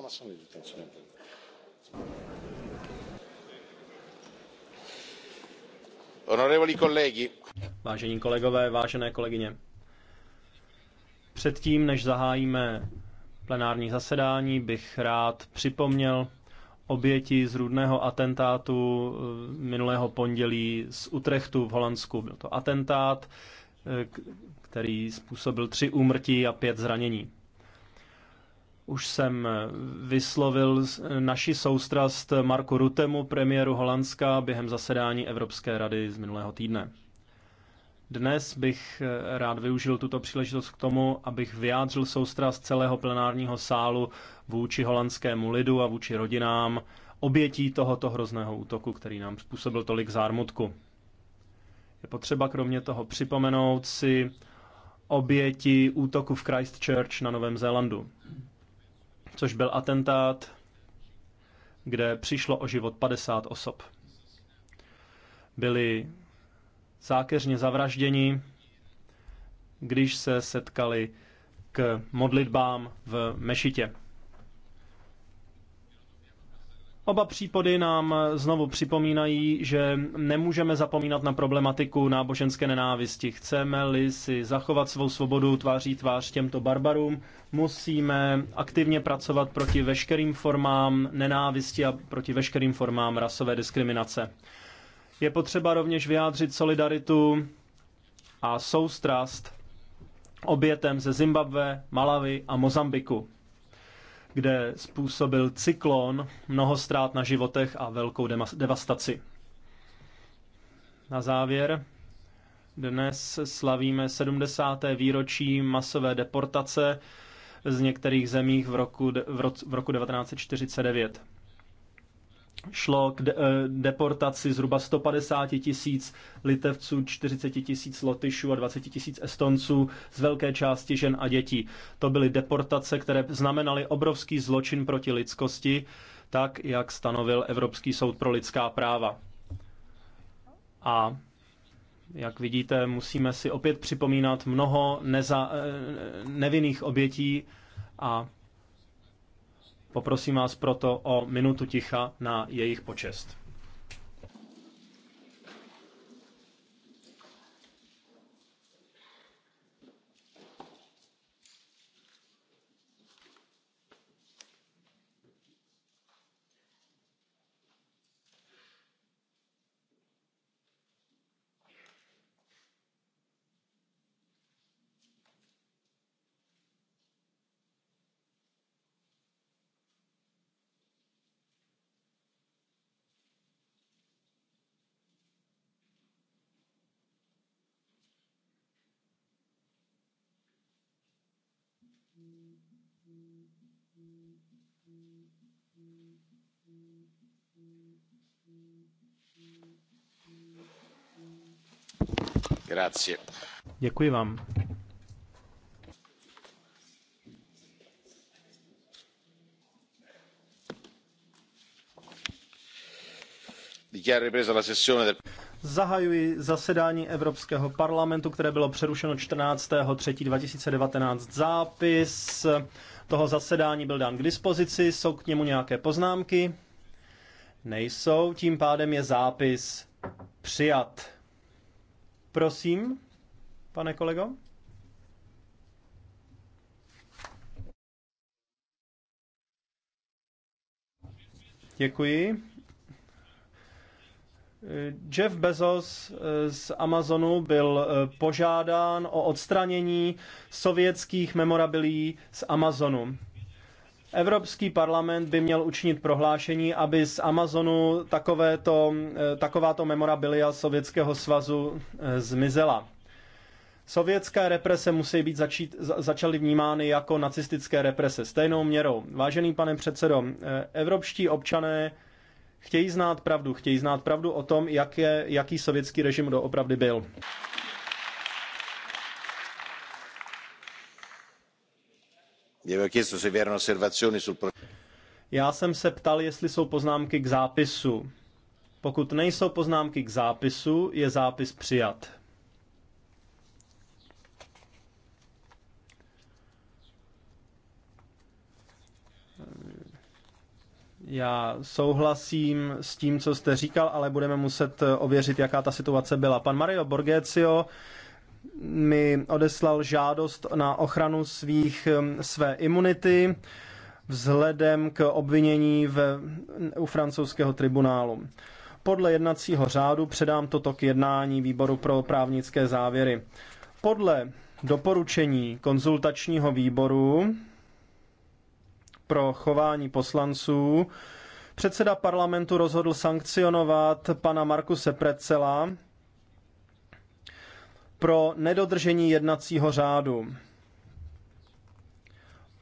anlaşılmıyor bütün Vážení kolegové, vážené kolegyně. Předtím, než zahájíme plenární zasedání, bych rád připomněl oběti z rudného atentátu eh, minulého pondělí z Utrechtu v Holandsku. Byl to atentát, eh, který způsobil tři úmrtí a pět zranění. Už jsem vyslovil naši soustrast Marku Rutemu, premiéru Holandska, během zasedání Evropské rady z minulého týdne. Dnes bych rád využil tuto příležitost k tomu, abych vyjádřil soustrast celého plenárního sálu vůči holandskému lidu a vůči rodinám obětí tohoto hrozného útoku, který nám způsobil tolik zármutku. Je potřeba kromě toho připomenout si oběti útoku v Christchurch na Novém Zélandu což byl atentát, kde přišlo o život 50 osob. Byli zákeřně zavražděni, když se setkali k modlitbám v mešitě. Oba případy nám znovu připomínají, že nemůžeme zapomínat na problematiku náboženské nenávisti. Chceme-li si zachovat svou svobodu tváří tvář těmto barbarům, musíme aktivně pracovat proti veškerým formám nenávisti a proti veškerým formám rasové diskriminace. Je potřeba rovněž vyjádřit solidaritu a soustrast obětem ze Zimbabwe, Malavy a Mozambiku kde způsobil cyklon mnoho ztrát na životech a velkou devastaci. Na závěr, dnes slavíme 70. výročí masové deportace z některých zemích v roku, v roku, v roku 1949 šlo k eh, deportaci zhruba 150 tisíc litevců, 40 tisíc lotyšů a 20 tisíc estonců, z velké části žen a dětí. To byly deportace, které znamenaly obrovský zločin proti lidskosti, tak jak stanovil Evropský soud pro lidská práva. A jak vidíte, musíme si opět připomínat mnoho neza, eh, nevinných obětí a Poprosím vás proto o minutu ticha na jejich počest. Grazie. Děkuji vám. Zahajuji zasedání Evropského parlamentu, které bylo přerušeno 14.3.2019. Zápis toho zasedání byl dán k dispozici, jsou k němu nějaké poznámky? Nejsou, tím pádem je zápis přijat. Prosím, pane kolego. Děkuji. Jeff Bezos z Amazonu byl požádán o odstranění sovětských memorabilí z Amazonu. Evropský parlament by měl učinit prohlášení, aby z Amazonu takovéto, eh, takováto memorabilia Sovětského svazu eh, zmizela. Sovětské represe musí být začít, začaly vnímány jako nacistické represe stejnou měrou. Vážený pane předsedo, eh, evropští občané chtějí znát pravdu, chtějí znát pravdu o tom, jak je, jaký sovětský režim doopravdy byl. Já jsem se ptal, jestli jsou poznámky k zápisu. Pokud nejsou poznámky k zápisu, je zápis přijat. Já souhlasím s tím, co jste říkal, ale budeme muset ověřit, jaká ta situace byla. Pan Mario Borgecio mi odeslal žádost na ochranu svých, um, své imunity vzhledem k obvinění ve, u francouzského tribunálu. Podle jednacího řádu předám toto k jednání výboru pro právnické závěry. Podle doporučení konzultačního výboru pro chování poslanců předseda parlamentu rozhodl sankcionovat pana Markuse Precela pro nedodržení jednacího řádu.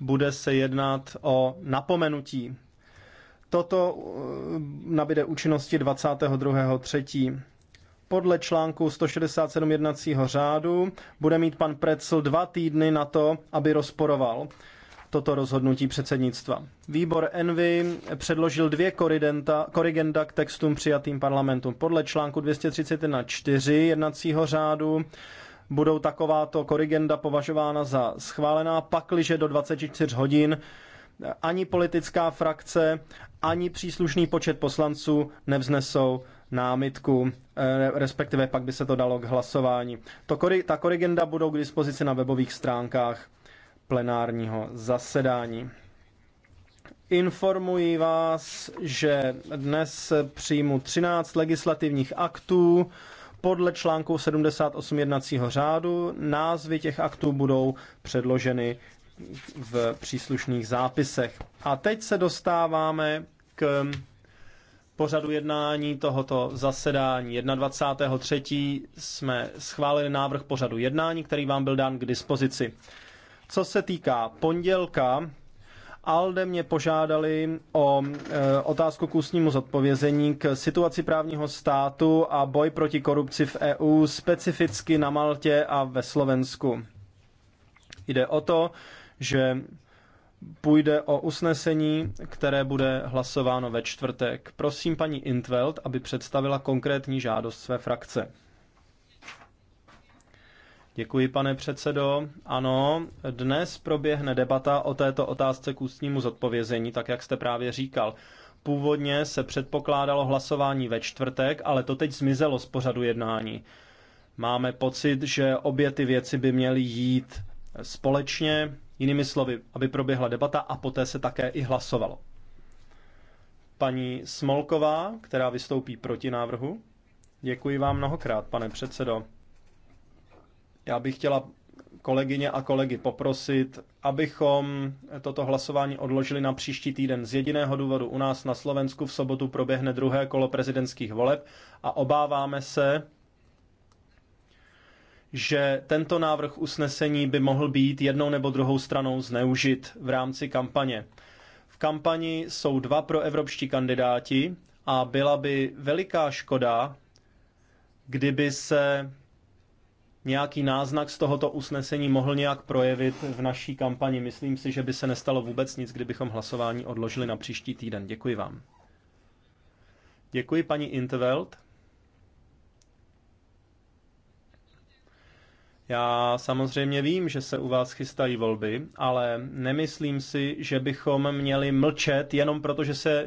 Bude se jednat o napomenutí. Toto uh, nabide účinnosti 22.3. Podle článku 167 jednacího řádu bude mít pan Precl dva týdny na to, aby rozporoval toto rozhodnutí předsednictva. Výbor Envy předložil dvě korigenda k textům přijatým parlamentu. Podle článku 231 4 jednacího řádu budou takováto korigenda považována za schválená, pakliže do 24 hodin ani politická frakce, ani příslušný počet poslanců nevznesou námitku, eh, respektive pak by se to dalo k hlasování. To, ta korigenda budou k dispozici na webových stránkách plenárního zasedání. Informuji vás, že dnes přijmu 13 legislativních aktů podle článku 78 jednacího řádu. Názvy těch aktů budou předloženy v příslušných zápisech. A teď se dostáváme k pořadu jednání tohoto zasedání 21.3. jsme schválili návrh pořadu jednání, který vám byl dán k dispozici. Co se týká pondělka, ALDE mě požádali o e, otázku k ústnímu zodpovězení k situaci právního státu a boj proti korupci v EU, specificky na Maltě a ve Slovensku. Jde o to, že půjde o usnesení, které bude hlasováno ve čtvrtek. Prosím paní Intveld, aby představila konkrétní žádost své frakce. Děkuji, pane předsedo. Ano, dnes proběhne debata o této otázce k ústnímu zodpovězení, tak jak jste právě říkal. Původně se předpokládalo hlasování ve čtvrtek, ale to teď zmizelo z pořadu jednání. Máme pocit, že obě ty věci by měly jít společně, jinými slovy, aby proběhla debata a poté se také i hlasovalo. Paní Smolková, která vystoupí proti návrhu. Děkuji vám mnohokrát, pane předsedo. Já bych chtěla kolegyně a kolegy poprosit, abychom toto hlasování odložili na příští týden. Z jediného důvodu u nás na Slovensku v sobotu proběhne druhé kolo prezidentských voleb a obáváme se, že tento návrh usnesení by mohl být jednou nebo druhou stranou zneužit v rámci kampaně. V kampani jsou dva proevropští kandidáti a byla by veliká škoda, kdyby se nějaký náznak z tohoto usnesení mohl nějak projevit v naší kampani. Myslím si, že by se nestalo vůbec nic, kdybychom hlasování odložili na příští týden. Děkuji vám. Děkuji paní Intveld. Já samozřejmě vím, že se u vás chystají volby, ale nemyslím si, že bychom měli mlčet jenom proto, že se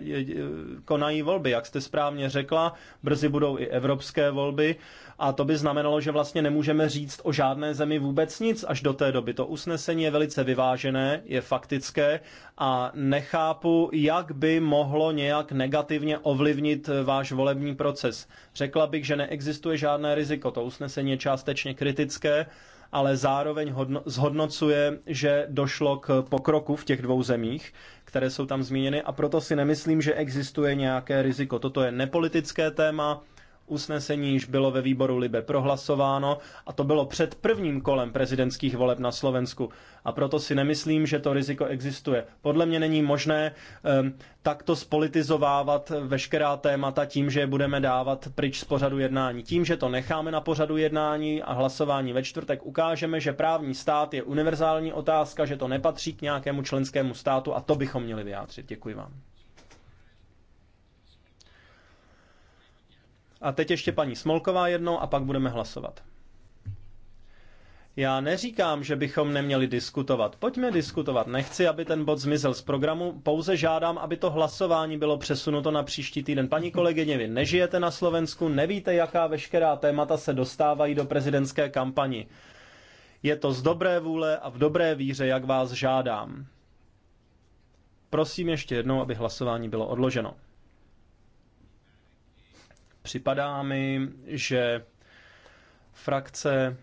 konají volby. Jak jste správně řekla, brzy budou i evropské volby a to by znamenalo, že vlastně nemůžeme říct o žádné zemi vůbec nic až do té doby. To usnesení je velice vyvážené, je faktické a nechápu, jak by mohlo nějak negativně ovlivnit váš volební proces. Řekla bych, že neexistuje žádné riziko. To usnesení je částečně kritické, ale zároveň hodno, zhodnocuje, že došlo k pokroku v těch dvou zemích, které jsou tam zmíněny a proto si nemyslím, že existuje nějaké riziko. Toto je nepolitické téma, Usnesení již bylo ve výboru Libe prohlasováno a to bylo před prvním kolem prezidentských voleb na Slovensku. A proto si nemyslím, že to riziko existuje. Podle mě není možné um, takto spolitizovávat veškerá témata tím, že je budeme dávat pryč z pořadu jednání. Tím, že to necháme na pořadu jednání a hlasování ve čtvrtek, ukážeme, že právní stát je univerzální otázka, že to nepatří k nějakému členskému státu a to bychom měli vyjádřit. Děkuji vám. A teď ještě paní Smolková jednou a pak budeme hlasovat. Já neříkám, že bychom neměli diskutovat. Pojďme diskutovat. Nechci, aby ten bod zmizel z programu, pouze žádám, aby to hlasování bylo přesunuto na příští týden. Paní kolegyně, vy nežijete na Slovensku, nevíte, jaká veškerá témata se dostávají do prezidentské kampani. Je to z dobré vůle a v dobré víře, jak vás žádám. Prosím ještě jednou, aby hlasování bylo odloženo. Připadá mi, že frakce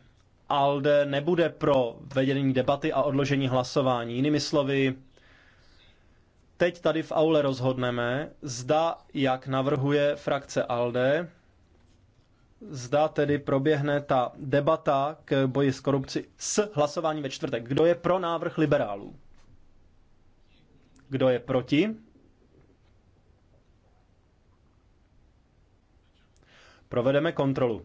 ALDE nebude pro vedení debaty a odložení hlasování. Jinými slovy, teď tady v aule rozhodneme, zda, jak navrhuje frakce ALDE, zda tedy proběhne ta debata k boji s korupcí s hlasováním ve čtvrtek. Kdo je pro návrh liberálů? Kdo je proti? Provedeme kontrolu.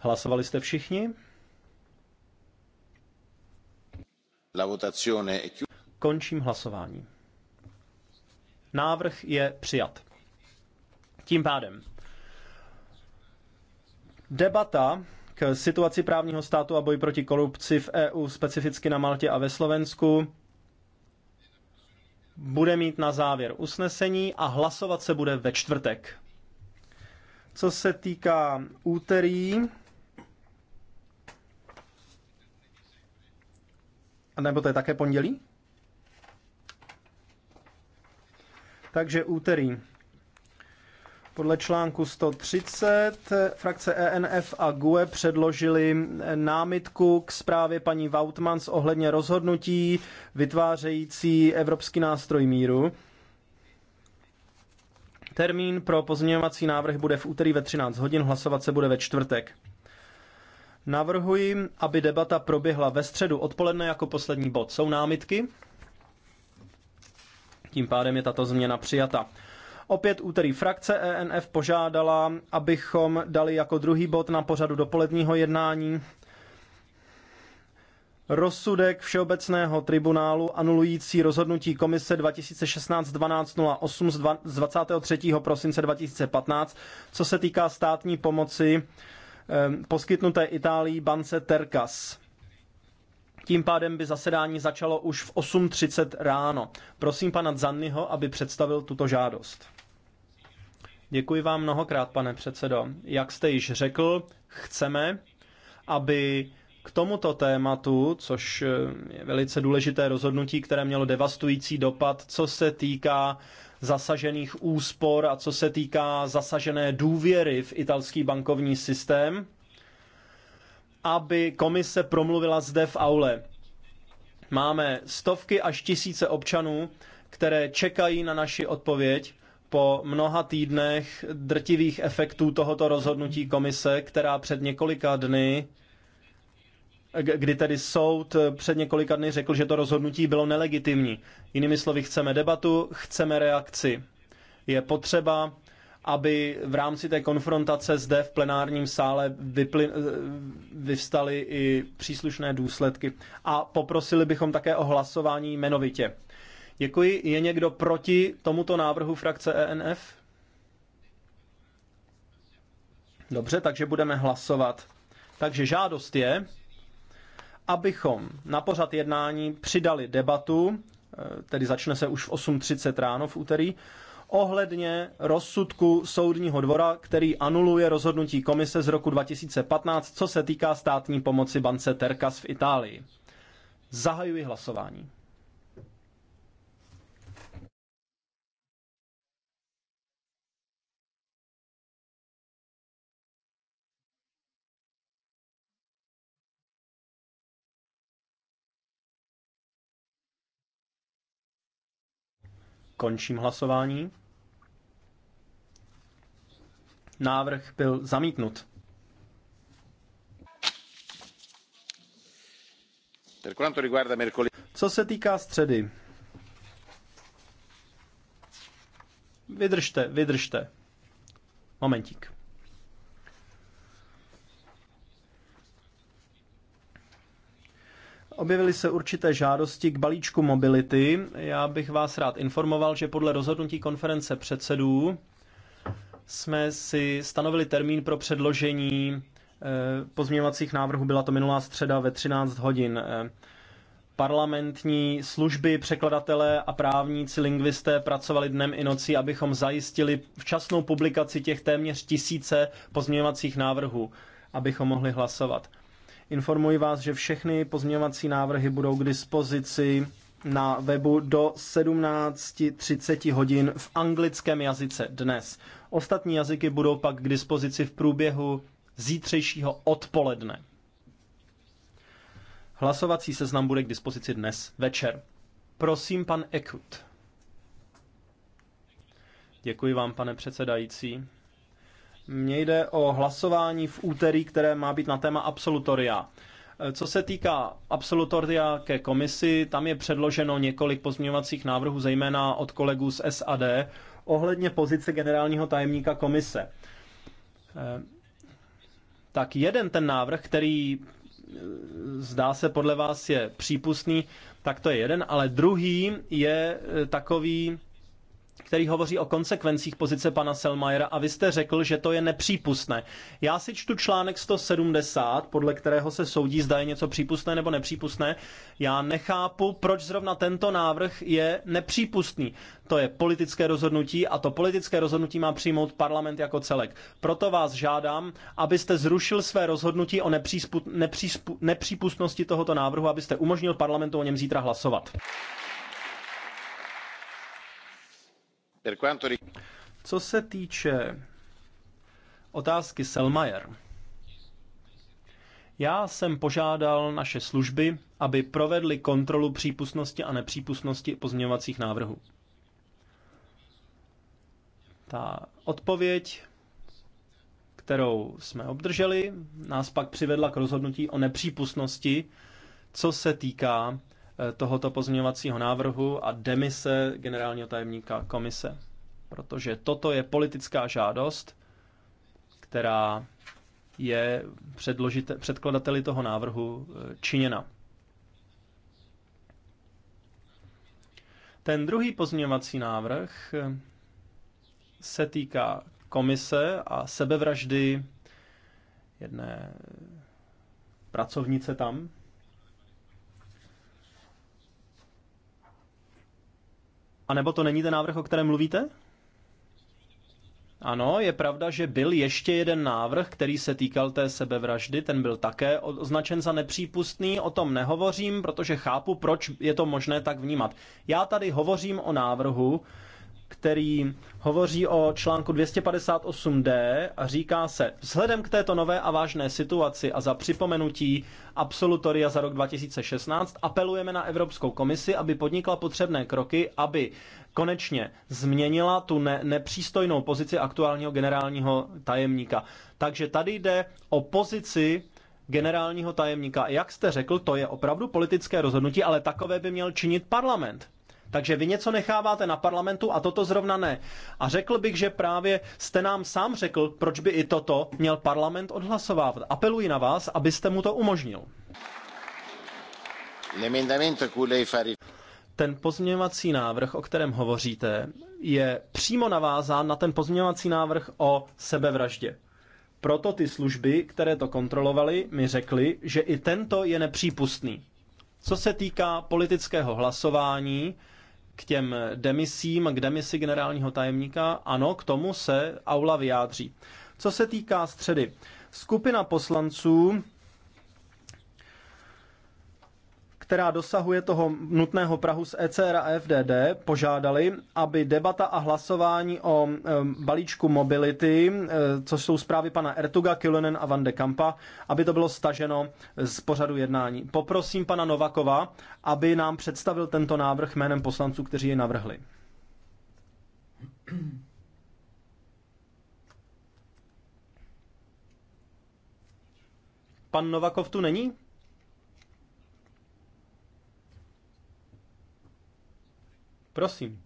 Hlasovali jste všichni? Končím hlasování. Návrh je přijat. Tím pádem debata situaci právního státu a boji proti korupci v EU, specificky na Maltě a ve Slovensku, bude mít na závěr usnesení a hlasovat se bude ve čtvrtek. Co se týká úterý, nebo to je také pondělí? Takže úterý. Podle článku 130 frakce ENF a GUE předložili námitku k zprávě paní Vautmans ohledně rozhodnutí vytvářející Evropský nástroj míru. Termín pro pozměňovací návrh bude v úterý ve 13 hodin, hlasovat se bude ve čtvrtek. Navrhuji, aby debata proběhla ve středu odpoledne jako poslední bod. Jsou námitky? Tím pádem je tato změna přijata. Opět úterý frakce ENF požádala, abychom dali jako druhý bod na pořadu dopoledního jednání rozsudek Všeobecného tribunálu anulující rozhodnutí komise 2016-1208 z 23. prosince 2015, co se týká státní pomoci eh, poskytnuté Itálii bance Terkas. Tím pádem by zasedání začalo už v 8.30 ráno. Prosím pana Zanniho, aby představil tuto žádost. Děkuji vám mnohokrát, pane předsedo. Jak jste již řekl, chceme, aby k tomuto tématu, což eh, je velice důležité rozhodnutí, které mělo devastující dopad, co se týká zasažených úspor a co se týká zasažené důvěry v italský bankovní systém, aby komise promluvila zde v aule. Máme stovky až tisíce občanů, které čekají na naši odpověď po mnoha týdnech drtivých efektů tohoto rozhodnutí komise, která před několika dny kdy tedy soud před několika dny řekl, že to rozhodnutí bylo nelegitimní. Jinými slovy, chceme debatu, chceme reakci. Je potřeba, aby v rámci té konfrontace zde v plenárním sále vypli, vyvstaly i příslušné důsledky. A poprosili bychom také o hlasování jmenovitě. Děkuji. Je někdo proti tomuto návrhu frakce ENF? Dobře, takže budeme hlasovat. Takže žádost je, abychom na pořad jednání přidali debatu, eh, tedy začne se už v 8.30 ráno v úterý, ohledně rozsudku soudního dvora, který anuluje rozhodnutí komise z roku 2015, co se týká státní pomoci bance Terkas v Itálii. Zahajuji hlasování. Končím hlasování. Návrh byl zamítnut. Co se týká středy, vydržte, vydržte. Momentík. Objevily se určité žádosti k balíčku mobility. Já bych vás rád informoval, že podle rozhodnutí konference předsedů jsme si stanovili termín pro předložení eh, pozměňovacích návrhů. Byla to minulá středa ve 13 hodin. Eh, parlamentní služby, překladatelé a právníci, lingvisté pracovali dnem i nocí, abychom zajistili včasnou publikaci těch téměř tisíce pozměňovacích návrhů, abychom mohli hlasovat. Informuji vás, že všechny pozměňovací návrhy budou k dispozici na webu do 17.30 hodin v anglickém jazyce dnes. Ostatní jazyky budou pak k dispozici v průběhu zítřejšího odpoledne. Hlasovací seznam bude k dispozici dnes večer. Prosím, pan Ekut. Děkuji vám, pane předsedající. Mně jde o hlasování v úterý, které má být na téma absolutoria. Co se týká absolutoria ke komisi, tam je předloženo několik pozměňovacích návrhů, zejména od kolegů z SAD, ohledně pozice generálního tajemníka komise. Eh, tak jeden ten návrh, který eh, zdá se podle vás je přípustný, tak to je jeden, ale druhý je eh, takový, který hovoří o konsekvencích pozice pana Selmayera a vy jste řekl, že to je nepřípustné. Já si čtu článek 170, podle kterého se soudí, zda je něco přípustné nebo nepřípustné. Já nechápu, proč zrovna tento návrh je nepřípustný. To je politické rozhodnutí a to politické rozhodnutí má přijmout parlament jako celek. Proto vás žádám, abyste zrušil své rozhodnutí o nepřípustnosti tohoto návrhu, abyste umožnil parlamentu o něm zítra hlasovat. Co se týče otázky Selmayr, já jsem požádal naše služby, aby provedly kontrolu přípustnosti a nepřípustnosti pozměňovacích návrhů. Ta odpověď, kterou jsme obdrželi, nás pak přivedla k rozhodnutí o nepřípustnosti, co se týká Eh, tohoto pozměňovacího návrhu a demise generálního tajemníka komise. Protože toto je politická žádost, která je předkladateli toho návrhu eh, činěna. Ten druhý pozměňovací návrh eh, se týká komise a sebevraždy jedné pracovnice tam, A nebo to není ten návrh, o kterém mluvíte? Ano, je pravda, že byl ještě jeden návrh, který se týkal té sebevraždy, ten byl také označen za nepřípustný, o tom nehovořím, protože chápu, proč je to možné tak vnímat. Já tady hovořím o návrhu, který hovoří o článku 258d a říká se, vzhledem k této nové a vážné situaci a za připomenutí absolutoria za rok 2016 apelujeme na Evropskou komisi, aby podnikla potřebné kroky, aby konečně změnila tu ne- nepřístojnou pozici aktuálního generálního tajemníka. Takže tady jde o pozici generálního tajemníka. Jak jste řekl, to je opravdu politické rozhodnutí, ale takové by měl činit parlament. Takže vy něco necháváte na parlamentu a toto zrovna ne. A řekl bych, že právě jste nám sám řekl, proč by i toto měl parlament odhlasovávat. Apeluji na vás, abyste mu to umožnil. Ten pozměňovací návrh, o kterém hovoříte, je přímo navázán na ten pozměňovací návrh o sebevraždě. Proto ty služby, které to kontrolovaly, mi řekly, že i tento je nepřípustný. Co se týká politického hlasování, k těm demisím, k demisi generálního tajemníka, ano, k tomu se aula vyjádří. Co se týká středy, skupina poslanců která dosahuje toho nutného Prahu z ECR a FDD, požádali, aby debata a hlasování o balíčku mobility, což jsou zprávy pana Ertuga, Kilonen a Van de Kampa, aby to bylo staženo z pořadu jednání. Poprosím pana Novakova, aby nám představil tento návrh jménem poslanců, kteří je navrhli. Pan Novakov tu není? Prosím.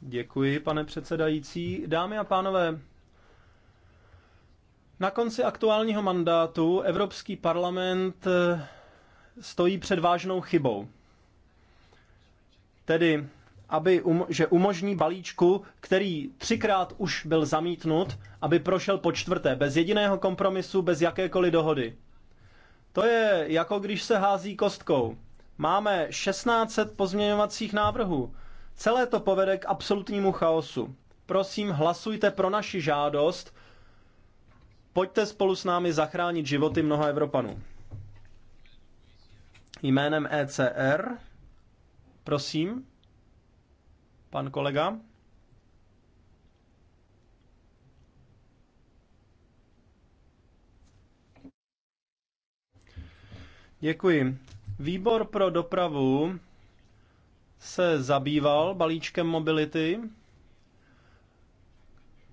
Děkuji, pane předsedající. Dámy a pánové, na konci aktuálního mandátu Evropský parlament eh, stojí před vážnou chybou. Tedy, aby um, že umožní balíčku, který třikrát už byl zamítnut, aby prošel po čtvrté, bez jediného kompromisu, bez jakékoliv dohody. To je jako když se hází kostkou. Máme 1600 pozměňovacích návrhů. Celé to povede k absolutnímu chaosu. Prosím, hlasujte pro naši žádost. Pojďte spolu s námi zachránit životy mnoha Evropanů. Jménem ECR, prosím, pan kolega. Děkuji. Výbor pro dopravu se zabýval balíčkem mobility.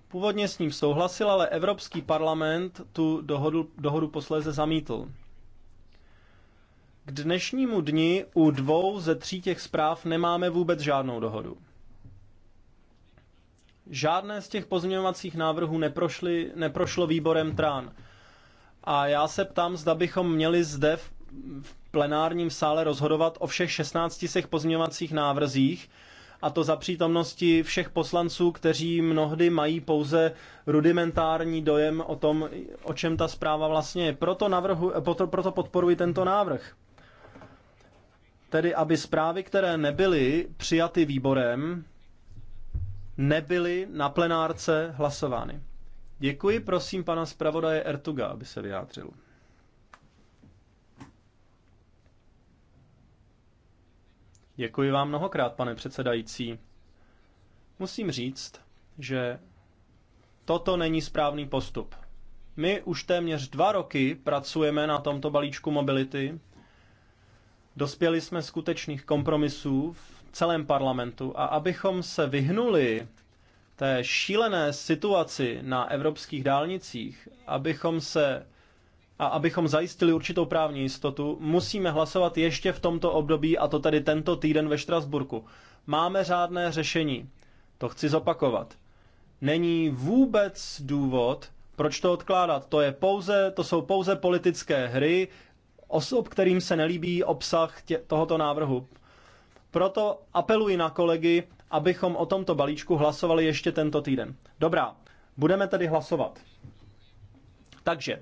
Původně s ním souhlasil, ale Evropský parlament tu dohodu, dohodu posléze zamítl. K dnešnímu dni u dvou ze tří těch zpráv nemáme vůbec žádnou dohodu. Žádné z těch pozměňovacích návrhů neprošly, neprošlo výborem TRAN. A já se ptám, zda bychom měli zde v, v plenárním sále rozhodovat o všech 16 těch pozměňovacích návrzích, a to za přítomnosti všech poslanců, kteří mnohdy mají pouze rudimentární dojem o tom, o čem ta zpráva vlastně je. Proto, navrhu, proto, proto podporuji tento návrh. Tedy, aby zprávy, které nebyly přijaty výborem, nebyly na plenárce hlasovány. Děkuji, prosím pana zpravodaje Ertuga, aby se vyjádřil. Děkuji vám mnohokrát, pane předsedající. Musím říct, že toto není správný postup. My už téměř dva roky pracujeme na tomto balíčku mobility. Dospěli jsme skutečných kompromisů v celém parlamentu a abychom se vyhnuli té šílené situaci na evropských dálnicích, abychom se a abychom zajistili určitou právní jistotu, musíme hlasovat ještě v tomto období, a to tedy tento týden ve Štrasburku. Máme řádné řešení. To chci zopakovat. Není vůbec důvod, proč to odkládat. To, je pouze, to jsou pouze politické hry osob, kterým se nelíbí obsah tě, tohoto návrhu. Proto apeluji na kolegy, abychom o tomto balíčku hlasovali ještě tento týden. Dobrá, budeme tedy hlasovat. Takže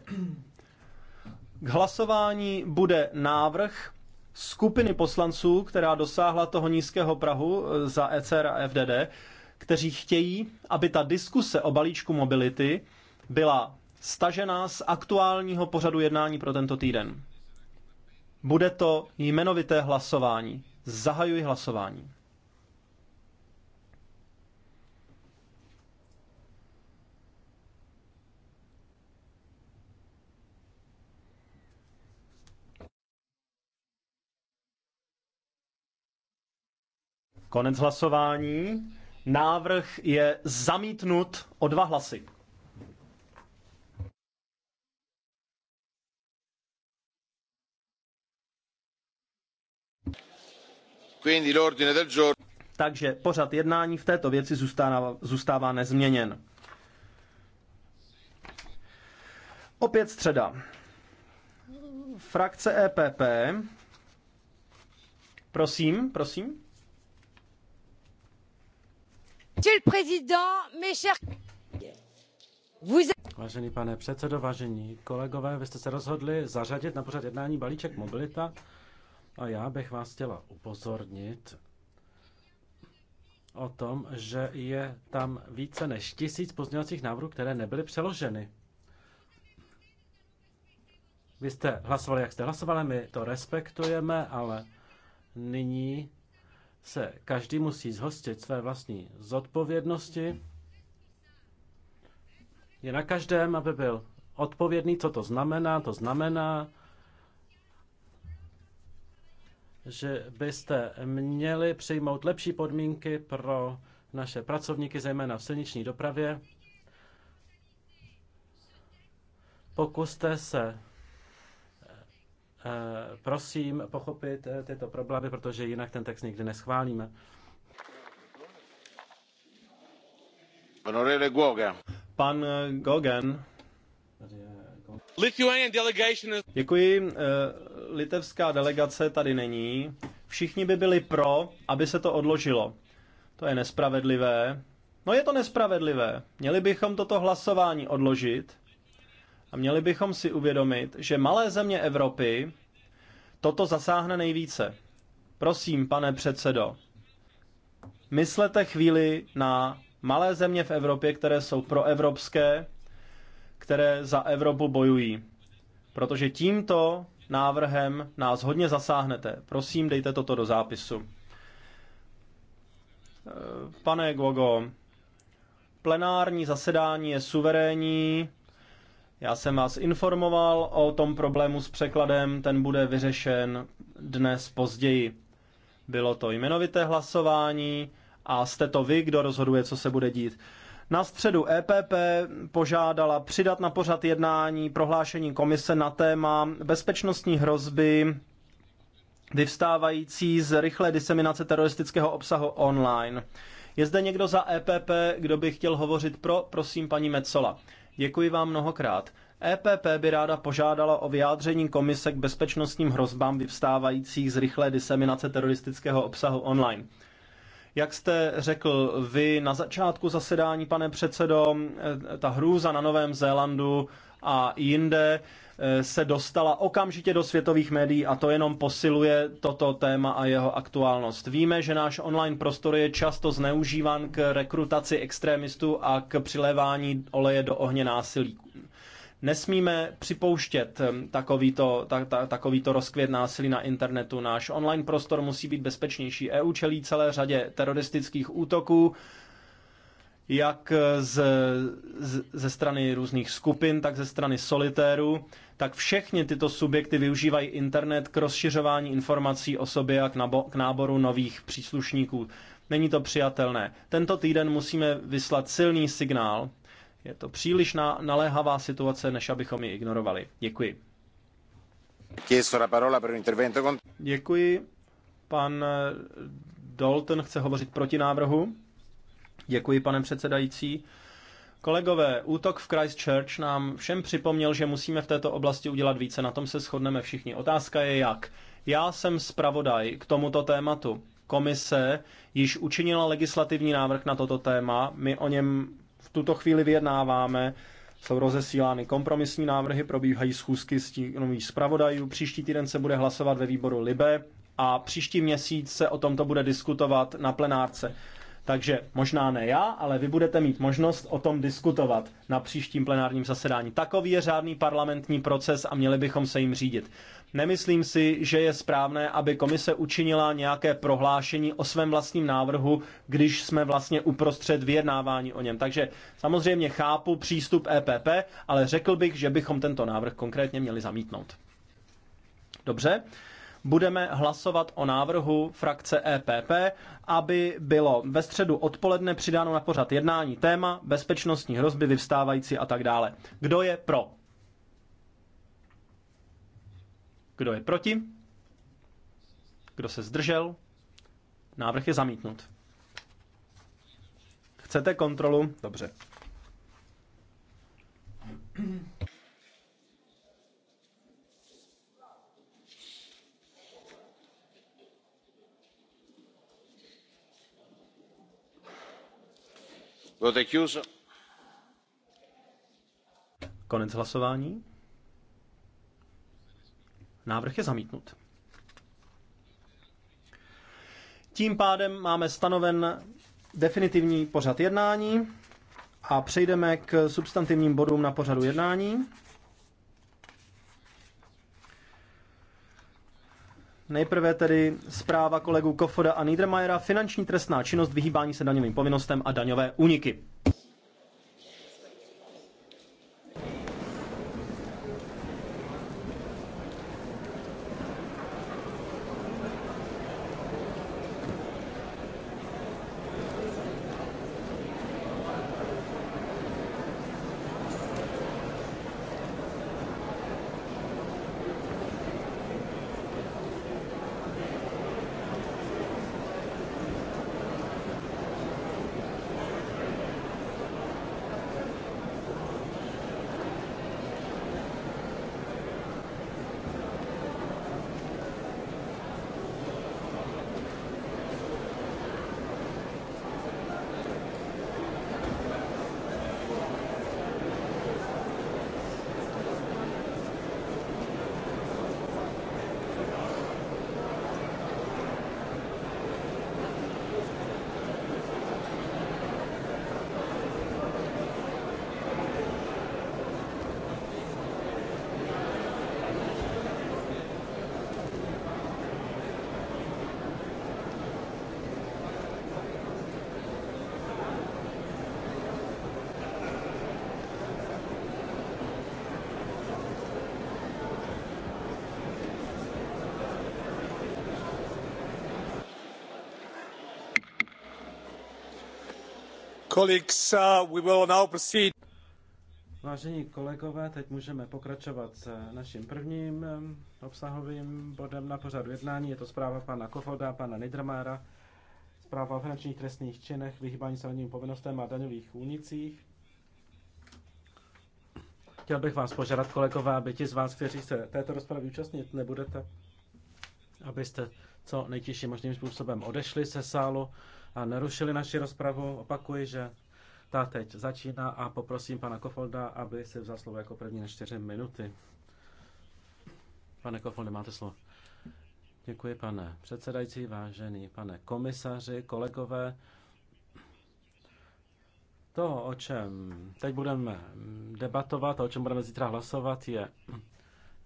k hlasování bude návrh skupiny poslanců, která dosáhla toho nízkého Prahu eh, za ECR a FDD, kteří chtějí, aby ta diskuse o balíčku mobility byla stažená z aktuálního pořadu jednání pro tento týden. Bude to jmenovité hlasování. Zahajuji hlasování. Konec hlasování. Návrh je zamítnut o dva hlasy. Takže pořad jednání v této věci zůstává, zůstává nezměněn. Opět středa. Frakce EPP. Prosím, prosím. Vážený pane předsedo, vážení kolegové, vy jste se rozhodli zařadit na pořad jednání balíček mobilita a já bych vás chtěla upozornit o tom, že je tam více než tisíc pozměňovacích návrhů, které nebyly přeloženy. Vy jste hlasovali, jak jste hlasovali, my to respektujeme, ale nyní se každý musí zhostit své vlastní zodpovědnosti. Je na každém, aby byl odpovědný, co to znamená. To znamená, že byste měli přijmout lepší podmínky pro naše pracovníky, zejména v silniční dopravě. Pokuste se Eh, prosím pochopit eh, tyto problémy, protože jinak ten text nikdy neschválíme. Honorable Pan eh, Gogan. Lithuanian delegation. Děkuji. Litevská delegace tady není. Všichni by byli pro, aby se to odložilo. To je nespravedlivé. No je to nespravedlivé. Měli bychom toto hlasování odložit a měli bychom si uvědomit, že malé země Evropy toto zasáhne nejvíce. Prosím, pane předsedo, myslete chvíli na malé země v Evropě, které jsou proevropské, které za Evropu bojují. Protože tímto návrhem nás hodně zasáhnete. Prosím, dejte toto do zápisu. Eh, pane Gogo, plenární zasedání je suverénní já jsem vás informoval o tom problému s překladem, ten bude vyřešen dnes později. Bylo to jmenovité hlasování a jste to vy, kdo rozhoduje, co se bude dít. Na středu EPP požádala přidat na pořad jednání prohlášení komise na téma bezpečnostní hrozby vyvstávající z rychlé diseminace teroristického obsahu online. Je zde někdo za EPP, kdo by chtěl hovořit pro? Prosím, paní Mecola. Děkuji vám mnohokrát. EPP by ráda požádala o vyjádření komise k bezpečnostním hrozbám vyvstávajících z rychlé diseminace teroristického obsahu online. Jak jste řekl vy na začátku zasedání, pane předsedo, eh, ta hrůza na Novém Zélandu a jinde eh, se dostala okamžitě do světových médií a to jenom posiluje toto téma a jeho aktuálnost. Víme, že náš online prostor je často zneužíván k rekrutaci extremistů a k přilévání oleje do ohně násilí. Nesmíme připouštět eh, takovýto, ta, ta, takovýto rozkvět násilí na internetu. Náš online prostor musí být bezpečnější. EU čelí celé řadě teroristických útoků, jak eh, z, z, ze strany různých skupin, tak ze strany solitérů, tak všechny tyto subjekty využívají internet k rozšiřování informací o sobě a k, nabo, k náboru nových příslušníků. Není to přijatelné. Tento týden musíme vyslat silný signál. Je to příliš na, naléhavá situace, než abychom ji ignorovali. Děkuji. Děkuji. Pan eh, Dalton chce hovořit proti návrhu. Děkuji, pane předsedající. Kolegové, útok v Christchurch nám všem připomněl, že musíme v této oblasti udělat více. Na tom se shodneme všichni. Otázka je jak. Já jsem zpravodaj k tomuto tématu. Komise již učinila legislativní návrh na toto téma. My o něm v tuto chvíli vyjednáváme. Jsou rozesílány kompromisní návrhy, probíhají schůzky s stínových zpravodajů. Příští týden se bude hlasovat ve výboru Libe a příští měsíc se o tomto bude diskutovat na plenárce. Takže možná ne já, ale vy budete mít možnost o tom diskutovat na příštím plenárním zasedání. Takový je řádný parlamentní proces a měli bychom se jim řídit. Nemyslím si, že je správné, aby komise učinila nějaké prohlášení o svém vlastním návrhu, když jsme vlastně uprostřed vyjednávání o něm. Takže samozřejmě chápu přístup EPP, ale řekl bych, že bychom tento návrh konkrétně měli zamítnout. Dobře, budeme hlasovat o návrhu frakce EPP, aby bylo ve středu odpoledne přidáno na pořad jednání téma bezpečnostní hrozby vyvstávající a tak dále. Kdo je pro? Kdo je proti? Kdo se zdržel? Návrh je zamítnut. Chcete kontrolu? Dobře. Konec hlasování. Návrh je zamítnut. Tím pádem máme stanoven definitivní pořad jednání a přejdeme k substantivním bodům na pořadu jednání. Nejprve tedy zpráva kolegů Kofoda a Niedermayera, finanční trestná činnost, vyhýbání se daňovým povinnostem a daňové úniky. Uh, we will now proceed. Vážení kolegové, teď můžeme pokračovat s eh, naším prvním obsahovým bodem na pořadu jednání. Je to zpráva pana Kofoda, pana Nidrmára. zpráva o finančních trestných činech, vyhýbání se povinnostem a daňových únicích. Chtěl bych vás požádat, kolegové, aby ti z vás, kteří se této rozpravy účastnit nebudete, abyste co nejtěžším možným způsobem odešli se sálu a narušili naši rozpravu. Opakuji, že ta teď začíná a poprosím pana Kofolda, aby si vzal slovo jako první na čtyři minuty. Pane Kofolde, máte slovo. Děkuji, pane předsedající, vážený pane komisaři, kolegové. To, o čem teď budeme debatovat a o čem budeme zítra hlasovat, je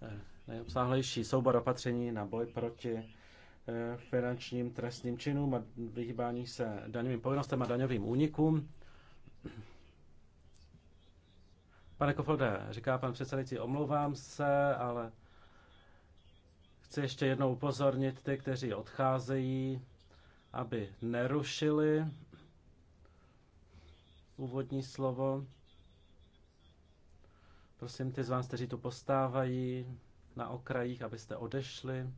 eh, nejobsáhlejší soubor opatření na boj proti Eh, finančním trestním činům a vyhýbání se daňovým povinnostem a daňovým únikům. Pane Kofolde, říká pan předsedající, omlouvám se, ale chci ještě jednou upozornit ty, kteří odcházejí, aby nerušili úvodní slovo. Prosím ty z vás, kteří tu postávají na okrajích, abyste odešli.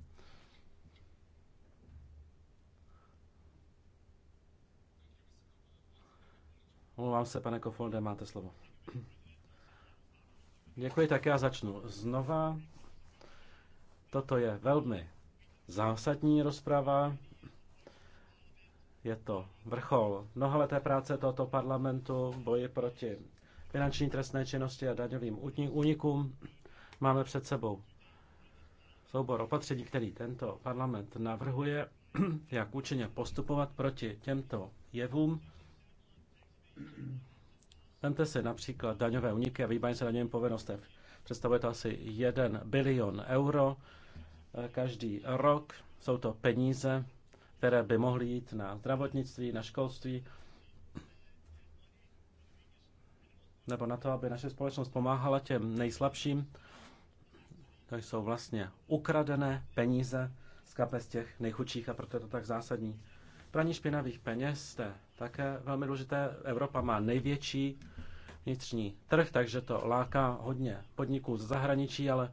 Omlouvám se, pane Kofolde, máte slovo. Děkuji, tak já začnu znova. Toto je velmi zásadní rozprava. Je to vrchol mnohaleté práce tohoto parlamentu v boji proti finanční trestné činnosti a daňovým únikům. Máme před sebou soubor opatření, který tento parlament navrhuje, jak účinně postupovat proti těmto jevům. Vemte si například daňové uniky a výbaň se daňovým povinnostem. Představuje to asi 1 bilion euro eh, každý rok. Jsou to peníze, které by mohly jít na zdravotnictví, na školství, nebo na to, aby naše společnost pomáhala těm nejslabším. To jsou vlastně ukradené peníze z kapes těch nejchudších a proto je to tak zásadní. Praní špinavých peněz, je také velmi důležité. Evropa má největší vnitřní trh, takže to láká hodně podniků z zahraničí, ale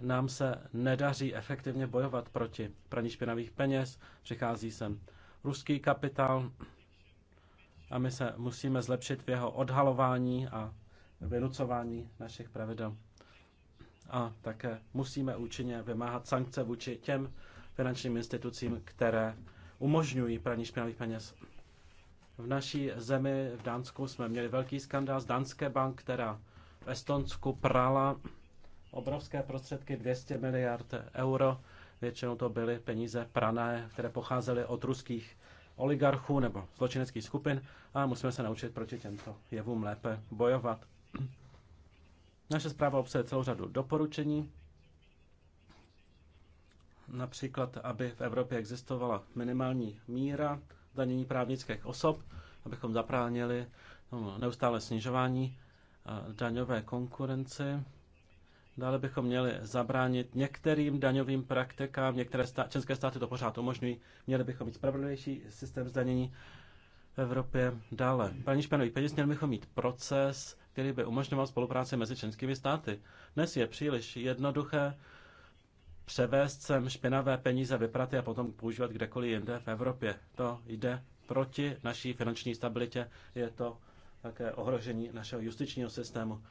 nám se nedaří efektivně bojovat proti praní špinavých peněz. Přichází sem ruský kapitál a my se musíme zlepšit v jeho odhalování a vynucování našich pravidel. A také musíme účinně vymáhat sankce vůči těm finančním institucím, které umožňují praní špinavých peněz. V naší zemi, v Dánsku, jsme měli velký skandál z dánské bank, která v Estonsku prala obrovské prostředky, 200 miliard euro. Většinou to byly peníze prané, které pocházely od ruských oligarchů nebo zločineckých skupin a musíme se naučit proti těmto jevům lépe bojovat. Naše zpráva obsahuje celou řadu doporučení, Například, aby v Evropě existovala minimální míra danění právnických osob, abychom zapránili no, neustále snižování eh, daňové konkurenci. Dále bychom měli zabránit některým daňovým praktikám, některé stá- české státy to pořád umožňují, měli bychom mít spravedlivější systém zdanění v Evropě. Dále, paní špenový peněz, měli bychom mít proces, který by umožňoval spolupráci mezi členskými státy. Dnes je příliš jednoduché převést sem špinavé peníze, vyprat a potom používat kdekoliv jinde v Evropě. To jde proti naší finanční stabilitě, je to také ohrožení našeho justičního systému.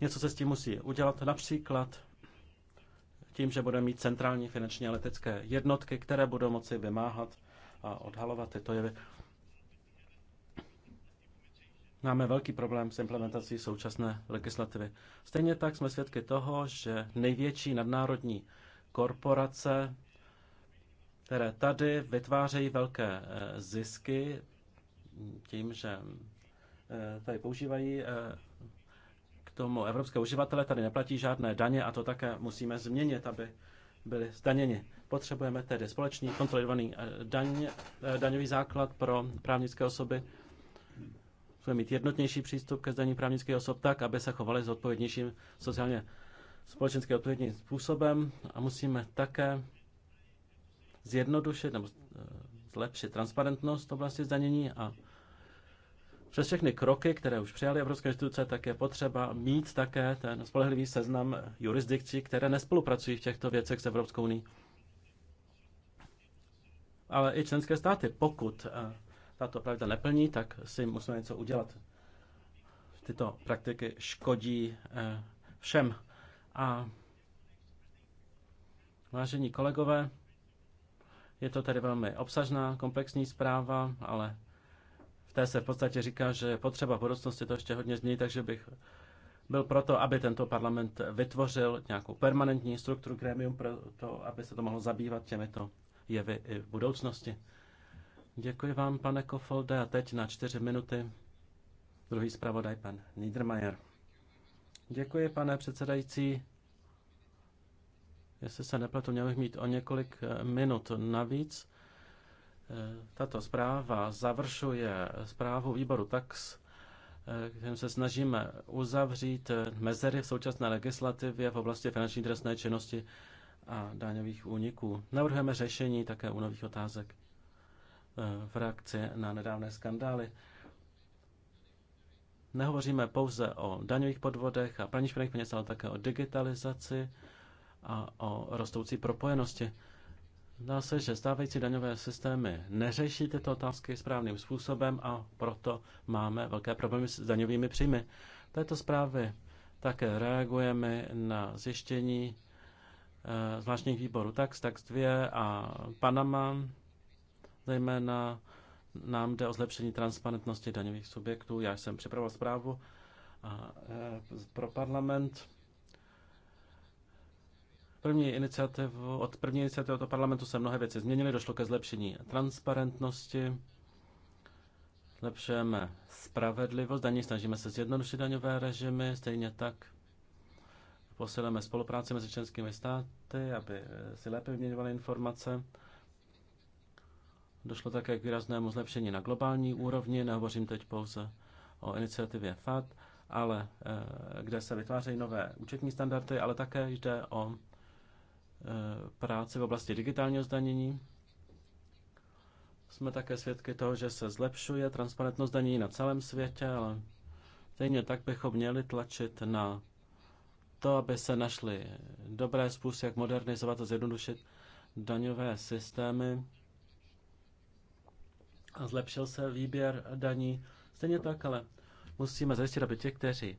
Něco se s tím musí udělat například tím, že budeme mít centrální finanční a letecké jednotky, které budou moci vymáhat a odhalovat tyto jevy. Máme velký problém s implementací současné legislativy. Stejně tak jsme svědky toho, že největší nadnárodní korporace, které tady vytvářejí velké eh, zisky tím, že eh, tady používají eh, k tomu evropské uživatele, tady neplatí žádné daně a to také musíme změnit, aby byli zdaněni. Potřebujeme tedy společný kontrolovaný daň, daňový základ pro právnické osoby. Musíme mít jednotnější přístup ke zdaní právnických osob tak, aby se chovali odpovědnějším sociálně společenské odpovědným způsobem a musíme také zjednodušit nebo eh, zlepšit transparentnost v oblasti zdanění a přes všechny kroky, které už přijaly Evropské instituce, tak je potřeba mít také ten spolehlivý seznam jurisdikcí, které nespolupracují v těchto věcech s Evropskou uní. Ale i členské státy, pokud eh, tato pravda neplní, tak si musíme něco udělat. Tyto praktiky škodí eh, všem a vážení kolegové, je to tedy velmi obsažná, komplexní zpráva, ale v té se v podstatě říká, že je potřeba v budoucnosti to ještě hodně změnit, takže bych byl proto, aby tento parlament vytvořil nějakou permanentní strukturu grémium pro to, aby se to mohlo zabývat těmito jevy i v budoucnosti. Děkuji vám, pane Kofolde, a teď na čtyři minuty druhý zpravodaj, pan Niedermayer. Děkuji, pane předsedající. Jestli se nepletu, měl bych mít o několik eh, minut navíc. Eh, tato zpráva završuje zprávu výboru TAX, eh, kterým se snažíme uzavřít mezery v současné legislativě v oblasti finanční trestné činnosti a daňových úniků. Navrhujeme řešení také u nových otázek v reakci na nedávné skandály. Nehovoříme pouze o daňových podvodech a praní špinavých peněz, ale také o digitalizaci a o rostoucí propojenosti. Zdá se, že stávající daňové systémy neřeší tyto otázky správným způsobem a proto máme velké problémy s daňovými příjmy. V této zprávy také reagujeme na zjištění eh, zvláštních výborů Tax, Tax 2 a Panama, zejména nám jde o zlepšení transparentnosti daňových subjektů. Já jsem připravoval zprávu a, e, pro parlament. První iniciativu, od první iniciativy od parlamentu se mnohé věci změnily, došlo ke zlepšení transparentnosti, zlepšujeme spravedlivost daní, snažíme se zjednodušit daňové režimy, stejně tak posilujeme spolupráci mezi členskými státy, aby si lépe vyměňovaly informace. Došlo také k výraznému zlepšení na globální úrovni, nehovořím teď pouze o iniciativě FAT, ale eh, kde se vytvářejí nové účetní standardy, ale také jde o eh, práci v oblasti digitálního zdanění. Jsme také svědky toho, že se zlepšuje transparentnost zdanění na celém světě, ale stejně tak bychom měli tlačit na to, aby se našly dobré způsoby, jak modernizovat a zjednodušit daňové systémy a zlepšil se výběr daní. Stejně tak, ale musíme zajistit, aby ti, kteří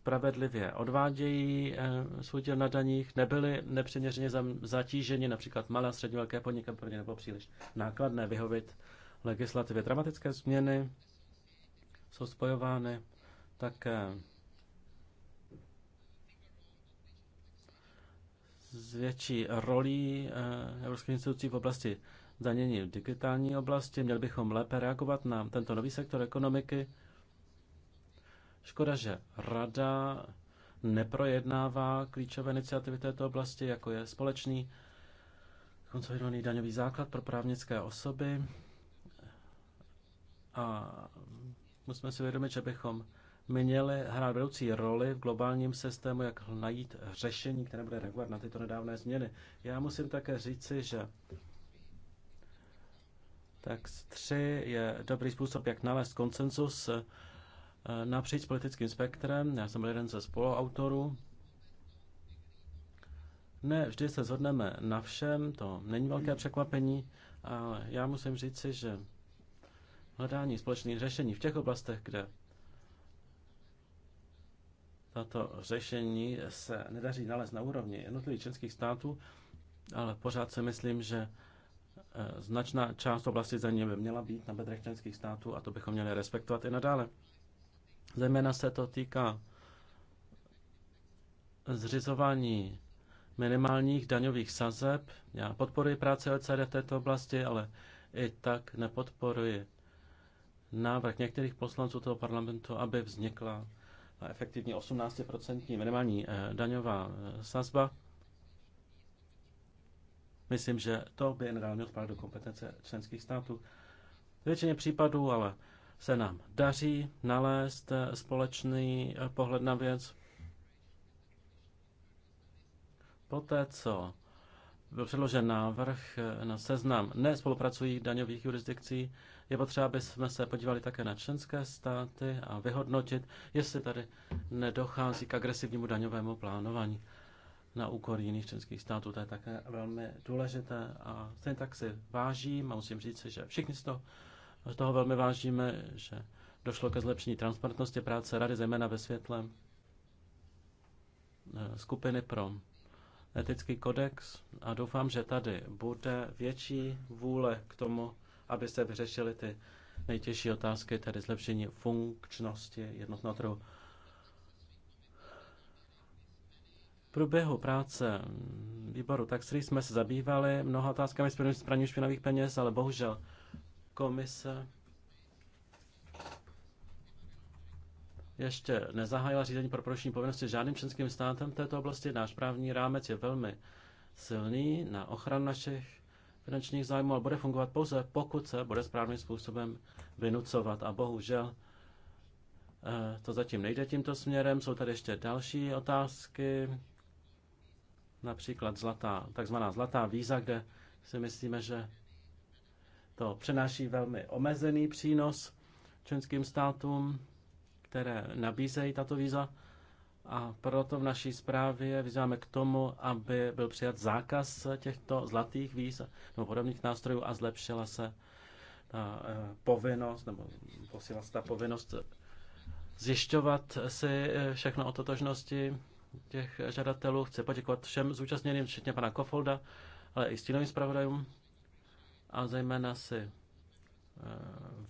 spravedlivě odvádějí eh, svůj díl na daních, nebyli nepřiměřeně zatíženi, například malé a středně velké podniky, pro ně příliš nákladné vyhovit legislativě. Dramatické změny jsou spojovány také s větší rolí eh, evropských institucí v oblasti zdanění v digitální oblasti. Měli bychom lépe reagovat na tento nový sektor ekonomiky. Škoda, že Rada neprojednává klíčové iniciativy této oblasti, jako je společný konsolidovaný daňový základ pro právnické osoby. A musíme si vědomit, že bychom měli hrát vedoucí roli v globálním systému, jak najít řešení, které bude reagovat na tyto nedávné změny. Já musím také říci, že Text 3 je dobrý způsob, jak nalézt koncensus eh, napříč politickým spektrem. Já jsem jeden ze spoluautorů. Ne, vždy se zhodneme na všem, to není velké překvapení, ale já musím si, že hledání společných řešení v těch oblastech, kde tato řešení se nedaří nalézt na úrovni jednotlivých členských států, ale pořád si myslím, že Eh, značná část oblasti země by měla být na bedrech členských států a to bychom měli respektovat i nadále. Zejména se to týká zřizování minimálních daňových sazeb. Já podporuji práci OECD v této oblasti, ale i tak nepodporuji návrh některých poslanců toho parlamentu, aby vznikla efektivní 18% minimální eh, daňová eh, sazba. Myslím, že to by generálně odpadlo do kompetence členských států. většině případů ale se nám daří nalézt eh, společný eh, pohled na věc. Poté, co byl předložen návrh eh, na seznam nespolupracují daňových jurisdikcí, je potřeba, aby jsme se podívali také na členské státy a vyhodnotit, jestli tady nedochází k agresivnímu daňovému plánování na úkor jiných členských států. To je také velmi důležité a ten tak si vážím a musím říct, že všichni z toho, z toho velmi vážíme, že došlo ke zlepšení transparentnosti práce rady, zejména ve světle eh, skupiny pro etický kodex a doufám, že tady bude větší vůle k tomu, aby se vyřešily ty nejtěžší otázky, tedy zlepšení funkčnosti jednotného trhu. průběhu práce výboru taxry jsme se zabývali mnoha otázkami s praní špinavých peněz, ale bohužel komise ještě nezahájila řízení pro porušení povinnosti žádným členským státem v této oblasti. Náš právní rámec je velmi silný na ochranu našich finančních zájmů a bude fungovat pouze, pokud se bude správným způsobem vynucovat. A bohužel eh, to zatím nejde tímto směrem. Jsou tady ještě další otázky například zlatá, takzvaná zlatá víza, kde si myslíme, že to přenáší velmi omezený přínos členským státům, které nabízejí tato víza. A proto v naší zprávě vyzýváme k tomu, aby byl přijat zákaz těchto zlatých víz nebo podobných nástrojů a zlepšila se ta eh, povinnost, nebo posílila se ta povinnost zjišťovat si eh, všechno o totožnosti těch žadatelů. Chci poděkovat všem zúčastněným, včetně pana Kofolda, ale i stínovým zpravodajům a zejména si eh,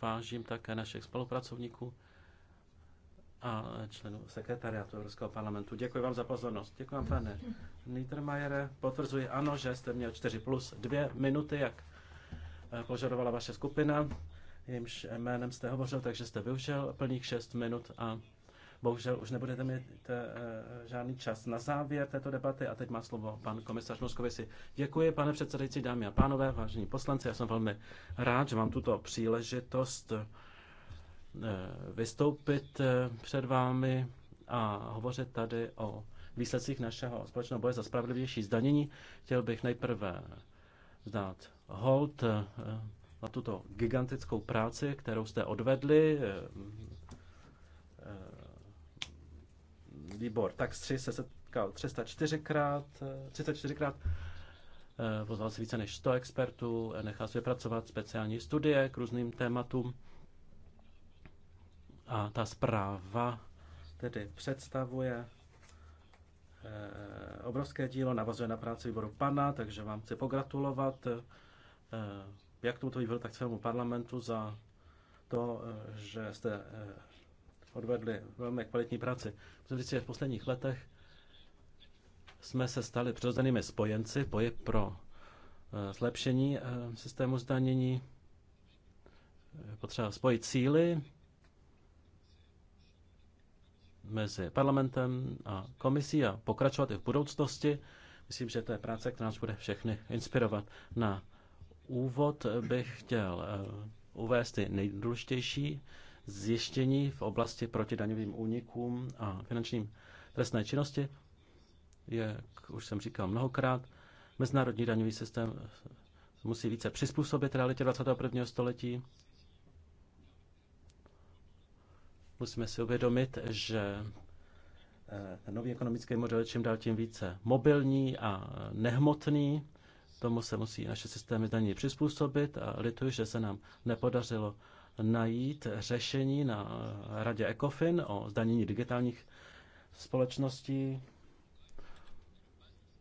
vážím také našich spolupracovníků a členů sekretariátu Evropského parlamentu. Děkuji vám za pozornost. Děkuji vám, pane Niedermayere. Potvrzuji ano, že jste měl 4 plus 2 minuty, jak eh, požadovala vaše skupina, jejímž jménem jste hovořil, takže jste využil plných 6 minut a Bohužel už nebudete mít eh, eh, žádný čas na závěr této debaty a teď má slovo pan komisař Moskovici. Děkuji, pane předsedající, dámy a pánové, vážení poslanci, já jsem velmi rád, že mám tuto příležitost eh, vystoupit před vámi a hovořit tady o výsledcích našeho společného boje za spravedlivější zdanění. Chtěl bych nejprve zdát hold na tuto gigantickou práci, kterou jste odvedli výbor tak 3 se setkal 304krát, 34krát, eh, eh, pozval si více než 100 expertů, eh, nechal si vypracovat speciální studie k různým tématům a ta zpráva tedy představuje obrovské dílo, navazuje na práci výboru PANA, takže vám chci pogratulovat jak tomuto výboru, tak celému parlamentu za to, že jste odvedli velmi kvalitní práci. Musím říct, že v posledních letech jsme se stali přirozenými spojenci boji pro eh, zlepšení eh, systému zdanění. Potřeba spojit síly mezi parlamentem a komisí a pokračovat i v budoucnosti. Myslím, že to je práce, která nás bude všechny inspirovat. Na úvod bych chtěl eh, uvést ty nejdůležitější zjištění v oblasti proti daňovým únikům a finančním trestné činnosti. Jak už jsem říkal mnohokrát, mezinárodní daňový systém musí více přizpůsobit realitě 21. století. Musíme si uvědomit, že eh, ten nový ekonomický model je čím dál tím více mobilní a nehmotný. Tomu se musí naše systémy daní přizpůsobit a lituji, že se nám nepodařilo najít řešení na radě ECOFIN o zdanění digitálních společností.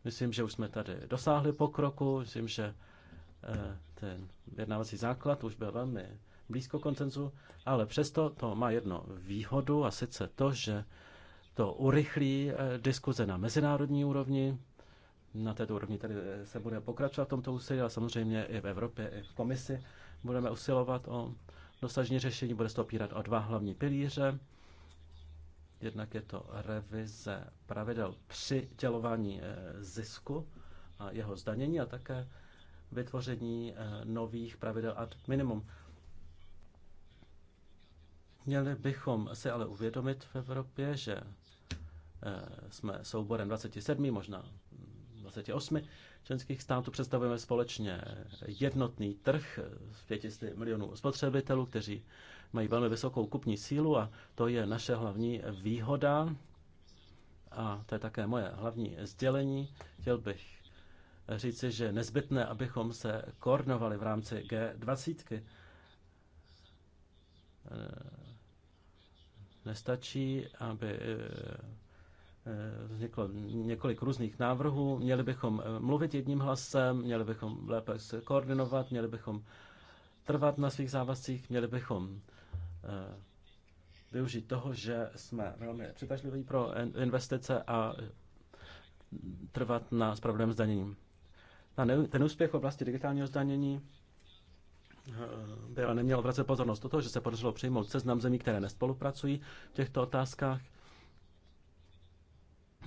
Myslím, že už jsme tady dosáhli pokroku, myslím, že eh, ten vyjednávací základ už byl velmi blízko koncenzu, ale přesto to má jedno výhodu a sice to, že to urychlí eh, diskuze na mezinárodní úrovni. Na této úrovni tady eh, se bude pokračovat v tomto úsilí, ale samozřejmě i v Evropě, i v komisi budeme usilovat o dosažení řešení bude se opírat o dva hlavní pilíře. Jednak je to revize pravidel přidělování eh, zisku a jeho zdanění a také vytvoření eh, nových pravidel ad minimum. Měli bychom si ale uvědomit v Evropě, že eh, jsme souborem 27, možná 28 členských států představujeme společně jednotný trh z 500 milionů spotřebitelů, kteří mají velmi vysokou kupní sílu a to je naše hlavní výhoda a to je také moje hlavní sdělení. Chtěl bych říci, že je nezbytné, abychom se koordinovali v rámci G20. Nestačí, aby eh, Eh, vzniklo několik různých návrhů. Měli bychom eh, mluvit jedním hlasem, měli bychom lépe se koordinovat, měli bychom trvat na svých závazcích, měli bychom eh, využít toho, že jsme velmi přitažliví pro investice a trvat na spravedlivém zdanění. Ten úspěch v oblasti digitálního zdanění by ale neměl vracet pozornost do toho, že se podařilo přijmout seznam zemí, které nespolupracují v těchto otázkách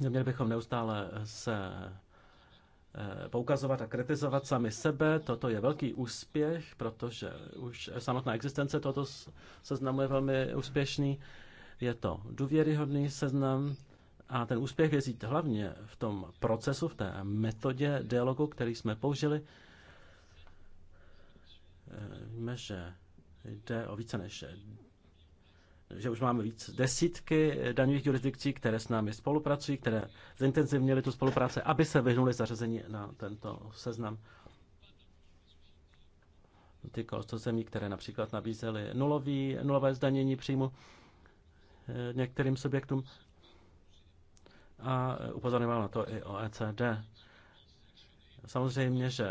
Neměli bychom neustále se eh, poukazovat a kritizovat sami sebe. Toto je velký úspěch, protože už samotná existence tohoto seznamu je velmi úspěšný. Je to důvěryhodný seznam a ten úspěch je zít hlavně v tom procesu, v té metodě dialogu, který jsme použili. Eh, víme, že jde o více než že už máme víc desítky eh, daňových jurisdikcí, které s námi spolupracují, které zintenzivnily tu spolupráci, aby se vyhnuli zařazení na tento seznam. Ty kolosto zemí, které například nabízely nulový, nulové zdanění příjmu eh, některým subjektům. A eh, upozorňoval na to i OECD. Samozřejmě, že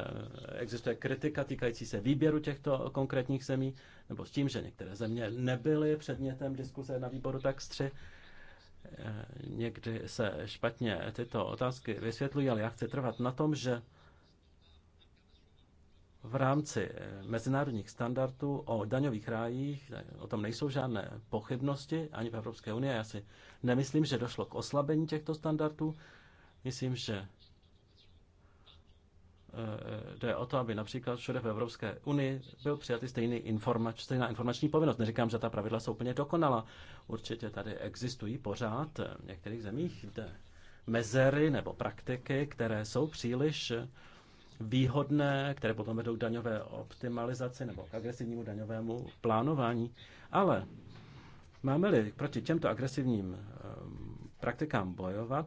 existuje kritika týkající se výběru těchto konkrétních zemí, nebo s tím, že některé země nebyly předmětem diskuse na výboru tak tři. Eh, někdy se špatně tyto otázky vysvětlují, ale já chci trvat na tom, že v rámci eh, mezinárodních standardů o daňových rájích, eh, o tom nejsou žádné pochybnosti ani v Evropské unii. Já si nemyslím, že došlo k oslabení těchto standardů. Myslím, že Eh, jde o to, aby například všude v Evropské unii byl přijatý stejný informač, stejná informační povinnost. Neříkám, že ta pravidla jsou úplně dokonala. Určitě tady existují pořád eh, v některých zemích jde mezery nebo praktiky, které jsou příliš výhodné, které potom vedou k daňové optimalizaci nebo k agresivnímu daňovému plánování. Ale máme-li proti těmto agresivním eh, praktikám bojovat,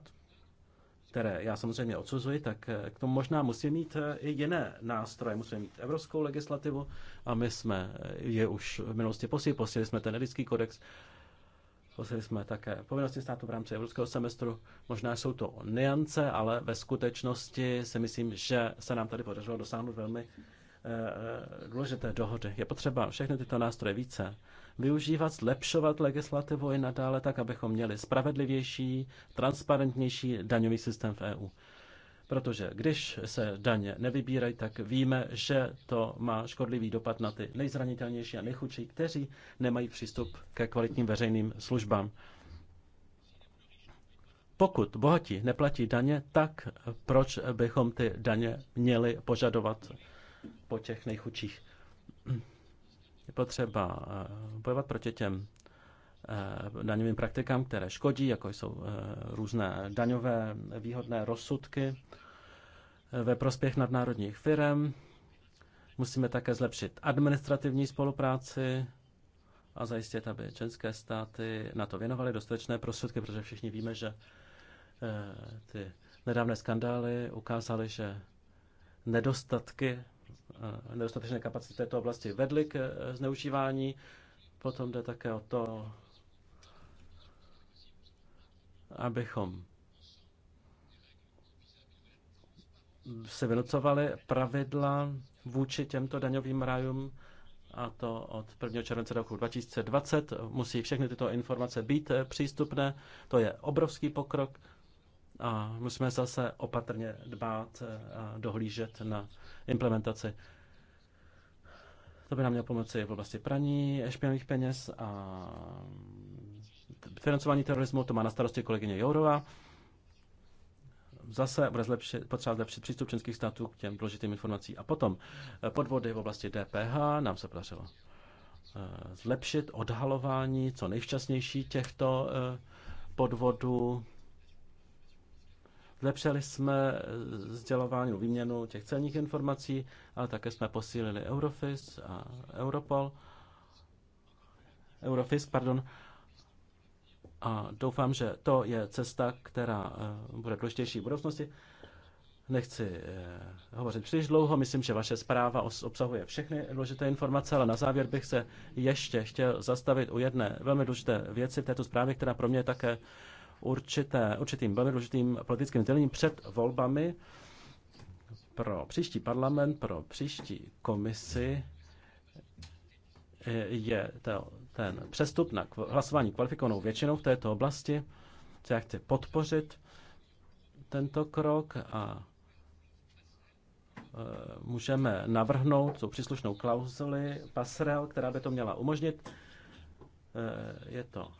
které já samozřejmě odsuzuji, tak eh, k tomu možná musí mít eh, i jiné nástroje. Musíme mít evropskou legislativu a my jsme eh, je už v minulosti posílili. Posílili jsme ten lidský kodex, posílili jsme také povinnosti státu v rámci evropského semestru. Možná jsou to niance, ale ve skutečnosti si myslím, že se nám tady podařilo dosáhnout velmi důležité dohody. Je potřeba všechny tyto nástroje více využívat, zlepšovat legislativu i nadále tak, abychom měli spravedlivější, transparentnější daňový systém v EU. Protože když se daně nevybírají, tak víme, že to má škodlivý dopad na ty nejzranitelnější a nejchudší, kteří nemají přístup ke kvalitním veřejným službám. Pokud bohatí neplatí daně, tak proč bychom ty daně měli požadovat po těch nejchudších? Je potřeba eh, bojovat proti těm eh, daňovým praktikám, které škodí, jako jsou eh, různé daňové výhodné rozsudky ve prospěch nadnárodních firm. Musíme také zlepšit administrativní spolupráci a zajistit, aby české státy na to věnovaly dostatečné prostředky, protože všichni víme, že ty nedávné skandály ukázaly, že nedostatky Eh, nedostatečné kapacity v této oblasti vedly k eh, zneužívání. Potom jde také o to, abychom se vynucovali pravidla vůči těmto daňovým rájům a to od 1. července roku 2020. Musí všechny tyto informace být eh, přístupné. To je obrovský pokrok a musíme zase opatrně dbát eh, a dohlížet na implementaci. To by nám mělo pomoci v oblasti praní špinavých peněz a financování terorismu, to má na starosti kolegyně Jourova. Zase bude zlepšit, potřeba zlepšit přístup členských států k těm důležitým informacím. A potom eh, podvody v oblasti DPH nám se podařilo eh, zlepšit odhalování co nejvčasnější těchto podvodů Zlepšili jsme eh, sdělování, výměnu těch celních informací, ale také jsme posílili Eurofis a Europol. Eurofis, pardon. A doufám, že to je cesta, která eh, bude důležitější v budoucnosti. Nechci eh, hovořit příliš dlouho, myslím, že vaše zpráva obsahuje všechny důležité informace, ale na závěr bych se ještě chtěl zastavit u jedné velmi důležité věci v této zprávě, která pro mě je také určité, určitým velmi důležitým politickým dělením před volbami pro příští parlament, pro příští komisi eh, je to, ten přestup na hlasování kvalifikovanou většinou v této oblasti. Já chci podpořit tento krok a eh, můžeme navrhnout tu příslušnou klauzuli pasrel, která by to měla umožnit. Eh, je to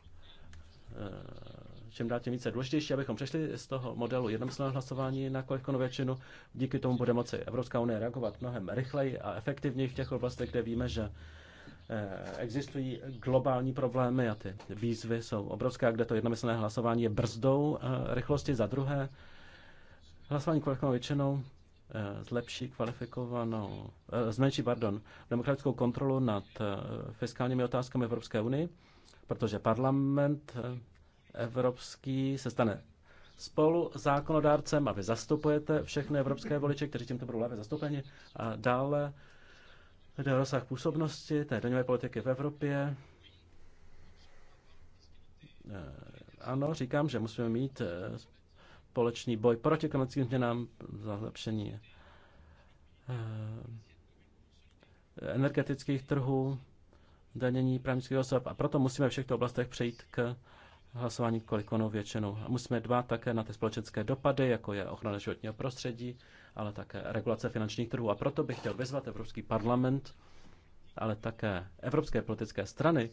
čím dál tím více důležitější, abychom přešli z toho modelu jednomyslného hlasování na kolektivní většinu. Díky tomu bude moci Evropská unie reagovat mnohem rychleji a efektivněji v těch oblastech, kde víme, že eh, existují globální problémy a ty výzvy jsou obrovské, kde to jednomyslné hlasování je brzdou eh, rychlosti. Za druhé, hlasování kolektivní většinou eh, zlepší kvalifikovanou, zmenší, pardon, demokratickou kontrolu nad fiskálními otázkami Evropské unie, protože parlament evropský se stane spolu zákonodárcem a vy zastupujete všechny evropské voliče, kteří tímto budou lépe zastoupeni. A dále jde o rozsah působnosti té daňové politiky v Evropě. E, ano, říkám, že musíme mít e, společný boj proti klimatickým změnám za zlepšení e, energetických trhů, danění právnických osob a proto musíme v všech oblastech přejít k hlasování kolikonou většinou. A musíme dbát také na ty společenské dopady, jako je ochrana životního prostředí, ale také regulace finančních trhů. A proto bych chtěl vyzvat Evropský parlament, ale také evropské politické strany,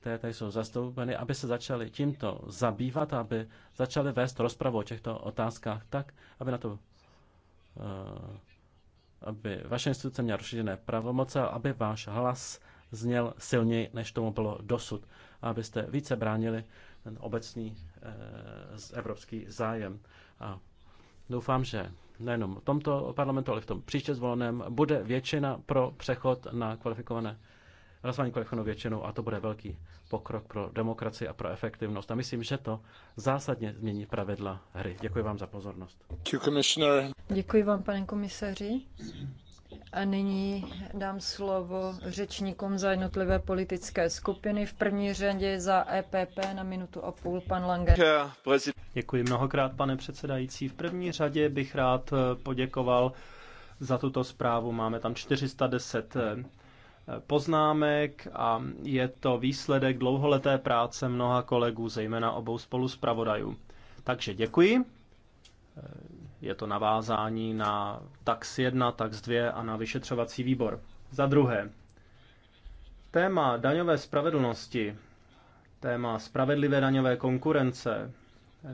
které tady jsou zastoupeny, aby se začaly tímto zabývat, aby začaly vést rozpravu o těchto otázkách tak, aby na to eh, aby vaše instituce měla rozšířené pravomoce, aby váš hlas zněl silněji, než tomu bylo dosud, abyste více bránili ten obecný eh, evropský zájem. A doufám, že nejenom v tomto parlamentu, ale v tom příště zvoleném bude většina pro přechod na kvalifikované hlasování kvalifikovanou většinou a to bude velký pokrok pro demokracii a pro efektivnost. A myslím, že to zásadně změní pravidla hry. Děkuji vám za pozornost. Děkuji vám, pane komisaři. A nyní dám slovo řečníkům za jednotlivé politické skupiny. V první řadě za EPP na minutu a půl pan Lange. Děkuji mnohokrát, pane předsedající. V první řadě bych rád eh, poděkoval za tuto zprávu. Máme tam 410 eh, poznámek a je to výsledek dlouholeté práce mnoha kolegů, zejména obou spolu zpravodajů. Takže děkuji. Eh, je to navázání na tax 1, tax 2 a na vyšetřovací výbor. Za druhé, téma daňové spravedlnosti, téma spravedlivé daňové konkurence,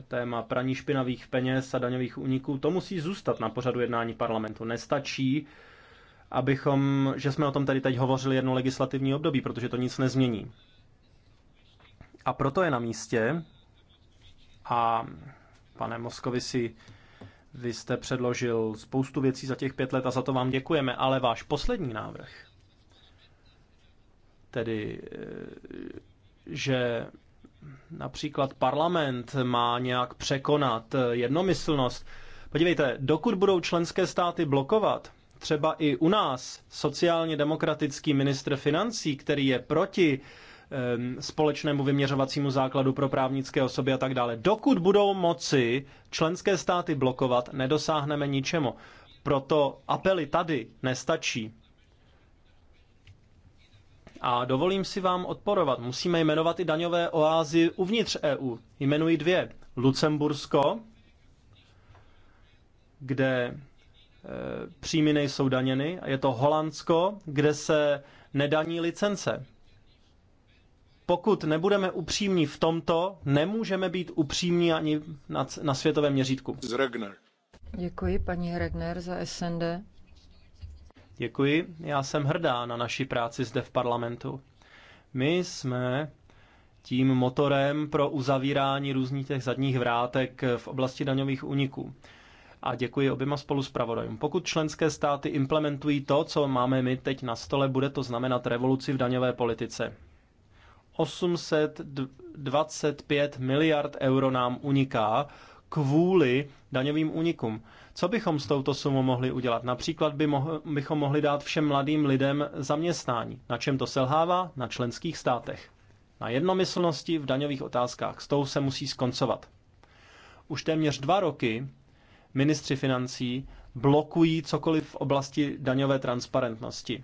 téma praní špinavých peněz a daňových úniků, to musí zůstat na pořadu jednání parlamentu. Nestačí, abychom, že jsme o tom tady teď hovořili jedno legislativní období, protože to nic nezmění. A proto je na místě, a pane si vy jste předložil spoustu věcí za těch pět let a za to vám děkujeme, ale váš poslední návrh, tedy eh, že například parlament má nějak překonat eh, jednomyslnost. Podívejte, dokud budou členské státy blokovat, třeba i u nás sociálně demokratický ministr financí, který je proti Ehm, společnému vyměřovacímu základu pro právnické osoby a tak dále. Dokud budou moci členské státy blokovat, nedosáhneme ničemu. Proto apely tady nestačí. A dovolím si vám odporovat. Musíme jmenovat i daňové oázy uvnitř EU. Jmenuji dvě. Lucembursko, kde e, příjmy nejsou daněny. A je to Holandsko, kde se nedaní licence. Pokud nebudeme upřímní v tomto, nemůžeme být upřímní ani na, na světovém měřítku. Děkuji paní Regner za SND. Děkuji, já jsem hrdá na naši práci zde v parlamentu. My jsme tím motorem pro uzavírání různých těch zadních vrátek v oblasti daňových úniků. A děkuji oběma spoluspravodajům. Pokud členské státy implementují to, co máme my teď na stole, bude to znamenat revoluci v daňové politice. 825 miliard euro nám uniká kvůli daňovým unikům. Co bychom s touto sumou mohli udělat? Například by mo- bychom mohli dát všem mladým lidem zaměstnání. Na čem to selhává? Na členských státech. Na jednomyslnosti v daňových otázkách. S tou se musí skoncovat. Už téměř dva roky ministři financí blokují cokoliv v oblasti daňové transparentnosti.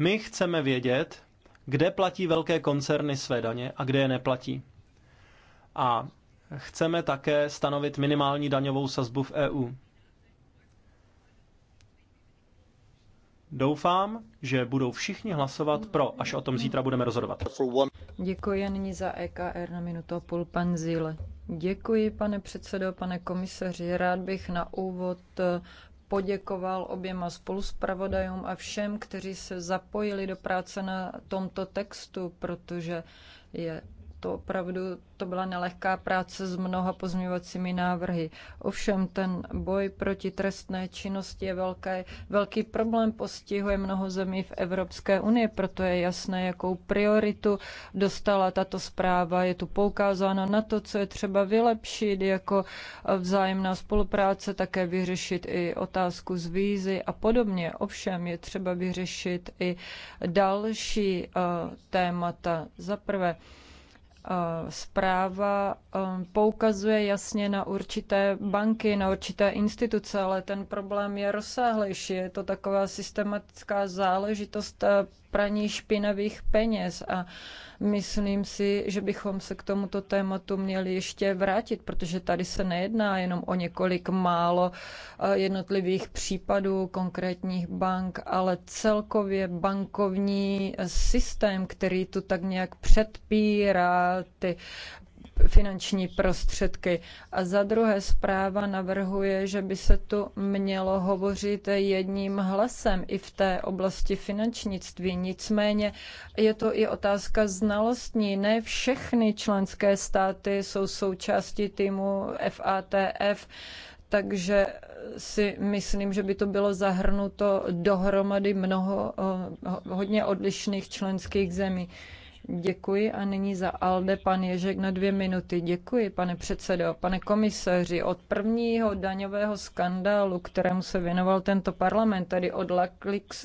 My chceme vědět, kde platí velké koncerny své daně a kde je neplatí. A chceme také stanovit minimální daňovou sazbu v EU. Doufám, že budou všichni hlasovat pro, až o tom zítra budeme rozhodovat. Děkuji a nyní za EKR na minutu a půl pan Zíle. Děkuji, pane předsedo, pane komisaři. Rád bych na úvod poděkoval oběma spoluspravodajům a všem, kteří se zapojili do práce na tomto textu, protože je to opravdu to byla nelehká práce s mnoha pozměňovacími návrhy. Ovšem ten boj proti trestné činnosti je velké, velký problém, postihuje mnoho zemí v Evropské unii, proto je jasné, jakou prioritu dostala tato zpráva. Je tu poukázáno na to, co je třeba vylepšit, jako vzájemná spolupráce, také vyřešit i otázku z vízy a podobně. Ovšem je třeba vyřešit i další uh, témata. Za prvé, zpráva um, poukazuje jasně na určité banky, na určité instituce, ale ten problém je rozsáhlejší. Je to taková systematická záležitost eh, praní špinavých peněz a myslím si, že bychom se k tomuto tématu měli ještě vrátit, protože tady se nejedná jenom o několik málo eh, jednotlivých případů konkrétních bank, ale celkově bankovní eh, systém, který tu tak nějak předpírá ty finanční prostředky. A za druhé zpráva navrhuje, že by se tu mělo hovořit jedním hlasem i v té oblasti finančnictví. Nicméně je to i otázka znalostní. Ne všechny členské státy jsou součástí týmu FATF takže si myslím, že by to bylo zahrnuto dohromady mnoho eh, hodně odlišných členských zemí. Děkuji a nyní za ALDE pan Ježek na dvě minuty. Děkuji, pane předsedo. Pane komisaři, od prvního daňového skandálu, kterému se věnoval tento parlament, tedy od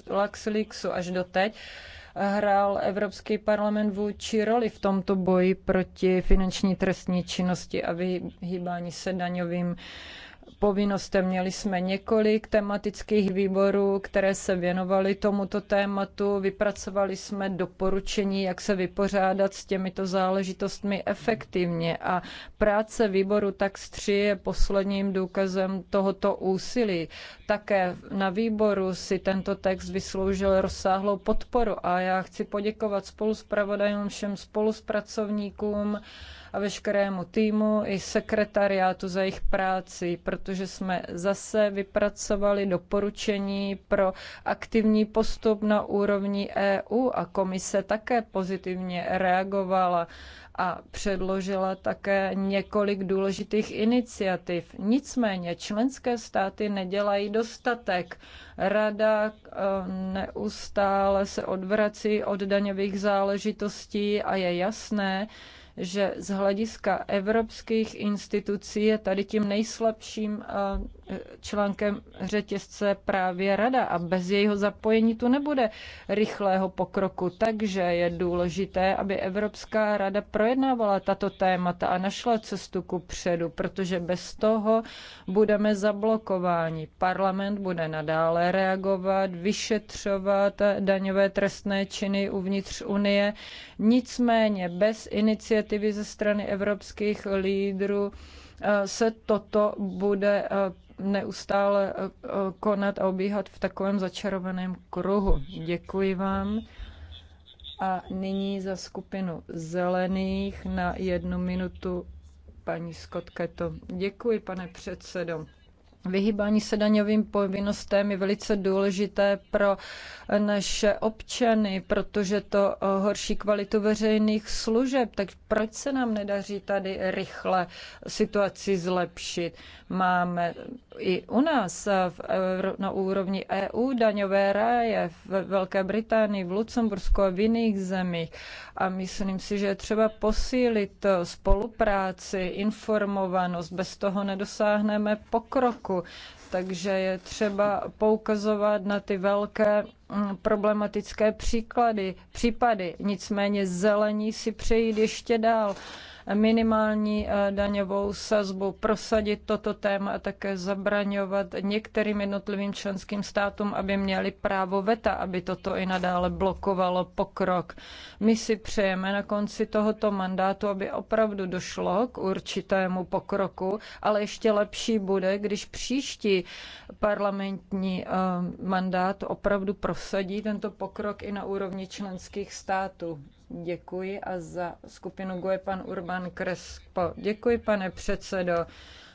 LuxLeaksu až do teď, hrál Evropský parlament vůči roli v tomto boji proti finanční trestní činnosti a vyhýbání se daňovým povinnostem. Měli jsme několik tematických výborů, které se věnovaly tomuto tématu. Vypracovali jsme doporučení, jak se vypořádat s těmito záležitostmi efektivně. A práce výboru TAX 3 je posledním důkazem tohoto úsilí. Také na výboru si tento text vysloužil rozsáhlou podporu a já chci poděkovat spoluspravodajům, všem pracovníkům a veškerému týmu i sekretariátu za jejich práci, protože jsme zase vypracovali doporučení pro aktivní postup na úrovni EU a komise také pozitivně reagovala a předložila také několik důležitých iniciativ. Nicméně členské státy nedělají dostatek. Rada eh, neustále se odvrací od daňových záležitostí a je jasné, že z hlediska evropských institucí je tady tím nejslabším eh, článkem řetězce právě rada a bez jejího zapojení tu nebude rychlého pokroku. Takže je důležité, aby Evropská rada projednávala tato témata a našla cestu ku předu, protože bez toho budeme zablokováni. Parlament bude nadále reagovat, vyšetřovat daňové trestné činy uvnitř Unie. Nicméně bez iniciativy ze strany evropských lídrů eh, se toto bude eh, neustále eh, eh, konat a obíhat v takovém začarovaném kruhu. Děkuji vám. A nyní za skupinu zelených na jednu minutu paní Skotketo. Děkuji, pane předsedo. Vyhýbání se daňovým povinnostem je velice důležité pro naše občany, protože to eh, horší kvalitu veřejných služeb. Tak proč se nám nedaří tady rychle situaci zlepšit? Máme i u nás eh, na úrovni EU daňové ráje ve Velké Británii, v Lucembursku a v jiných zemích. A myslím si, že je třeba posílit eh, spolupráci, informovanost. Bez toho nedosáhneme pokroku roku. Takže je třeba poukazovat na ty velké mm, problematické příklady, případy. Nicméně zelení si přejít ještě dál minimální eh, daňovou sazbu, prosadit toto téma a také zabraňovat některým jednotlivým členským státům, aby měli právo veta, aby toto i nadále blokovalo pokrok. My si přejeme na konci tohoto mandátu, aby opravdu došlo k určitému pokroku, ale ještě lepší bude, když příští parlamentní eh, mandát opravdu prosadí tento pokrok i na úrovni členských států. Děkuji a za skupinu Goje pan Urban Krespo. Děkuji, pane předsedo.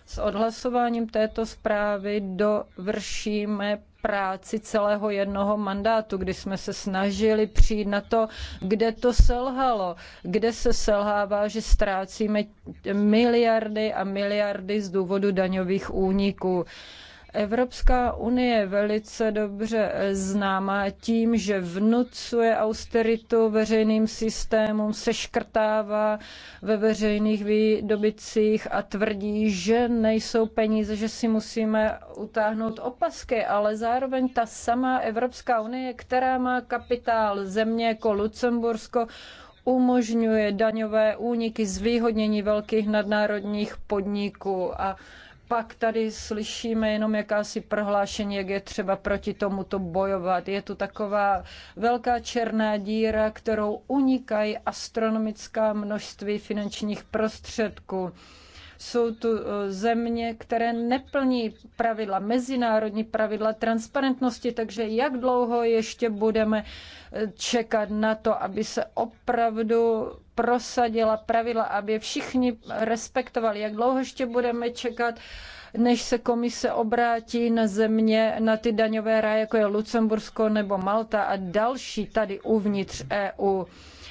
S odhlasováním této zprávy dovršíme práci celého jednoho mandátu, kdy jsme se snažili přijít na to, kde to selhalo, kde se selhává, že ztrácíme miliardy a miliardy z důvodu daňových úniků. Evropská unie je velice dobře eh, známá tím, že vnucuje austeritu veřejným systémům, seškrtává ve veřejných výdobicích a tvrdí, že nejsou peníze, že si musíme utáhnout opasky, ale zároveň ta samá Evropská unie, která má kapitál země jako Lucembursko, umožňuje daňové úniky, zvýhodnění velkých nadnárodních podniků a pak tady slyšíme jenom jakási prohlášení, jak je třeba proti tomuto bojovat. Je tu taková velká černá díra, kterou unikají astronomická množství finančních prostředků jsou tu eh, země, které neplní pravidla, mezinárodní pravidla transparentnosti, takže jak dlouho ještě budeme eh, čekat na to, aby se opravdu prosadila pravidla, aby všichni respektovali. Jak dlouho ještě budeme čekat, než se komise obrátí na země, na ty daňové ráje, jako je Lucembursko nebo Malta a další tady uvnitř EU,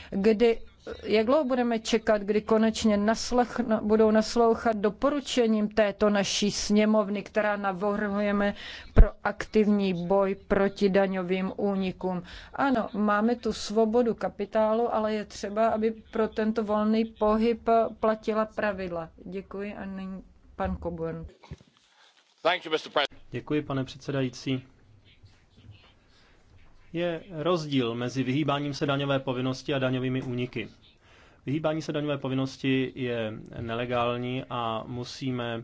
kdy jak dlouho budeme čekat, kdy konečně naslechno, budou naslouchat doporučením této naší sněmovny, která navrhujeme pro aktivní boj proti daňovým únikům? Ano, máme tu svobodu kapitálu, ale je třeba, aby pro tento volný pohyb platila pravidla. Děkuji a nyní pan Coburn. Děkuji, pane předsedající je rozdíl mezi vyhýbáním se daňové povinnosti a daňovými úniky. Vyhýbání se daňové povinnosti je nelegální a musíme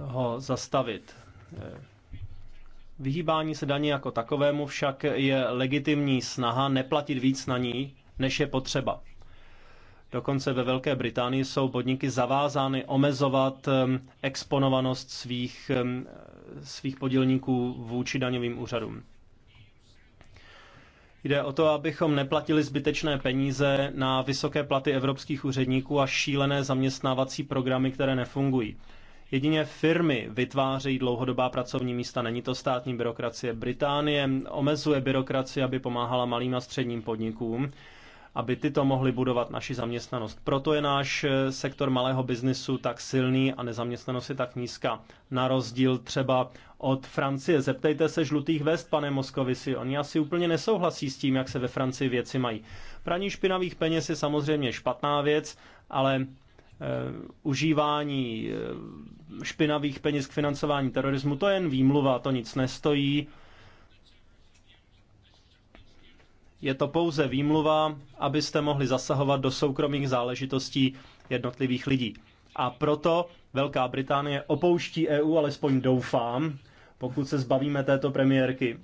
ho zastavit. Vyhýbání se daní jako takovému však je legitimní snaha neplatit víc na ní, než je potřeba. Dokonce ve Velké Británii jsou podniky zavázány omezovat um, exponovanost svých, um, svých podílníků vůči daňovým úřadům. Jde o to, abychom neplatili zbytečné peníze na vysoké platy evropských úředníků a šílené zaměstnávací programy, které nefungují. Jedině firmy vytvářejí dlouhodobá pracovní místa, není to státní byrokracie. Británie omezuje byrokracii, aby pomáhala malým a středním podnikům, aby tyto mohly budovat naši zaměstnanost. Proto je náš eh, sektor malého biznisu tak silný a nezaměstnanost je tak nízká. Na rozdíl třeba od Francie. Zeptejte se žlutých vest, pane Moskovisi. Oni asi úplně nesouhlasí s tím, jak se ve Francii věci mají. Praní špinavých peněz je samozřejmě špatná věc, ale e, užívání e, špinavých peněz k financování terorismu, to je jen výmluva, to nic nestojí. Je to pouze výmluva, abyste mohli zasahovat do soukromých záležitostí jednotlivých lidí. A proto Velká Británie opouští EU, alespoň doufám, pokud se zbavíme této premiérky.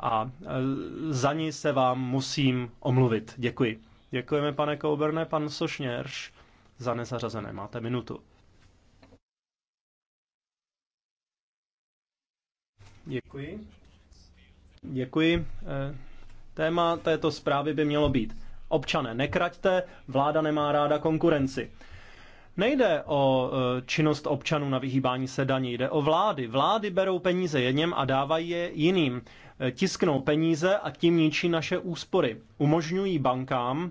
A e, za ní se vám musím omluvit. Děkuji. Děkujeme, pane Kouberne, pan Sošněrš, za nezařazené. Máte minutu. Děkuji. Děkuji. E, téma této zprávy by mělo být. Občané, nekraťte, vláda nemá ráda konkurenci. Nejde o e, činnost občanů na vyhýbání se daní, jde o vlády. Vlády berou peníze jedním a dávají je jiným. E, tisknou peníze a tím ničí naše úspory. Umožňují bankám,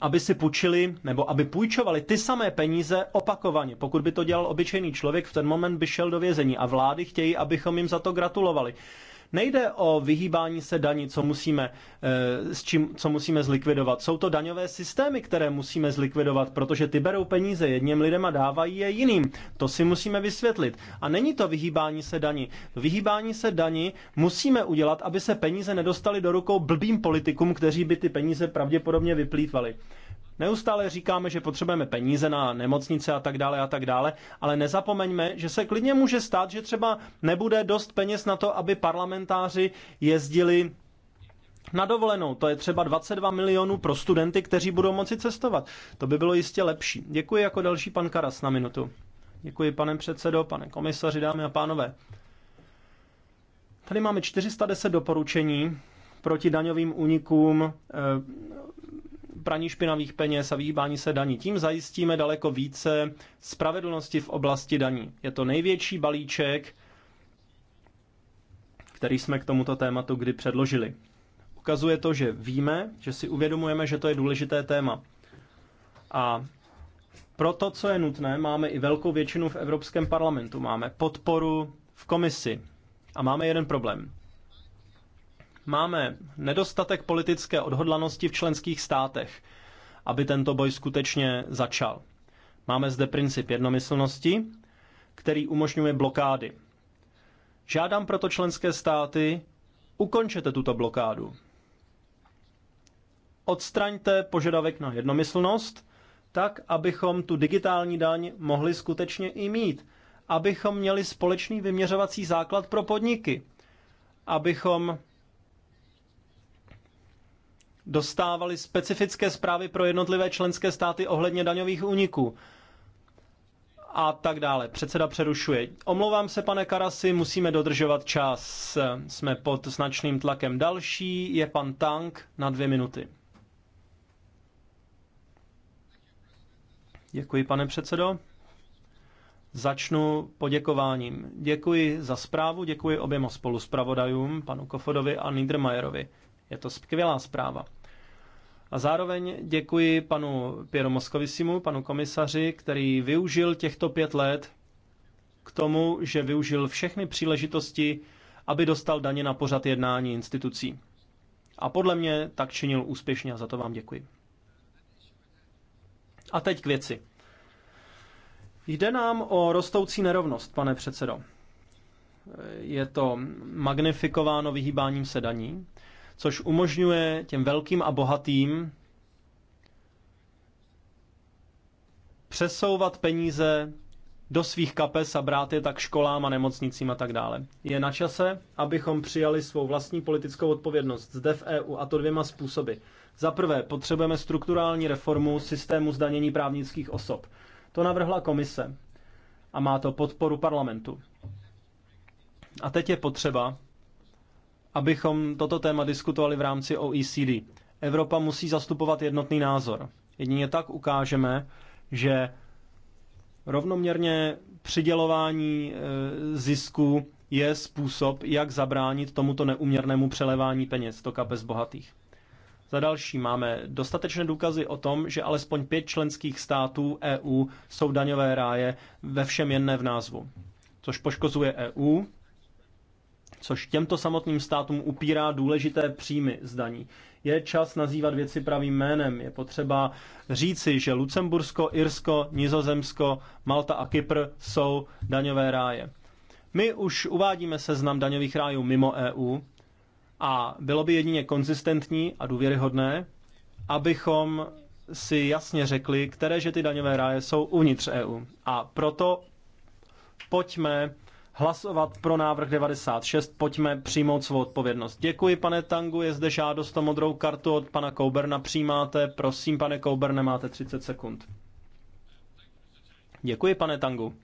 aby si půjčili nebo aby půjčovali ty samé peníze opakovaně. Pokud by to dělal obyčejný člověk, v ten moment by šel do vězení a vlády chtějí, abychom jim za to gratulovali. Nejde o vyhýbání se daní, co musíme, eh, s čím, co musíme zlikvidovat. Jsou to daňové systémy, které musíme zlikvidovat, protože ty berou peníze jedním lidem a dávají je jiným. To si musíme vysvětlit. A není to vyhýbání se daní. Vyhýbání se daní musíme udělat, aby se peníze nedostaly do rukou blbým politikům, kteří by ty peníze pravděpodobně vyplýtvali. Neustále říkáme, že potřebujeme peníze na nemocnice a tak dále a tak dále, ale nezapomeňme, že se klidně může stát, že třeba nebude dost peněz na to, aby parlamentáři jezdili na dovolenou. To je třeba 22 milionů pro studenty, kteří budou moci cestovat. To by bylo jistě lepší. Děkuji jako další pan Karas na minutu. Děkuji, pane předsedo, pane komisaři, dámy a pánové. Tady máme 410 doporučení proti daňovým únikům, eh, praní špinavých peněz a vyhýbání se daní. Tím zajistíme daleko více spravedlnosti v oblasti daní. Je to největší balíček, který jsme k tomuto tématu kdy předložili. Ukazuje to, že víme, že si uvědomujeme, že to je důležité téma. A pro to, co je nutné, máme i velkou většinu v Evropském parlamentu. Máme podporu v komisi. A máme jeden problém. Máme nedostatek politické odhodlanosti v členských státech, aby tento boj skutečně začal. Máme zde princip jednomyslnosti, který umožňuje blokády. Žádám proto členské státy, ukončete tuto blokádu. Odstraňte požadavek na jednomyslnost, tak abychom tu digitální daň mohli skutečně i mít, abychom měli společný vyměřovací základ pro podniky, abychom dostávali specifické zprávy pro jednotlivé členské státy ohledně daňových úniků a tak dále. Předseda přerušuje. Omlouvám se, pane Karasi, musíme dodržovat čas. Jsme pod značným tlakem. Další je pan Tank na dvě minuty. Děkuji, pane předsedo. Začnu poděkováním. Děkuji za zprávu, děkuji oběma spoluspravodajům, panu Kofodovi a Niedermayerovi. Je to skvělá zpráva. A zároveň děkuji panu Piero Moskovisimu, panu komisaři, který využil těchto pět let k tomu, že využil všechny příležitosti, aby dostal daně na pořad jednání institucí. A podle mě tak činil úspěšně a za to vám děkuji. A teď k věci. Jde nám o rostoucí nerovnost, pane předsedo. Je to magnifikováno vyhýbáním se daní, což umožňuje těm velkým a bohatým přesouvat peníze do svých kapes a brát je tak školám a nemocnicím a tak dále. Je na čase, abychom přijali svou vlastní politickou odpovědnost zde v EU a to dvěma způsoby. Za prvé, potřebujeme strukturální reformu systému zdanění právnických osob. To navrhla komise a má to podporu parlamentu. A teď je potřeba, abychom toto téma diskutovali v rámci OECD. Evropa musí zastupovat jednotný názor. Jedině tak ukážeme, že rovnoměrně přidělování e, zisku je způsob, jak zabránit tomuto neuměrnému přelevání peněz do kapes bohatých. Za další máme dostatečné důkazy o tom, že alespoň pět členských států EU jsou daňové ráje ve všem jen ne v názvu, což poškozuje EU, což těmto samotným státům upírá důležité příjmy z daní. Je čas nazývat věci pravým jménem. Je potřeba říci, že Lucembursko, Irsko, Nizozemsko, Malta a Kypr jsou daňové ráje. My už uvádíme seznam daňových rájů mimo EU a bylo by jedině konzistentní a důvěryhodné, abychom si jasně řekli, které že ty daňové ráje jsou uvnitř EU. A proto pojďme hlasovat pro návrh 96. Pojďme přijmout svou odpovědnost. Děkuji, pane Tangu. Je zde žádost o modrou kartu od pana Kouberna. Přijímáte. Prosím, pane Kouberne, máte 30 sekund. Děkuji, pane Tangu.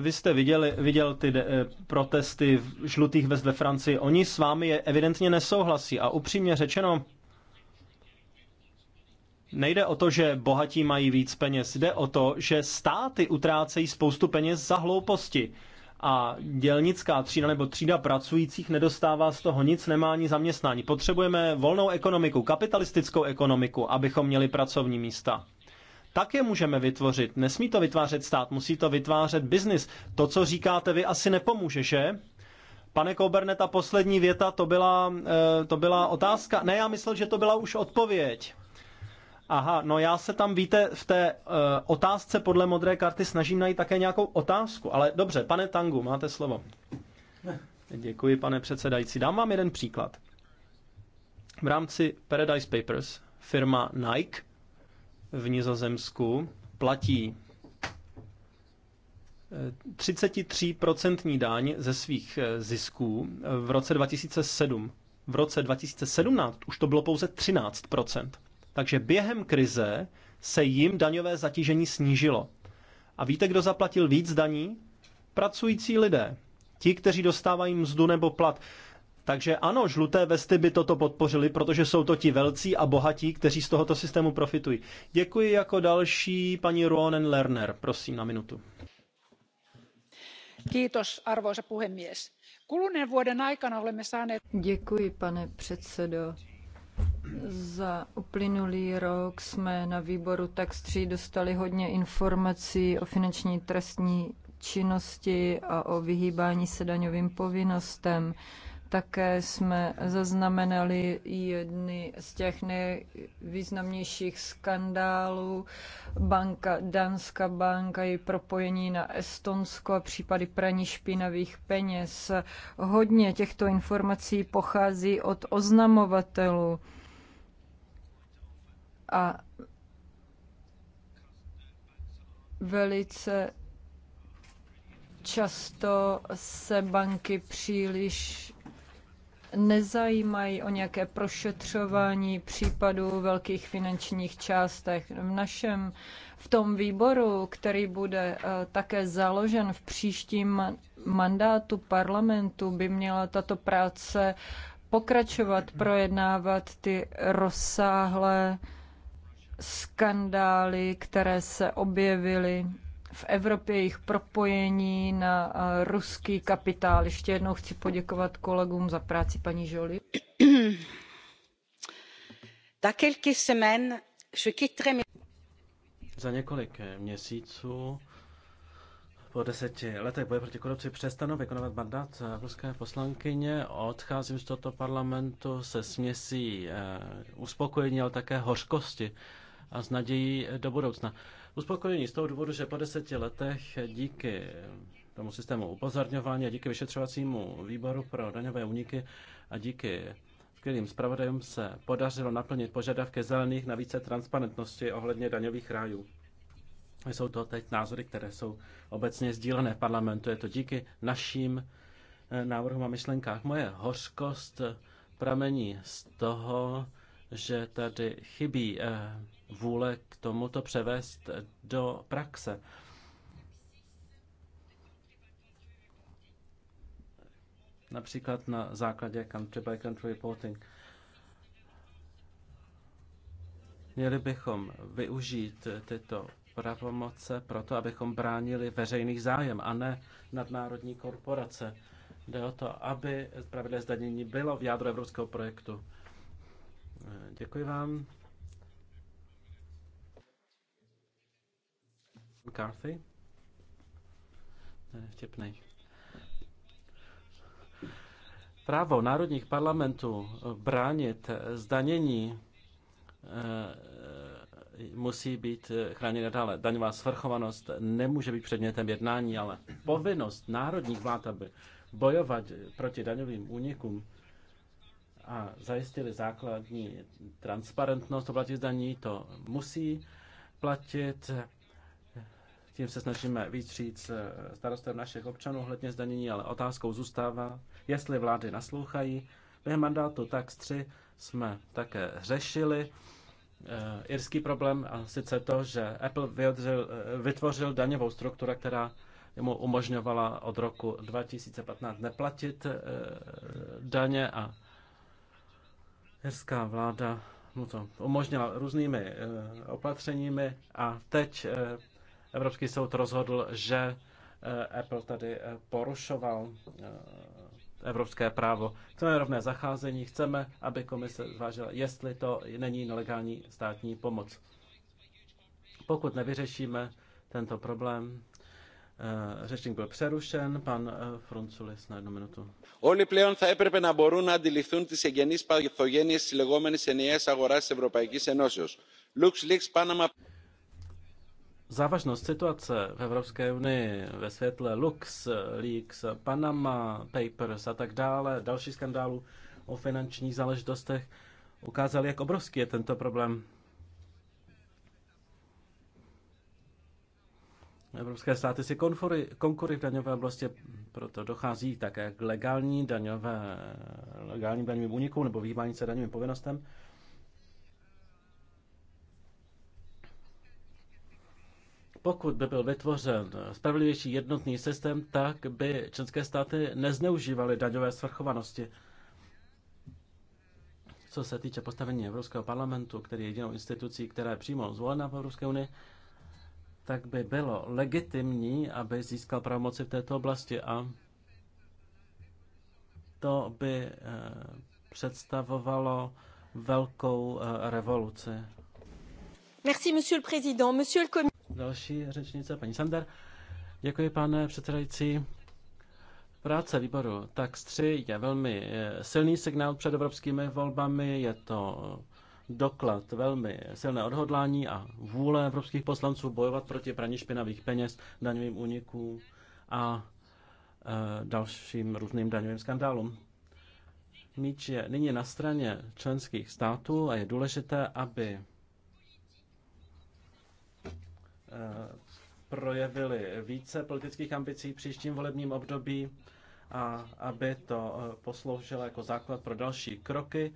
Vy jste viděli, viděl ty de, eh, protesty v žlutých vest ve Francii. Oni s vámi je evidentně nesouhlasí a upřímně řečeno, Nejde o to, že bohatí mají víc peněz, jde o to, že státy utrácejí spoustu peněz za hlouposti a dělnická třída nebo třída pracujících nedostává z toho nic, nemá ani zaměstnání. Potřebujeme volnou ekonomiku, kapitalistickou ekonomiku, abychom měli pracovní místa. Tak je můžeme vytvořit. Nesmí to vytvářet stát, musí to vytvářet biznis. To, co říkáte vy, asi nepomůže, že? Pane Kouberne, ta poslední věta, to byla, eh, to byla otázka. Ne, já myslel, že to byla už odpověď. Aha, no já se tam, víte, v té uh, otázce podle modré karty snažím najít také nějakou otázku. Ale dobře, pane Tangu, máte slovo. Děkuji, pane předsedající. Dám vám jeden příklad. V rámci Paradise Papers firma Nike v Nizozemsku platí 33% eh, daň ze svých eh, zisků v roce 2007. V roce 2017 už to bylo pouze 13%. Takže během krize se jim daňové zatížení snížilo. A víte, kdo zaplatil víc daní? Pracující lidé. Ti, kteří dostávají mzdu nebo plat. Takže ano, žluté vesty by toto podpořili, protože jsou to ti velcí a bohatí, kteří z tohoto systému profitují. Děkuji jako další paní Ruonen Lerner. Prosím na minutu. Kiitos, arvoisa puhemies. Kuluneen vuoden aikana olemme saaneet... Děkuji, pane předsedo. Za uplynulý rok jsme na výboru Tax 3 dostali hodně informací o finanční trestní činnosti a o vyhýbání se daňovým povinnostem. Také jsme zaznamenali jedny z těch nejvýznamnějších skandálů. Banka, Danska banka, je propojení na Estonsko a případy praní špinavých peněz. Hodně těchto informací pochází od oznamovatelů a velice často se banky příliš nezajímají o nějaké prošetřování případů velkých finančních částech. V našem, v tom výboru, který bude eh, také založen v příštím mandátu parlamentu, by měla tato práce pokračovat, projednávat ty rozsáhlé skandály, které se objevily v Evropě, jejich propojení na eh, ruský kapitál. Ještě jednou chci poděkovat kolegům za práci paní Žoli. Za několik měsíců po deseti letech boje proti korupci přestanu vykonávat mandát eh, ruské poslankyně. Odcházím z tohoto parlamentu se směsí eh, uspokojení, ale také hořkosti a s nadějí do budoucna. Uspokojení z toho důvodu, že po deseti letech díky tomu systému upozorňování a díky vyšetřovacímu výboru pro daňové úniky a díky skvělým zpravodajům se podařilo naplnit požadavky zelených na více transparentnosti ohledně daňových rájů. Jsou to teď názory, které jsou obecně sdílené v parlamentu. Je to díky našim eh, návrhům a myšlenkách. Moje hořkost pramení z toho, že tady chybí eh, vůle k tomu to převést do praxe. Například na základě country by country reporting. Měli bychom využít tyto pravomoce proto, abychom bránili veřejný zájem a ne nadnárodní korporace. Jde o to, aby spravedlivé zdanění bylo v jádru evropského projektu. Děkuji vám. McCarthy. Ten je vtipný. Právo národních parlamentů eh, bránit eh, zdanění eh, musí být chráněna dále. Daňová svrchovanost nemůže být předmětem jednání, ale povinnost národních vlád, aby bojovat proti daňovým únikům a zajistili základní transparentnost oblasti zdaní, to musí platit tím se snažíme víc říct eh, starostem našich občanů ohledně zdanění, ale otázkou zůstává, jestli vlády naslouchají. Během mandátu tak 3 jsme také řešili eh, irský problém, a sice to, že Apple vyodřil, eh, vytvořil daňovou strukturu, která mu umožňovala od roku 2015 neplatit daně a irská vláda mu to umožnila různými opatřeními a teď Evropský soud rozhodl, že eh, Apple tady eh, porušoval eh, evropské právo. Chceme rovné zacházení, chceme, aby komise zvážila, jestli to není nelegální státní pomoc. Pokud nevyřešíme tento problém, řečník byl přerušen, pan Frunculis na jednu minutu. Όλοι πλέον θα έπρεπε να μπορούν να αντιληφθούν ty εγγενείς παθογένειες της λεγόμενης ενιαίας αγοράς της Ευρωπαϊκής Ενώσεως. LuxLeaks, Panama závažnost situace v Evropské unii ve světle Lux, Leaks, Panama Papers a tak dále, další skandálu o finančních záležitostech, ukázal, jak obrovský je tento problém. Evropské státy si konfury, konkury v daňové oblasti, proto dochází také k legální daňové, legálním daňovým úniku nebo vyhýbání se daňovým povinnostem. pokud by byl vytvořen spravedlivější jednotný systém, tak by členské státy nezneužívaly daňové svrchovanosti. Co se týče postavení Evropského parlamentu, který je jedinou institucí, která je přímo zvolena v Evropské unii, tak by bylo legitimní, aby získal pravomoci v této oblasti a to by eh, představovalo velkou eh, revoluci. Merci, monsieur le président. Monsieur le Další řečnice, paní Sander. Děkuji, pane předsedající. Práce výboru TAX 3 je velmi eh, silný signál před evropskými volbami. Je to doklad velmi silné odhodlání a vůle evropských poslanců bojovat proti praní špinavých peněz, daňovým únikům a eh, dalším různým daňovým skandálům. Míč je nyní na straně členských států a je důležité, aby Eh, projevili více politických ambicí v příštím volebním období a aby to eh, posloužilo jako základ pro další kroky.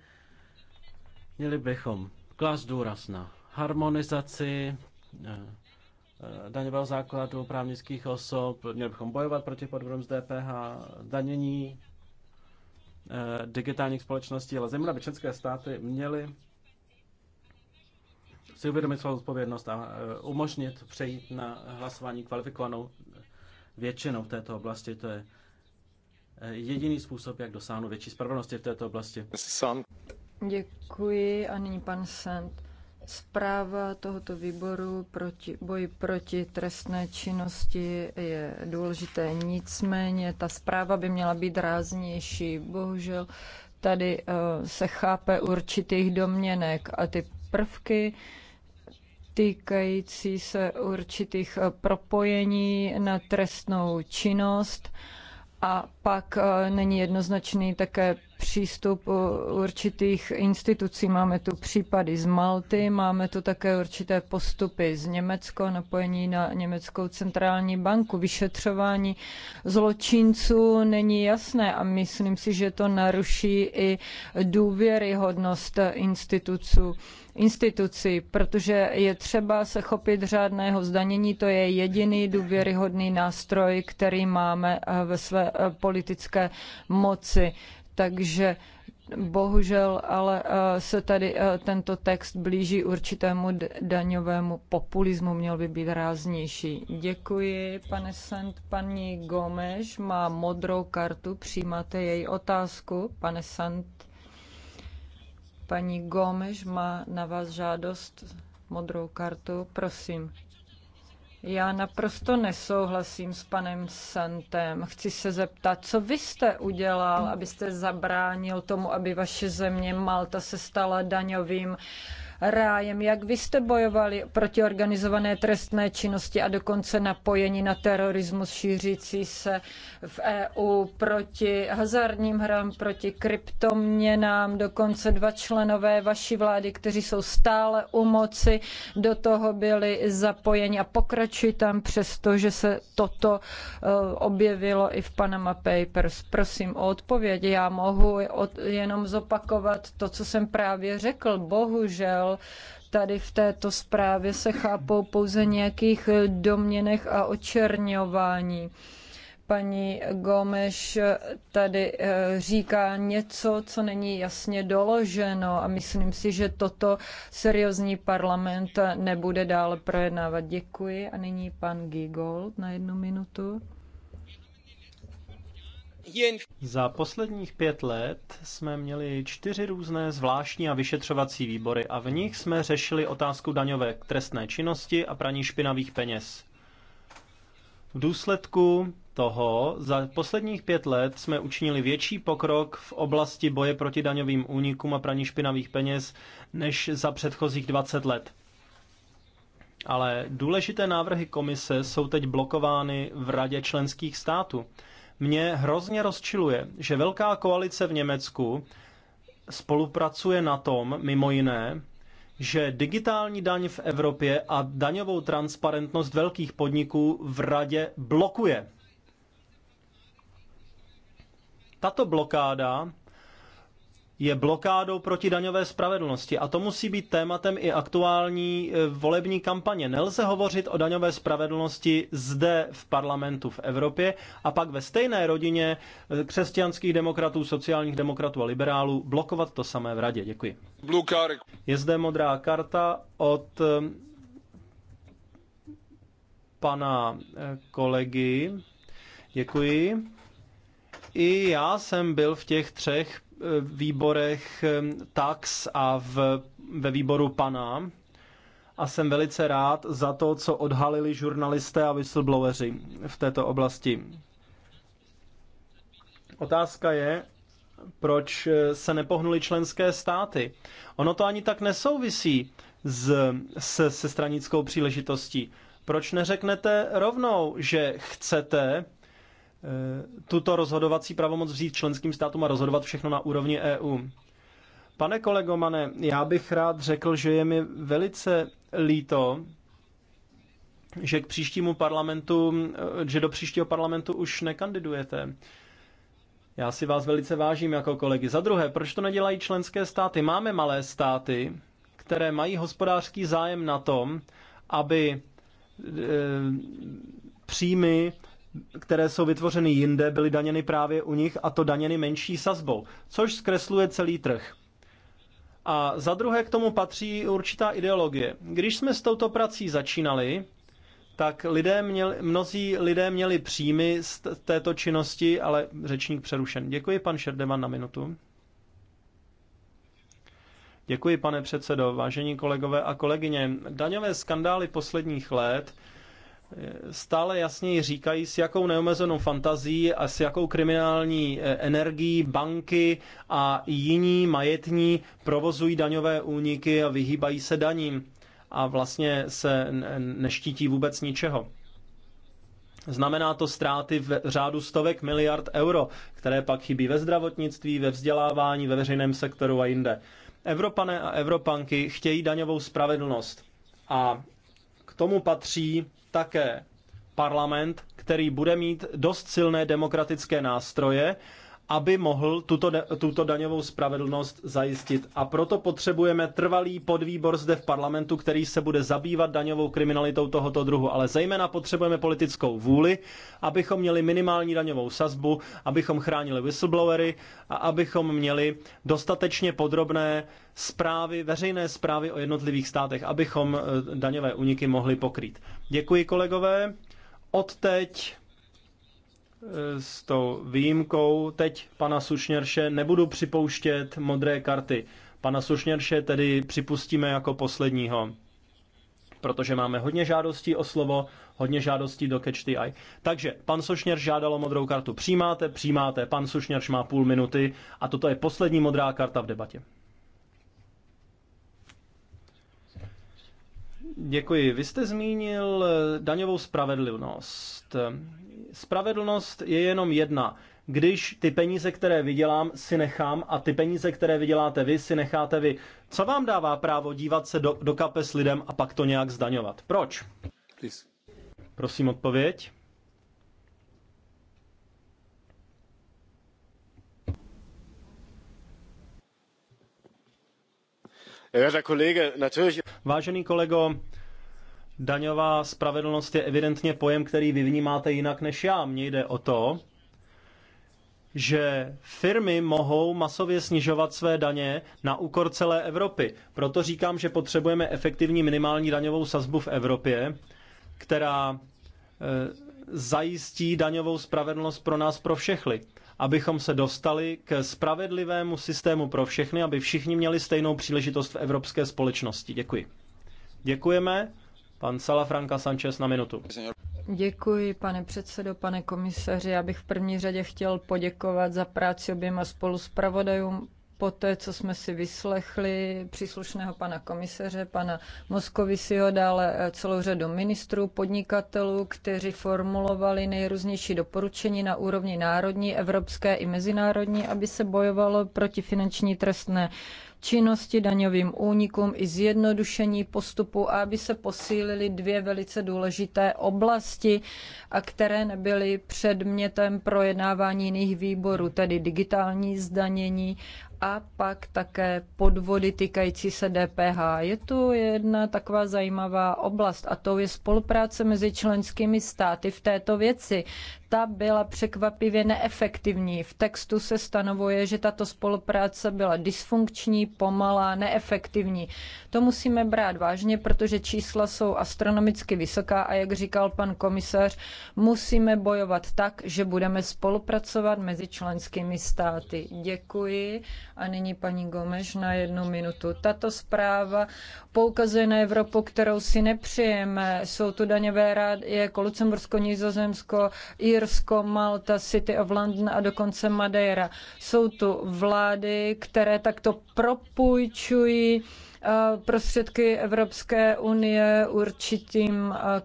Měli bychom klást důraz na harmonizaci eh, daňového základu právnických osob, měli bychom bojovat proti podvodům z DPH, danění digitálních společností, ale zejména by české státy měly si uvědomit svou odpovědnost a e, umožnit přejít na hlasování kvalifikovanou většinou v této oblasti. To je e, jediný způsob, jak dosáhnout větší spravedlnosti v této oblasti. Děkuji a nyní pan Sand. Zpráva tohoto výboru proti, boji proti trestné činnosti je důležité, nicméně ta zpráva by měla být ráznější. Bohužel tady e, se chápe určitých domněnek a ty prvky, týkající se určitých eh, propojení na trestnou činnost a pak eh, není jednoznačný také přístup určitých institucí. Máme tu případy z Malty, máme tu také určité postupy z Německa, napojení na Německou centrální banku. Vyšetřování zločinců není jasné a myslím si, že to naruší i důvěryhodnost institucí, institucí, protože je třeba se chopit řádného zdanění. To je jediný důvěryhodný nástroj, který máme eh, ve své eh, politické moci. Takže bohužel ale eh, se tady eh, tento text blíží určitému daňovému populismu, měl by být ráznější. Děkuji, pane Sant. Paní Gomeš má modrou kartu, přijímáte její otázku, pane Sant. Paní Gomeš má na vás žádost modrou kartu, prosím. Já naprosto nesouhlasím s panem Santem. Chci se zeptat, co vy jste udělal, abyste zabránil tomu, aby vaše země Malta se stala daňovým rájem, jak vy jste bojovali proti organizované trestné činnosti a dokonce napojení na terorismus šířící se v EU proti hazardním hrám, proti kryptoměnám, dokonce dva členové vaší vlády, kteří jsou stále u moci, do toho byli zapojeni a pokračují tam přesto, že se toto eh, objevilo i v Panama Papers. Prosím o odpověď. Já mohu jenom zopakovat to, co jsem právě řekl. Bohužel dál. Tady v této zprávě se chápou pouze nějakých domněnech a očerňování paní Gomeš tady eh, říká něco, co není jasně doloženo a myslím si, že toto seriózní parlament nebude dále projednávat. Děkuji a nyní pan Gigold na jednu minutu. Za posledních pět let jsme měli čtyři různé zvláštní a vyšetřovací výbory a v nich jsme řešili otázku daňové trestné činnosti a praní špinavých peněz. V důsledku toho za posledních pět let jsme učinili větší pokrok v oblasti boje proti daňovým únikům a praní špinavých peněz než za předchozích 20 let. Ale důležité návrhy komise jsou teď blokovány v Radě členských států mě hrozně rozčiluje, že velká koalice v Německu spolupracuje na tom, mimo jiné, že digitální daň v Evropě a daňovou transparentnost velkých podniků v radě blokuje. Tato blokáda je blokádou proti daňové spravedlnosti. A to musí být tématem i aktuální e, volební kampaně. Nelze hovořit o daňové spravedlnosti zde v parlamentu v Evropě a pak ve stejné rodině e, křesťanských demokratů, sociálních demokratů a liberálů blokovat to samé v radě. Děkuji. Je zde modrá karta od e, pana kolegy. Děkuji. I já jsem byl v těch třech výborech TAX a v, ve výboru PANA a jsem velice rád za to, co odhalili žurnalisté a whistlebloweri v této oblasti. Otázka je, proč eh, se nepohnuli členské státy. Ono to ani tak nesouvisí s, se, se stranickou příležitostí. Proč neřeknete rovnou, že chcete Eh, tuto rozhodovací pravomoc vzít členským státům a rozhodovat všechno na úrovni EU. Pane kolego Mane, já bych rád řekl, že je mi velice líto, že k příštímu parlamentu, eh, že do příštího parlamentu už nekandidujete. Já si vás velice vážím jako kolegy. Za druhé, proč to nedělají členské státy? Máme malé státy, které mají hospodářský zájem na tom, aby e, příjmy které jsou vytvořeny jinde, byly daněny právě u nich a to daněny menší sazbou, což zkresluje celý trh. A za druhé k tomu patří určitá ideologie. Když jsme s touto prací začínali, tak lidé měli, mnozí lidé měli příjmy z této činnosti, ale řečník přerušen. Děkuji, pan Šerdeman, na minutu. Děkuji, pane předsedo. Vážení kolegové a kolegyně, daňové skandály posledních let stále jasněji říkají, s jakou neomezenou fantazí a s jakou kriminální eh, energií banky a jiní majetní provozují daňové úniky a vyhýbají se daním a vlastně se neštítí vůbec ničeho. Znamená to ztráty v řádu stovek miliard euro, které pak chybí ve zdravotnictví, ve vzdělávání, ve veřejném sektoru a jinde. Evropané a Evropanky chtějí daňovou spravedlnost a k tomu patří také parlament, který bude mít dost silné demokratické nástroje, aby mohl tuto, tuto daňovou spravedlnost zajistit. A proto potřebujeme trvalý podvýbor zde v parlamentu, který se bude zabývat daňovou kriminalitou tohoto druhu. Ale zejména potřebujeme politickou vůli, abychom měli minimální daňovou sazbu, abychom chránili whistleblowery a abychom měli dostatečně podrobné zprávy, veřejné zprávy o jednotlivých státech, abychom eh, daňové úniky mohli pokrýt. Děkuji kolegové. Od teď eh, s tou výjimkou teď pana Sušněrše nebudu připouštět modré karty. Pana Sušněrše tedy připustíme jako posledního, protože máme hodně žádostí o slovo, hodně žádostí do Catch the Eye. Takže pan Sušněrš žádalo modrou kartu. Přijímáte, přijímáte. Pan Sušněrš má půl minuty a toto je poslední modrá karta v debatě. Děkuji. Vy jste zmínil eh, daňovou spravedlnost. Spravedlnost je jenom jedna. Když ty peníze, které vydělám, si nechám a ty peníze, které vyděláte vy, si necháte vy. Co vám dává právo dívat se do, do kapes lidem a pak to nějak zdaňovat? Proč? Please. Prosím odpověď. Vážený kolego, daňová spravedlnost je evidentně pojem, který vy vnímáte jinak než já. Mně jde o to, že firmy mohou masově snižovat své daně na úkor celé Evropy. Proto říkám, že potřebujeme efektivní minimální daňovou sazbu v Evropě, která eh, zajistí daňovou spravedlnost pro nás, pro všechny abychom se dostali k spravedlivému systému pro všechny, aby všichni měli stejnou příležitost v evropské společnosti. Děkuji. Děkujeme. Pan Salafranca Sanchez na minutu. Děkuji, pane předsedo, pane komisaři. Já bych v první řadě chtěl poděkovat za práci oběma spoluspravodajům, poté, co jsme si vyslechli příslušného pana komisaře, pana Moskovisiho, dále eh, celou řadu ministrů, podnikatelů, kteří formulovali nejrůznější doporučení na úrovni národní, evropské i mezinárodní, aby se bojovalo proti finanční trestné činnosti, daňovým únikům i zjednodušení postupu, aby se posílily dvě velice důležité oblasti, a které nebyly předmětem projednávání jiných výborů, tedy digitální zdanění a pak také podvody týkající se DPH. Je tu jedna taková zajímavá oblast a to je spolupráce mezi členskými státy v této věci ta byla překvapivě neefektivní. V textu se stanovuje, že tato spolupráce byla dysfunkční, pomalá, neefektivní. To musíme brát vážně, protože čísla jsou astronomicky vysoká a jak říkal pan komisař, musíme bojovat tak, že budeme spolupracovat mezi členskými státy. Děkuji. A nyní paní Gomeš na jednu minutu. Tato zpráva poukazuje na Evropu, kterou si nepřijeme. Jsou tu daňové rád, jako Lucembursko, Nizozemsko, Irsko, Malta, City of London a dokonce Madeira. Jsou tu vlády, které takto propůjčují eh, prostředky Evropské unie určitým eh,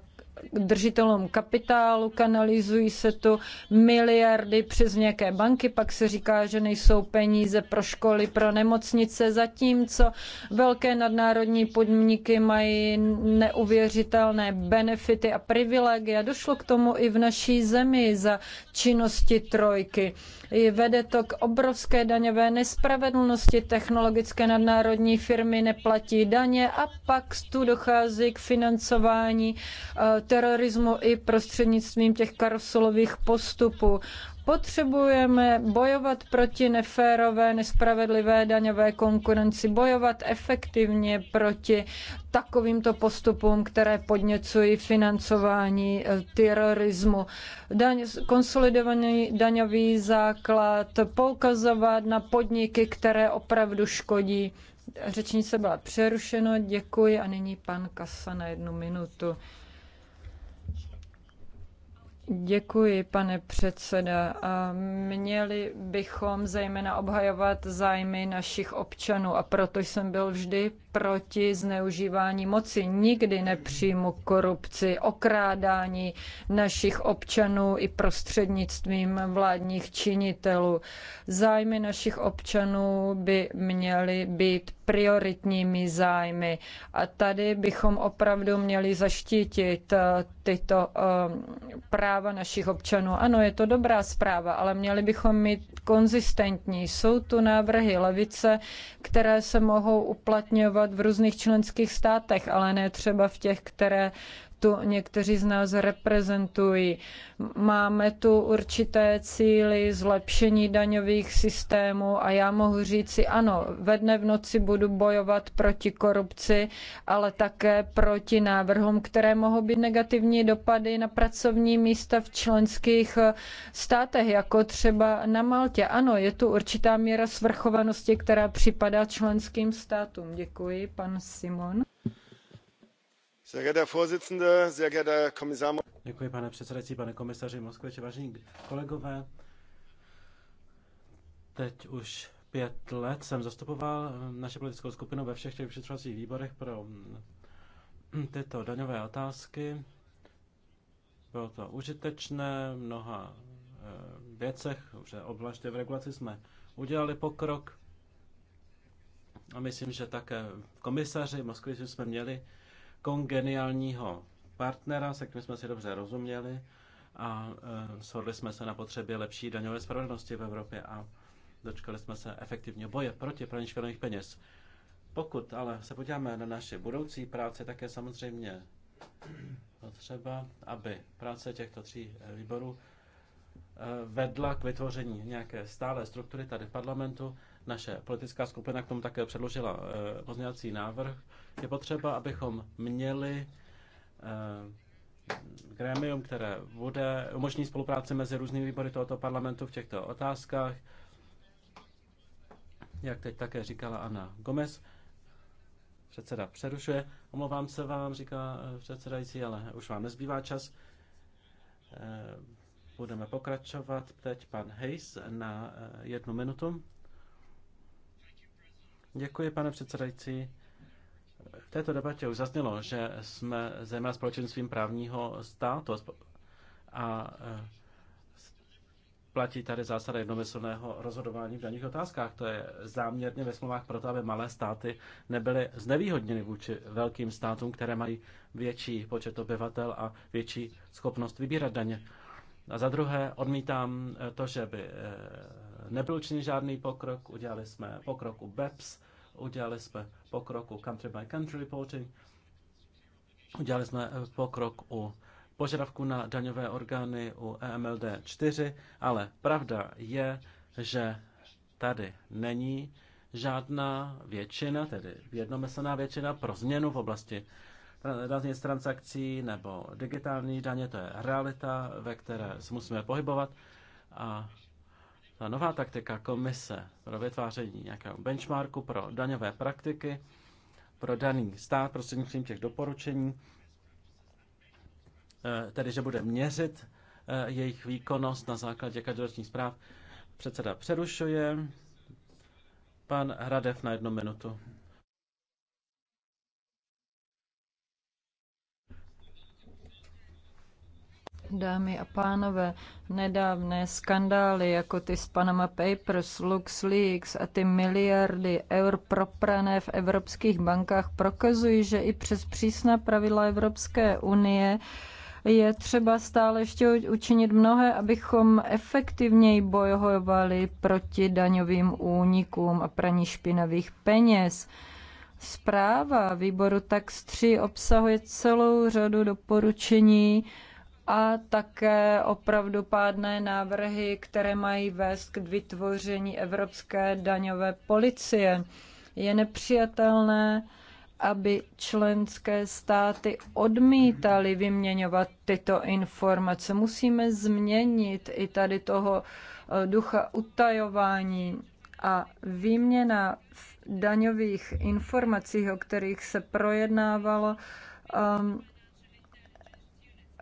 držitelům kapitálu, kanalizují se tu miliardy přes nějaké banky, pak se říká, že nejsou peníze pro školy, pro nemocnice, zatímco velké nadnárodní podniky mají neuvěřitelné benefity a privilegia. Došlo k tomu i v naší zemi za činnosti trojky. I Vede to k obrovské daňové nespravedlnosti, technologické nadnárodní firmy neplatí daně a pak tu dochází k financování eh, terorismu i prostřednictvím těch karuselových postupů. Potřebujeme bojovat proti neférové, nespravedlivé daňové konkurenci, bojovat efektivně proti takovýmto postupům, které podněcují financování eh, terorismu. Daň, konsolidovaný daňový základ, poukazovat na podniky, které opravdu škodí. Řečnice byla přerušeno, děkuji a nyní pan Kasa na jednu minutu. Děkuji, pane předseda. Měli bychom zejména obhajovat zájmy našich občanů a proto jsem byl vždy proti zneužívání moci. Nikdy nepřijmu korupci, okrádání našich občanů i prostřednictvím vládních činitelů. Zájmy našich občanů by měly být prioritními zájmy. A tady bychom opravdu měli zaštítit eh, tyto eh, práva našich občanů. Ano, je to dobrá zpráva, ale měli bychom mít konzistentní. Jsou tu návrhy levice, které se mohou uplatňovat v různých členských státech, ale ne třeba v těch, které tu někteří z nás reprezentují. Máme tu určité cíly zlepšení daňových systémů a já mohu říci ano, ve dne v noci budu bojovat proti korupci, ale také proti návrhům, které mohou být negativní dopady na pracovní místa v členských státech, jako třeba na Maltě. Ano, je tu určitá míra svrchovanosti, která připadá členským státům. Děkuji, pan Simon. Děkuji, pane předsedající, pane komisaři Moskvič, vážení kolegové. Teď už pět let jsem zastupoval naši politickou skupinu ve všech těch vyšetřovacích výborech pro hm, tyto daňové otázky. Bylo to užitečné v mnoha eh, věcech, že obvláště v regulaci jsme udělali pokrok a myslím, že také komisaři Moskviči jsme měli kongeniálního partnera, se kterým jsme si dobře rozuměli a eh, shodli jsme se na potřebě lepší daňové spravedlnosti v Evropě a dočkali jsme se efektivního boje proti praní špinavých peněz. Pokud ale se podíváme na naše budoucí práce, tak je samozřejmě potřeba, aby práce těchto tří eh, výborů eh, vedla k vytvoření nějaké stále struktury tady v parlamentu, naše politická skupina k tomu také předložila eh, pozměňovací návrh. Je potřeba, abychom měli eh, grémium, které bude umožní spolupráci mezi různými výbory tohoto parlamentu v těchto otázkách. Jak teď také říkala Anna Gomez, předseda přerušuje. Omlouvám se vám, říká eh, předsedající, ale už vám nezbývá čas. Budeme pokračovat teď pan Hayes na jednu minutu. Děkuji, pane předsedající. V této debatě už zaznělo, že jsme zejména společenstvím právního státu a e, platí tady zásada jednomyslného rozhodování v daných otázkách. To je záměrně ve smlouvách proto, aby malé státy nebyly znevýhodněny vůči velkým státům, které mají větší počet obyvatel a větší schopnost vybírat daně. A za druhé odmítám e, to, že by e, nebyl učiněn žádný pokrok. Udělali jsme pokrok u BEPS udělali jsme pokrok u country by country reporting, udělali jsme eh, pokrok u požadavku na daňové orgány u EMLD 4, ale pravda je, že tady není žádná většina, tedy jednomyslná většina pro změnu v oblasti daně z transakcí nebo digitální daně, to je realita, ve které se musíme pohybovat a ta nová taktika komise pro vytváření nějakého benchmarku pro daňové praktiky, pro daný stát prostřednictvím těch doporučení, eh, tedy že bude měřit eh, jejich výkonnost na základě každoročních zpráv. Předseda přerušuje. Pan Hradev na jednu minutu. Dámy a pánové, nedávné skandály jako ty z Panama Papers, LuxLeaks a ty miliardy eur proprané v evropských bankách prokazují, že i přes přísná pravidla Evropské unie je třeba stále ještě učinit mnohé, abychom efektivněji bojovali proti daňovým únikům a praní špinavých peněz. Zpráva výboru Tax 3 obsahuje celou řadu doporučení, a také opravdu pádné návrhy, které mají vést k vytvoření evropské daňové policie. Je nepřijatelné, aby členské státy odmítaly vyměňovat tyto informace. Musíme změnit i tady toho eh, ducha utajování a výměna daňových informací, o kterých se projednávalo, um,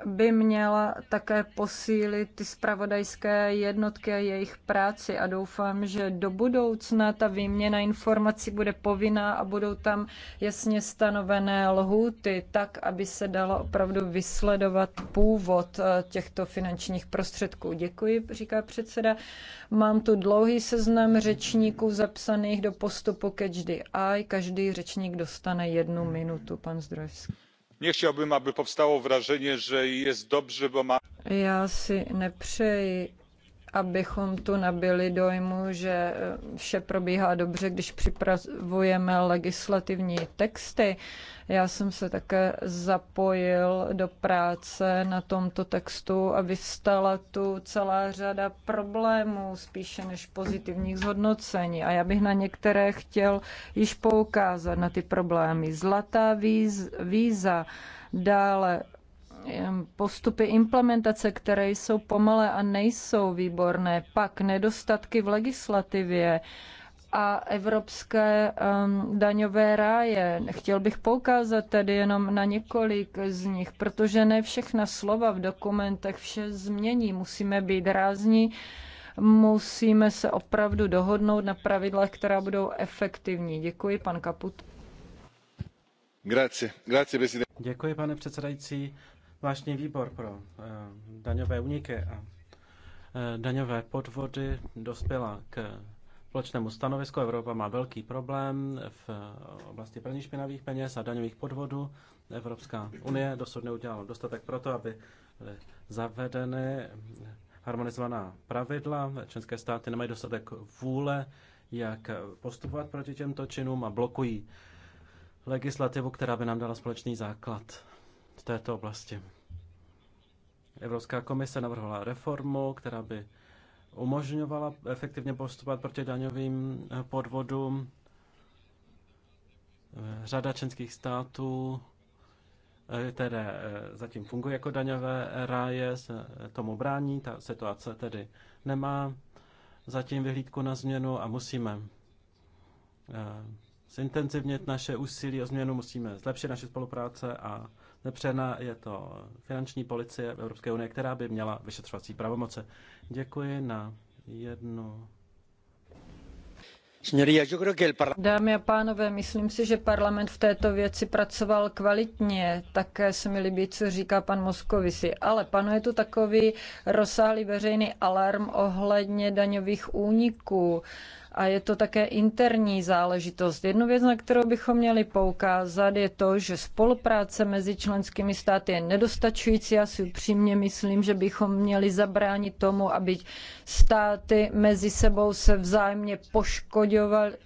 by měla také posílit ty spravodajské jednotky a jejich práci a doufám, že do budoucna ta výměna informací bude povinná a budou tam jasně stanovené lhůty, tak, aby se dalo opravdu vysledovat původ eh, těchto finančních prostředků. Děkuji, říká předseda. Mám tu dlouhý seznam řečníků zapsaných do postupu Catch the Eye. Každý řečník dostane jednu minutu, pan Zdrojevský nie chciałbym aby powstało wrażenie że jest dobrze bo mamy. já si nepřeji abychom tu nabili dojmu, že eh, vše probíhá dobře, když připravujeme legislativní texty. Já jsem se také zapojil do práce na tomto textu a vystala tu celá řada problémů, spíše než pozitivních zhodnocení. A já bych na některé chtěl již poukázat na ty problémy. Zlatá víz, víza, dále postupy implementace, které jsou pomalé a nejsou výborné, pak nedostatky v legislativě a evropské um, daňové ráje. Chtěl bych poukázat tedy jenom na několik z nich, protože ne všechna slova v dokumentech vše změní. Musíme být rázní musíme se opravdu dohodnout na pravidlech, která budou efektivní. Děkuji, pan Kaput. Grazie. Grazie, Děkuji, pane předsedající. Vlastně výbor pro eh, daňové úniky a eh, daňové podvody dospěla k společnému stanovisku. Evropa má velký problém v eh, oblasti praní špinavých peněz a daňových podvodů. Evropská unie dosud neudělala dostatek pro to, aby byly zavedeny harmonizovaná pravidla. Členské státy nemají dostatek vůle, jak postupovat proti těmto činům a blokují legislativu, která by nám dala společný základ v této oblasti. Evropská komise navrhla reformu, která by umožňovala efektivně postupovat proti daňovým eh, podvodům. Eh, řada členských států eh, které zatím fungují jako daňové ráje, se tomu brání, ta situace tedy nemá zatím vyhlídku na změnu a musíme zintenzivnit naše úsilí o změnu, musíme zlepšit naše spolupráce a nepřena, je to finanční policie v Evropské unie, která by měla vyšetřovací pravomoce. Děkuji na jednu Dámy a pánové, myslím si, že parlament v této věci pracoval kvalitně. Také se mi líbí, co říká pan Moskovisi. Ale panuje tu takový rozsáhlý veřejný alarm ohledně daňových úniků a je to také interní záležitost. Jednu věc, na kterou bychom měli poukázat, je to, že spolupráce mezi členskými státy je nedostačující. Já si upřímně myslím, že bychom měli zabránit tomu, aby státy mezi sebou se vzájemně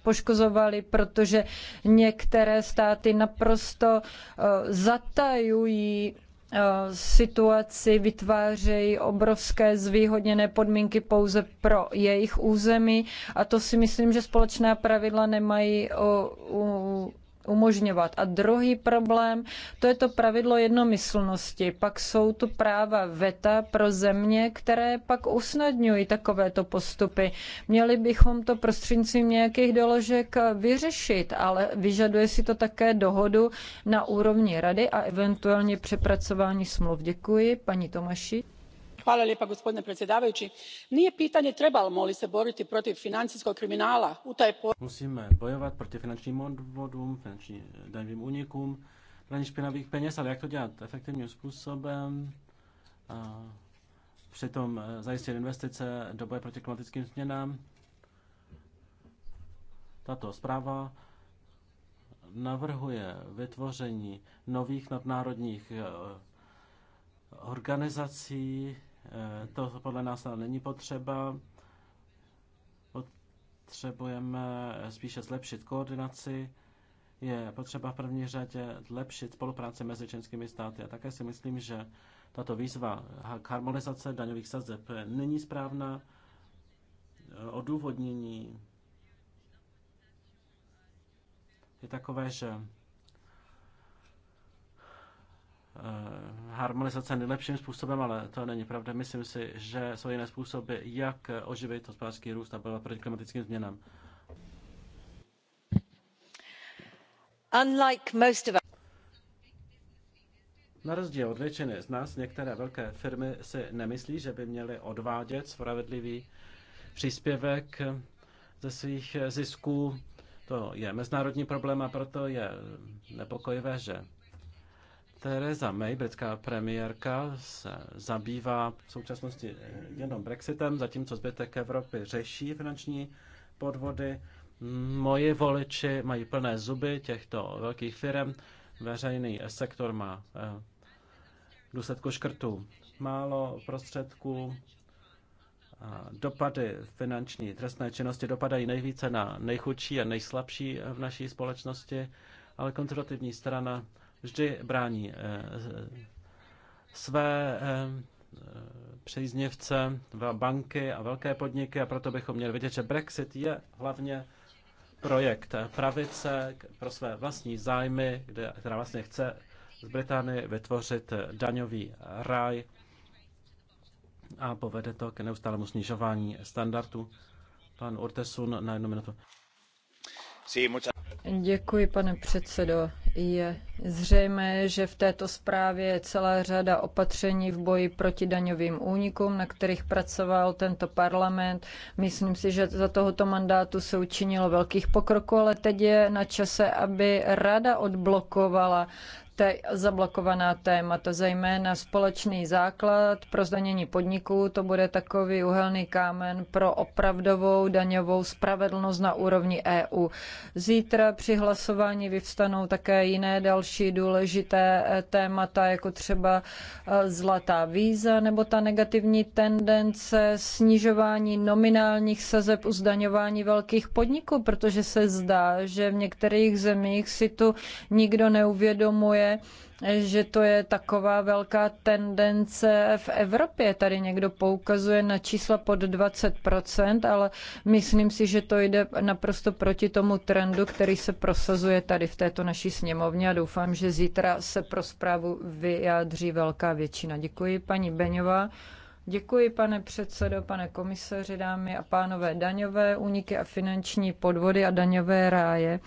poškozovaly, protože některé státy naprosto eh, zatajují Eh, situaci, vytvářejí obrovské zvýhodněné podmínky pouze pro jejich území a to si myslím, že společná pravidla nemají eh, umožňovat. A druhý problém, to je to pravidlo jednomyslnosti. Pak jsou tu práva VETA pro země, které pak usnadňují takovéto postupy. Měli bychom to prostřednictvím nějakých doložek vyřešit, ale vyžaduje si to také dohodu na úrovni rady a eventuálně přepracování smluv. Děkuji, paní Tomaši gospodine predsjedavajući nije pitanje trebamo li se boriti protiv financijskog kriminala utaje poreza. musíme bojovat proti finančním odvodům finančním daňovým únikům praní špinavých peněz ale jak to dělat efektivním způsobem a přitom e, zajistit investice do boje proti klimatickým změnám. Tato zpráva navrhuje vytvoření nových nadnárodních e, organizací, Eh, to podle nás není potřeba. Potřebujeme eh, spíše zlepšit koordinaci. Je potřeba v první řadě zlepšit spolupráci mezi členskými státy. A také si myslím, že tato výzva k harmonizace daňových sazeb eh, není správná. Odůvodnění je takové, že Eh, harmonizace nejlepším způsobem, ale to není pravda. Myslím si, že jsou jiné způsoby, jak oživit hospodářský růst a bojovat proti klimatickým změnám. Unlike most of na rozdíl od většiny z nás, některé velké firmy si nemyslí, že by měly odvádět spravedlivý příspěvek ze svých zisků. To je mezinárodní problém a proto je nepokojivé, že Theresa May, britská premiérka, se zabývá v současnosti jenom Brexitem, zatímco zbytek Evropy řeší finanční podvody. Moji voliči mají plné zuby těchto velkých firm. Veřejný sektor má eh, v důsledku škrtů málo prostředků. Dopady finanční trestné činnosti dopadají nejvíce na nejchudší a nejslabší v naší společnosti, ale konzervativní strana vždy brání eh, své eh, příznivce, banky a velké podniky a proto bychom měli vidět, že Brexit je hlavně projekt pravice pro své vlastní zájmy, kde, která vlastně chce z Británie vytvořit daňový ráj a povede to k neustálému snižování standardů. Pan Urtesun na jednu minutu. Děkuji, pane předsedo. Je zřejmé, že v této zprávě je celá řada opatření v boji proti daňovým únikům, na kterých pracoval tento parlament. Myslím si, že za tohoto mandátu se učinilo velkých pokroků, ale teď je na čase, aby rada odblokovala te zablokovaná téma to zejména společný základ pro zdanění podniků. To bude takový uhelný kámen pro opravdovou daňovou spravedlnost na úrovni EU. Zítra při hlasování vyvstanou také jiné další důležité eh, témata, jako třeba eh, zlatá víza nebo ta negativní tendence snižování nominálních sazeb u zdaňování velkých podniků, protože se zdá, že v některých zemích si tu nikdo neuvědomuje, že to je taková velká tendence v Evropě. Tady někdo poukazuje na čísla pod 20%, ale myslím si, že to jde naprosto proti tomu trendu, který se prosazuje tady v této naší sněmovně a doufám, že zítra se pro zprávu vyjádří velká většina. Děkuji paní Beňová. Děkuji, pane předsedo, pane komisaři, dámy a pánové. Daňové úniky a finanční podvody a daňové ráje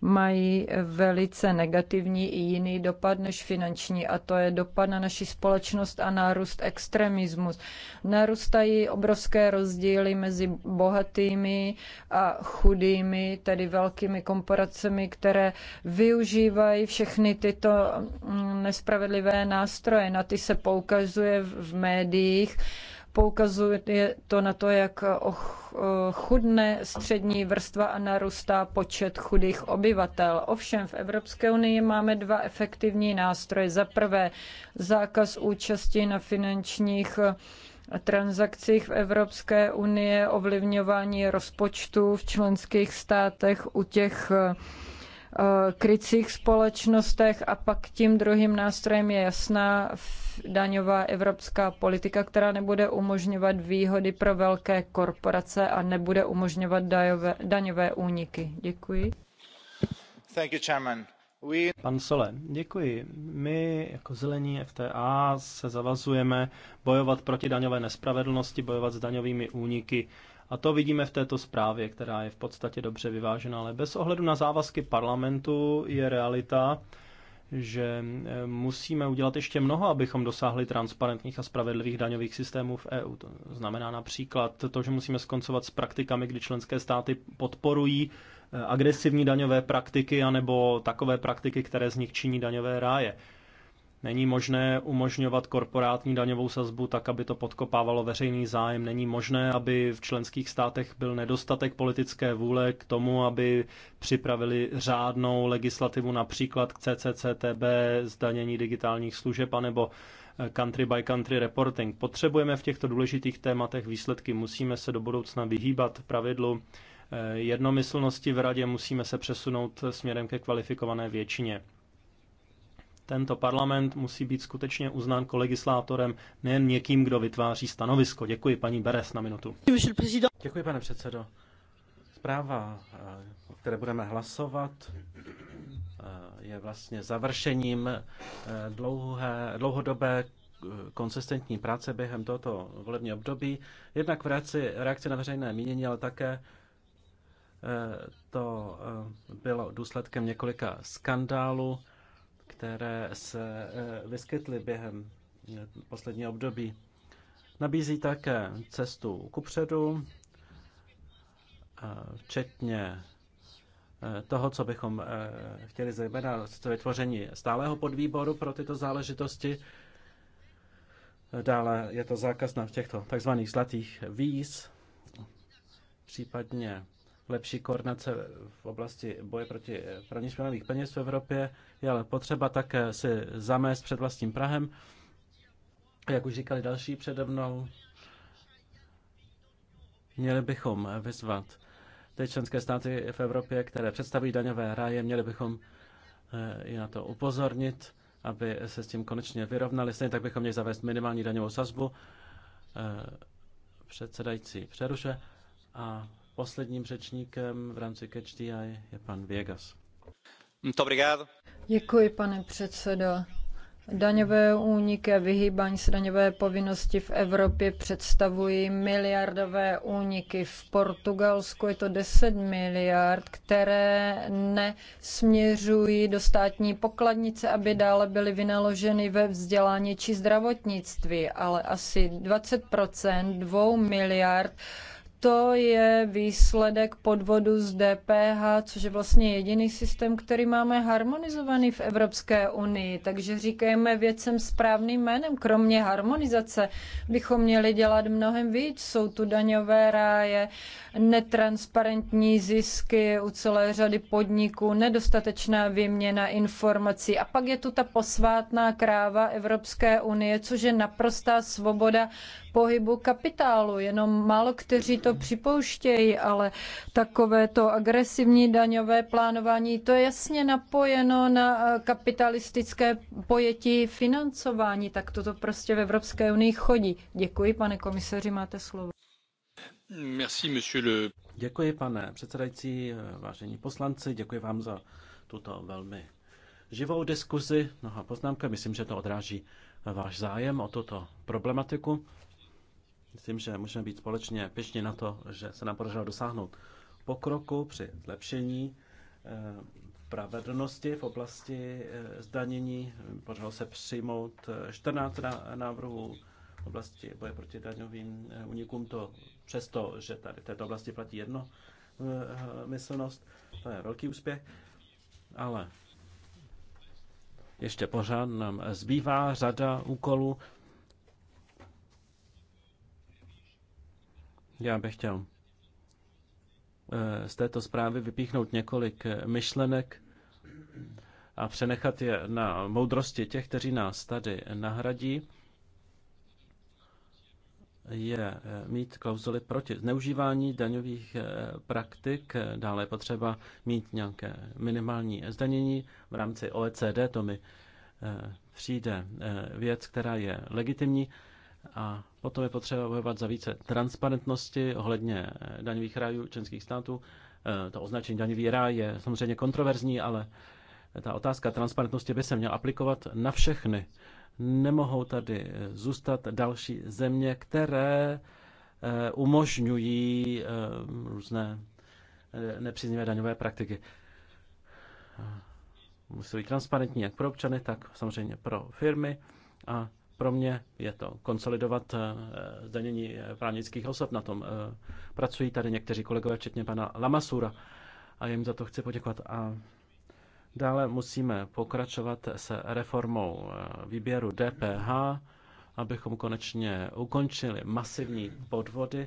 mají velice negativní i jiný dopad než finanční a to je dopad na naši společnost a nárůst extremismus. Narůstají obrovské rozdíly mezi bohatými a chudými, tedy velkými komporacemi, které využívají všechny tyto mm, nespravedlivé nástroje. Na ty se poukazuje v médiích Poukazuje to na to, jak eh, chudne střední vrstva a narůstá počet chudých obyvatel. Ovšem v Evropské unii máme dva efektivní nástroje. Za prvé zákaz účasti na finančních eh, transakcích v Evropské unii, ovlivňování rozpočtu v členských státech u těch eh, krycích společnostech a pak tím druhým nástrojem je jasná daňová evropská politika, která nebude umožňovat výhody pro velké korporace a nebude umožňovat daňové, daňové úniky. Děkuji. Thank you, Chairman. We... Pan Sole, děkuji. My jako zelení FTA se zavazujeme bojovat proti daňové nespravedlnosti, bojovat s daňovými úniky. A to vidíme v této zprávě, která je v podstatě dobře vyvážená, ale bez ohledu na závazky parlamentu je realita, že eh, musíme udělat ještě mnoho, abychom dosáhli transparentních a spravedlivých daňových systémů v EU. To znamená například to, že musíme skoncovat s praktikami, kdy členské státy podporují eh, agresivní daňové praktiky anebo takové praktiky, které z nich činí daňové ráje. Není možné umožňovat korporátní daňovou sazbu tak, aby to podkopávalo veřejný zájem. Není možné, aby v členských státech byl nedostatek politické vůle k tomu, aby připravili řádnou legislativu například k CCCTB, zdanění digitálních služeb, anebo eh, country by country reporting. Potřebujeme v těchto důležitých tématech výsledky. Musíme se do budoucna vyhýbat pravidlu eh, jednomyslnosti v radě, musíme se přesunout směrem ke kvalifikované většině. Tento parlament musí být skutečně uznán kolegislátorem, nejen někým, kdo vytváří stanovisko. Děkuji, paní Beres, na minutu. Děkuji, pane předsedo. Zpráva, eh, o které budeme hlasovat, eh, je vlastně završením eh, dlouhé, dlouhodobé konsistentní práce během tohoto volebního období, jednak v reakci, reakci na veřejné mínění, ale také to bylo důsledkem několika skandálů, které se eh, vyskytly během eh, posledního období. Nabízí také cestu kupředu, eh, včetně toho, co bychom chtěli zejména vytvoření stálého podvýboru pro tyto záležitosti. Dále je to zákaz na těchto takzvaných zlatých víz, případně lepší koordinace v oblasti boje proti praní špinavých peněz v Evropě, je ale potřeba také si zamést před vlastním Prahem. Jak už říkali další přede mnou, měli bychom vyzvat ty členské státy v Evropě, které představují daňové ráje, měli bychom eh, i na to upozornit, aby se s tím konečně vyrovnali. Stejně tak bychom měli zavést minimální daňovou sazbu. Eh, předsedající přeruše a Posledním řečníkem v rámci Catch je pan Viegas. Děkuji, pane předsedo. Daňové úniky a vyhýbání se daňové povinnosti v Evropě představují miliardové úniky. V Portugalsku je to 10 miliard, které nesměřují do státní pokladnice, aby dále byly vynaloženy ve vzdělání či zdravotnictví, ale asi 20 2 miliard to je výsledek podvodu z DPH, což je vlastně jediný systém, který máme harmonizovaný v Evropské unii. Takže říkejme věcem správným jménem. Kromě harmonizace bychom měli dělat mnohem víc. Jsou tu daňové ráje, netransparentní zisky u celé řady podniků, nedostatečná výměna informací. A pak je tu ta posvátná kráva Evropské unie, což je naprostá svoboda pohybu kapitálu. Jenom málo kteří to připouštějí, ale takové to agresivní daňové plánování, to je jasně napojeno na eh, kapitalistické pojetí financování. Tak toto prostě v Evropské unii chodí. Děkuji, pane komisaři, máte slovo. Děkuji, pane předsedající, vážení poslanci, děkuji vám za tuto velmi živou diskuzi, no a poznámka. Myslím, že to odráží váš zájem o tuto problematiku. Myslím, že můžeme být společně pišní na to, že se nám podařilo dosáhnout pokroku při zlepšení eh, pravednosti v oblasti eh, zdanění. Podařilo se přijmout 14 eh, návrhů v oblasti boje proti daňovým unikům. To přesto, že tady v této oblasti platí jedno eh, eh, myslnost, to je velký úspěch, ale ještě pořád nám zbývá řada úkolů. Já bych chtěl eh, z této zprávy vypíchnout několik myšlenek a přenechat je na moudrosti těch, kteří nás tady nahradí je eh, mít klauzuly proti zneužívání daňových eh, praktik, dále je potřeba mít nějaké minimální zdanění v rámci OECD, to mi eh, přijde věc, která je legitimní a potom je potřeba bojovat za více transparentnosti ohledně daňových rájů členských států. To označení daňový ráj je samozřejmě kontroverzní, ale ta otázka transparentnosti by se měla aplikovat na všechny nemohou tady eh, zůstat další země, které eh, umožňují eh, různé nepříznivé daňové praktiky. Musí být transparentní jak pro občany, tak samozřejmě pro firmy a pro mě je to konsolidovat zdanění právnických osob. Na tom pracují tady někteří kolegové, včetně pana Lamasura a jim za to chci poděkovat. A Dále musíme pokračovat s reformou eh, výběru DPH, abychom konečně ukončili masivní podvody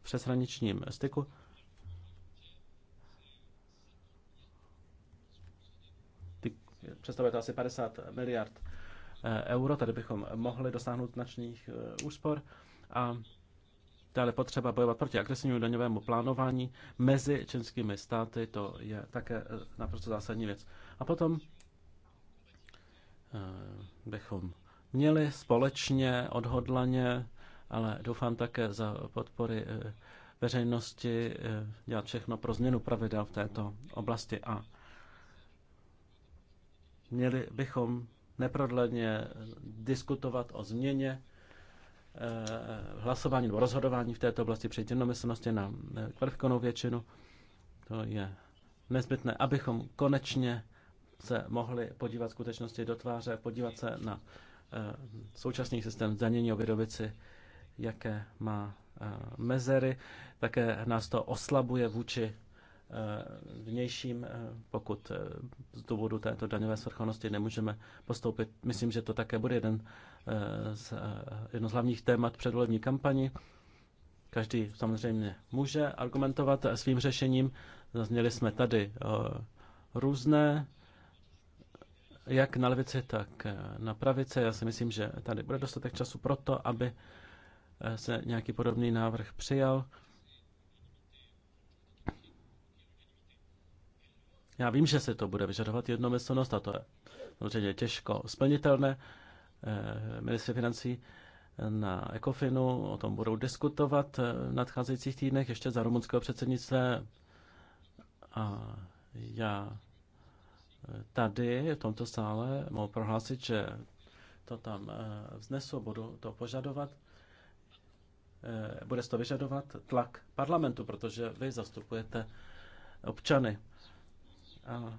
v přeshraničním styku. Představuje to asi 50 miliard eh, euro, tady bychom mohli dosáhnout značných eh, úspor a Dále potřeba bojovat proti agresivnímu daňovému plánování mezi členskými státy, to je také eh, naprosto zásadní věc. A potom eh, bychom měli společně, odhodlaně, ale doufám také za podpory eh, veřejnosti dělat všechno pro změnu pravidel v této oblasti a měli bychom neprodleně diskutovat o změně Eh, hlasování nebo rozhodování v této oblasti přejít jednomyslnosti na kvalifikovanou eh, většinu. To je nezbytné, abychom konečně se mohli podívat skutečnosti do tváře, podívat se na eh, současný systém zdanění o jaké má mezery. Také nás to oslabuje vůči vnějším, pokud z důvodu této daňové svrchovanosti nemůžeme postoupit. Myslím, že to také bude jeden Eh, z, eh, jedno z hlavních témat předvolební kampani. Každý samozřejmě může argumentovat svým řešením. Zazněli jsme tady eh, různé, jak na levici, tak na pravici. Já si myslím, že tady bude dostatek času pro to, aby se nějaký podobný návrh přijal. Já vím, že se to bude vyžadovat jednomyslnost a to je samozřejmě těžko splnitelné. Eh, ministry financí na Ekofinu, o tom budou diskutovat eh, v nadcházejících týdnech ještě za rumunského předsednictví. A já eh, tady v tomto sále mohu prohlásit, že to tam vznesu, budu to požadovat. Bude to vyžadovat tlak parlamentu, protože vy zastupujete občany. A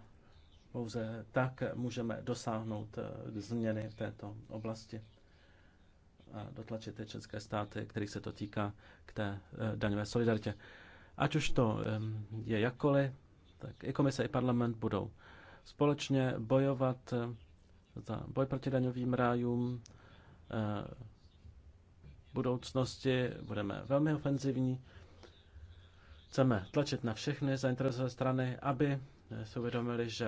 pouze tak můžeme dosáhnout eh, změny v této oblasti a dotlačit ty české státy, kterých se to týká, k té eh, daňové solidaritě. Ať už to je jakkoliv, tak i komise, i parlament budou společně bojovat eh, za boj proti daňovým rájům v budoucnosti. Budeme velmi ofenzivní. Chceme tlačit na všechny zainteresované strany, aby si uvědomili, že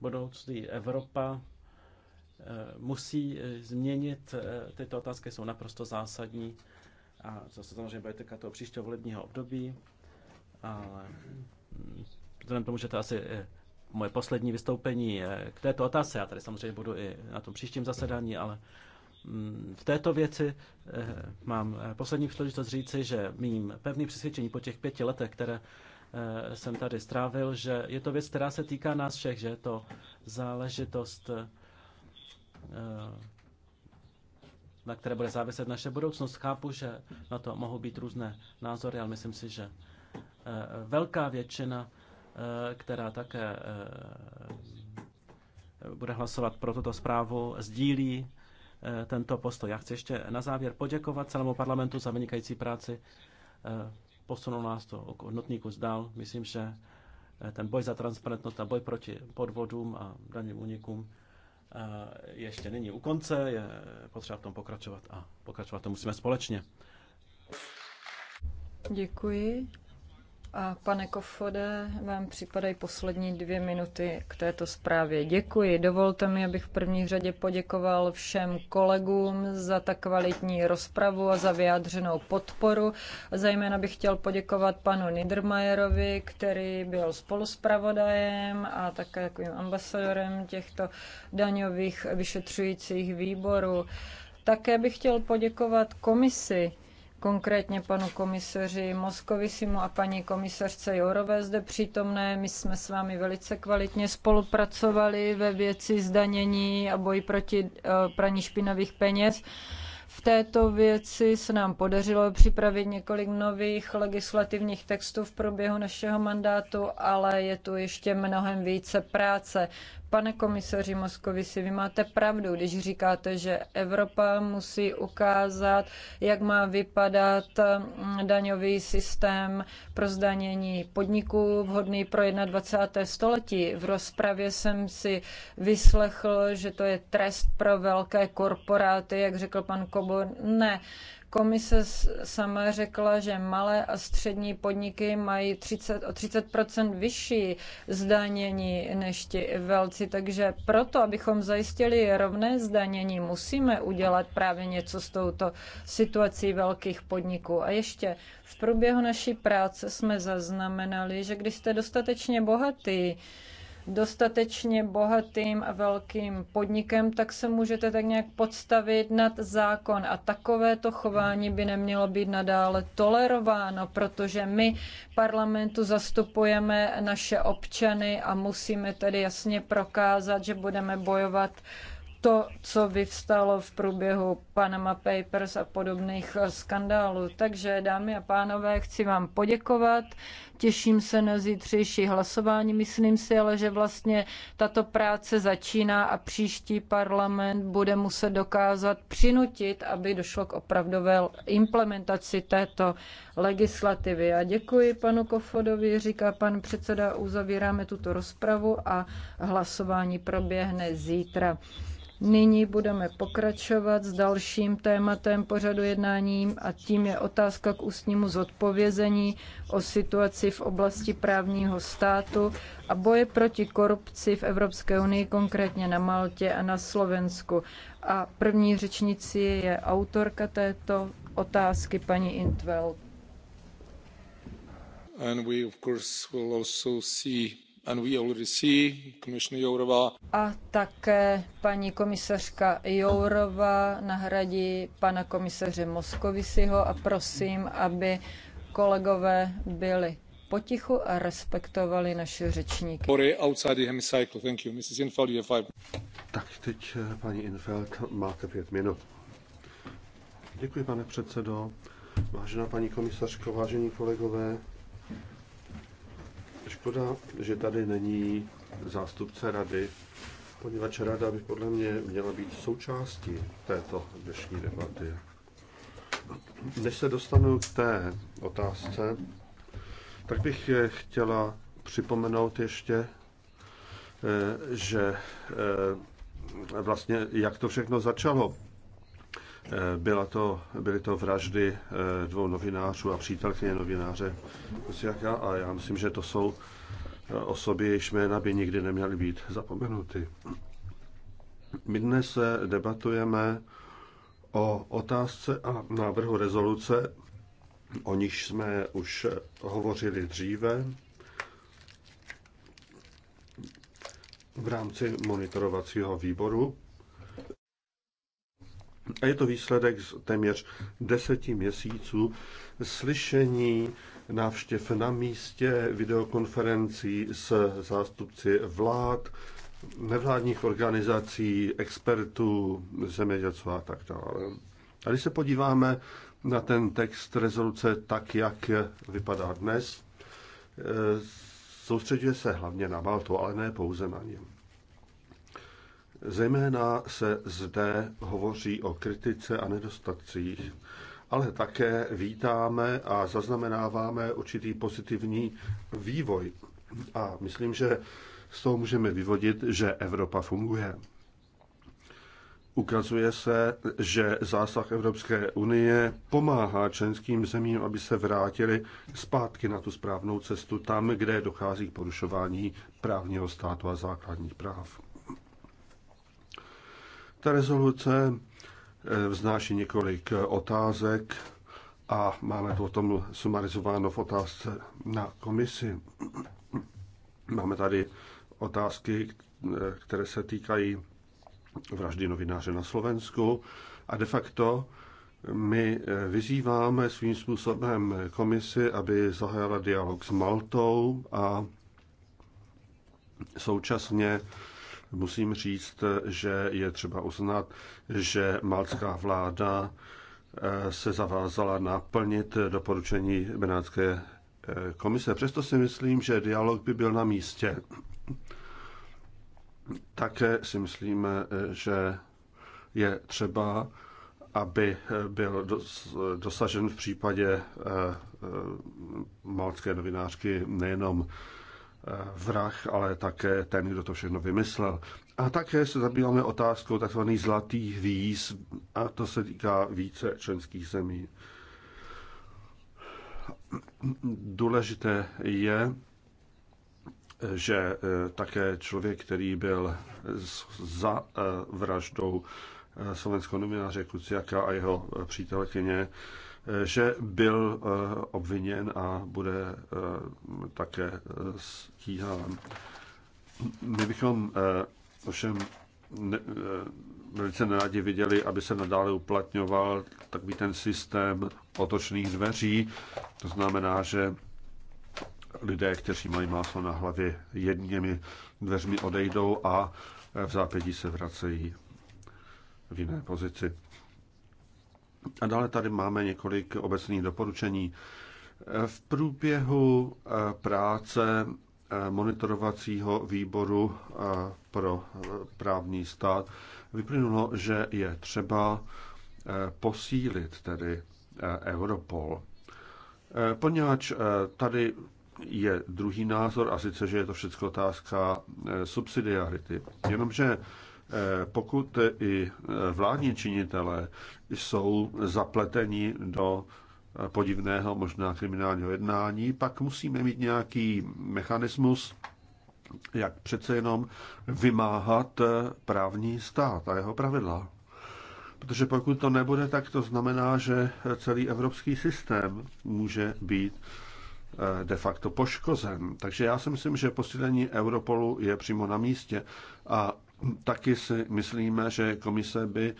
budoucí Evropa eh, musí eh, změnit. Eh, tyto otázky jsou naprosto zásadní a zase se samozřejmě bude týkat toho příštího volebního období, ale mm, vzhledem tomu, že to asi moje poslední vystoupení k této otázce, já tady samozřejmě budu i na tom příštím zasedání, ale mm, v této věci mám poslední příležitost říci, že mým pevným přesvědčení po těch pěti letech, které Eh, jsem tady strávil, že je to věc, která se týká nás všech, že je to záležitost, eh, na které bude záviset naše budoucnost. Chápu, že na to mohou být různé názory, ale myslím si, že eh, velká většina, která také bude hlasovat pro tuto zprávu, sdílí tento postoj. Já chci ještě na závěr poděkovat celému parlamentu za vynikající práci posunulo nás to k hodnotníku zdál. Myslím, že eh, ten boj za transparentnost a boj proti podvodům a daným unikům eh, ještě není u konce, je potřeba v tom pokračovat a pokračovat to musíme společně. Děkuji. A pane Kofode, vám připadají poslední dvě minuty k této zprávě. Děkuji. Dovolte mi, abych v první řadě poděkoval všem kolegům za tak kvalitní rozpravu a za vyjádřenou podporu. Zajména bych chtěl poděkovat panu Niedermayerovi, který byl spoluspravodajem a také takovým ambasadorem těchto daňových vyšetřujících výborů. Také bych chtěl poděkovat komisi, konkrétně panu komisaři Moskovisimu a paní komisařce Jourové zde přítomné. My jsme s vámi velice kvalitně spolupracovali ve věci zdanění a boji proti eh, praní špinavých peněz. V této věci se nám podařilo připravit několik nových legislativních textů v průběhu našeho mandátu, ale je tu ještě mnohem více práce. Pane komisaři Moskovici, vy máte pravdu, když říkáte, že Evropa musí ukázat, jak má vypadat mm, daňový systém pro zdanění podniků vhodný pro 21. století. V rozpravě jsem si vyslechl, že to je trest pro velké korporáty, jak řekl pan Kobo. Ne, Komise sama řekla, že malé a střední podniky mají 30, o 30 vyšší zdanění než ti velci, takže proto, abychom zajistili rovné zdanění, musíme udělat právě něco s touto situací velkých podniků. A ještě v průběhu naší práce jsme zaznamenali, že když jste dostatečně bohatý, dostatečně bohatým a velkým podnikem, tak se můžete tak nějak podstavit nad zákon. A takovéto chování by nemělo být nadále tolerováno, protože my parlamentu zastupujeme naše občany a musíme tedy jasně prokázat, že budeme bojovat to, co vyvstalo v průběhu Panama Papers a podobných skandálů. Takže, dámy a pánové, chci vám poděkovat. Těším se na zítřejší hlasování. Myslím si ale, že vlastně tato práce začíná a příští parlament bude muset dokázat přinutit, aby došlo k opravdové implementaci této legislativy. A děkuji panu Kofodovi, říká pan předseda, uzavíráme tuto rozpravu a hlasování proběhne zítra. Nyní budeme pokračovat s dalším tématem pořadu jednáním a tím je otázka k ústnímu zodpovězení o situaci v oblasti právního státu a boje proti korupci v Evropské unii, konkrétně na Maltě a na Slovensku. A první řečnici je autorka této otázky, paní Intveld. And we of course will also see a také paní komisařka Jourová nahradí pana komisaře Moskovisiho a prosím, aby kolegové byli potichu a respektovali naše řečníky. Tak teď, eh, paní Infeld, máte pět minut. Děkuji, pane předsedo. Vážená paní komisařko, vážení kolegové, Škoda, že tady není zástupce rady, poněvadž rada by podle mě měla být součástí této dnešní debaty. Než se dostanu k té otázce, tak bych chtěla připomenout ještě, eh, že eh, vlastně jak to všechno začalo. Eh, byla to, byly to vraždy eh, dvou novinářů a přítelkyně novináře Kusiaka a já myslím, že to jsou eh, osoby, jejichž jména by nikdy neměly být zapomenuty. My dnes debatujeme o otázce a návrhu rezoluce, o níž jsme už hovořili dříve v rámci monitorovacího výboru a je to výsledek z téměř deseti měsíců slyšení, návštěv na místě, videokonferencí s zástupci vlád, nevládních organizací, expertů, zemědělců a tak dále. A když se podíváme na ten text rezoluce tak, jak vypadá dnes, eh, soustředuje se hlavně na Baltu, ale ne pouze na něm. Zejména se zde hovoří o kritice a nedostatcích, ale také vítáme a zaznamenáváme určitý pozitivní vývoj. A myslím, že z toho můžeme vyvodit, že Evropa funguje. Ukazuje se, že zásah Evropské unie pomáhá členským zemím, aby se vrátili zpátky na tu správnou cestu tam, kde dochází k porušování právního státu a základních práv. Ta rezoluce eh, vznáší několik eh, otázek a máme to o tom sumarizováno v otázce na komisi. Máme tady otázky, eh, které se týkají vraždy novináře na Slovensku a de facto my vyzýváme svým způsobem komisi, aby zahájila dialog s Maltou a současně musím říct, že je třeba uznat, že malcká vláda eh, se zavázala naplnit doporučení Benátské eh, komise. Přesto si myslím, že dialog by byl na místě. Také si myslím, eh, že je třeba, aby byl dosažen v případě malcké novinářky nejenom Eh, vrah, ale také ten, kdo to všechno vymyslel. A také se zabýváme otázkou tzv. zlatých víz, a to se týká více členských zemí. Důležité je, že eh, také člověk, který byl za eh, vraždou slovenského novináře Kuciaka a jeho přítelkyně, že byl eh, obviněn a bude eh, také eh, stíhán. My bychom ovšem ne, velice nerádi viděli, aby se nadále uplatňoval takový ten systém otočných dveří. To znamená, že lidé, kteří mají máslo na hlavě, jedněmi dveřmi odejdou a v zápětí se vracejí v jiné pozici. A dále tady máme několik obecných doporučení. V průběhu eh, práce eh, monitorovacího výboru eh, pro právní stát vyplynulo, že je třeba posílit tedy Europol. Poněvadž tady je druhý názor, a sice, že je to všechno otázka subsidiarity. Jenomže pokud i vládní činitelé jsou zapleteni do podivného, možná kriminálního jednání, pak musíme mít nějaký mechanismus, jak přece jenom vymáhat právní stát a jeho pravidla. Protože pokud to nebude, tak to znamená, že celý evropský systém může být eh, de facto poškozen. Takže já si myslím, že posílení Europolu je přímo na místě a Taky si myslíme, že komise by eh,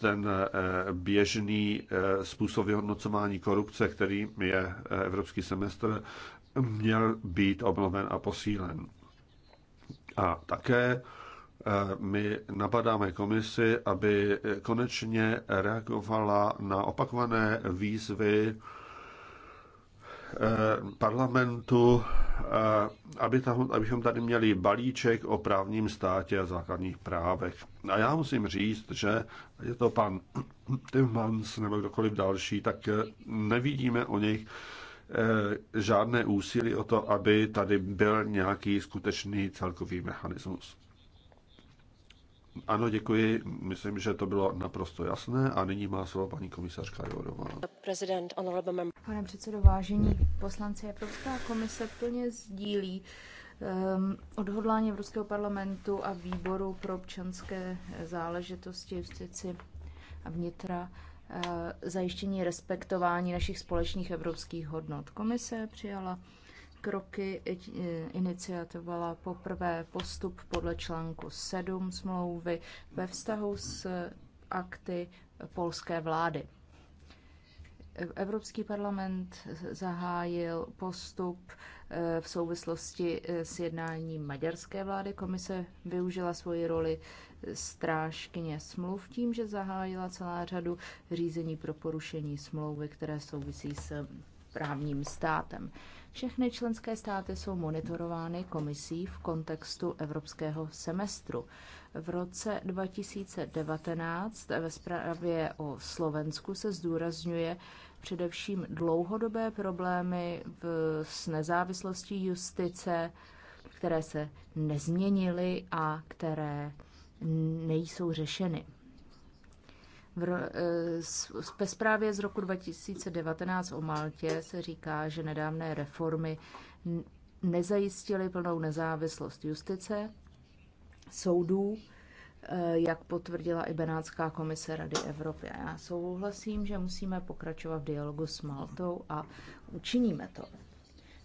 ten eh, běžný eh, způsob vyhodnocování korupce, který je evropský semestr, měl být obnoven a posílen. A také my napadáme komisi, aby konečně reagovala na opakované výzvy Eh, parlamentu, eh, aby tam, abychom tady měli balíček o právním státě a základních právech. A já musím říct, že je to pan Timmans nebo kdokoliv další, tak eh, nevidíme o nich žádné úsilí o to, aby tady byl nějaký skutečný celkový mechanismus. Ano, děkuji. Myslím, že to bylo naprosto jasné. A nyní má slovo paní komisařka Jourová. Pane předsedo, vážení poslanci, Evropská komise plně sdílí um, odhodlání Evropského parlamentu a výboru pro občanské záležitosti, justici a vnitra uh, zajištění respektování našich společných evropských hodnot. Komise přijala kroky iniciovala poprvé postup podle článku 7 smlouvy ve vztahu s akty polské vlády. Evropský parlament zahájil postup eh, v souvislosti eh, s jednáním maďarské vlády. Komise využila svoji roli strážkyně smluv tím, že zahájila celá řadu řízení pro porušení smlouvy, které souvisí s právním státem. Všechny členské státy jsou monitorovány komisí v kontextu evropského semestru. V roce 2019 ve zprávě o Slovensku se zdůrazňuje především dlouhodobé problémy v, s nezávislostí justice, které se nezměnily a které nejsou řešeny. V bezprávě eh, z roku 2019 o Maltě se říká, že nedávné reformy nezajistily plnou nezávislost justice, soudů, eh, jak potvrdila i Benátská komise Rady Evropy. A já souhlasím, že musíme pokračovat v dialogu s Maltou a učiníme to.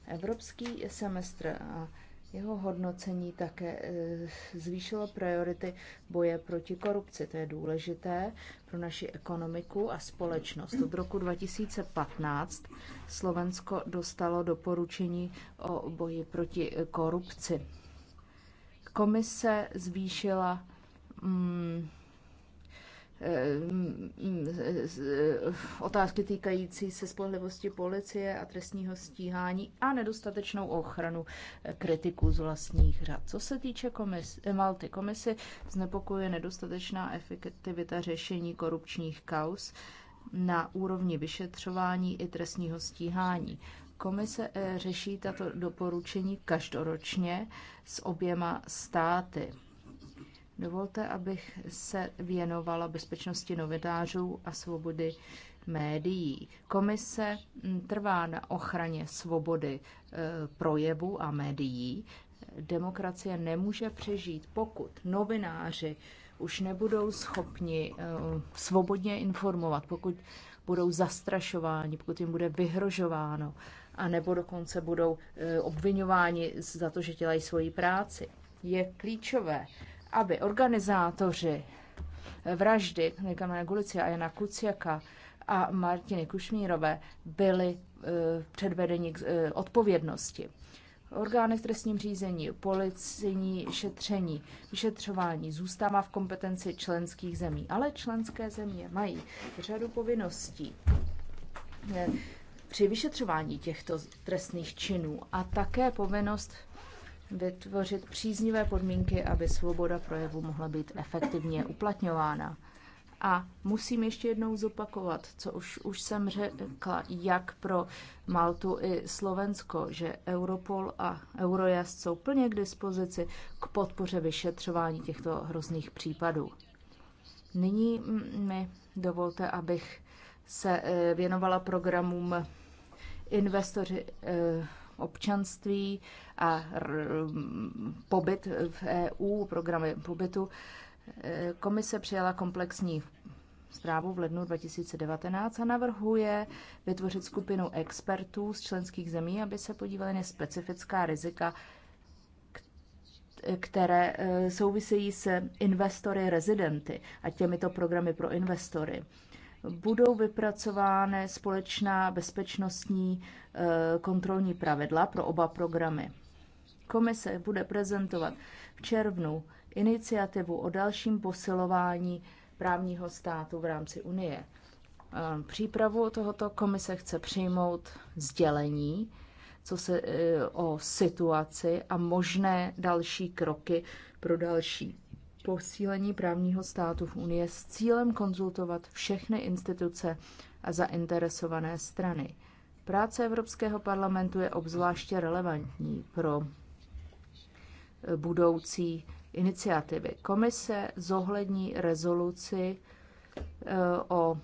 Evropský semestr a jeho hodnocení také eh, zvýšilo priority boje proti korupci. To je důležité pro naši ekonomiku a společnost. Od roku 2015 Slovensko dostalo doporučení o boji proti eh, korupci. Komise zvýšila mm, Eh, mm, eh, eh, otázky týkající se spolehlivosti policie a trestního stíhání a nedostatečnou ochranu kritiků z vlastních řad. Co se týče komis, Malty komisy, znepokuje nedostatečná efektivita řešení korupčních kaus na úrovni vyšetřování i trestního stíhání. Komise řeší tato doporučení každoročně s oběma státy. Dovolte, abych se věnovala bezpečnosti novinářů a svobody médií. Komise mm, trvá na ochraně svobody e, projevu a médií. Demokracie nemůže přežít, pokud novináři už nebudou schopni e, svobodně informovat, pokud budou zastrašováni, pokud jim bude vyhrožováno, a nebo dokonce budou e, obvinováni za to, že dělají svoji práci. Je klíčové, aby organizátoři vraždy Nikamana Gulici a Jana Kuciaka a Martiny Kušmírové byli eh, předvedeni k eh, odpovědnosti. Orgány v trestním řízení, policijní šetření, vyšetřování zůstává v kompetenci členských zemí, ale členské země mají řadu povinností eh, při vyšetřování těchto trestných činů a také povinnost vytvořit příznivé podmínky, aby svoboda projevu mohla být efektivně uplatňována. A musím ještě jednou zopakovat, co už, už jsem řekla, jak pro Maltu i Slovensko, že Europol a Eurojust jsou plně k dispozici k podpoře vyšetřování těchto hrozných případů. Nyní mi dovolte, abych se eh, věnovala programům Investoři eh, občanství a pobyt v EU, programy pobytu. E, komise přijala komplexní zprávu v lednu 2019 a navrhuje vytvořit skupinu expertů z členských zemí, aby se podívali na specifická rizika, které e, souvisejí s investory rezidenty a těmito programy pro investory budou vypracovány společná bezpečnostní eh, kontrolní pravidla pro oba programy. Komise bude prezentovat v červnu iniciativu o dalším posilování právního státu v rámci Unie. Eh, přípravu tohoto komise chce přijmout sdělení co se, eh, o situaci a možné další kroky pro další posílení právního státu v Unii s cílem konzultovat všechny instituce a zainteresované strany. Práce Evropského parlamentu je obzvláště relevantní pro budoucí iniciativy. Komise zohlední rezoluci eh, o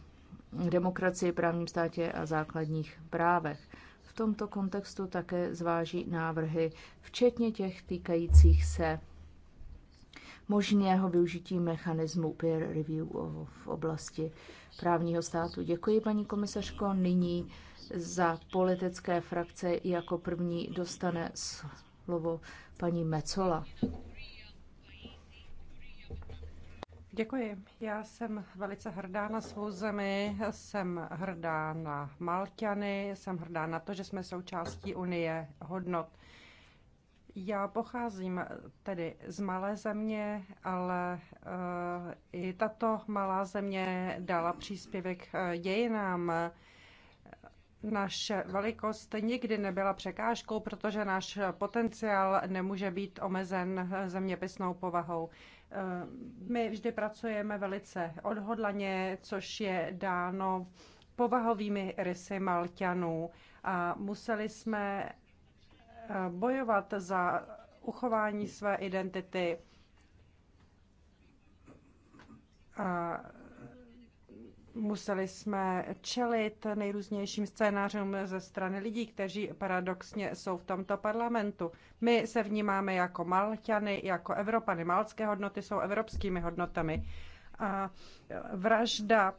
demokracii, právním státě a základních právech. V tomto kontextu také zváží návrhy, včetně těch týkajících se možného využití mechanismu peer review v oblasti právního státu. Děkuji, paní komisařko. Nyní za politické frakce jako první dostane slovo paní Mecola. Děkuji. Já jsem velice hrdá na svou zemi, jsem hrdá na Malťany, jsem hrdá na to, že jsme součástí Unie hodnot. Já pocházím eh, tedy z malé země, ale eh, i tato malá země dala příspěvek eh, dějinám. Naše velikost nikdy nebyla překážkou, protože náš potenciál nemůže být omezen zeměpisnou povahou. My vždy pracujeme velice odhodlaně, což je dáno povahovými rysy Malťanů a museli jsme bojovat za uchování své identity. A museli jsme čelit nejrůznějším scénářům ze strany lidí, kteří paradoxně jsou v tomto parlamentu. My se vnímáme jako Malťany, jako Evropany. Malcké hodnoty jsou evropskými hodnotami a vražda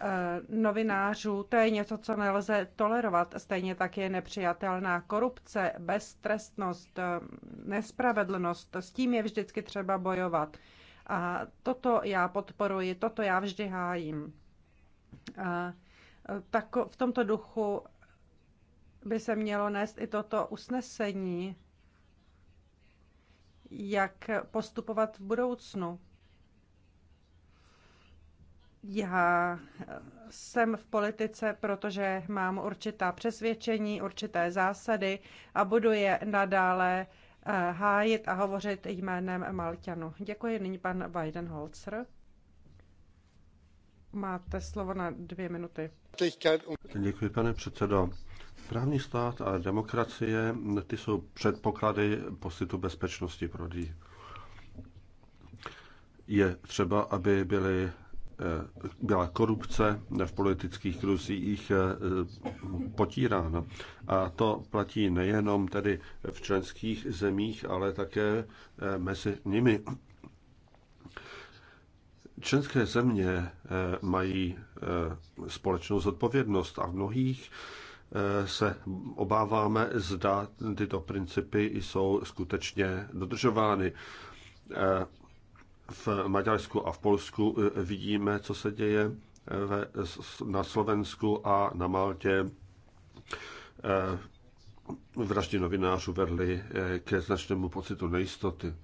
eh, novinářů, to je něco, co nelze tolerovat. Stejně tak je nepřijatelná korupce, beztrestnost, eh, nespravedlnost. S tím je vždycky třeba bojovat. A toto já podporuji, toto já vždy hájím. A eh, tak v tomto duchu by se mělo nést i toto usnesení, jak postupovat v budoucnu. Já eh, jsem v politice, protože mám určitá přesvědčení, určité zásady a budu je nadále eh, hájit a hovořit jménem Malťanu. Děkuji. Nyní pan Weidenholzer. Máte slovo na dvě minuty. Děkuji, pane předsedo. Právní stát a demokracie, ty jsou předpoklady poskytu bezpečnosti pro lidi. Je třeba, aby byly Eh, byla korupce v politických kruzích eh, potírána. A to platí nejenom tedy v členských zemích, ale také eh, mezi nimi. Členské země mají společnou zodpovědnost a v mnohých se obáváme, zda tyto principy jsou skutečně dodržovány v Maďarsku a v Polsku e, vidíme, co se děje e, na Slovensku a na Maltě. E, vraždy novinářů vedly ke značnému pocitu nejistoty.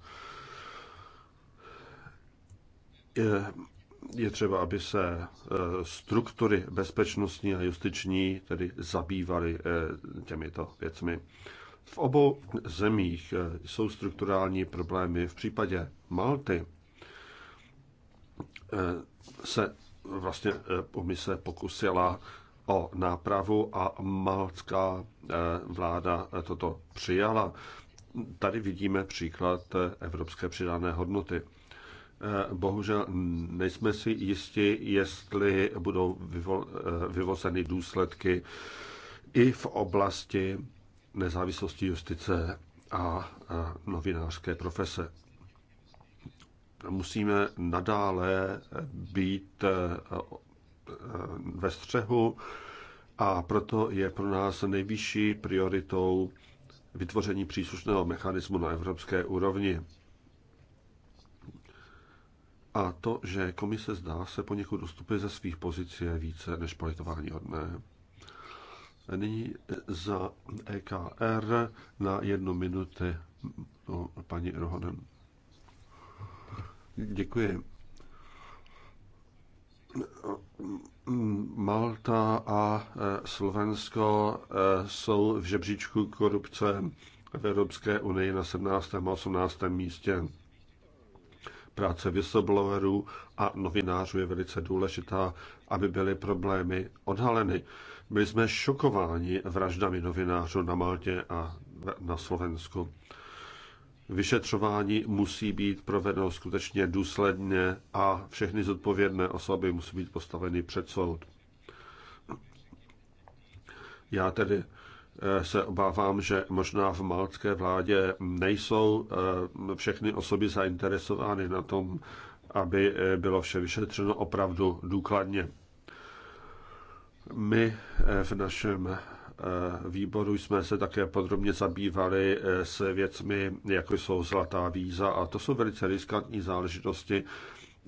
Je třeba, aby se struktury bezpečnostní a justiční tedy zabývaly těmito věcmi. V obou zemích jsou strukturální problémy. V případě Malty Eh, se vlastně eh, komise pokusila o nápravu a malcká eh, vláda toto přijala. Tady vidíme příklad evropské přidané hodnoty. Bohužel nejsme si jisti, jestli budou vyvo, vyvozeny důsledky i v oblasti nezávislosti justice a novinářské profese musíme nadále být eh, eh, ve střehu a proto je pro nás nejvyšší prioritou vytvoření příslušného mechanismu na evropské úrovni. A to, že komise zdá se poněkud ustupuje ze svých pozic, je více než politování hodné. Nyní za EKR na jednu minutu paní Rohonen. Děkuji. Malta a e, Slovensko e, jsou v žebříčku korupce v Evropské unii na 17. a 18. místě. Práce whistleblowerů a novinářů je velice důležitá, aby byly problémy odhaleny. Byli jsme šokováni vraždami novinářů na Maltě a na Slovensku. Vyšetřování musí být provedeno skutečně důsledně a všechny zodpovědné osoby musí být postaveny před soud. Já tedy eh, se obávám, že možná v maltské vládě nejsou eh, všechny osoby zainteresovány na tom, aby eh, bylo vše vyšetřeno opravdu důkladně. My v našem Eh, výboru jsme se také podrobně zabývali eh, s věcmi, jako jsou zlatá víza, a to jsou velice riskantní záležitosti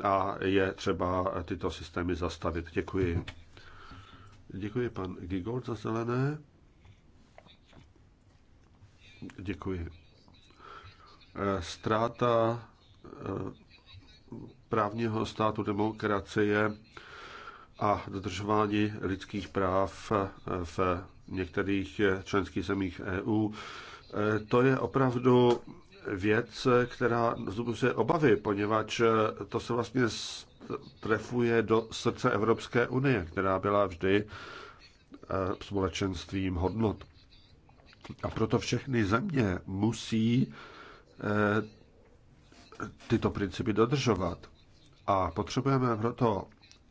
a je třeba tyto systémy zastavit. Děkuji. Děkuji pan Gigold za zelené. Děkuji. Stráta eh, právního státu demokracie a dodržování lidských práv v některých eh, členských zemích EU. Eh, to je opravdu věc, která zbuzuje obavy, poněvadž eh, to se vlastně trefuje do srdce Evropské unie, která byla vždy společenstvím hodnot. A proto všechny země musí tyto principy dodržovat. A potřebujeme proto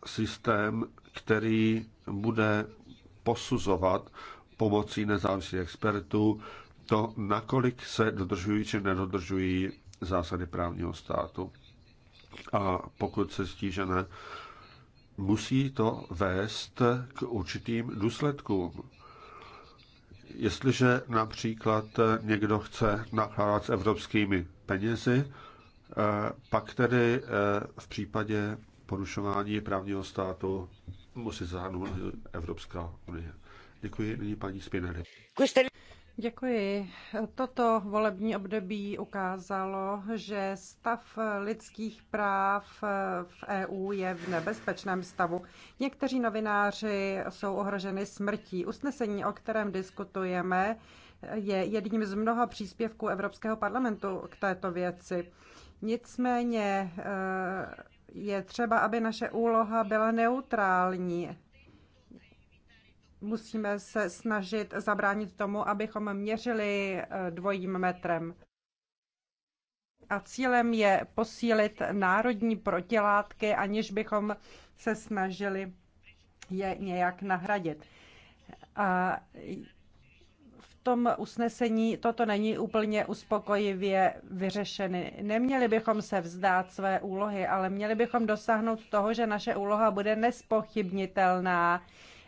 systém, který bude posuzovat pomocí nezávislých expertů to, nakolik se dodržují či nedodržují zásady právního státu. A pokud se stížené, musí to vést k určitým důsledkům. Jestliže například někdo chce nakládat s evropskými penězi, eh, pak tedy eh, v případě porušování právního státu musí zahrnout Evropská unie. Děkuji, nyní paní Spinery. Děkuji. Toto volební období ukázalo, že stav lidských práv v EU je v nebezpečném stavu. Někteří novináři jsou ohroženi smrtí. Usnesení, o kterém diskutujeme, je jedním z mnoha příspěvků Evropského parlamentu k této věci. Nicméně je třeba, aby naše úloha byla neutrální. Musíme se snažit zabránit tomu, abychom měřili eh, dvojím metrem. A cílem je posílit národní protilátky, aniž bychom se snažili je nějak nahradit. A tom usnesení toto není úplně uspokojivě vyřešeny. Neměli bychom se vzdát své úlohy, ale měli bychom dosáhnout toho, že naše úloha bude nespochybnitelná.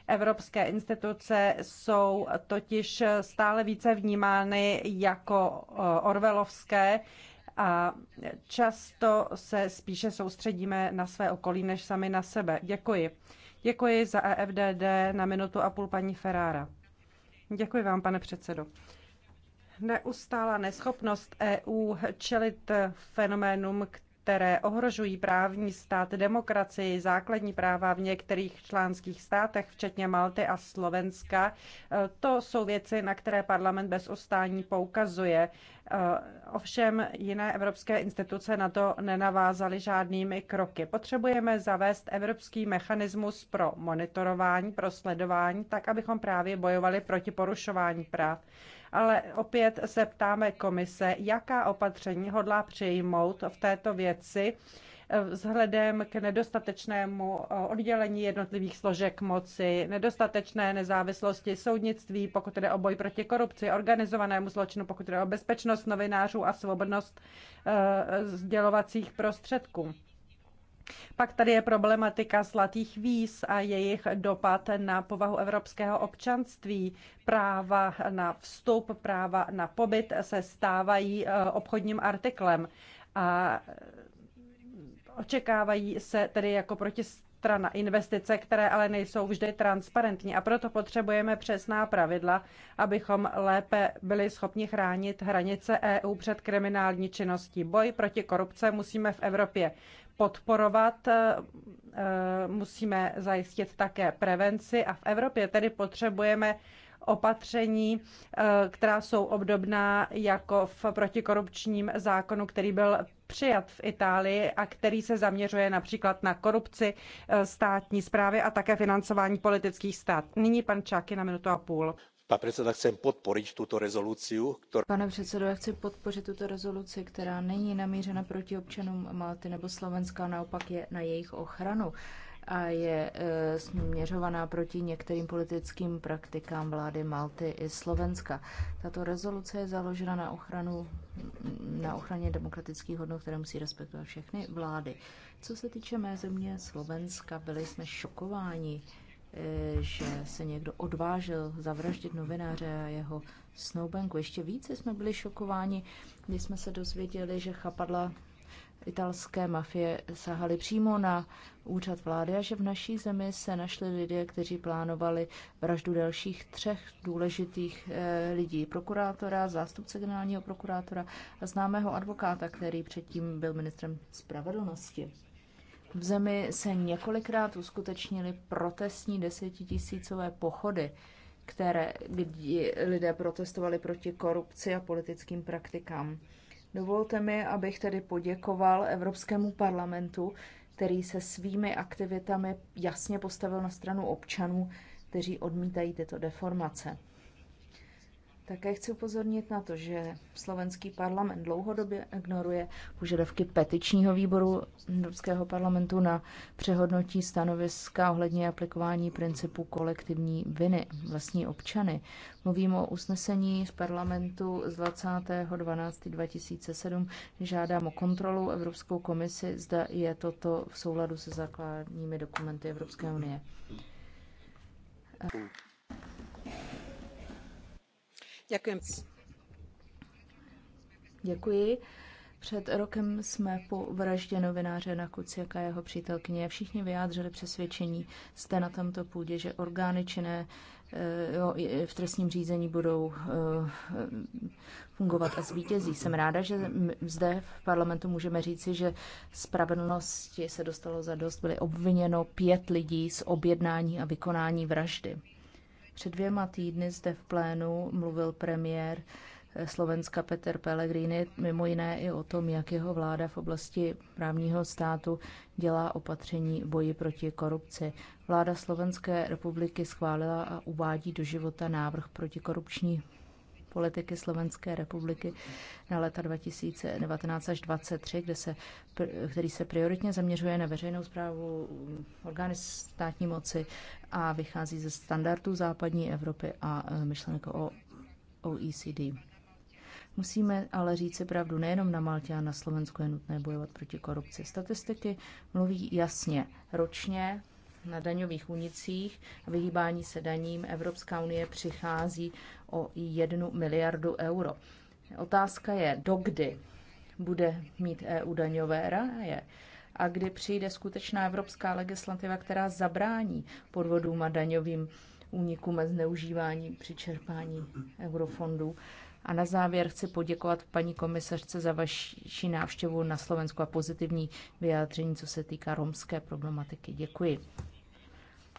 Evropské instituce jsou totiž stále více vnímány jako orvelovské a často se spíše soustředíme na své okolí než sami na sebe. Děkuji. Děkuji za EFDD na minutu a půl paní Ferrara. Děkuji vám, pane předsedo. Neustála neschopnost EU čelit fenoménům, které ohrožují právní stát, demokracii, základní práva v některých článských státech, včetně Malty a Slovenska. E, to jsou věci, na které parlament bez ostání poukazuje. E, ovšem jiné evropské instituce na to nenavázaly žádnými kroky. Potřebujeme zavést evropský mechanismus pro monitorování, pro sledování, tak abychom právě bojovali proti porušování práv ale opět se ptáme komise, jaká opatření hodlá přijmout v této věci eh, vzhledem k nedostatečnému eh, oddělení jednotlivých složek moci, nedostatečné nezávislosti soudnictví, pokud jde o boj proti korupci, organizovanému zločinu, pokud jde o bezpečnost novinářů a svobodnost eh, sdělovacích prostředků. Pak tady je problematika zlatých víz a jejich dopad na povahu evropského občanství. Práva na vstup, práva na pobyt se stávají eh, obchodním artiklem a eh, očekávají se tedy jako proti strana investice, které ale nejsou vždy transparentní a proto potřebujeme přesná pravidla, abychom lépe byli schopni chránit hranice EU před kriminální činností. Boj proti korupce musíme v Evropě podporovat, eh, eh, musíme zajistit také prevenci a v Evropě tedy potřebujeme opatření, eh, která jsou obdobná jako v protikorupčním zákonu, který byl přijat v Itálii a který se zaměřuje například na korupci státní zprávy a také financování politických stát. Nyní pan Čáky na minutu a půl. Pane předsedo, já chci podpořit tuto rezoluci, která není namířena proti občanům Malty nebo Slovenska, naopak je na jejich ochranu a je e, směřovaná proti některým politickým praktikám vlády Malty i Slovenska. Tato rezoluce je založena na, ochranu, na ochraně demokratických hodnot, které musí respektovat všechny vlády. Co se týče mé země Slovenska, byli jsme šokováni že se někdo odvážil zavraždit novináře a jeho snoubenku. Ještě více jsme byli šokováni, když jsme se dozvěděli, že chapadla italské mafie sahaly přímo na úřad vlády a že v naší zemi se našli lidé, kteří plánovali vraždu dalších třech důležitých eh, lidí. Prokurátora, zástupce generálního prokurátora a známého advokáta, který předtím byl ministrem spravedlnosti. V zemi se několikrát uskutečnily protestní desetitisícové pochody, které kdy lidé protestovali proti korupci a politickým praktikám. Dovolte mi, abych tedy poděkoval Evropskému parlamentu, který se svými aktivitami jasně postavil na stranu občanů, kteří odmítají tyto deformace. Také chci upozornit na to, že slovenský parlament dlouhodobě ignoruje požadavky petičního výboru Evropského parlamentu na přehodnotí stanoviska ohledně aplikování principu kolektivní viny vlastní občany. Mluvím o usnesení z parlamentu z 20.12.2007. Žádám o kontrolu Evropskou komisi, zda je toto v souladu se základními dokumenty Evropské unie. Děkuji. Před rokem jsme po vraždě novináře na Kuciaka a jeho přítelkyně všichni vyjádřili přesvědčení, jste na tomto půdě, že orgány činné eh, jo, v trestním řízení budou eh, fungovat a zvítězí. Jsem ráda, že zde v parlamentu můžeme říci, že spravedlnosti se dostalo za dost, byly obviněno pět lidí z objednání a vykonání vraždy. Před dvěma týdny zde v plénu mluvil premiér eh, Slovenska Peter Pellegrini mimo jiné i o tom, jak jeho vláda v oblasti právního státu dělá opatření boji proti korupci. Vláda Slovenské republiky schválila a uvádí do života návrh protikorupční politiky Slovenské republiky na leta 2019 až 2023, kde se, který se prioritně zaměřuje na veřejnou zprávu orgány státní moci a vychází ze standardů západní Evropy a e, myšlenek o OECD. Musíme ale říci pravdu nejenom na Maltě a na Slovensku je nutné bojovat proti korupci. Statistiky mluví jasně. Ročně na daňových unicích a vyhýbání se daním Evropská unie přichází o jednu miliardu euro. Otázka je, dokdy bude mít EU daňové ráje a kdy přijde skutečná evropská legislativa, která zabrání podvodům a daňovým únikům a zneužívání při čerpání eurofondů. A na závěr chci poděkovat paní komisařce za vaši návštěvu na Slovensku a pozitivní vyjádření, co se týká romské problematiky. Děkuji.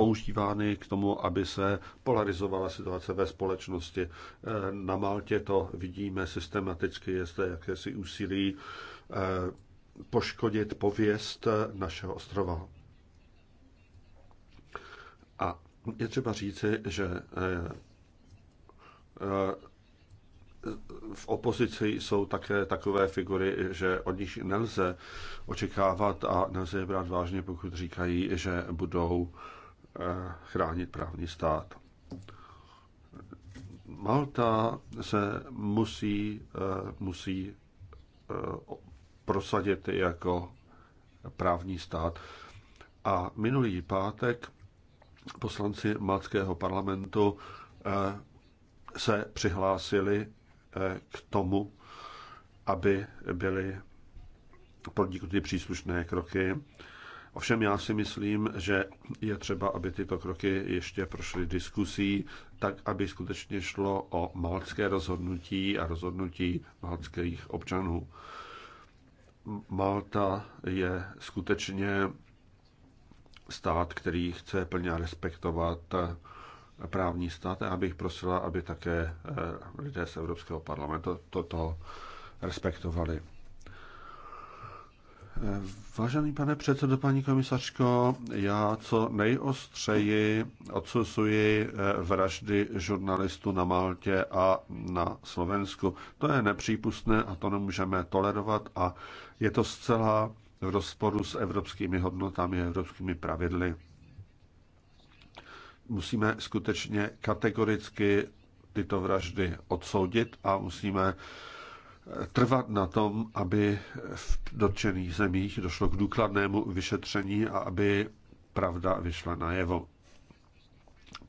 používány k tomu, aby se polarizovala situace ve společnosti. Eh, na Maltě to vidíme systematicky, je zde jakési úsilí eh, poškodit pověst našeho ostrova. A je třeba říci, že eh, v opozici jsou také takové figury, že od nich nelze očekávat a nelze je brát vážně, pokud říkají, že budou Eh, chránit právní stát. Malta se musí, eh, musí eh, prosadit jako právní stát. A minulý pátek poslanci Maltského parlamentu se přihlásili k tomu, aby byly podniknuty příslušné kroky Ovšem já si myslím, že je třeba, aby tyto kroky ještě prošly diskusí, tak aby skutečně šlo o malcké rozhodnutí a rozhodnutí malckých občanů. Malta je skutečně stát, který chce plně respektovat právní stát a já bych prosila, aby také eh, lidé z Evropského parlamentu toto respektovali. Vážený pane předsedo, paní komisařko, já co nejostřeji odsusuji eh, vraždy žurnalistů na Maltě a na Slovensku. To je nepřípustné a to nemůžeme tolerovat a je to zcela v rozporu s evropskými hodnotami, evropskými pravidly. Musíme skutečně kategoricky tyto vraždy odsoudit a musíme trvat na tom, aby v dotčených zemích došlo k důkladnému vyšetření a aby pravda vyšla najevo.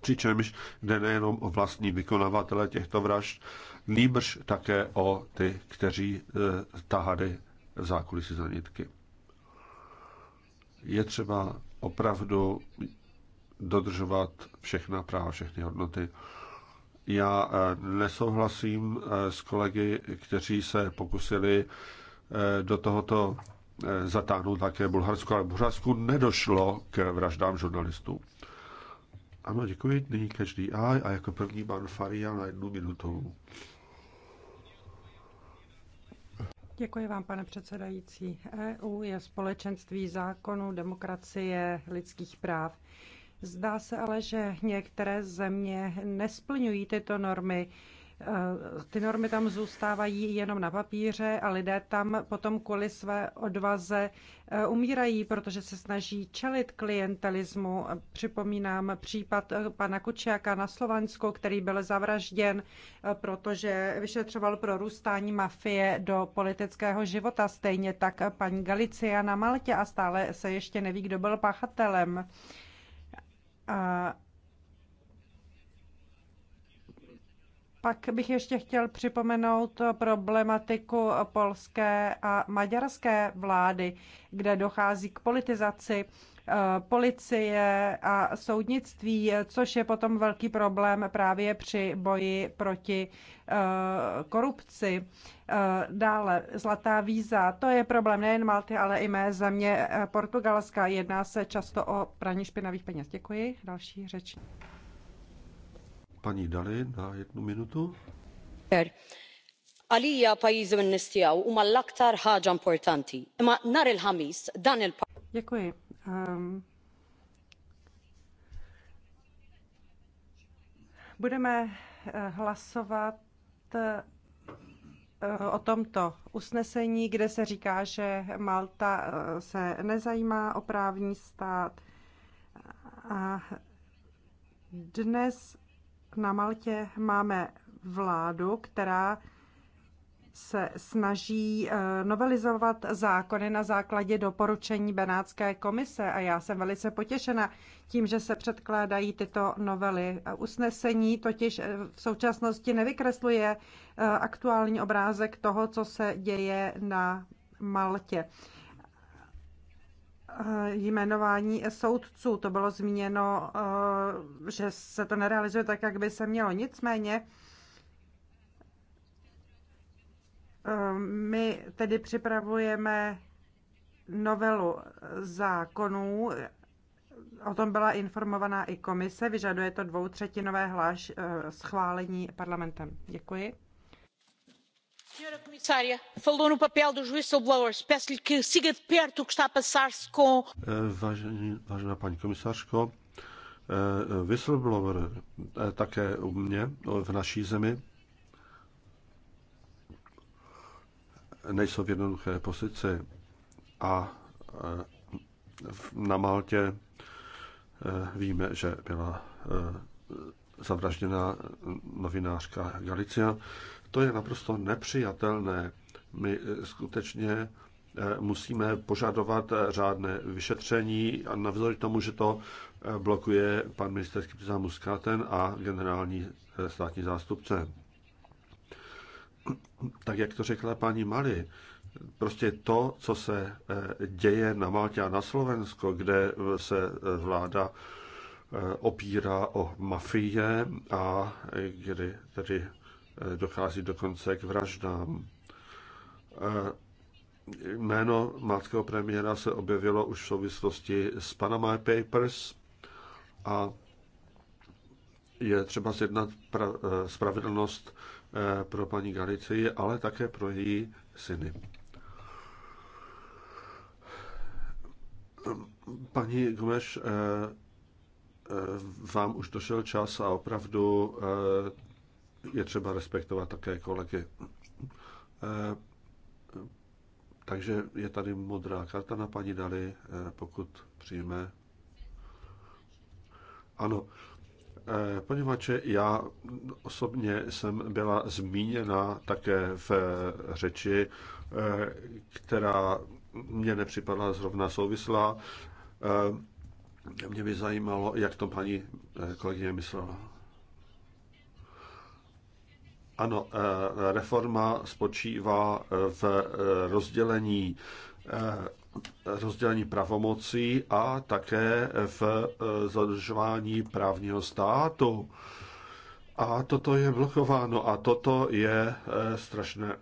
Přičemž jde nejenom o vlastní vykonavatele těchto vražd, nýbrž také o ty, kteří e, tahali zákulisy za nitky. Je třeba opravdu dodržovat všechna práva, všechny hodnoty. Já eh, nesouhlasím eh, s kolegy, kteří se pokusili eh, do tohoto zatáhnout také Bulharsko, ale Bulharsku nedošlo k vraždám žurnalistů. Ano, děkuji. Nyní každý a, a jako první pan Faria na jednu minutu. Děkuji vám, pane předsedající. EU je společenství zákonů, demokracie, lidských práv. Zdá se ale, že některé země nesplňují tyto normy. Eh, ty normy tam zůstávají jenom na papíře a lidé tam potom kvůli své odvaze eh, umírají, protože se snaží čelit klientelismu. Připomínám případ eh, pana Kučiaka na Slovensku, který byl zavražděn, protože vyšetřoval pro růstání mafie do politického života. Stejně tak paní Galicia na Maltě a stále se ještě neví, kdo byl pachatelem. A pak bych ještě chtěl připomenout problematiku polské a maďarské vlády, kde dochází k politizaci Eh, policie a soudnictví, což je potom velký problém právě při boji proti eh, korupci. Eh, dále zlatá víza, to je problém nejen Malty, ale i mé země Portugalska. Jedná se často o praní špinavých peněz. Děkuji. Další řeč. Paní Dali na jednu minutu. Għalija pajjiżi minn nistiegħu huma aktar ħaġa importanti. Imma il-ħamis dan il Děkuji Ehm, budeme eh, hlasovat eh, o tomto usnesení, kde se říká, že Malta eh, se nezajímá o právní stát. A dnes na Maltě máme vládu, která se snaží eh, novelizovat zákony na základě doporučení Benátské komise a já jsem velice potěšena tím, že se předkládají tyto novely. Usnesení totiž eh, v současnosti nevykresluje eh, aktuální obrázek toho, co se děje na Maltě. Jmenování soudců, to bylo zmíněno, že se to nerealizuje tak, jak by se mělo. Nicméně My tedy připravujeme novelu zákonů, o tom byla informovaná i komise, vyžaduje to dvoutřetinové hláš, eh, schválení parlamentem. Děkuji. Senhora Comissária, falou no papel dos whistleblowers. Peço-lhe que siga de perto o que está a passar-se com. Eh, vážená paní komisařko, eh, whistleblower také u mě v naší zemi nejsou v jednoduché pozici a e, na Maltě e, víme, že byla e, zavražděna novinářka Galicia. To je naprosto nepřijatelné. My skutečně musíme požadovat řádné vyšetření a navzdory tomu, že to blokuje pan ministerský předseda Muskaten a generální státní zástupce tak jak to řekla paní Mali, prostě to, co se eh, děje na Maltě a na Slovensko, kde eh, se eh, vláda opírá o mafie a kdy tedy dochází dokonce k vraždám. Jméno maltského premiéra se objevilo už v souvislosti s Panama Papers a je třeba zjednat pra- spravedlnost Eh, pro paní Galicii, ale také pro její syny. Paní Gomeš, eh, eh, vám už došel čas a opravdu je třeba respektovat také kolegy. Takže je tady modrá karta na paní Dali, pokud přijme. Ano, Eh, poněvadž já osobně jsem byla zmíněna také v eh, řeči, eh, která mě nepřipadla zrovna souvislá. Mě by zajímalo, jak to paní kolegyně myslela. Ano, reforma spočívá v rozdělení rozdělení pravomocí a také v e, zadržování právního státu. A toto je blokováno a toto je e, strašné.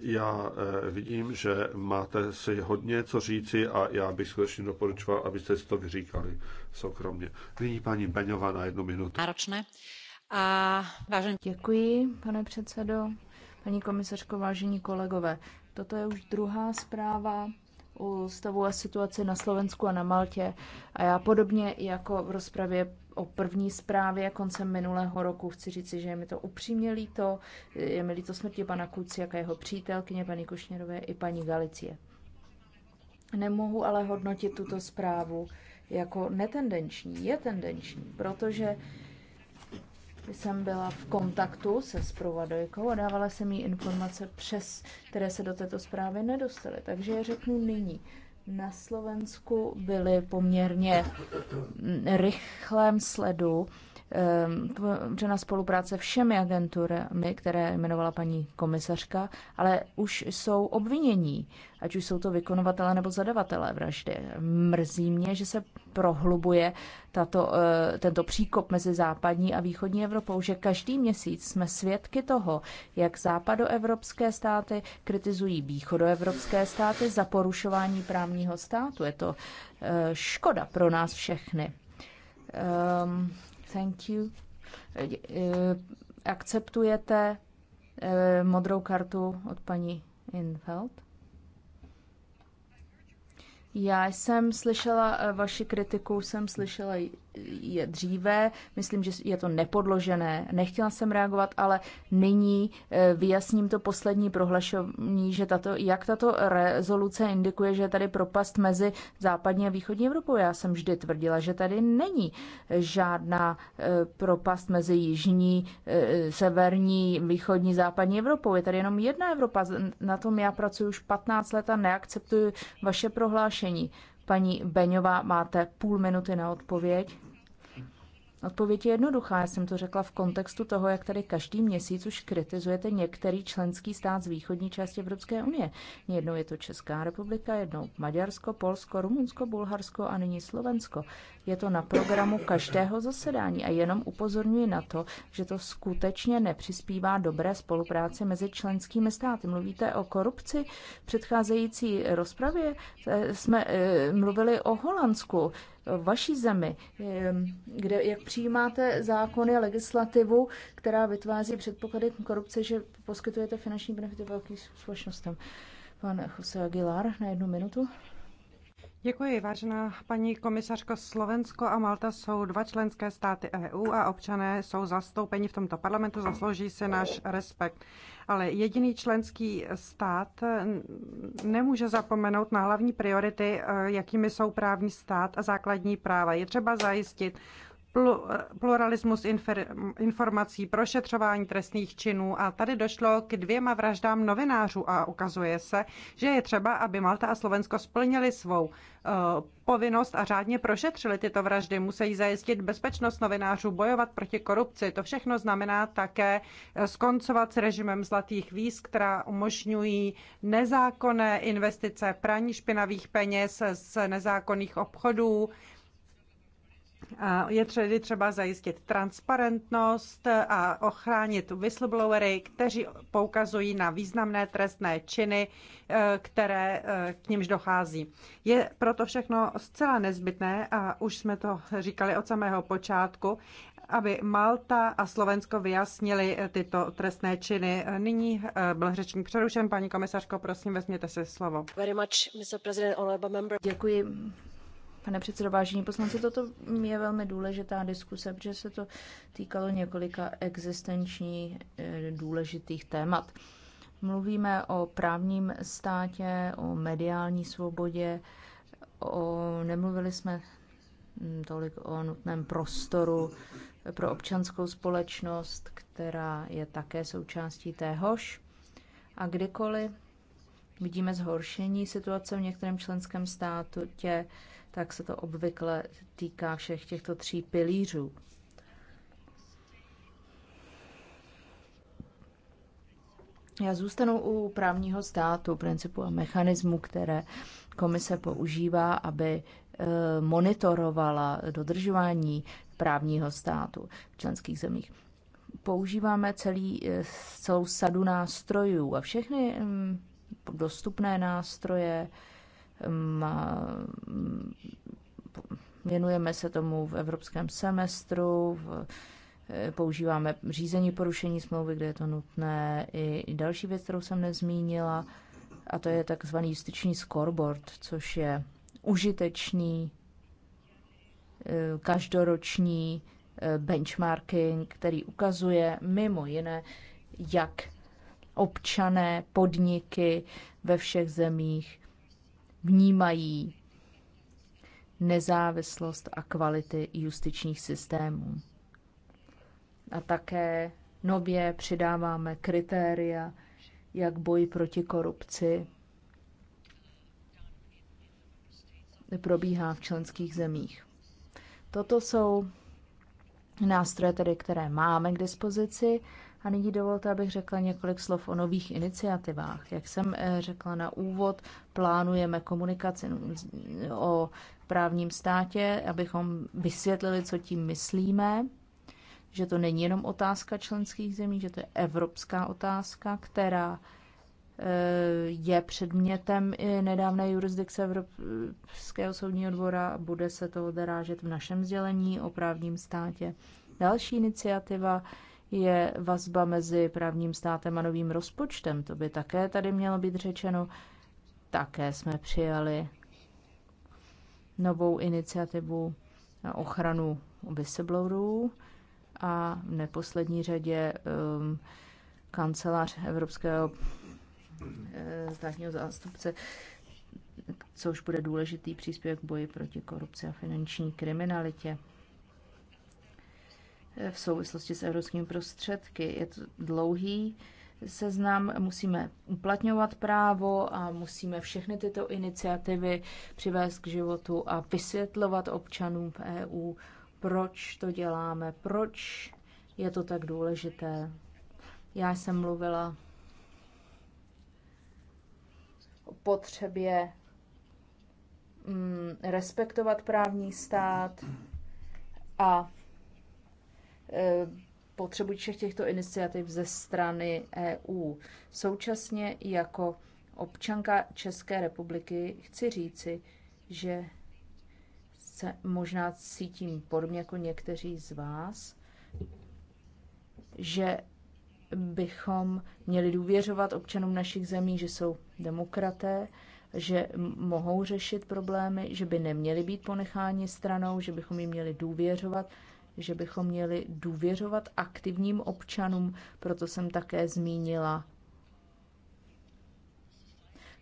Já e, vidím, že máte si hodně co říci a já bych skutečně doporučoval, abyste si to vyříkali soukromně. Nyní paní Beňová na jednu minutu. Náročné. A vážen... Děkuji, pane předsedo. Paní komisařko, vážení kolegové, toto je už druhá zpráva o stavu a situaci na Slovensku a na Maltě. A já podobně jako v rozpravě o první zprávě koncem minulého roku chci říci, že je mi to upřímně líto. Je mi líto smrti pana Kuciaka, jeho přítelkyně, paní Košněrové i paní Galicie. Nemohu ale hodnotit tuto zprávu jako netendenční. Je tendenční, protože uh, jsem byla v kontaktu se zprovodajkou a dávala jsem jí informace, přes které se do této zprávy nedostaly. Takže je řeknu nyní. Na Slovensku byly poměrně mm, rychlém sledu Ehm, na spolupráce všemi agenturami, které jmenovala paní komisařka, ale už jsou obvinění, ať už jsou to vykonovatele nebo zadavatelé vraždy. Mrzí mě, že se prohlubuje tato, eh, tento příkop mezi západní a východní Evropou, že každý měsíc jsme svědky toho, jak západoevropské státy kritizují východoevropské státy za porušování právního státu. Je to eh, škoda pro nás všechny. Um, Thank you. E, e, akceptujete e, modrou kartu od paní Infeld? Já jsem slyšela vaši kritiku, jsem slyšela je dříve. Myslím, že je to nepodložené. Nechtěla jsem reagovat, ale nyní eh, vyjasním to poslední prohlašování, že tato, jak tato rezoluce indikuje, že je tady propast mezi západní a východní Evropou. Já jsem vždy tvrdila, že tady není žádná eh, propast mezi jižní, eh, severní, východní, západní Evropou. Je tady jenom jedna Evropa. Na tom já pracuji už 15 let a neakceptuji vaše prohlášení. Paní Beňová, máte půl minuty na odpověď. Odpověď je jednoduchá, já jsem to řekla v kontextu toho, jak tady každý měsíc už kritizujete některý členský stát z východní části Evropské unie. Jednou je to Česká republika, jednou Maďarsko, Polsko, Rumunsko, Bulharsko a nyní Slovensko. Je to na programu každého zasedání a jenom upozorňuji na to, že to skutečně nepřispívá dobré spolupráci mezi členskými státy. Mluvíte o korupci v předcházející rozpravě? Eh, jsme eh, mluvili o Holandsku vaší zemi, ehm, kde, jak přijímáte zákony a legislativu, která vytváří předpoklady korupce, že poskytujete finanční benefity velkým společnostem. Pan Jose Aguilar na jednu minutu. Děkuji, vážená paní komisařko. Slovensko a Malta jsou dva členské státy EU a občané jsou zastoupeni v tomto parlamentu, zaslouží si náš respekt. Ale jediný členský stát nemůže zapomenout na hlavní priority, eh, jakými jsou právní stát a základní práva. Je třeba zajistit pluralismus informací, prošetřování trestných činů a tady došlo k dvěma vraždám novinářů a ukazuje se, že je třeba, aby Malta a Slovensko splnili svou eh, povinnost a řádně prošetřili tyto vraždy. Musí zajistit bezpečnost novinářů, bojovat proti korupci. To všechno znamená také eh, skoncovat s režimem zlatých víz, která umožňují nezákonné investice, praní špinavých peněz z nezákonných obchodů, a je tedy třeba zajistit transparentnost a ochránit whistleblowery, kteří poukazují na významné trestné činy, eh, které eh, k nímž dochází. Je proto všechno zcela nezbytné, a už jsme to říkali od samého počátku, aby Malta a Slovensko vyjasnili eh, tyto trestné činy. Nyní byl řečník přerušen. Paní komisařko, prosím, vezměte si slovo. Děkuji, Pane předsedo, vážení poslanci, toto je velmi důležitá diskuse, protože se to týkalo několika existenční eh, důležitých témat. Mluvíme o právním státě, o mediální svobodě, o, nemluvili jsme tolik o nutném prostoru pro občanskou společnost, která je také součástí téhož. A kdykoliv vidíme zhoršení situace v některém členském státu, tě tak se to obvykle týká všech těchto tří pilířů. Já zůstanu u právního státu, principu a mechanismu, které komise používá, aby e, monitorovala dodržování právního státu v členských zemích. Používáme celý, e, celou sadu nástrojů a všechny mm, dostupné nástroje Věnujeme se tomu v evropském semestru, v, eh, používáme řízení porušení smlouvy, kde je to nutné. I, i další věc, kterou jsem nezmínila, a to je takzvaný justiční scoreboard, což je užitečný eh, každoroční eh, benchmarking, který ukazuje mimo jiné, jak občané, podniky ve všech zemích vnímají nezávislost a kvality justičních systémů. A také nově přidáváme kritéria, jak boj proti korupci probíhá v členských zemích. Toto jsou nástroje, tedy, které máme k dispozici a nyní dovolte, abych řekla několik slov o nových iniciativách. Jak jsem eh, řekla na úvod, plánujeme komunikaci no, o právním státě, abychom vysvětlili, co tím myslíme, že to není jenom otázka členských zemí, že to je evropská otázka, která eh, je předmětem i nedávné jurisdikce Evropského soudního dvora a bude se to odrážet v našem sdělení o právním státě. Další iniciativa je vazba mezi právním státem a novým rozpočtem. To by také tady mělo být řečeno. Také jsme přijali novou iniciativu na ochranu whistleblowerů a v neposlední řadě um, kancelář Evropského eh, státního zástupce, což bude důležitý příspěvek boji proti korupci a finanční kriminalitě v souvislosti s evropskými prostředky. Je to dlouhý seznam, musíme uplatňovat právo a musíme všechny tyto iniciativy přivést k životu a vysvětlovat občanům v EU, proč to děláme, proč je to tak důležité. Já jsem mluvila o potřebě mm, respektovat právní stát a Eh, potřebují všech těchto iniciativ ze strany EU. Současně jako občanka České republiky chci říci, že se možná cítím podobně jako někteří z vás, že bychom měli důvěřovat občanům našich zemí, že jsou demokraté, že mohou řešit problémy, že by neměli být ponecháni stranou, že bychom jim měli důvěřovat že bychom měli důvěřovat aktivním občanům, proto jsem také zmínila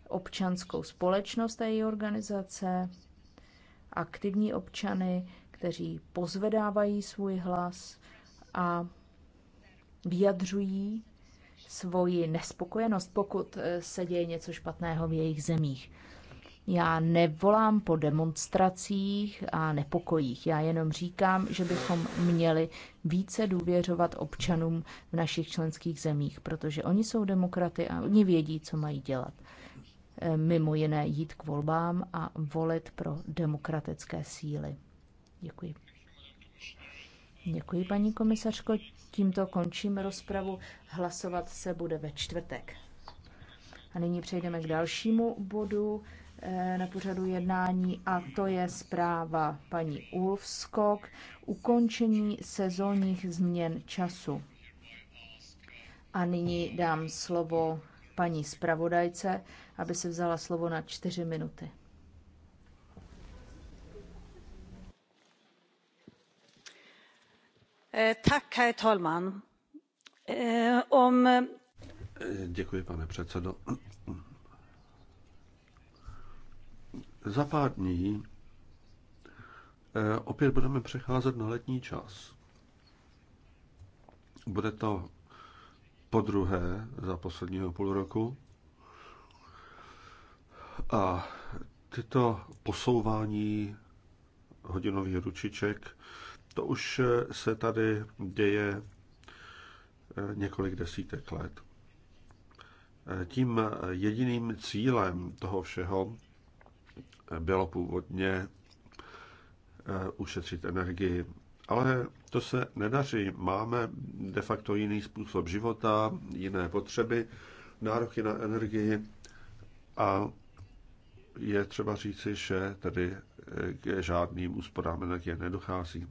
občanskou společnost a její organizace, aktivní občany, kteří pozvedávají svůj hlas a vyjadřují svoji nespokojenost, pokud eh, se děje něco špatného v jejich zemích. Já nevolám po demonstracích a nepokojích. Já jenom říkám, že bychom měli více důvěřovat občanům v našich členských zemích, protože oni jsou demokraty a oni vědí, co mají dělat. E, mimo jiné jít k volbám a volit pro demokratické síly. Děkuji. Děkuji, paní komisařko. Tímto končím rozpravu. Hlasovat se bude ve čtvrtek. A nyní přejdeme k dalšímu bodu. Eh, na pořadu jednání a to je zpráva paní Ulfskok, ukončení sezónních změn času. A nyní dám slovo paní zpravodajce, aby se vzala slovo na čtyři minuty. Eh, tak, herr Tolman. Eh, děkuji, pane předsedo. Za pár dní eh, opět budeme přecházet na letní čas. Bude to po druhé za posledního půl roku. A tyto posouvání hodinových ručiček, to už eh, se tady děje eh, několik desítek let. Tím jediným cílem toho všeho bylo původně eh, ušetřit energii. Ale to se nedaří. Máme de facto jiný způsob života, jiné potřeby, nároky na energii a je třeba říci, že tedy eh, k žádným úsporám energie nedochází.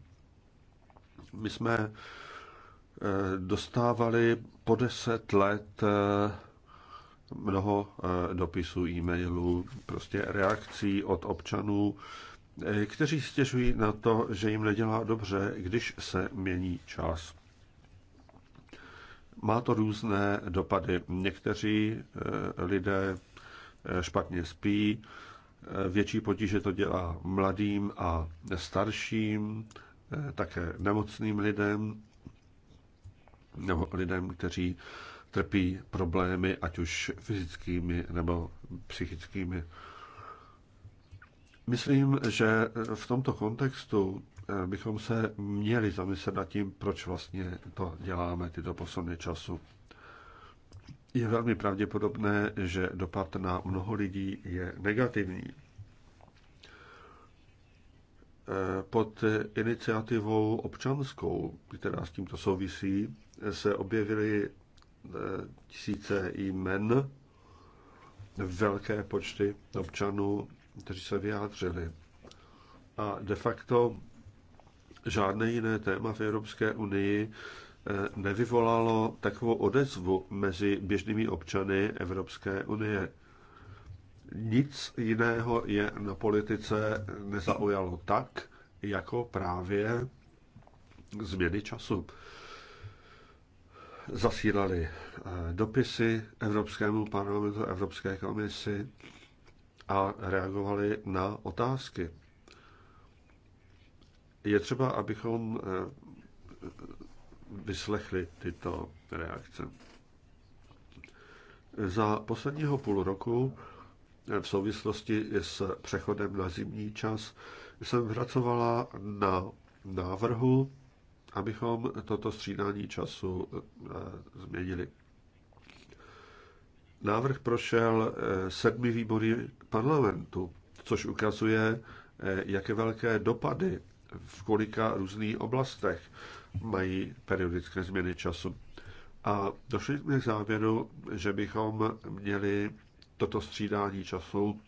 My jsme eh, dostávali po deset let mnoho eh, dopisů, e-mailů, prostě reakcí od občanů, eh, kteří stěžují na to, že jim nedělá dobře, když se mění čas. Má to různé dopady. Někteří eh, lidé špatně spí, větší potíže to dělá mladým a starším, také nemocným lidem, nebo lidem, kteří trpí problémy, ať už fyzickými nebo psychickými. Myslím, že v tomto kontextu eh, bychom se měli zamyslet nad tím, proč vlastně to děláme, tyto posuny času. Je velmi pravděpodobné, že dopad na mnoho lidí je negativní. Eh, pod iniciativou občanskou, která s tímto souvisí, se objevily tisíce jmen, velké počty občanů, kteří se vyjádřili. A de facto žádné jiné téma v Evropské unii eh, nevyvolalo takovou odezvu mezi běžnými občany Evropské unie. Nic jiného je na politice nezaujalo tak, jako právě změny času zasílali eh, dopisy Evropskému parlamentu, Evropské komisi a reagovali na otázky. Je třeba, abychom eh, vyslechli tyto reakce. Za posledního půl roku eh, v souvislosti s přechodem na zimní čas jsem pracovala na návrhu abychom toto střídání času eh, změnili. Návrh prošel eh, sedmi výbory parlamentu, což ukazuje, eh, jaké velké dopady v kolika různých oblastech mají periodické změny času. A došli jsme k závěru, že bychom měli toto střídání času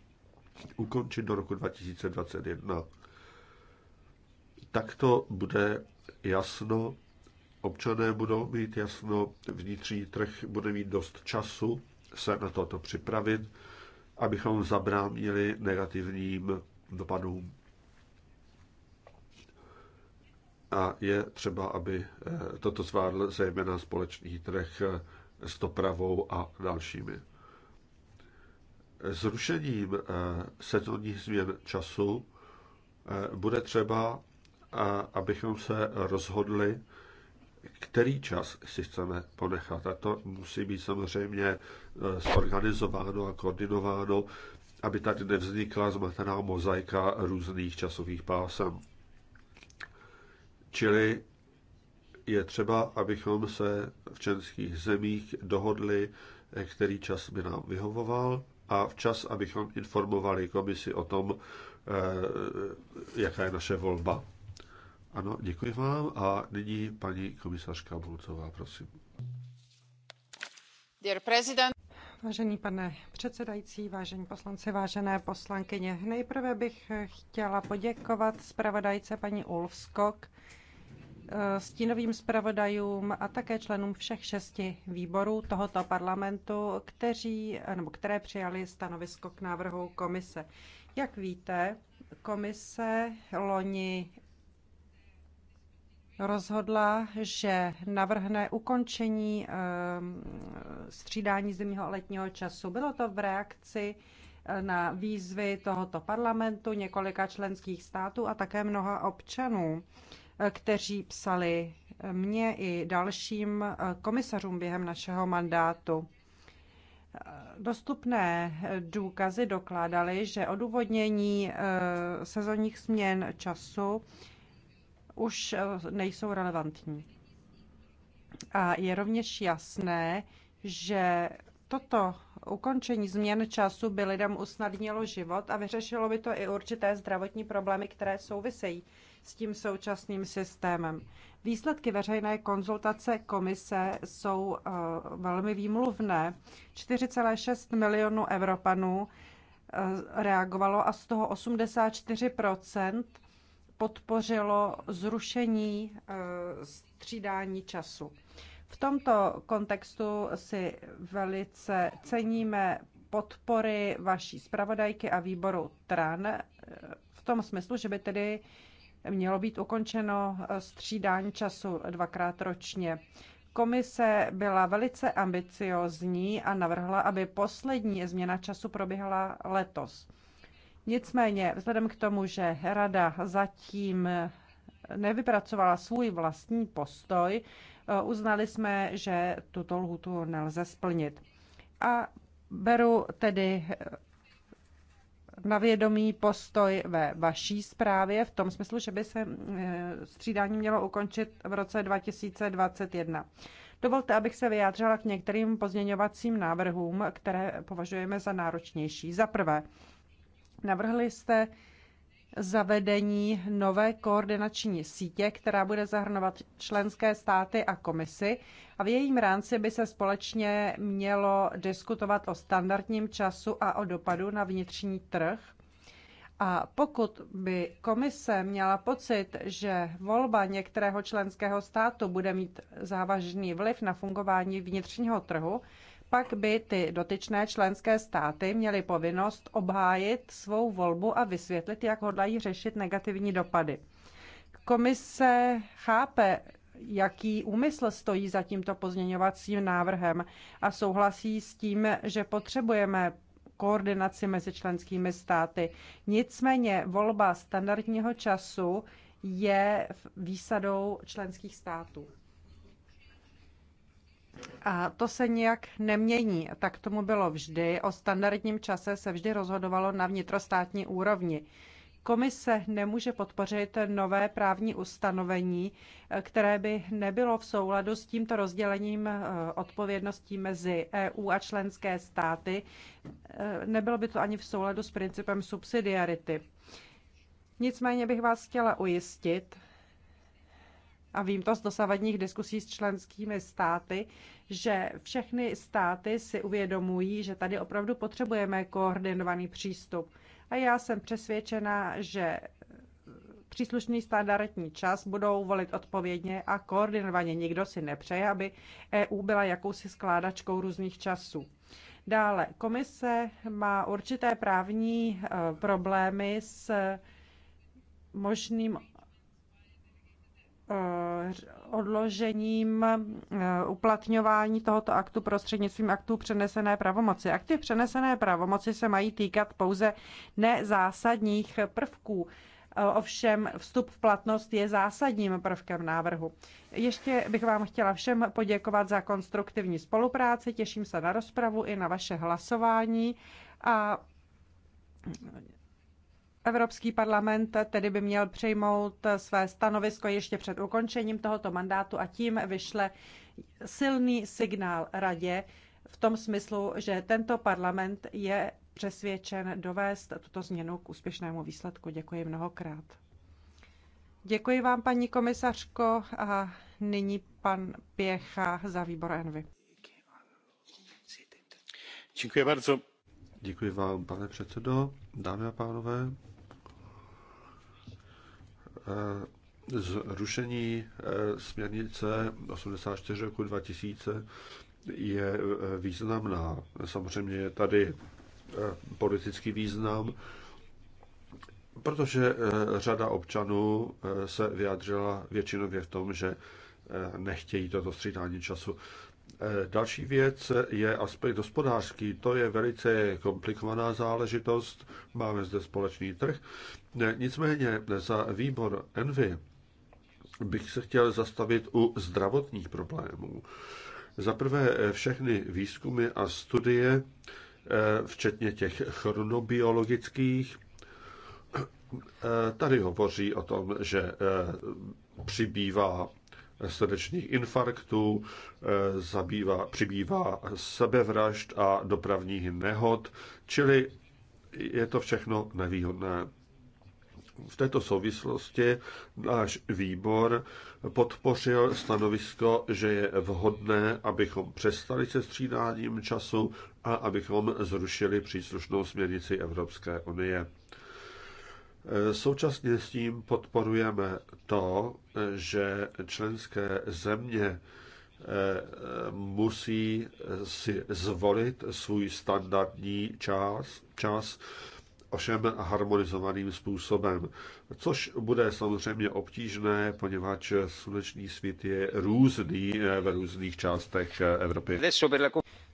ukončit do roku 2021. Takto bude jasno, občané budou mít jasno, vnitřní trh bude mít dost času se na toto připravit, abychom zabránili negativním dopadům. A je třeba, aby eh, toto zvládl zejména společný trh eh, s dopravou a dalšími. Zrušením eh, sezónních změn času bude třeba a abychom se rozhodli, který čas si chceme ponechat. A to musí být samozřejmě eh, zorganizováno a koordinováno, aby tady nevznikla zmatená mozaika různých časových pásem. Čili je třeba, abychom se v členských zemích dohodli, eh, který čas by nám vyhovoval a včas, abychom informovali komisi o tom, eh, jaká je naše volba. Ano, děkuji vám a nyní paní komisařka Bulcová, prosím. Dear President, Vážený pane předsedající, vážení poslanci, vážené poslankyně, nejprve bych chtěla poděkovat zpravodajce paní Ulfskok, eh, stínovým zpravodajům a také členům všech šesti výborů tohoto parlamentu, kteří, nebo které přijali stanovisko k návrhu komise. Jak víte, komise loni rozhodla, že navrhne ukončení eh, střídání zimního a letního času. Bylo to v reakci eh, na výzvy tohoto parlamentu, několika členských států a také mnoha občanů, eh, kteří psali mně i dalším komisařům během našeho mandátu. Dostupné důkazy dokládaly, že odůvodnění sezonních změn času už eh, nejsou relevantní. A je rovněž jasné, že toto ukončení změn času by lidem usnadnilo život a vyřešilo by to i určité zdravotní problémy, které souvisejí s tím současným systémem. Výsledky veřejné konzultace komise jsou eh, velmi výmluvné. 4,6 milionů Evropanů eh, reagovalo a z toho 84 podpořilo zrušení eh, střídání času. V tomto kontextu si velice ceníme podpory vaší zpravodajky a výboru TRAN eh, v tom smyslu, že by tedy mělo být ukončeno eh, střídání času dvakrát ročně. Komise byla velice ambiciozní a navrhla, aby poslední změna času proběhla letos. Nicméně, vzhledem k tomu, že Rada zatím nevypracovala svůj vlastní postoj, eh, uznali jsme, že tuto lhutu nelze splnit. A beru tedy eh, na vědomí postoj ve vaší zprávě v tom smyslu, že by se eh, střídání mělo ukončit v roce 2021. Dovolte, abych se vyjádřila k některým pozměňovacím návrhům, které považujeme za náročnější. Za prvé, Navrhli jste zavedení nové koordinační sítě, která bude zahrnovat členské státy a komisi a v jejím rámci by se společně mělo diskutovat o standardním času a o dopadu na vnitřní trh. A pokud by komise měla pocit, že volba některého členského státu bude mít závažný vliv na fungování vnitřního trhu, pak by ty dotyčné členské státy měly povinnost obhájit svou volbu a vysvětlit, jak hodlají řešit negativní dopady. Komise chápe, jaký úmysl stojí za tímto pozměňovacím návrhem a souhlasí s tím, že potřebujeme koordinaci mezi členskými státy. Nicméně volba standardního času je výsadou členských států. A to se nijak nemění. Tak tomu bylo vždy. O standardním čase se vždy rozhodovalo na vnitrostátní úrovni. Komise nemůže podpořit nové právní ustanovení, které by nebylo v souladu s tímto rozdělením eh, odpovědností mezi EU a členské státy. Eh, nebylo by to ani v souladu s principem subsidiarity. Nicméně bych vás chtěla ujistit, a vím to z dosavadních diskusí s členskými státy, že všechny státy si uvědomují, že tady opravdu potřebujeme koordinovaný přístup. A já jsem přesvědčena, že příslušný standardní čas budou volit odpovědně a koordinovaně. Nikdo si nepřeje, aby EU byla jakousi skládačkou různých časů. Dále, komise má určité právní eh, problémy s možným Eh, odložením eh, uplatňování tohoto aktu prostřednictvím aktů přenesené pravomoci. Akty přenesené pravomoci se mají týkat pouze nezásadních prvků. Eh, ovšem vstup v platnost je zásadním prvkem návrhu. Ještě bych vám chtěla všem poděkovat za konstruktivní spolupráci, těším se na rozpravu i na vaše hlasování a Evropský parlament tedy by měl přejmout své stanovisko ještě před ukončením tohoto mandátu a tím vyšle silný signál radě v tom smyslu, že tento parlament je přesvědčen dovést tuto změnu k úspěšnému výsledku. Děkuji mnohokrát. Děkuji vám, paní komisařko, a nyní pan Pěcha za výbor Envy. Děkuji Děkuji vám, pane předsedo, dámy a pánové zrušení eh, směrnice 84 roku 2000 je eh, významná. Samozřejmě je tady eh, politický význam, protože řada občanů se vyjádřila většinově v tom, že nechtějí toto střídání času. Eh, další věc je aspekt hospodářský. To je velice komplikovaná záležitost. Máme zde společný trh. Eh, nicméně eh, za výbor Envy bych se chtěl zastavit u zdravotních problémů. Za prvé všechny výzkumy a studie, včetně těch chronobiologických, tady hovoří o tom, že přibývá srdečních infarktů, eh, zabývá, přibývá sebevražd a dopravních nehod, čili je to všechno nevýhodné. V této souvislosti náš výbor podpořil stanovisko, že je vhodné, abychom přestali se střídáním času a abychom zrušili příslušnou směrnici Evropské unie. Současně s tím podporujeme to, že členské země eh, musí si zvolit svůj standardní čas, čas ovšem harmonizovaným způsobem, což bude samozřejmě obtížné, poněvadž sluneční svět je různý eh, v různých částech eh, Evropy.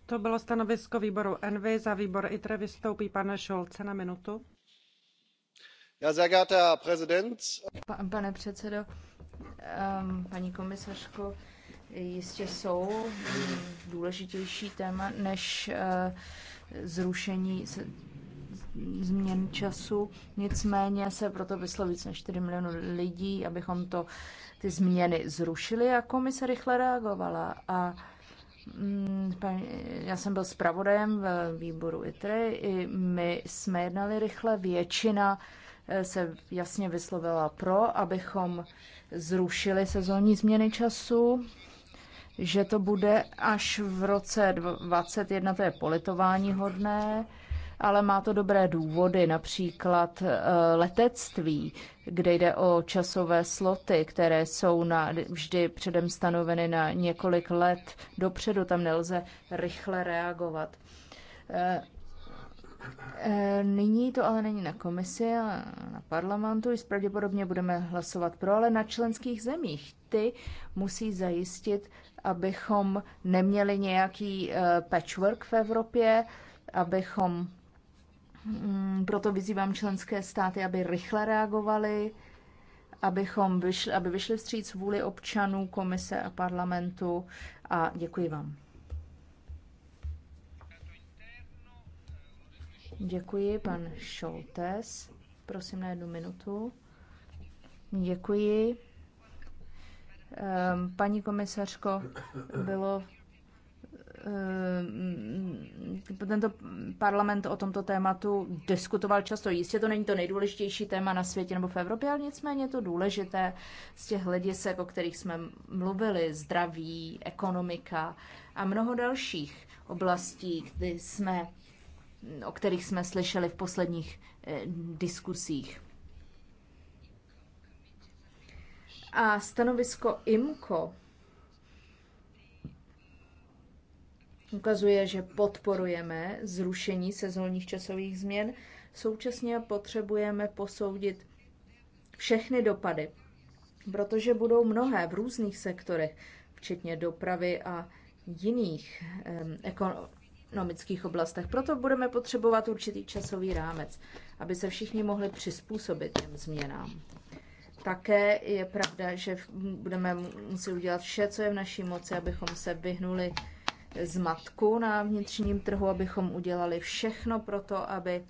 To bylo stanovisko výboru Envy, za výbor ITRE vystoupí pane Šolce na minutu. Pane předsedající, ehm, paní komisařko, jistě jsou důležitější téma než eh, zrušení změn času. Nicméně se proto vyslo více než 4 miliony lidí, abychom to, ty změny zrušili a komise rychle reagovala. A mm, já jsem byl zpravodajem ve výboru ITRE, i my jsme jednali rychle, většina Eh, se jasně vyslovila pro, abychom zrušili sezónní změny času, že to bude až v roce 2021, to je politování hodné, ale má to dobré důvody, například eh, letectví, kde jde o časové sloty, které jsou na, vždy předem stanoveny na několik let dopředu, tam nelze rychle reagovat. Eh, Eh, nyní to ale není na komisi a na parlamentu. Pravděpodobně budeme hlasovat pro, ale na členských zemích. Ty musí zajistit, abychom neměli nějaký eh, patchwork v Evropě, abychom. Mm, proto vyzývám členské státy, aby rychle reagovali, abychom vyšli, aby vyšli vstříc vůli občanů, komise a parlamentu. A děkuji vám. Děkuji, pan Šoltes. Prosím na jednu minutu. Děkuji. Ehm, paní komisařko, bylo ehm, tento parlament o tomto tématu diskutoval často. Jistě to není to nejdůležitější téma na světě nebo v Evropě, ale nicméně je to důležité z těch hledisek, o kterých jsme mluvili, zdraví, ekonomika a mnoho dalších oblastí, kdy jsme o kterých jsme slyšeli v posledních eh, diskusích. A stanovisko IMCO ukazuje, že podporujeme zrušení sezónních časových změn, současně potřebujeme posoudit všechny dopady, protože budou mnohé v různých sektorech, včetně dopravy a jiných um, ekonomických oblastech. Proto budeme potřebovat určitý časový rámec, aby se všichni mohli přizpůsobit těm změnám. Také je pravda, že budeme muset udělat vše, co je v naší moci, abychom se vyhnuli zmatku na vnitřním trhu, abychom udělali všechno pro to, aby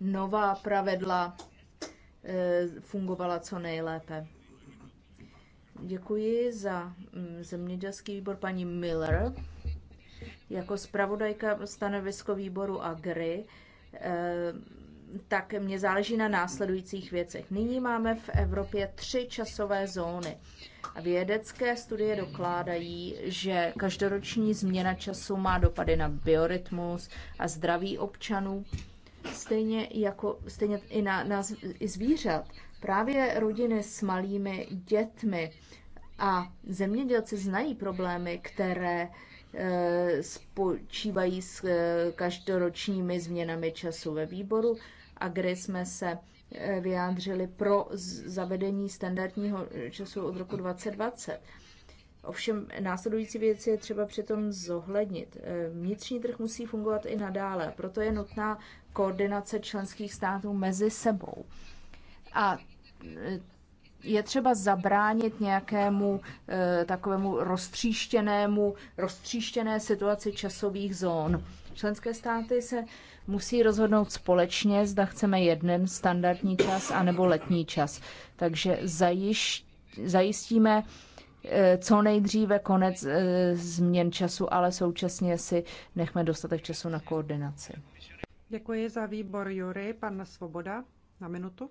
nová pravidla eh, fungovala co nejlépe. Děkuji za mm, zemědělský výbor paní Miller. Jako zpravodajka stanovisko výboru Agri, eh, tak mě záleží na následujících věcech. Nyní máme v Evropě tři časové zóny. Vědecké studie dokládají, že každoroční změna času má dopady na biorytmus a zdraví občanů, stejně, jako, stejně i na, na i zvířat. Právě rodiny s malými dětmi a zemědělci znají problémy, které e, spočívají s e, každoročními změnami času ve výboru a kdy jsme se e, vyjádřili pro zavedení standardního času od roku 2020. Ovšem následující věci je třeba přitom zohlednit. Vnitřní trh musí fungovat i nadále, proto je nutná koordinace členských států mezi sebou. A je třeba zabránit nějakému e, takovému roztříštěnému, roztříštěné situaci časových zón. Členské státy se musí rozhodnout společně, zda chceme jeden standardní čas anebo letní čas. Takže zajiš, zajistíme e, co nejdříve konec e, změn času, ale současně si nechme dostatek času na koordinaci. Děkuji za výbor Jury. Pan Svoboda na minutu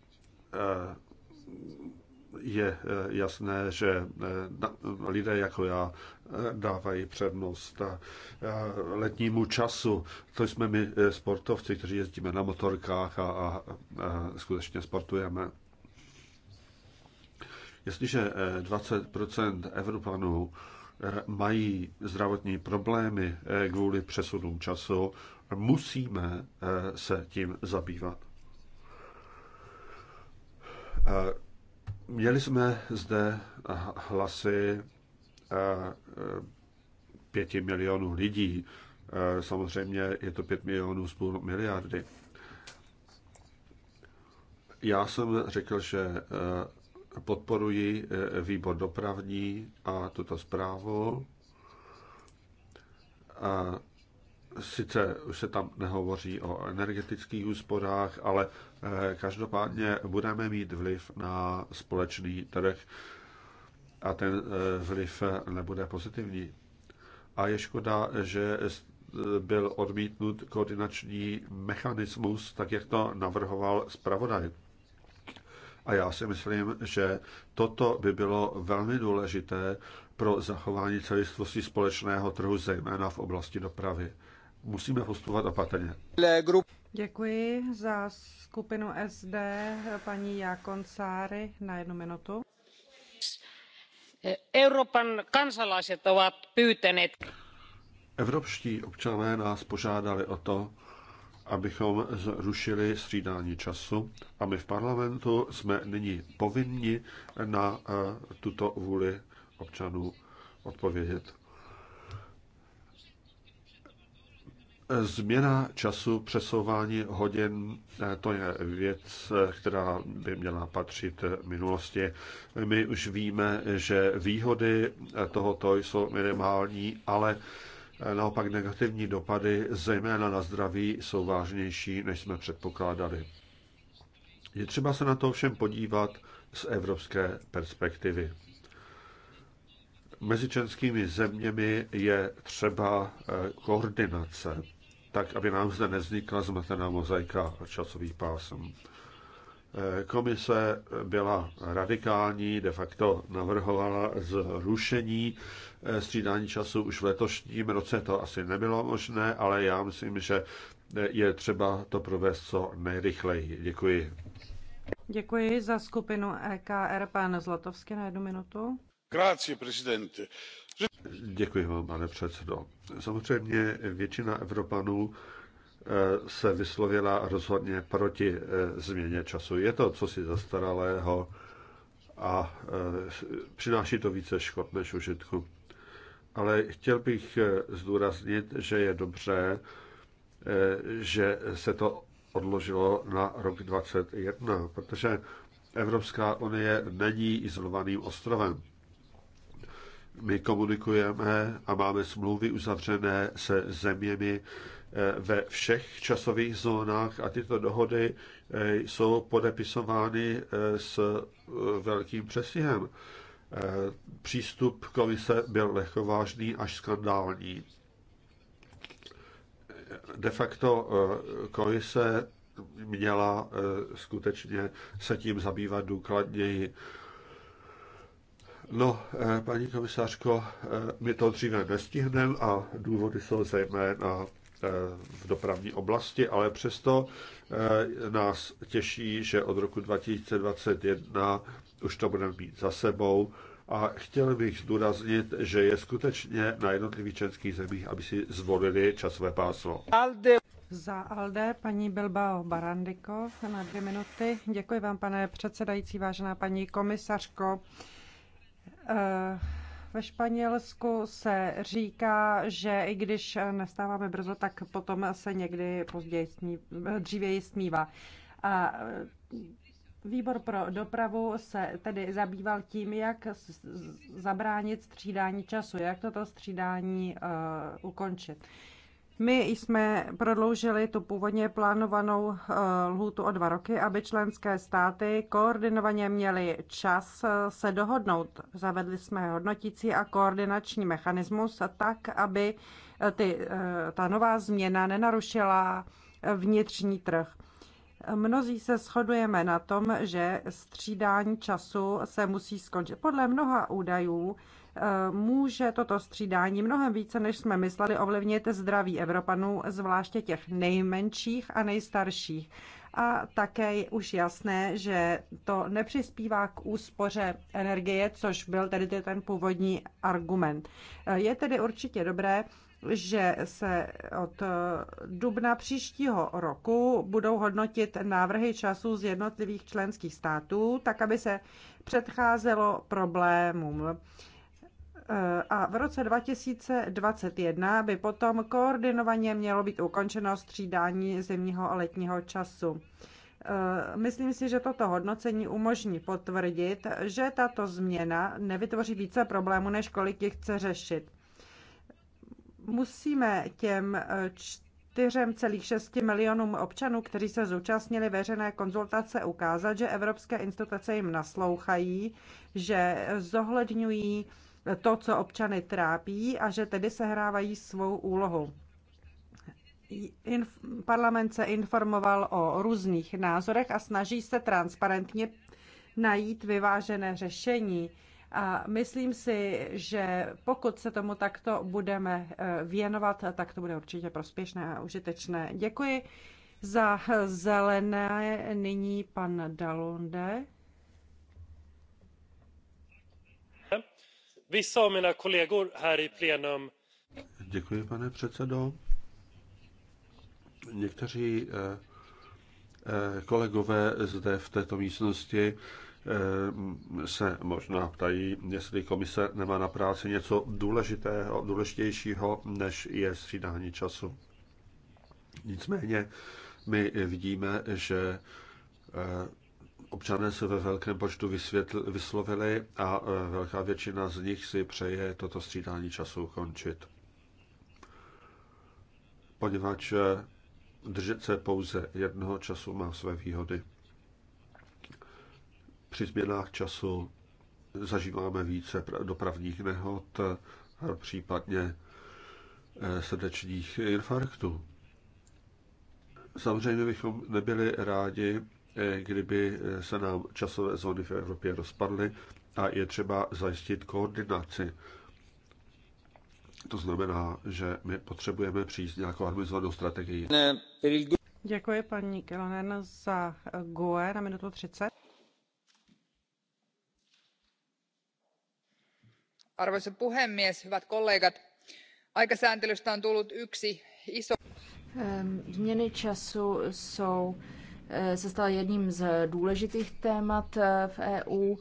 Eh, je eh, jasné, že eh, lidé jako já dávají přednost letnímu času. To jsme my sportovci, kteří jezdíme na motorkách a, a, a skutečně sportujeme. Jestliže 20 Evropanů mají zdravotní problémy kvůli přesunům času, musíme se tím zabývat. Eh, měli jsme zde hlasy eh, pěti milionů lidí. Eh, samozřejmě je to pět milionů z půl miliardy. Já jsem řekl, že podporuji výbor dopravní a tuto zprávu. A Sice už se tam nehovoří o energetických úsporách, ale eh, každopádně budeme mít vliv na společný trh a ten eh, vliv eh, nebude pozitivní. A je škoda, že byl odmítnut koordinační mechanismus, tak jak to navrhoval zpravodaj. A já si myslím, že toto by bylo velmi důležité pro zachování celistvosti společného trhu, zejména v oblasti dopravy musíme postupovat opatrně. Děkuji za skupinu SD paní Sáry na jednu minutu. Euroopan kansalaiset ovat pyytäneet. Evropští občané nás požádali o to, abychom zrušili střídání času a my v parlamentu jsme nyní povinni na eh, tuto vůli občanů odpovědět. Změna času, přesouvání hodin, eh, to je věc, eh, která by měla patřit minulosti. My už víme, že výhody eh, tohoto jsou minimální, ale naopak negativní dopady, zejména na zdraví, jsou vážnější, než jsme předpokládali. Je třeba se na to všem podívat z evropské perspektivy mezi členskými zeměmi je třeba koordinace tak aby nám zde nevznikla zmatená mozaika časový pásem. Eh, komise byla radikální, de facto navrhovala zrušení eh, střídání času už v letošním roce. To asi nebylo možné, ale já myslím, že eh, je třeba to provést co nejrychleji. Děkuji. Děkuji za skupinu EKR. Pan Zlatovský na jednu minutu. Grazie, prezidente. Děkuji vám, pane předsedo. Samozřejmě většina Evropanů eh, se vyslovila rozhodně proti eh, změně času. Je to co si zastaralého a eh, přináší to více škod než užitku. Ale chtěl bych zdůraznit, že je dobře, že se to odložilo na rok 2021, protože Evropská unie není izolovaným ostrovem. My komunikujeme a máme smlouvy uzavřené se zeměmi eh, ve všech časových zónách a tyto dohody eh, jsou podepisovány eh, s velkým přesihem. Přístup komise byl lehkovážný až skandální. De facto komise měla skutečně se tím zabývat důkladněji. No, eh, paní komisářko, eh, my to dříve nestihneme a důvody jsou zejména eh, v dopravní oblasti, ale přesto nás těší, že od roku 2021 už to budeme být za sebou a chtěl bych zdůraznit, že je skutečně na jednotlivých českých zemích, aby si zvolili časové pásmo. Alde. Za Alde paní Bilbao Barandiko na dvě minuty. Děkuji vám, pane předsedající, vážená paní komisařko. Eh, ve Španělsku se říká, že i když nestáváme brzo, tak potom se někdy později sní, eh, dřívěji snívá. A eh, Výbor pro dopravu se tedy zabýval tím, jak zabránit střídání času, jak toto střídání uh, ukončit. My jsme prodloužili tu původně plánovanou eh, lhůtu o dva roky, aby členské státy koordinovaně měly čas eh, se dohodnout. Zavedli jsme hodnotící a koordinační mechanismus tak, aby eh, ty, ta nová změna nenarušila vnitřní trh. Mnozí se shodujeme na tom, že střídání času se musí skončit. Podle mnoha údajů může toto střídání mnohem více, než jsme mysleli, ovlivnit zdraví Evropanů, zvláště těch nejmenších a nejstarších. A také je už jasné, že to nepřispívá k úspoře energie, což byl tedy ten původní argument. Je tedy určitě dobré, že se od dubna příštího roku budou hodnotit návrhy času z jednotlivých členských států, tak aby se předcházelo problémům a v roce 2021 by potom koordinovaně mělo být ukončeno střídání zimního a letního času. Eh, myslím si, že toto hodnocení umožní potvrdit, že tato změna nevytvoří více problémů, než kolik jich chce řešit. Musíme těm 4,6 eh, milionům občanů, kteří se zúčastnili veřejné konzultace, ukázat, že evropské instituce jim naslouchají, že zohledňují to, co občany trápí a že tedy sehrávají svou úlohu. Inf- parlament se informoval o různých názorech a snaží se transparentně najít vyvážené řešení. A myslím si, že pokud se tomu takto budeme eh, věnovat, tak to bude určitě prospěšné a užitečné. Děkuji za zelené. Nyní pan Dalunde. Děkuji, pane předsedo. Někteří eh, eh, kolegové zde v této místnosti eh, se možná ptají, jestli komise nemá na práci něco důležitého, důležitějšího, než je střídání času. Nicméně my vidíme, že občané se ve velkém počtu vysvětl, vyslovili a e, velká většina z nich si přeje toto střídání času končit. Poněvadž e, držet se pouze jednoho času má své výhody. Při změnách času zažíváme více dopravních nehod, případně e, srdečních infarktů. Samozřejmě bychom nebyli rádi, Eh, kdyby eh, se nám časové zóny v Evropě rozpadly a je třeba zajistit koordinaci. To znamená, že my potřebujeme přijít nějakou harmonizovanou strategii. Děkuji paní Kelonen za GUE na minutu 30. Arvoisa puhemies, hyvät kollegat, aikasääntelystä on tullut yksi iso... Ehm, změny času jsou Eh, se stal jedním z důležitých témat eh, v EU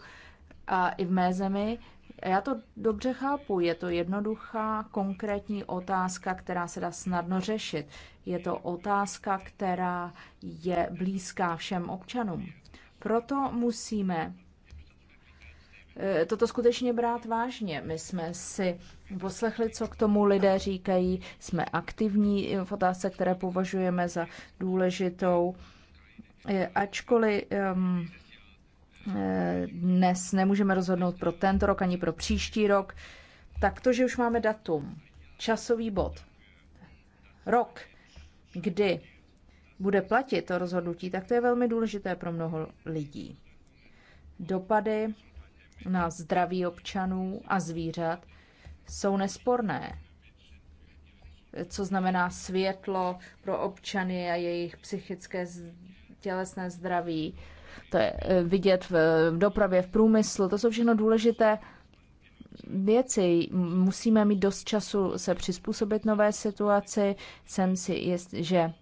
a i v mé zemi. Já to dobře chápu, je to jednoduchá, konkrétní otázka, která se dá snadno řešit. Je to otázka, která je blízká všem občanům. Proto musíme eh, toto skutečně brát vážně. My jsme si poslechli, co k tomu lidé říkají, jsme aktivní v otázce, které považujeme za důležitou. Ačkoliv ehm, eh, dnes nemůžeme rozhodnout pro tento rok ani pro příští rok, tak to, že už máme datum, časový bod, rok, kdy bude platit to rozhodnutí, tak to je velmi důležité pro mnoho lidí. Dopady na zdraví občanů a zvířat jsou nesporné. Co znamená světlo pro občany a jejich psychické zdraví tělesné zdraví, to je e, vidět v dopravě, v průmyslu, to jsou všechno důležité věci. Musíme mít dost času se přizpůsobit nové situaci. Jsem si jist, že e,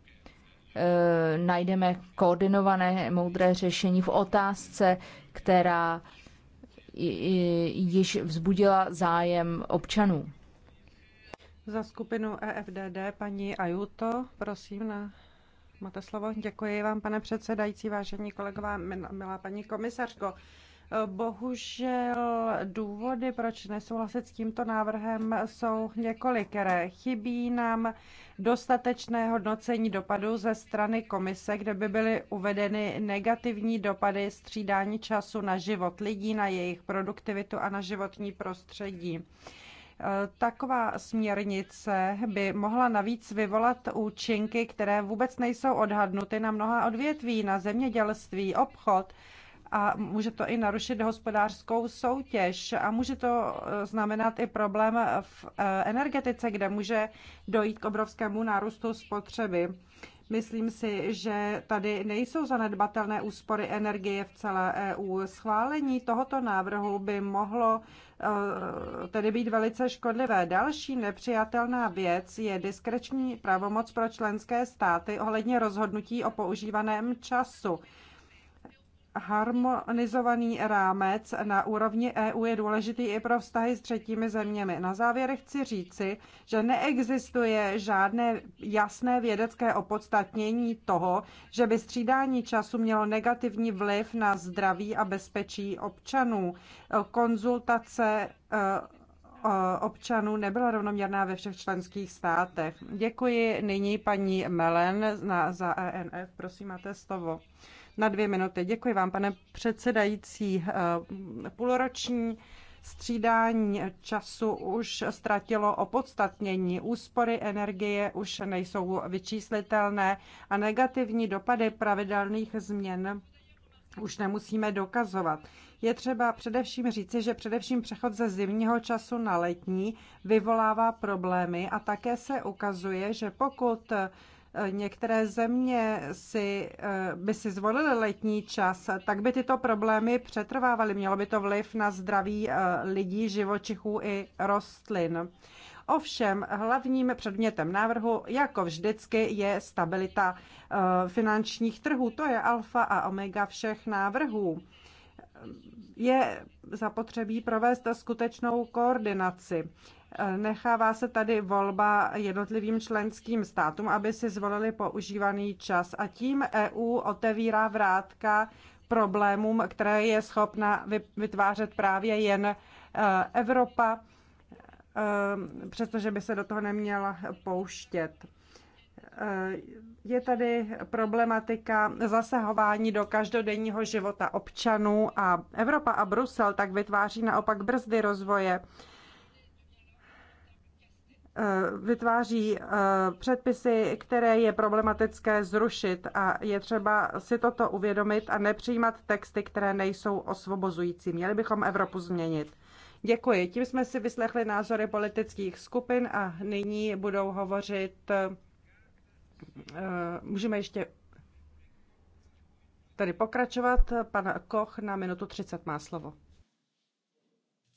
najdeme koordinované moudré řešení v otázce, která již vzbudila zájem občanů. Za skupinu EFDD paní Ajuto, prosím na Máte slovo. Děkuji vám, pane předsedající, vážení kolegová, milá paní komisařko. Bohužel důvody, proč nesouhlasit s tímto návrhem, jsou několikeré. Chybí nám dostatečné hodnocení dopadu ze strany komise, kde by byly uvedeny negativní dopady střídání času na život lidí, na jejich produktivitu a na životní prostředí. Taková směrnice by mohla navíc vyvolat účinky, které vůbec nejsou odhadnuty na mnoha odvětví, na zemědělství, obchod a může to i narušit hospodářskou soutěž a může to eh, znamenat i problém v eh, energetice, kde může dojít k obrovskému nárůstu spotřeby. Myslím si, že tady nejsou zanedbatelné úspory energie v celé EU. Schválení tohoto návrhu by mohlo eh, tedy být velice škodlivé. Další nepřijatelná věc je diskreční pravomoc pro členské státy ohledně rozhodnutí o používaném času harmonizovaný rámec na úrovni EU je důležitý i pro vztahy s třetími zeměmi. Na závěr chci říci, že neexistuje žádné jasné vědecké opodstatnění toho, že by střídání času mělo negativní vliv na zdraví a bezpečí občanů. Konzultace eh, eh, občanů nebyla rovnoměrná ve všech členských státech. Děkuji nyní paní Melen za ENF. Prosím, máte slovo na dvě minuty. Děkuji vám, pane předsedající. Eh, půlroční střídání času už ztratilo opodstatnění. Úspory energie už nejsou vyčíslitelné a negativní dopady pravidelných změn už nemusíme dokazovat. Je třeba především říci, že především přechod ze zimního času na letní vyvolává problémy a také se ukazuje, že pokud některé země si, eh, by si zvolily letní čas, tak by tyto problémy přetrvávaly. Mělo by to vliv na zdraví eh, lidí, živočichů i rostlin. Ovšem hlavním předmětem návrhu, jako vždycky, je stabilita eh, finančních trhů. To je alfa a omega všech návrhů. Je zapotřebí provést skutečnou koordinaci. Nechává se tady volba jednotlivým členským státům, aby si zvolili používaný čas a tím EU otevírá vrátka problémům, které je schopna vytvářet právě jen e, Evropa, e, přestože by se do toho neměla pouštět. E, je tady problematika zasahování do každodenního života občanů a Evropa a Brusel tak vytváří naopak brzdy rozvoje Eh, vytváří eh, předpisy, které je problematické zrušit a je třeba si toto uvědomit a nepřijímat texty, které nejsou osvobozující. Měli bychom Evropu změnit. Děkuji. Tím jsme si vyslechli názory politických skupin a nyní budou hovořit. Eh, můžeme ještě tady pokračovat. Pan Koch na minutu 30 má slovo.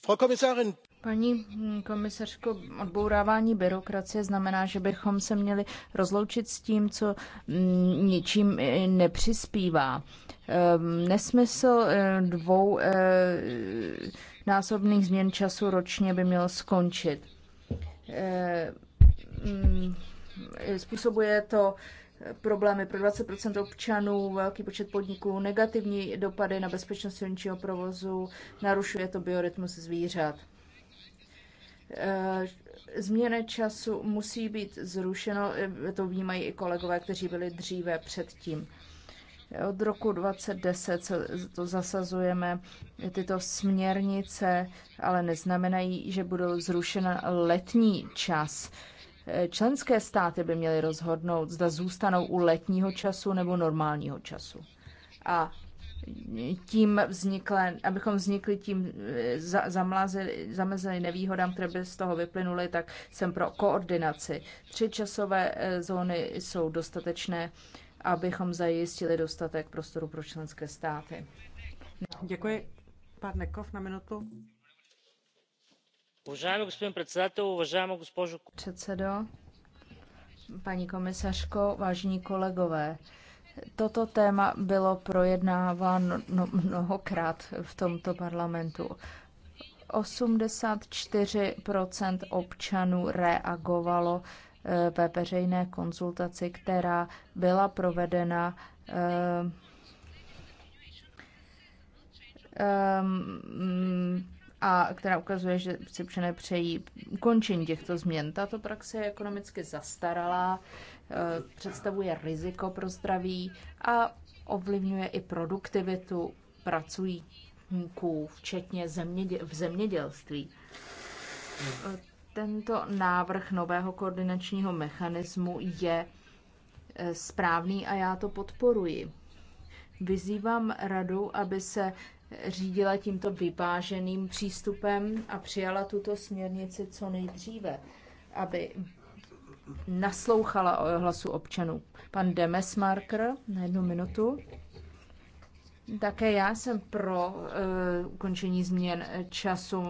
Frau Kommissarin, Paní komisařko, odbourávání byrokracie znamená, že bychom se měli rozloučit s tím, co mm, ničím e, nepřispívá. Ehm, nesmysl e, dvou e, násobných změn času ročně by měl skončit. Mm, způsobuje to problémy pro 20 občanů, velký počet podniků, negativní dopady na bezpečnost silničního provozu, narušuje to biorytmus zvířat. E, Změny času musí být zrušeno, e, to vnímají i kolegové, kteří byli dříve předtím. Od roku 2010 se to zasazujeme, tyto směrnice ale neznamenají, že budou zrušena letní čas Členské státy by měly rozhodnout, zda zůstanou u letního času nebo normálního času. A tím vznikle, abychom vznikli tím, eh, za, zamezili nevýhodám, které by z toho vyplynuly, tak jsem pro koordinaci. Tři časové eh, zóny jsou dostatečné, abychom zajistili dostatek prostoru pro členské státy. Děkuji. Pán Nekov na minutu. Господин председател, уважаема госпожо... Předsedo, paní komisařko, vážení kolegové, Toto téma bylo projednáváno mnohokrát v tomto parlamentu. 84 občanů reagovalo eh, ve veřejné konzultaci, která byla provedena um, a která ukazuje, že Cypřané přejí ukončení těchto změn. Tato praxe je ekonomicky zastaralá, eh, představuje riziko pro zdraví a ovlivňuje i produktivitu pracujíků, včetně zeměděl, v zemědělství. Tento návrh nového koordinačního mechanismu je eh, správný a já to podporuji. Vyzývám radu, aby se řídila tímto vyváženým přístupem a přijala tuto směrnici co nejdříve, aby naslouchala hlasu občanů. Pan Demesmarker na jednu minutu. Také já jsem pro uh, ukončení změn času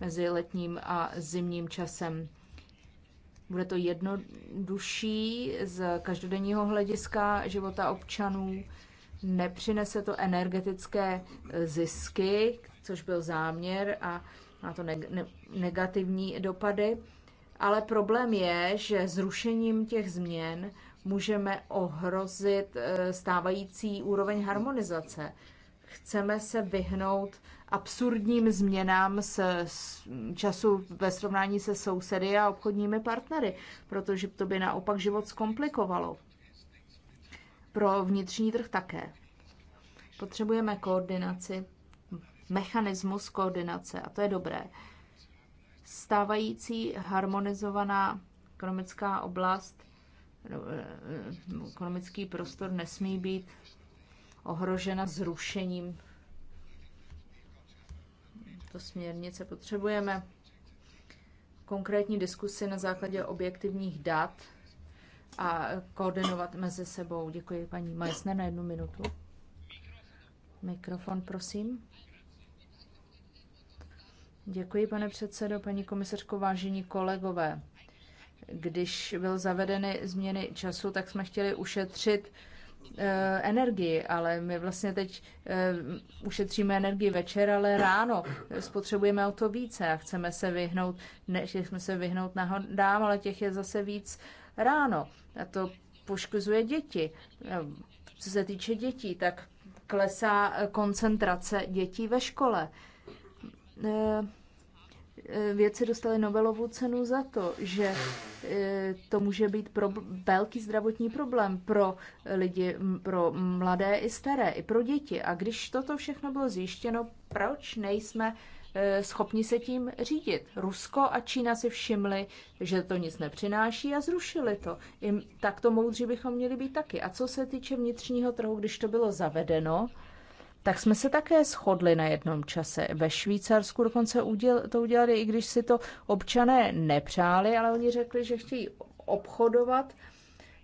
mezi letním a zimním časem. Bude to jednodušší z každodenního hlediska života občanů. Uh, nepřinese to energetické eh, zisky, což byl záměr a má to negativní dopady. Ale problém je, že zrušením těch změn můžeme ohrozit eh, stávající úroveň harmonizace. Chceme se vyhnout absurdním změnám z času ve srovnání se sousedy a obchodními partnery, protože to by naopak život zkomplikovalo pro vnitřní trh také. Potřebujeme koordinaci, mechanismus koordinace a to je dobré. Stávající harmonizovaná ekonomická oblast, no, eh, eh, ekonomický prostor nesmí být ohrožena zrušením to směrnice. Potřebujeme konkrétní diskusy na základě objektivních dat a koordinovat mezi sebou. Děkuji paní Majsne na jednu minutu. Mikrofon, prosím. Děkuji, pane předsedo, paní komisařko, vážení kolegové. Když byl zavedeny změny času, tak jsme chtěli ušetřit eh, energii, ale my vlastně teď eh, ušetříme energii večer, ale ráno spotřebujeme o to více a chceme se vyhnout, ne, jsme se vyhnout nahodám, ale těch je zase víc ráno. A to poškozuje děti. Co se týče dětí, tak klesá koncentrace dětí ve škole. E, e, Věci dostali Nobelovu cenu za to, že e, to může být pro velký zdravotní problém pro lidi, pro mladé i staré, i pro děti. A když toto všechno bylo zjištěno, proč nejsme Eh, schopni se tím řídit. Rusko a Čína si všimli, že to nic nepřináší a zrušili to. I to moudří bychom měli být taky. A co se týče vnitřního trhu, když to bylo zavedeno, tak jsme se také shodli na jednom čase. Ve Švýcarsku dokonce to udělali, i když si to občané nepřáli, ale oni řekli, že chtějí obchodovat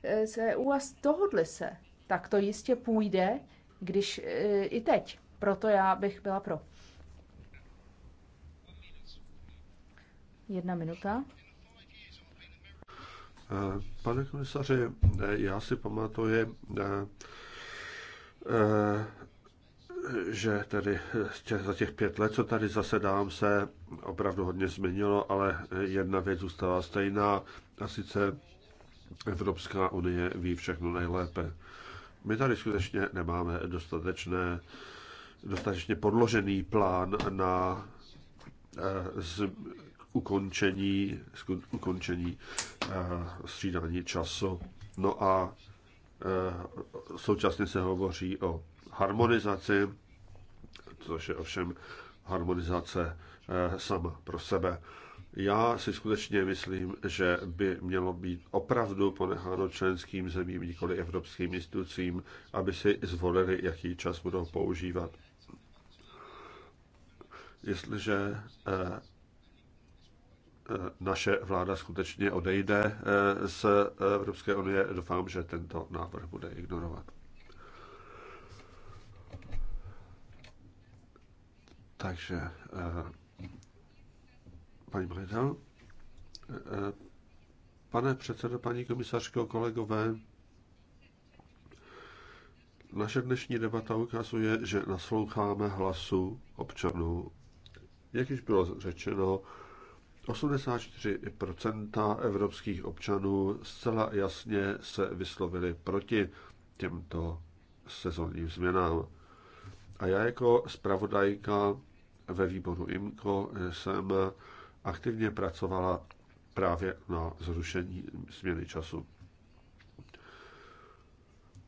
eh, s EU a dohodli se. Tak to jistě půjde, když eh, i teď. Proto já bych byla pro. Jedna minuta. Eh, pane komisaři, eh, já si pamatuji, eh, že tady za těch pět let, co tady zasedám, se opravdu hodně změnilo, ale jedna věc zůstala stejná, a sice Evropská unie ví všechno nejlépe. My tady skutečně nemáme dostatečné, dostatečně podložený plán na ukončení, ukončení eh, střídání času. No a eh, současně se hovoří o harmonizaci, což je ovšem harmonizace eh, sama pro sebe. Já si skutečně myslím, že by mělo být opravdu ponecháno členským zemím, nikoli evropským institucím, aby si zvolili, jaký čas budou používat. Jestliže naše vláda skutečně odejde eh, z Evropské unie. Doufám, že tento návrh bude ignorovat. Takže eh, paní Majda, eh, pane předsedo, paní komisařko, kolegové, naše dnešní debata ukazuje, že nasloucháme hlasu občanů. Jak již bylo řečeno, 84% evropských občanů zcela jasně se vyslovili proti těmto sezónním změnám. A já jako zpravodajka ve výboru IMCO jsem aktivně pracovala právě na zrušení změny času.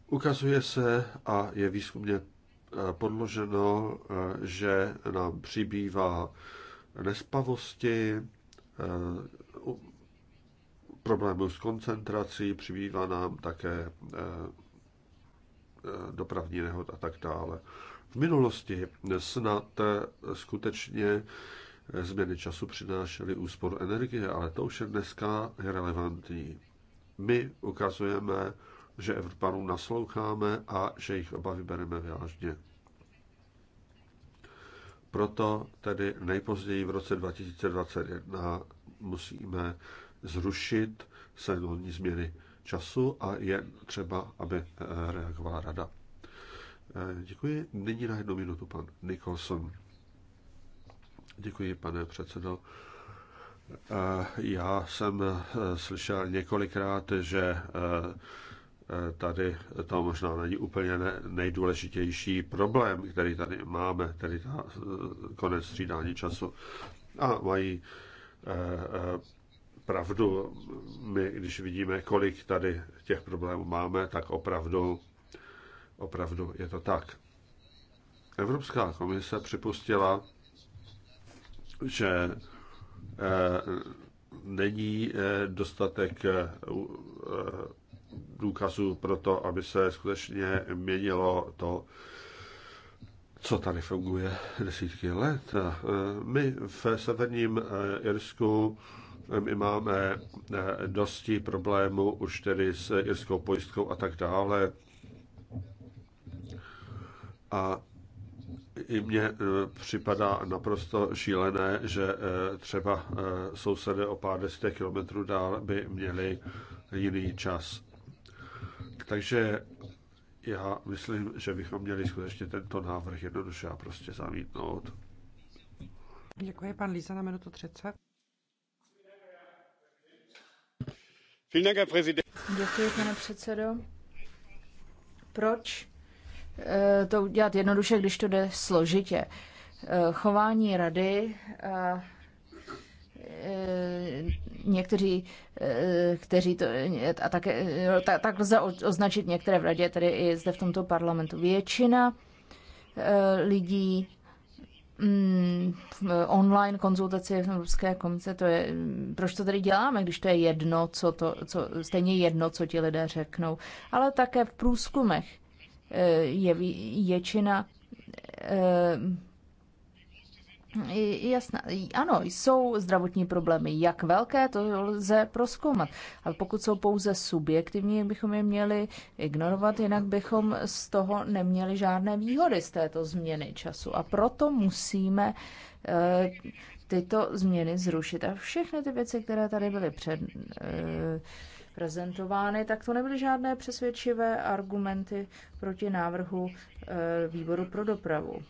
Ukazuje se a je výzkumně eh, podloženo, eh, že nám přibývá nespavosti, Eh, problémů s koncentrací, přibývá nám také eh, eh, dopravní nehod a tak dále. V minulosti snad skutečně změny času přinášely úsporu energie, ale to už je dneska relevantní. My ukazujeme, že Evropanům nasloucháme a že jejich obavy bereme vážně. Proto tedy nejpozději v roce 2021 musíme zrušit sezónní změny času a je třeba, aby eh, reagovala rada. Eh, děkuji. Nyní na jednu minutu pan Nicholson. Děkuji, pane předsedo. Eh, já jsem slyšel několikrát, že tady to možná není úplně nejdůležitější problém, který tady máme, tedy ta eh, konec střídání času. A mají eh, eh, pravdu, my když vidíme, kolik tady těch problémů máme, tak opravdu, opravdu je to tak. Evropská komise připustila, že není dostatek důkazů pro to, aby se skutečně měnilo to, co tady funguje desítky let. E, my v severním e, Irsku e, my máme dosti problémů už tedy s irskou pojistkou a tak dále. A i mně připadá naprosto šílené, že třeba sousedé o pár desítek kilometrů dál by měli jiný čas. Takže já myslím, že bychom měli skutečně tento návrh jednoduše a prostě zamítnout. Děkuji, pan Líza, na minutu 30. Děkuji, pane předsedo. Proč eh, to udělat jednoduše, když to jde složitě? Eh, chování rady Eh, někteří, eh, kteří to, eh, a také, tak, tak lze označit některé v radě, tedy i zde v tomto parlamentu. Většina lidí mm, online konzultaci v Evropské komise, to je, mm, proč to tady děláme, když to je jedno, co to, co, stejně jedno, co ti lidé řeknou. Ale také v průzkumech je většina Jasná. Ano, jsou zdravotní problémy. Jak velké, to lze proskoumat. Ale pokud jsou pouze subjektivní, bychom je měli ignorovat, jinak bychom z toho neměli žádné výhody z této změny času. A proto musíme eh, tyto změny zrušit. A všechny ty věci, které tady byly před, eh, prezentovány, tak to nebyly žádné přesvědčivé argumenty proti návrhu eh, výboru pro dopravu.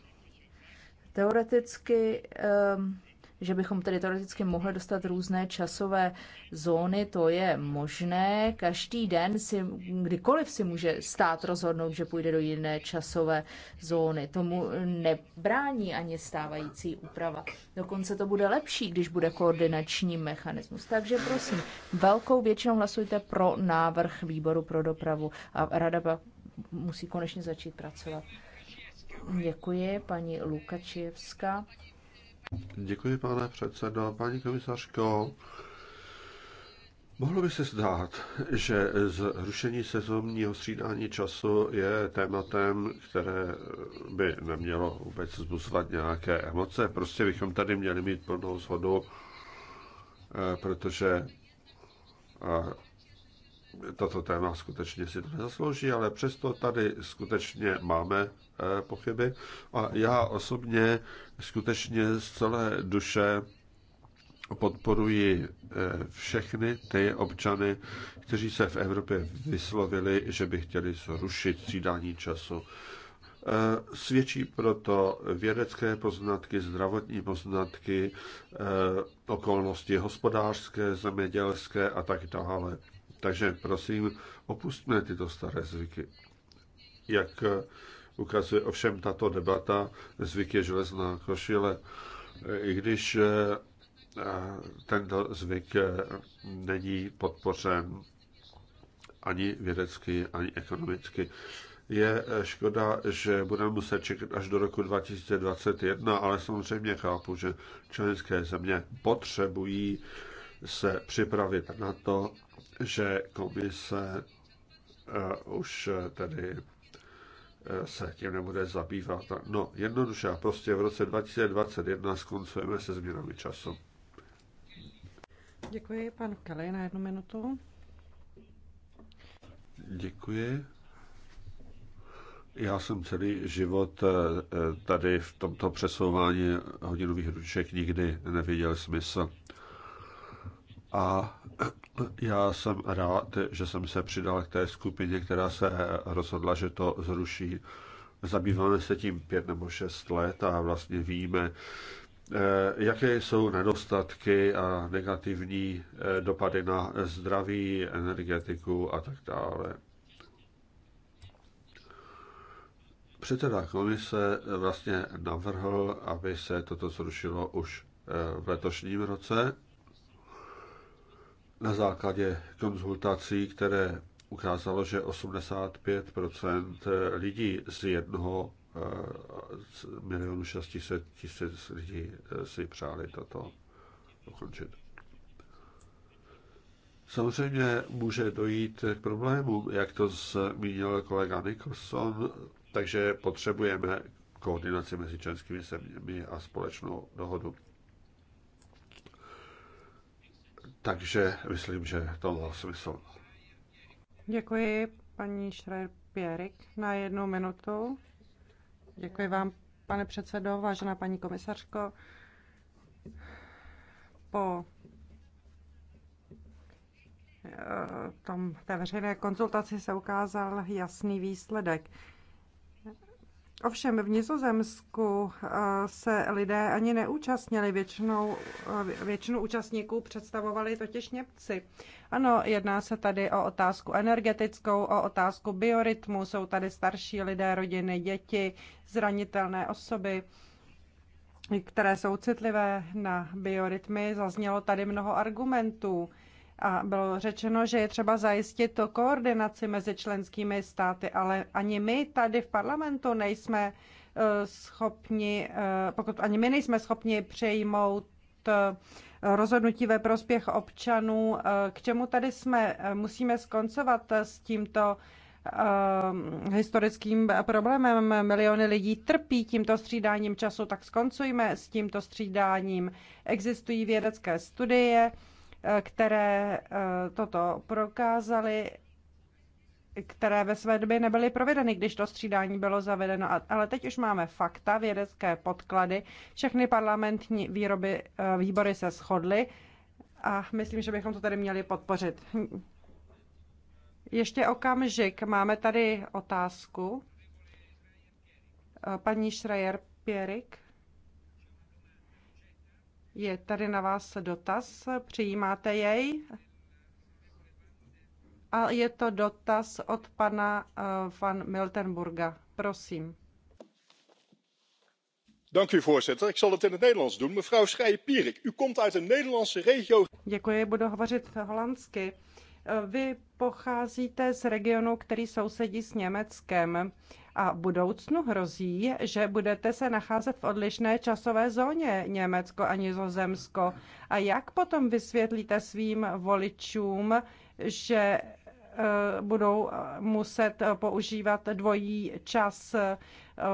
Teoreticky, ehm, že bychom tedy teoreticky mohli dostat různé časové zóny, to je možné. Každý den si, kdykoliv si může stát rozhodnout, že půjde do jiné časové zóny. Tomu nebrání ani stávající úprava. Dokonce to bude lepší, když bude koordinační mechanismus. Takže prosím, velkou většinou hlasujte pro návrh výboru pro dopravu a rada musí konečně začít pracovat. Děkuji, paní Lukačevská. Děkuji, pane předsedo. Paní komisařko, Mohlo by se zdát, že zrušení sezónního střídání času je tématem, které by nemělo vůbec zbuzovat nějaké emoce. Prostě bychom tady měli mít plnou shodu, eh, protože eh, toto téma skutečně si to nezaslouží, ale přesto tady skutečně máme eh, pochyby. A já osobně skutečně z celé duše podporuji eh, všechny ty občany, kteří se v Evropě vyslovili, že by chtěli zrušit střídání času. Eh, svědčí proto vědecké poznatky, zdravotní poznatky, okolnosti hospodářské, zemědělské a tak dále. Takže prosím, opustme tyto staré zvyky. Jak ukazuje ovšem tato debata, zvyk je železná košile. I když eh, tento zvyk eh, není podpořen ani vědecky, ani ekonomicky. Je eh, škoda, že budeme muset čekat až do roku 2021, ale samozřejmě chápu, že členské země potřebují se připravit na to, že komise eh, už eh, tedy eh, se tím nebude zabývat. No, jednoduše a prostě v roce 2021 skoncujeme se změnami času. Děkuji, pan Kelly, na jednu minutu. Děkuji. Já jsem celý život tady v tomto přesouvání hodinových ruček nikdy neviděl smysl. A já jsem rád, že jsem se přidal k té skupině, která se rozhodla, že to zruší. Zabýváme se tím pět nebo šest let a vlastně víme, eh, jaké jsou nedostatky a negativní eh, dopady na zdraví, energetiku a tak dále. Předseda komise vlastně navrhl, aby se toto zrušilo už eh, v letošním roce na základě konzultací, které ukázalo, že 85 lidí z jednoho eh, z milionu 600 tisíc lidí eh, si přáli toto ukončit. Samozřejmě může dojít k problémům, jak to zmínil kolega Nicholson, takže potřebujeme koordinaci mezi členskými zeměmi a společnou dohodu. Takže myslím, že to má smysl. Děkuji, paní Šrajer Pěrik, na jednu minutu. Děkuji vám, pane předsedo, vážená paní komisařko. Po eh, tom, té veřejné konzultaci se ukázal jasný výsledek. Ovšem v Nizozemsku eh, se lidé ani neúčastnili, většinou, eh, většinu účastníků představovali totiž Němci. Ano, jedná se tady o otázku energetickou, o otázku biorytmu, jsou tady starší lidé, rodiny, děti, zranitelné osoby které jsou citlivé na biorytmy. Zaznělo tady mnoho argumentů. A bylo řečeno, že je třeba zajistit to koordinaci mezi členskými státy, ale ani my tady v parlamentu nejsme eh, schopni, eh, pokud ani my nejsme schopni přejmout eh, rozhodnutí ve prospěch občanů, k čemu tady jsme, musíme skoncovat s tímto historickým problémem. Miliony lidí trpí tímto střídáním času, tak skoncujme s tímto střídáním. Existují vědecké studie, Eh, které eh, toto prokázaly, které ve své době nebyly provedeny, když to střídání bylo zavedeno. Ale teď už máme fakta, vědecké podklady, všechny parlamentní výroby, eh, výbory se shodly a myslím, že bychom to tady měli podpořit. Ještě okamžik, máme tady otázku. Paní Schreier Pierik. Je tady na vás dotaz, přijímáte jej? A je to dotaz od pana eh, van Miltenburga. Prosím. Dank u voorzitter. Ik zal het in het Nederlands doen. Mevrouw Schreier-Pierik, u komt uit een Nederlandse regio. Děkuji, budu hovořit holandsky. Eh, vy pocházíte z regionu, který sousedí s Německem a v budoucnu hrozí, že budete se nacházet v odlišné časové zóně Německo a Nizozemsko. A jak potom vysvětlíte svým voličům, že eh, budou eh, muset eh, používat dvojí čas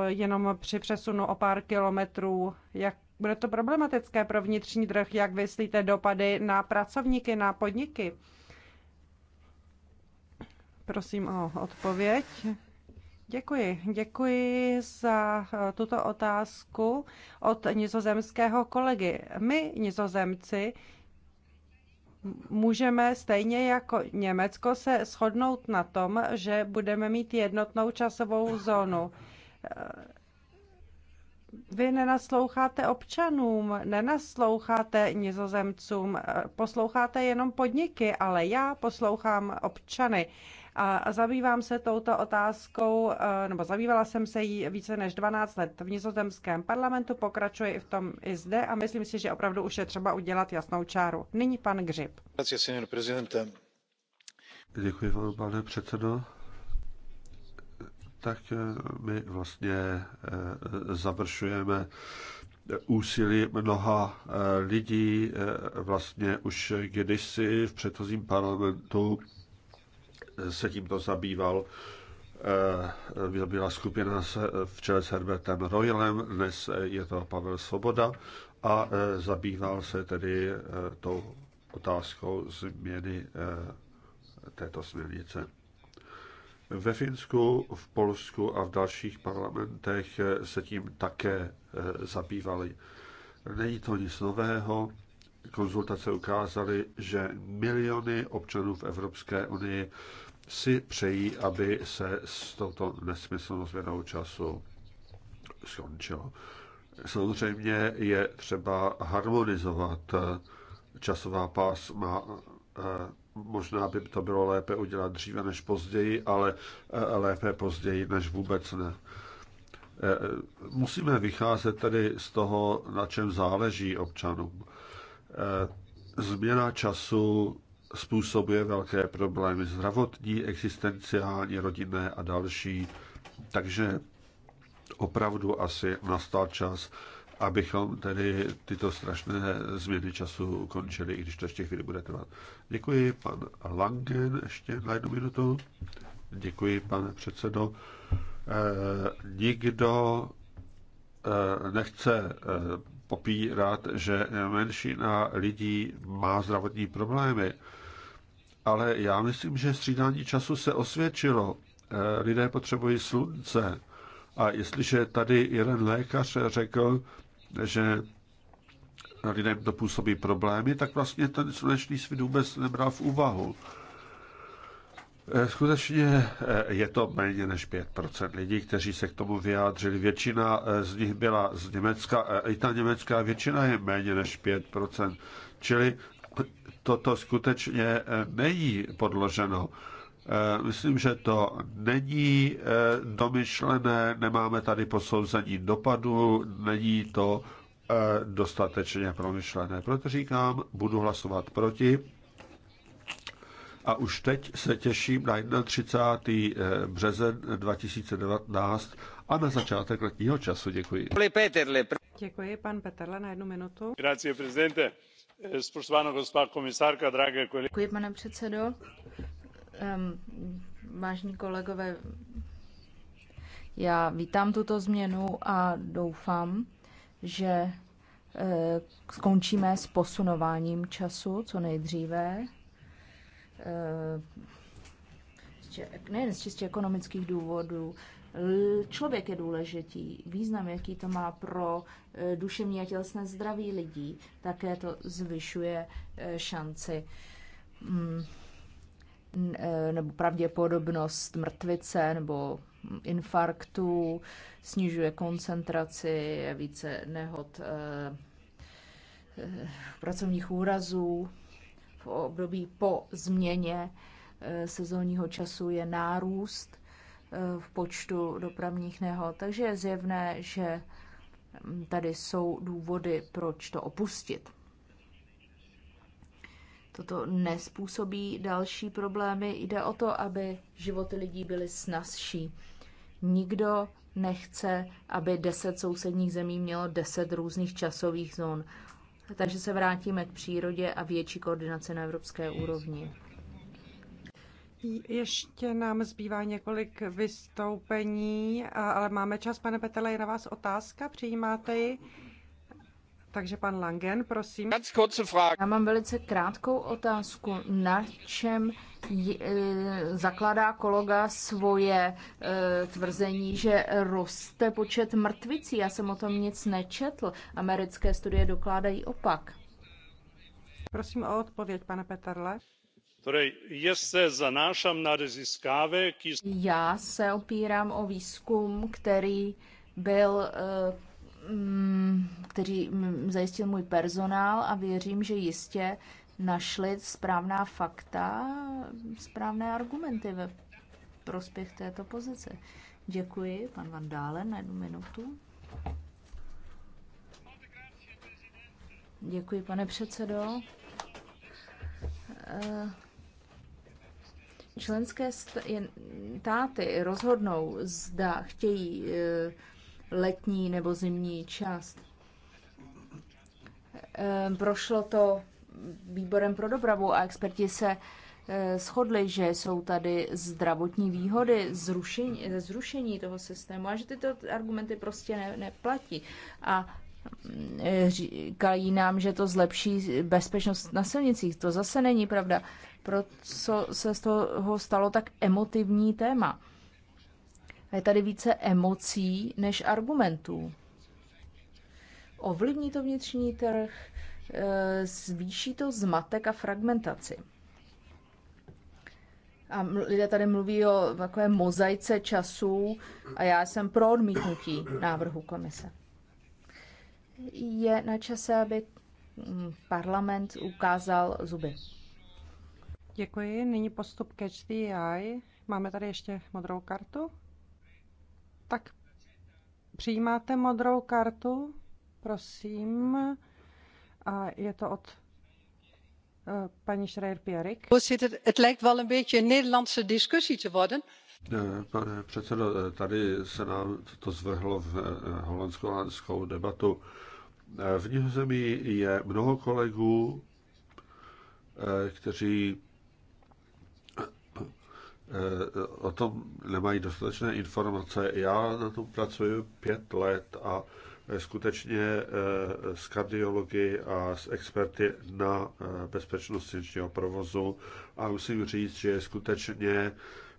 jenom při přesunu o pár kilometrů. Jak bude to problematické pro vnitřní trh? Jak vyslíte dopady na pracovníky, na podniky? Prosím o odpověď. Děkuji. Děkuji za eh, tuto otázku od nizozemského kolegy. My, nizozemci, můžeme stejně jako Německo se shodnout na tom, že budeme mít jednotnou časovou zónu. Eh, vy nenasloucháte občanům, nenasloucháte nizozemcům, eh, posloucháte jenom podniky, ale já poslouchám občany. A zabývám se touto otázkou, eh, nebo zabývala jsem se jí více než 12 let v nizozemském parlamentu, pokračuje i v tom i zde a myslím si, že opravdu už je třeba udělat jasnou čáru. Nyní pan Gřib. Děkuji vám, pane předsedo tak eh, my vlastně eh, završujeme úsilí mnoha lidí. Vlastně už kdysi v předchozím parlamentu se tímto zabýval eh, byla skupina v čele s Herbertem Royalem, dnes je to Pavel Svoboda a eh, zabýval se tedy eh, tou otázkou změny této směrnice. Ve Finsku, v Polsku a v dalších parlamentech se tím také zabývali. Není to nic nového. Konzultace ukázaly, že miliony občanů v Evropské unii si přejí, aby se s touto nesmyslnou změnou času skončilo. Samozřejmě je třeba harmonizovat časová pásma. Možná by to bylo lépe udělat dříve než později, ale lépe později než vůbec ne. Musíme vycházet tedy z toho, na čem záleží občanům. Změna času způsobuje velké problémy zdravotní, existenciální, rodinné a další. Takže opravdu asi nastal čas, abychom tedy tyto strašné změny času ukončili, i když to ještě chvíli bude trvat. Děkuji, pan Langen, ještě na jednu minutu. Děkuji, pane předsedo. E, nikdo e, nechce e, popírat, že menšina lidí má zdravotní problémy ale já myslím, že střídání času se osvědčilo. Eh, lidé potřebují slunce. A jestliže tady jeden lékař řekl, že lidem to působí problémy, tak vlastně ten slunečný svět vůbec nebral v úvahu. Eh, skutečně eh, je to méně než 5% lidí, kteří se k tomu vyjádřili. Většina z nich byla z Německa, i ta německá většina je méně než 5%. Čili toto skutečně eh, není podloženo. Eh, myslím, že to není eh, domyšlené, nemáme tady posouzení dopadu, není to dostatečně promyšlené. Proto říkám, budu hlasovat proti. A už teď se těším na 31. březen 2019 a na začátek letního času. Děkuji. Děkuji, pan Petrle, na jednu minutu. Grazie, prezidente. Eh, pane předsedo. vážní kolegové, já vítám tuto změnu a doufám, že eh, skončíme s posunováním času co nejdříve. Eh, nejen z čistě ekonomických důvodů, Člověk je důležitý, význam, jaký to má pro e, duševní a tělesné zdraví lidí, také to zvyšuje e, šanci mm, e, nebo pravděpodobnost mrtvice nebo infarktu, snižuje koncentraci, je více nehod pracovních úrazů. V období po změně sezónního času je nárůst Eh, v počtu dopravních nehod. Takže je zjevné, že tady jsou důvody, proč to opustit. Toto nespůsobí další problémy. Jde o to, aby životy lidí byly snazší. Nikdo nechce, aby deset sousedních zemí mělo deset různých časových zón. Takže se vrátíme k přírodě a větší koordinaci na evropské úrovni. Ještě nám zbývá několik vystoupení, ale máme čas. Pane Petele, je na vás otázka, přijímáte ji? Takže pan Langen, prosím. Já mám velice krátkou otázku. Na čem j, e, zakládá kolega svoje e, tvrzení, že roste počet mrtvicí? Já jsem o tom nic nečetl. Americké studie dokládají opak. Prosím o odpověď, pane Peterle. Já se opírám o výzkum, který byl, eh, mm, který mm, zajistil můj personál a věřím, že jistě našli správná fakta, správné argumenty ve prospěch této pozice. Děkuji, pan Van Dálen, na jednu minutu. Děkuji, pane předsedo. Eh, členské státy rozhodnou, zda chtějí eh, letní nebo zimní část. Ehm, prošlo to výborem pro dopravu a experti se eh, shodli, že jsou tady zdravotní výhody zrušení, zrušení toho systému a že tyto argumenty prostě ne, neplatí. A říkají nám, že to zlepší bezpečnost na silnicích. To zase není pravda. Proč se z toho stalo tak emotivní téma. je tady více emocí než argumentů. Ovlivní to vnitřní trh, eh, zvýší to zmatek a fragmentaci. A lidé tady mluví o takové mozaice časů a já jsem pro odmítnutí návrhu komise je na čase, aby mm, parlament ukázal zuby. Děkuji. Nyní postup ke HDI. Máme tady ještě modrou kartu. Tak přijímáte modrou kartu, prosím. A je to od eh, paní Schreier-Pierik. het lijkt wel een beetje een Nederlandse discussie te worden, Pane předsedo, tady se nám to zvrhlo v holandsko-holandskou eh, debatu. Eh, v Nizozemí je mnoho kolegů, eh, kteří o tom nemají dostatečné informace. Já na tom pracuji pět let a skutečně s kardiology a s experty na bezpečnost silničního provozu a musím říct, že je skutečně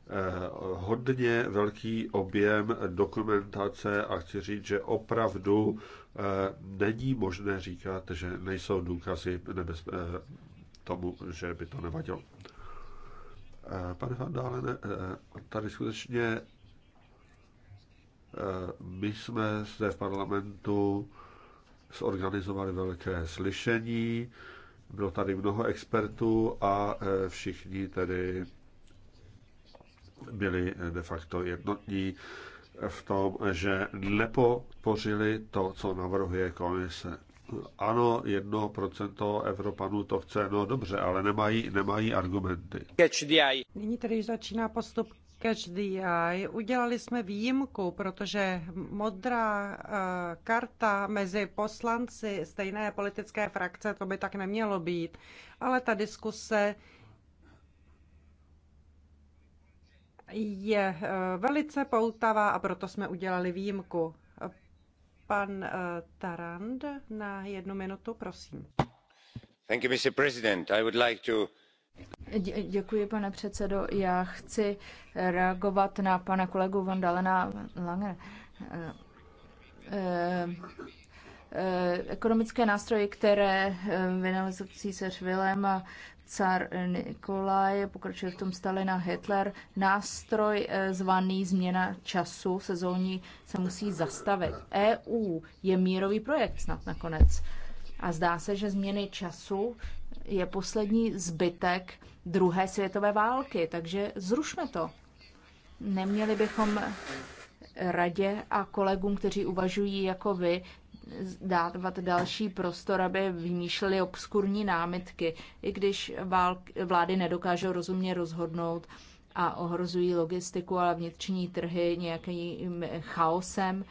Eh, hodně velký objem dokumentace a chci říct, že opravdu eh, není možné říkat, že nejsou důkazy nebezpe- eh, tomu, že by to nevadilo. Pane Vandále, tady skutečně my jsme zde v parlamentu zorganizovali velké slyšení, bylo tady mnoho expertů a všichni tedy byli eh, de facto jednotní v tom, že nepodpořili to, co navrhuje komise. Ano, jedno procento Evropanů to chce, no dobře, ale nemají, nemají argumenty. Nyní tedy začíná postup Catch the Eye. Udělali jsme výjimku, protože modrá eh, karta mezi poslanci stejné politické frakce, to by tak nemělo být, ale ta diskuse je eh, velice poutavá a proto jsme udělali výjimku. Pan eh, Tarand na jednu minutu, prosím. Thank you, Mr. President. I would like to... děkuji, pane předsedo. Já chci reagovat na pana kolegu Vandalena Dalena Lange. Eh, ekonomické nástroje, které vynalezl císař Vilém a car Nikolaj, pokračuje v tom Stalina Hitler, nástroj eh, zvaný změna času sezóní se musí zastavit. EU je mírový projekt snad nakonec. A zdá se, že změny času je poslední zbytek druhé světové války, takže zrušme to. Neměli bychom radě a kolegům, kteří uvažují jako vy, dávat další prostor, aby vymýšleli obskurní námitky, i když vlády nedokážou rozumně rozhodnout a ohrozují logistiku a vnitřní trhy nějakým chaosem,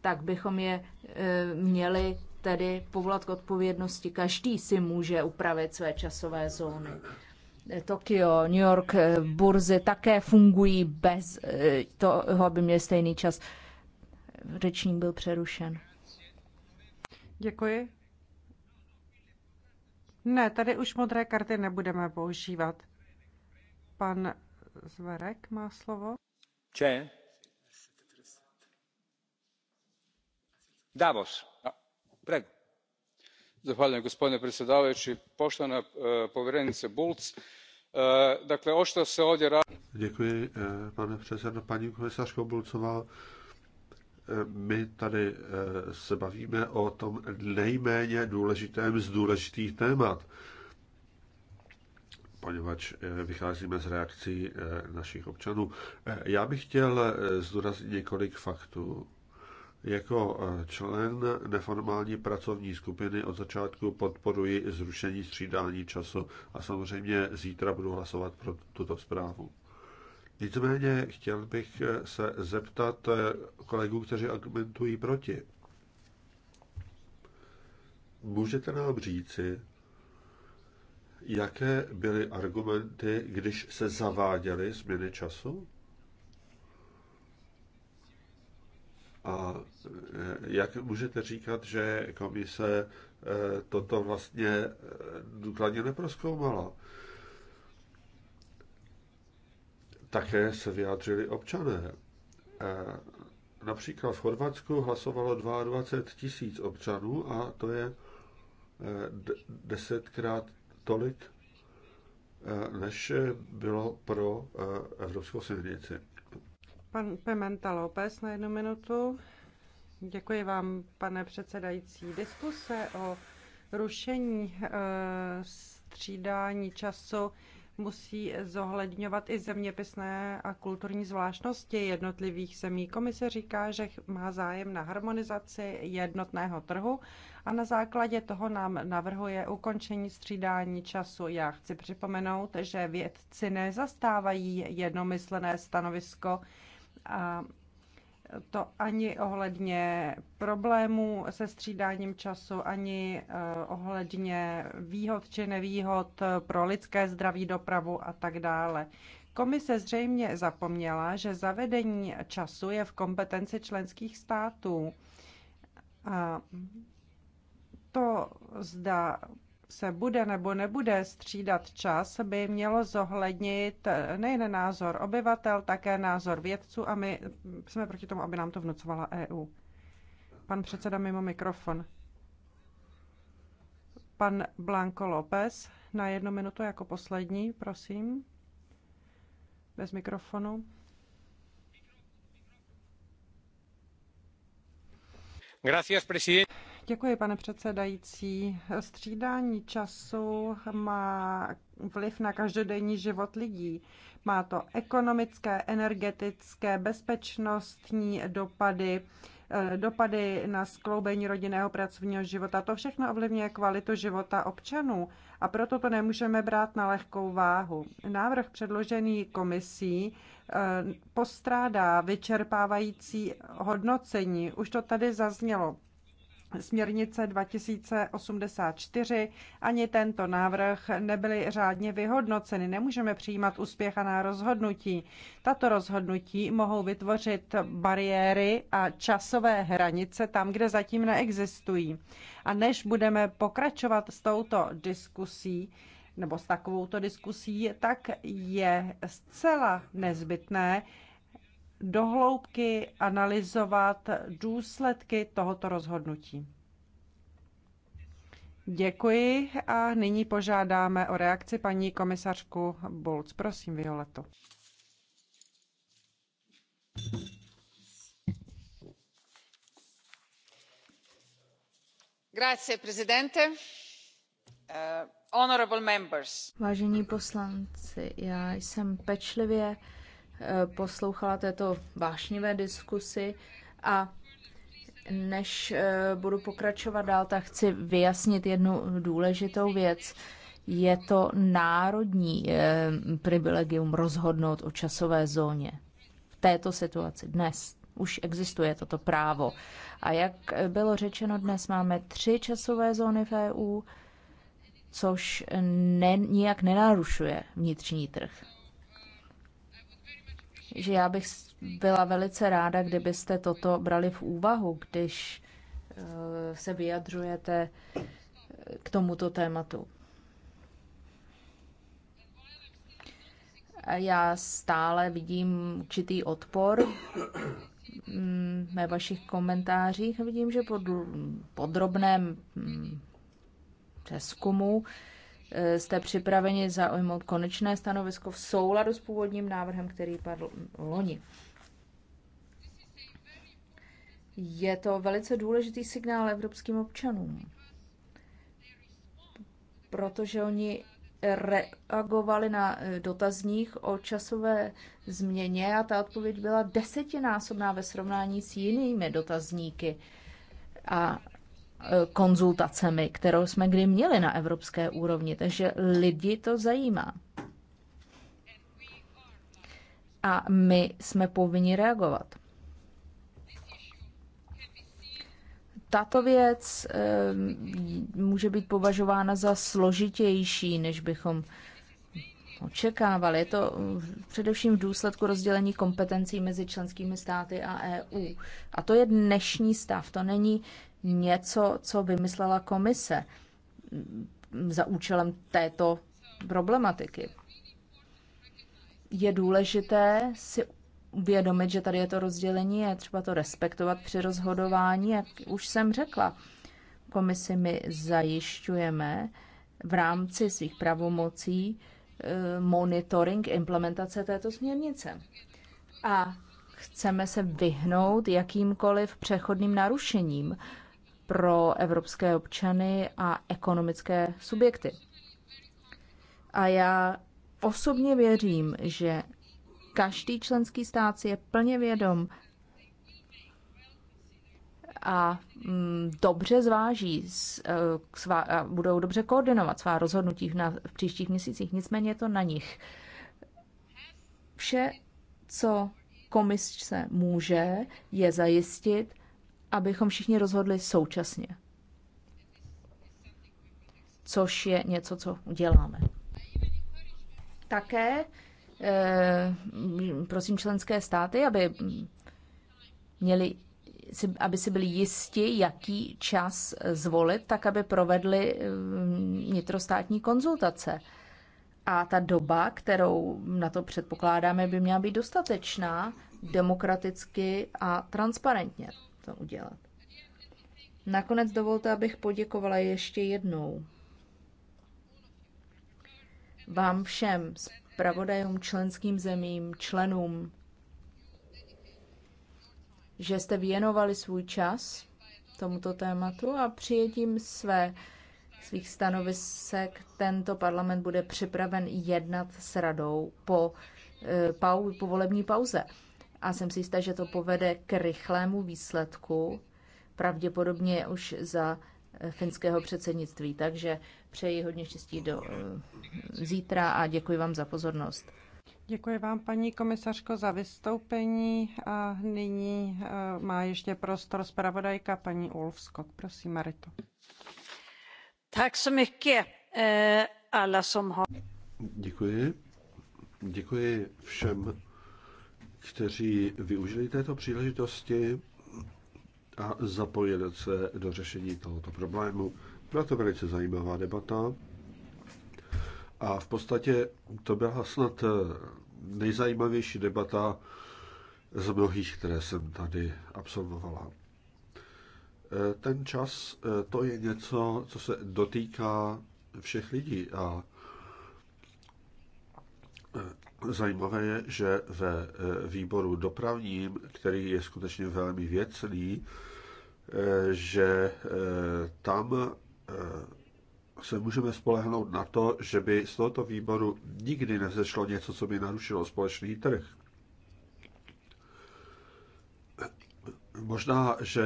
tak bychom je eh, měli tedy povolat k odpovědnosti. Každý si může upravit své časové zóny. Tokio, New York, eh, burzy také fungují bez eh, toho, aby měli stejný čas. Řečník byl přerušen. Děkuji. Ne, tady už modré karty nebudeme používat. Pan Zverek má slovo. Če? Davos. Prego. Zahvaljujem gospodine predsjedavajući. Poštovana e, povjerenice Bulc, e, dakle, ošto se ovdje radi... Děkuji, e, pane předsedo, paní komisařko Bulcová my tady eh, se bavíme o tom nejméně důležitém z důležitých témat, poněvadž eh, vycházíme z reakcí eh, našich občanů. Já bych chtěl zdůraznit několik faktů. Jako člen neformální pracovní skupiny od začátku podporuji zrušení střídání času a samozřejmě zítra budu hlasovat pro tuto zprávu. Nicméně chtěl bych eh, se zeptat eh, kolegů, kteří argumentují proti. Můžete nám říci, jaké byly argumenty, když se zaváděly změny času? A eh, jak můžete říkat, že komise toto vlastně důkladně neproskoumala? také se vyjádřili občané. E, například v Chorvatsku hlasovalo 22 tisíc občanů a to je e, desetkrát tolik, e, než bylo pro Evropskou silnici. Pan Pimenta López na jednu minutu. Děkuji vám, pane předsedající. Diskuse o rušení střídání času musí zohledňovat i zeměpisné a kulturní zvláštnosti jednotlivých zemí. Komise říká, že má zájem na harmonizaci jednotného trhu a na základě toho nám navrhuje ukončení střídání času. Já chci připomenout, že vědci nezastávají jednomyslené stanovisko a to ani ohledně problémů se střídáním času, ani eh, ohledně výhod či nevýhod pro lidské zdraví, dopravu a tak dále. Komise zřejmě zapomněla, že zavedení času je v kompetenci členských států. A to zda se bude nebo nebude střídat čas, by mělo zohlednit nejen názor obyvatel, také názor vědců a my jsme proti tomu, aby nám to vnucovala EU. Pan předseda mimo mikrofon. Pan Blanco López na jednu minutu jako poslední, prosím. Bez mikrofonu. Gracias, presidente. Děkuji, pane předsedající. Střídání času má vliv na každodenní život lidí. Má to ekonomické, energetické, bezpečnostní dopady, eh, dopady na skloubení rodinného pracovního života. To všechno ovlivňuje kvalitu života občanů a proto to nemůžeme brát na lehkou váhu. Návrh předložený komisí eh, postrádá vyčerpávající hodnocení. Už to tady zaznělo směrnice 2084, ani tento návrh nebyly řádně vyhodnoceny. Nemůžeme přijímat uspěchaná rozhodnutí. Tato rozhodnutí mohou vytvořit bariéry a časové hranice tam, kde zatím neexistují. A než budeme pokračovat s touto diskusí, nebo s takovouto diskusí, tak je zcela nezbytné, dohloubky analyzovat důsledky tohoto rozhodnutí. Děkuji a nyní požádáme o reakci paní komisařku Bolc. Prosím, Violeto. Grazie, presidente. Uh, honorable members. Vážení poslanci, já jsem pečlivě Eh, poslouchala této vášnivé diskusy a než eh, budu pokračovat dál, tak chci vyjasnit jednu důležitou věc. Je to národní eh, privilegium rozhodnout o časové zóně. V této situaci dnes už existuje toto právo. A jak bylo řečeno, dnes máme tři časové zóny v EU, což ne, nijak nenarušuje vnitřní trh že já bych byla velice ráda, kdybyste toto brali v úvahu, když eh, se vyjadřujete eh, k tomuto tématu. Já stále vidím určitý odpor mm, ve vašich komentářích a vidím, že po podrobném mm, přeskumu Eh, jste připraveni zaujmout konečné stanovisko v souladu s původním návrhem, který padl loni. Je to velice důležitý signál evropským občanům, protože oni reagovali na eh, dotazních o časové změně a ta odpověď byla desetinásobná ve srovnání s jinými dotazníky. A Eh, konzultacemi, kterou jsme kdy měli na evropské úrovni, takže lidi to zajímá. A my jsme povinni reagovat. Tato věc eh, může být považována za složitější, než bychom očekávali. Je to eh, především v důsledku rozdělení kompetencí mezi členskými státy a EU. A to je dnešní stav. To není něco, co vymyslela komise za účelem této problematiky. Je důležité si uvědomit, že tady je to rozdělení, je třeba to respektovat při rozhodování, jak už jsem řekla. Komisi my zajišťujeme v rámci svých pravomocí eh, monitoring implementace této směrnice. A chceme se vyhnout jakýmkoliv přechodným narušením pro evropské občany a ekonomické subjekty. A já osobně věřím, že každý členský stát si je plně vědom a mm, dobře zváží eh, svá, a budou dobře koordinovat svá rozhodnutí na, v příštích měsících. Nicméně je to na nich. Vše, co komise může, je zajistit, abychom všichni rozhodli současně. Což je něco, co uděláme. Také eh, prosím členské státy, aby měli aby si byli jisti, jaký čas zvolit, tak aby provedli eh, vnitrostátní konzultace. A ta doba, kterou na to předpokládáme, by měla být dostatečná, demokraticky a transparentně to udělat. Nakonec dovolte, abych poděkovala ještě jednou vám všem, zpravodajům, členským zemím, členům, že jste věnovali svůj čas tomuto tématu a přijetím své, svých stanovisek tento parlament bude připraven jednat s radou po, eh, po volební pauze a jsem si jistá, že to povede k rychlému výsledku, pravděpodobně už za eh, finského předsednictví. Takže přeji hodně štěstí do eh, zítra a děkuji vám za pozornost. Děkuji vám, paní komisařko, za vystoupení a nyní eh, má ještě prostor zpravodajka paní Ulfskok. Prosím, Marito. Tak se mi Děkuji. Děkuji všem kteří využili této příležitosti a zapojili se do řešení tohoto problému. Byla to velice zajímavá debata a v podstatě to byla snad nejzajímavější debata z mnohých, které jsem tady absolvovala. Ten čas, to je něco, co se dotýká všech lidí a Zajímavé je, že ve eh, výboru dopravním, který je skutečně velmi věcný, eh, že eh, tam se můžeme spolehnout na to, že by z tohoto výboru nikdy nezešlo něco, co by narušilo společný trh. Možná, že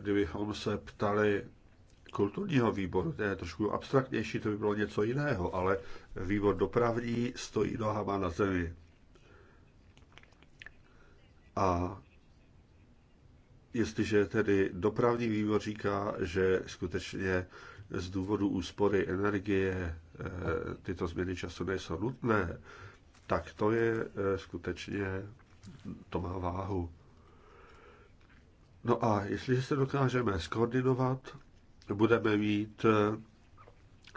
kdybychom se ptali kulturního výboru, to je trošku abstraktnější, to by bylo něco jiného, ale výbor dopravní stojí nohama na zemi. A jestliže tedy dopravní výbor říká, že skutečně z důvodu úspory energie eh, tyto změny času nejsou nutné, tak to je eh, skutečně, to má váhu. No a jestliže se dokážeme skoordinovat, budeme mít eh,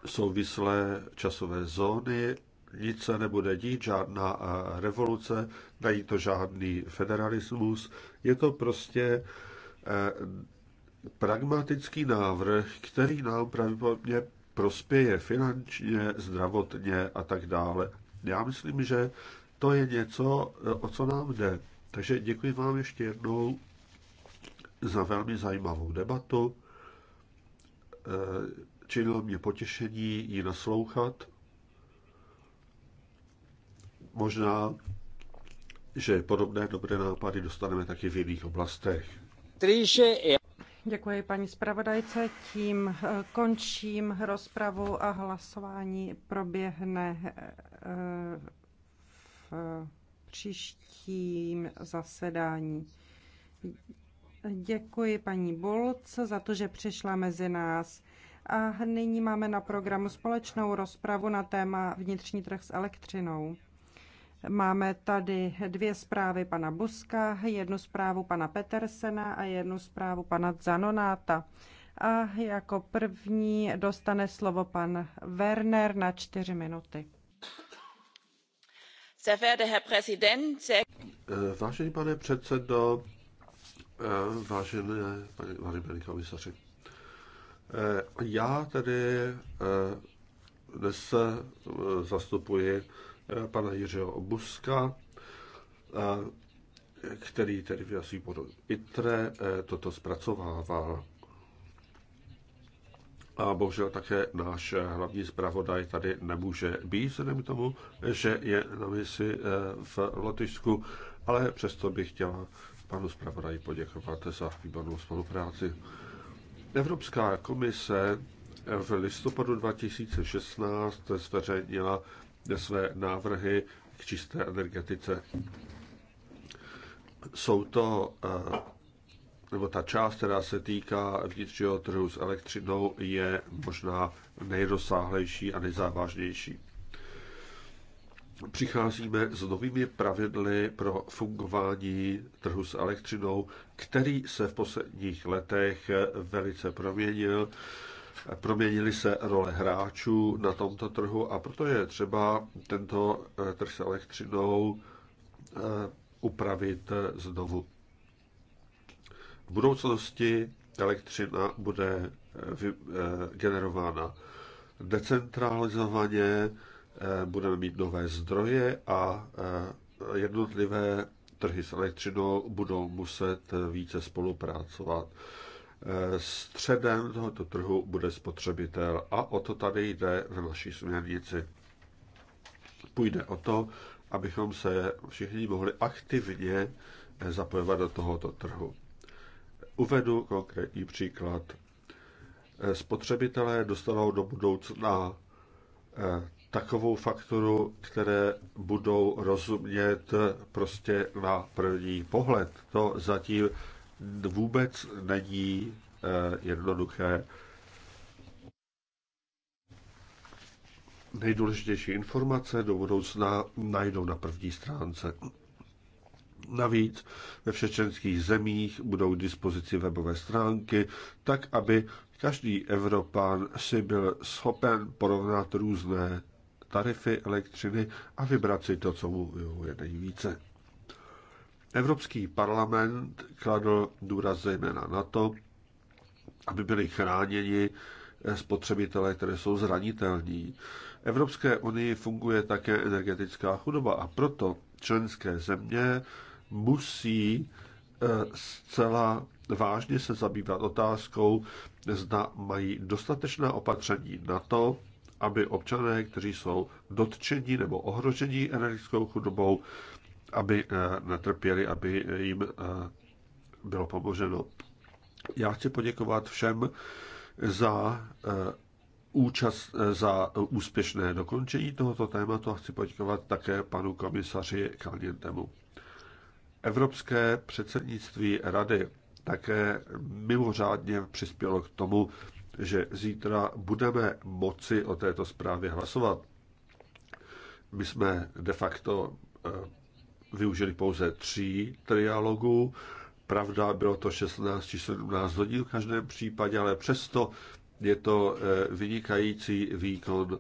souvislé časové zóny, nic se nebude dít, žádná eh, revoluce, není to žádný federalismus, je to prostě eh, pragmatický návrh, který nám pravděpodobně prospěje finančně, zdravotně a tak dále. Já myslím, že to je něco, o co nám jde. Takže děkuji vám ještě jednou za velmi zajímavou debatu Eh, činilo mě potěšení ji naslouchat. Možná, že podobné dobré nápady dostaneme taky v jiných oblastech. Děkuji paní zpravodajce. Tím eh, končím rozpravu a hlasování proběhne eh, v příštím zasedání. Děkuji paní Bolc za to, že přišla mezi nás. A nyní máme na programu společnou rozpravu na téma vnitřní trh s elektřinou. Máme tady dvě zprávy pana Buska, jednu zprávu pana Petersena a jednu zprávu pana Zanonáta. A jako první dostane slovo pan Werner na čtyři minuty. Vážený pane předsedo, Eh, vážené paní, vážený paní komisaři, eh, já tedy eh, dnes zastupuji pana Jiřího Obuska, který tedy v jasný bodu ITRE toto zpracovával. A bohužel také náš hlavní zpravodaj tady nemůže být, vzhledem tomu, že je na misi v Lotyšsku, ale přesto bych chtěla panu zpravodaji poděkovat za výbornou spolupráci. Evropská komise v listopadu 2016 zveřejnila své návrhy k čisté energetice. Jsou to, eh, nebo ta část, která se týká vnitřního trhu s elektřinou, je možná nejrozsáhlejší a nejzávažnější přicházíme s novými pravidly pro fungování trhu s elektřinou, který se v posledních letech velice proměnil. Proměnily se role hráčů na tomto trhu a proto je třeba tento eh, trh s elektřinou eh, upravit eh, znovu. V budoucnosti elektřina bude generována decentralizovaně, budeme mít nové zdroje a e, jednotlivé trhy s elektřinou budou muset e, více spolupracovat. E, středem tohoto trhu bude spotřebitel a o to tady jde v naší směrnici. Půjde o to, abychom se všichni mohli aktivně zapojovat do tohoto trhu. Uvedu konkrétní příklad. Spotřebitelé dostanou do budoucna takovou fakturu, které budou rozumět prostě na první pohled. To zatím vůbec není eh, jednoduché. Nejdůležitější informace do budoucna najdou na první stránce. Navíc ve všečenských zemích budou k dispozici webové stránky, tak aby každý Evropan si byl schopen porovnat různé tarify elektřiny a vybrat si to, co mu vyhovuje nejvíce. Evropský parlament kladl důraz zejména na to, aby byli chráněni spotřebitelé, které jsou zranitelní. Evropské unii funguje také energetická chudoba a proto členské země musí eh, zcela vážně se zabývat otázkou, zda mají dostatečná opatření na to, aby občané, kteří jsou dotčeni nebo ohroženi energetickou chudobou, aby eh, netrpěli, aby jim eh, bylo pomoženo. Já chci poděkovat všem za eh, účast za úspěšné dokončení tohoto tématu a chci poděkovat také panu komisaři Kalnětemu. Evropské předsednictví rady také mimořádně přispělo k tomu, že zítra budeme moci o této zprávě hlasovat. My jsme de facto eh, využili pouze tří trialogů. Pravda, bylo to 16 či 17 hodin v každém případě, ale přesto je to eh, vynikající výkon,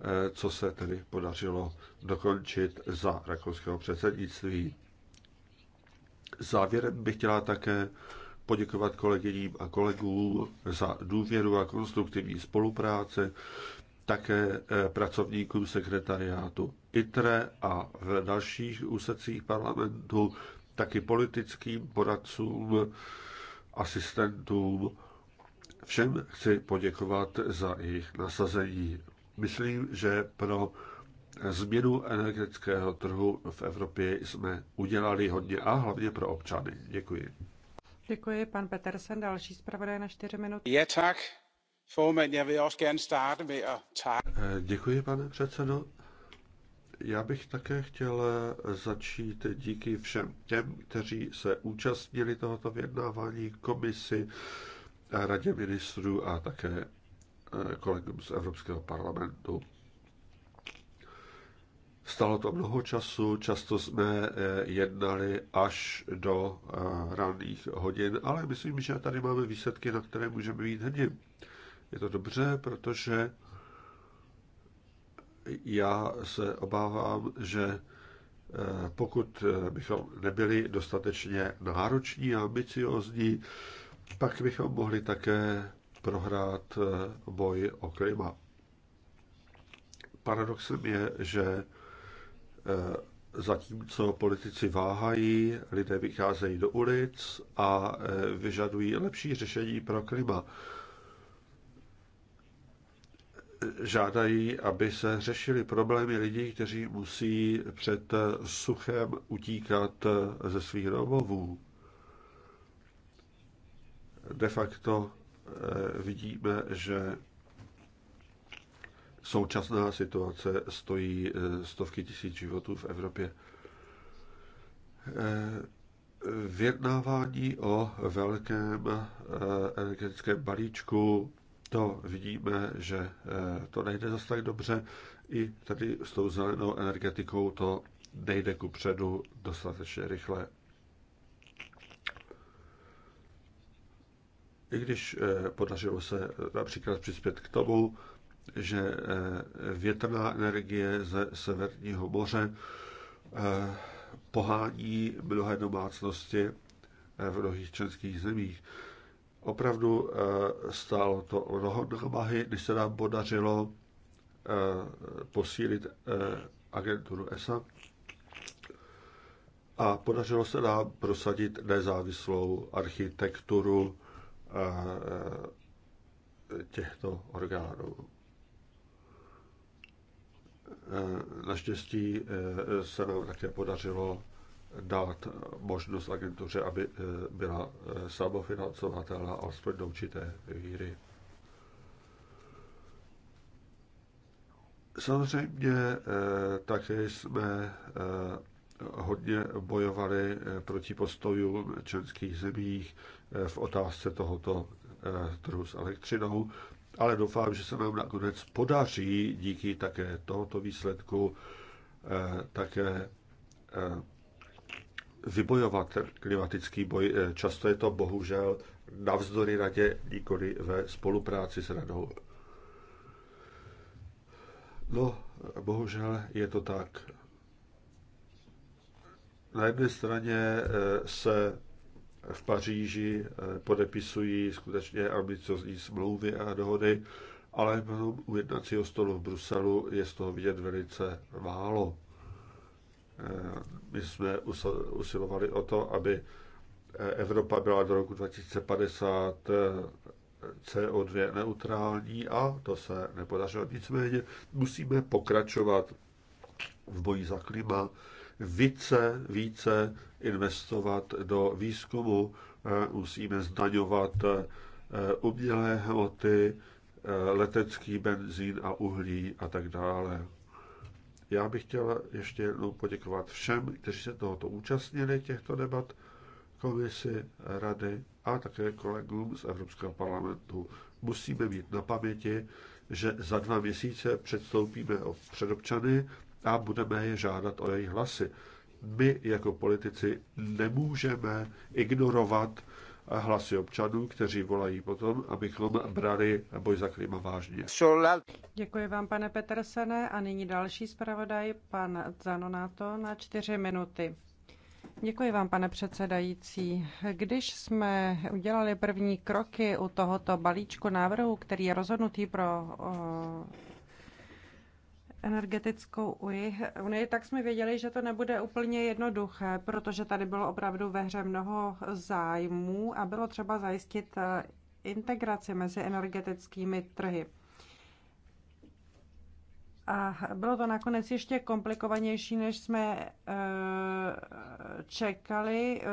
eh, co se tedy podařilo dokončit za rakouského předsednictví. Závěrem bych chtěla také poděkovat kolegyním a kolegům za důvěru a konstruktivní spolupráci, také eh, pracovníkům sekretariátu ITRE a v dalších úsecích parlamentu, taky politickým poradcům, asistentům. Všem chci poděkovat za jejich nasazení. Myslím, že pro eh, změnu energetického trhu v Evropě jsme udělali hodně a hlavně pro občany. Děkuji. Děkuji, pan Petersen, další zpravodaj na čtyři minuty. Je tak. Formand, jeg vil også gerne starte med at takke. Eh, děkuji, pane předsedo. Já bych také chtěl eh, začít díky všem těm, kteří se účastnili tohoto vyjednávání komisi, eh, radě ministrů a také kolegům z Evropského parlamentu. Stalo to mnoho času, často jsme eh, jednali až do eh, ranných hodin, ale myslím, že tady máme výsledky, na které můžeme být hrdí. Je to dobře, protože já se obávám, že eh, pokud bychom nebyli dostatečně nároční a ambiciozní, pak bychom mohli také prohrát boj o klima. Paradoxem je, že Eh, zatímco politici váhají, lidé vycházejí do ulic a eh, vyžadují lepší řešení pro klima. Eh, žádají, aby se řešily problémy lidí, kteří musí před suchem utíkat ze svých domovů. De facto vidíme, že současná situace stojí eh, stovky tisíc životů v Evropě. Eh, Vědnávání o velkém eh, energetickém balíčku, to vidíme, že to nejde zase tak dobře. I tady s tou zelenou energetikou to nejde ku předu dostatečně rychle. I když podařilo se například přispět k tomu, že eh, větrná energie ze Severního moře eh, pohání mnohé domácnosti eh, v mnohých českých zemích. Opravdu stálo to mnoho domahy, když se nám podařilo posílit agenturu ESA a podařilo se nám prosadit nezávislou architekturu těchto orgánů. Eh, naštěstí eh, se nám také podařilo dát možnost agentuře, aby eh, byla samofinancovatelná alespoň do určité víry. Samozřejmě také jsme hodně bojovali proti postojům členských zemích v otázce tohoto trhu s elektřinou ale doufám, že se nám nakonec podaří díky také tohoto výsledku eh, také eh, vybojovat klimatický boj. Eh, často je to bohužel navzdory radě, nikoli ve spolupráci s radou. No, bohužel je to tak. Na jedné straně se v Paříži eh, podepisují skutečně ambiciozní smlouvy a dohody, ale u jednacího stolu v Bruselu je z toho vidět velice málo. Eh, my jsme usilovali o to, aby eh, Evropa byla do roku 2050 CO2 neutrální a to se nepodařilo. Nicméně musíme pokračovat v boji za klima, více, více investovat do výzkumu, eh, musíme zdaňovat eh, umělé hmoty, eh, letecký benzín a uhlí a tak dále. Já bych chtěla ještě jednou poděkovat všem, kteří se tohoto účastnili, těchto debat, komisi, rady a také kolegům z Evropského parlamentu. Musíme mít na paměti, že za dva měsíce předstoupíme o předobčany a budeme je žádat o jejich hlasy my jako politici nemůžeme ignorovat hlasy občanů, kteří volají potom, abychom brali boj za klima vážně. Děkuji vám, pane Petersene. A nyní další zpravodaj, pan Zanonato, na čtyři minuty. Děkuji vám, pane předsedající. Když jsme udělali první kroky u tohoto balíčku návrhu, který je rozhodnutý pro energetickou unii, tak jsme věděli, že to nebude úplně jednoduché, protože tady bylo opravdu ve hře mnoho zájmů a bylo třeba zajistit eh, integraci mezi energetickými trhy. A bylo to nakonec ještě komplikovanější, než jsme eh, čekali. Eh,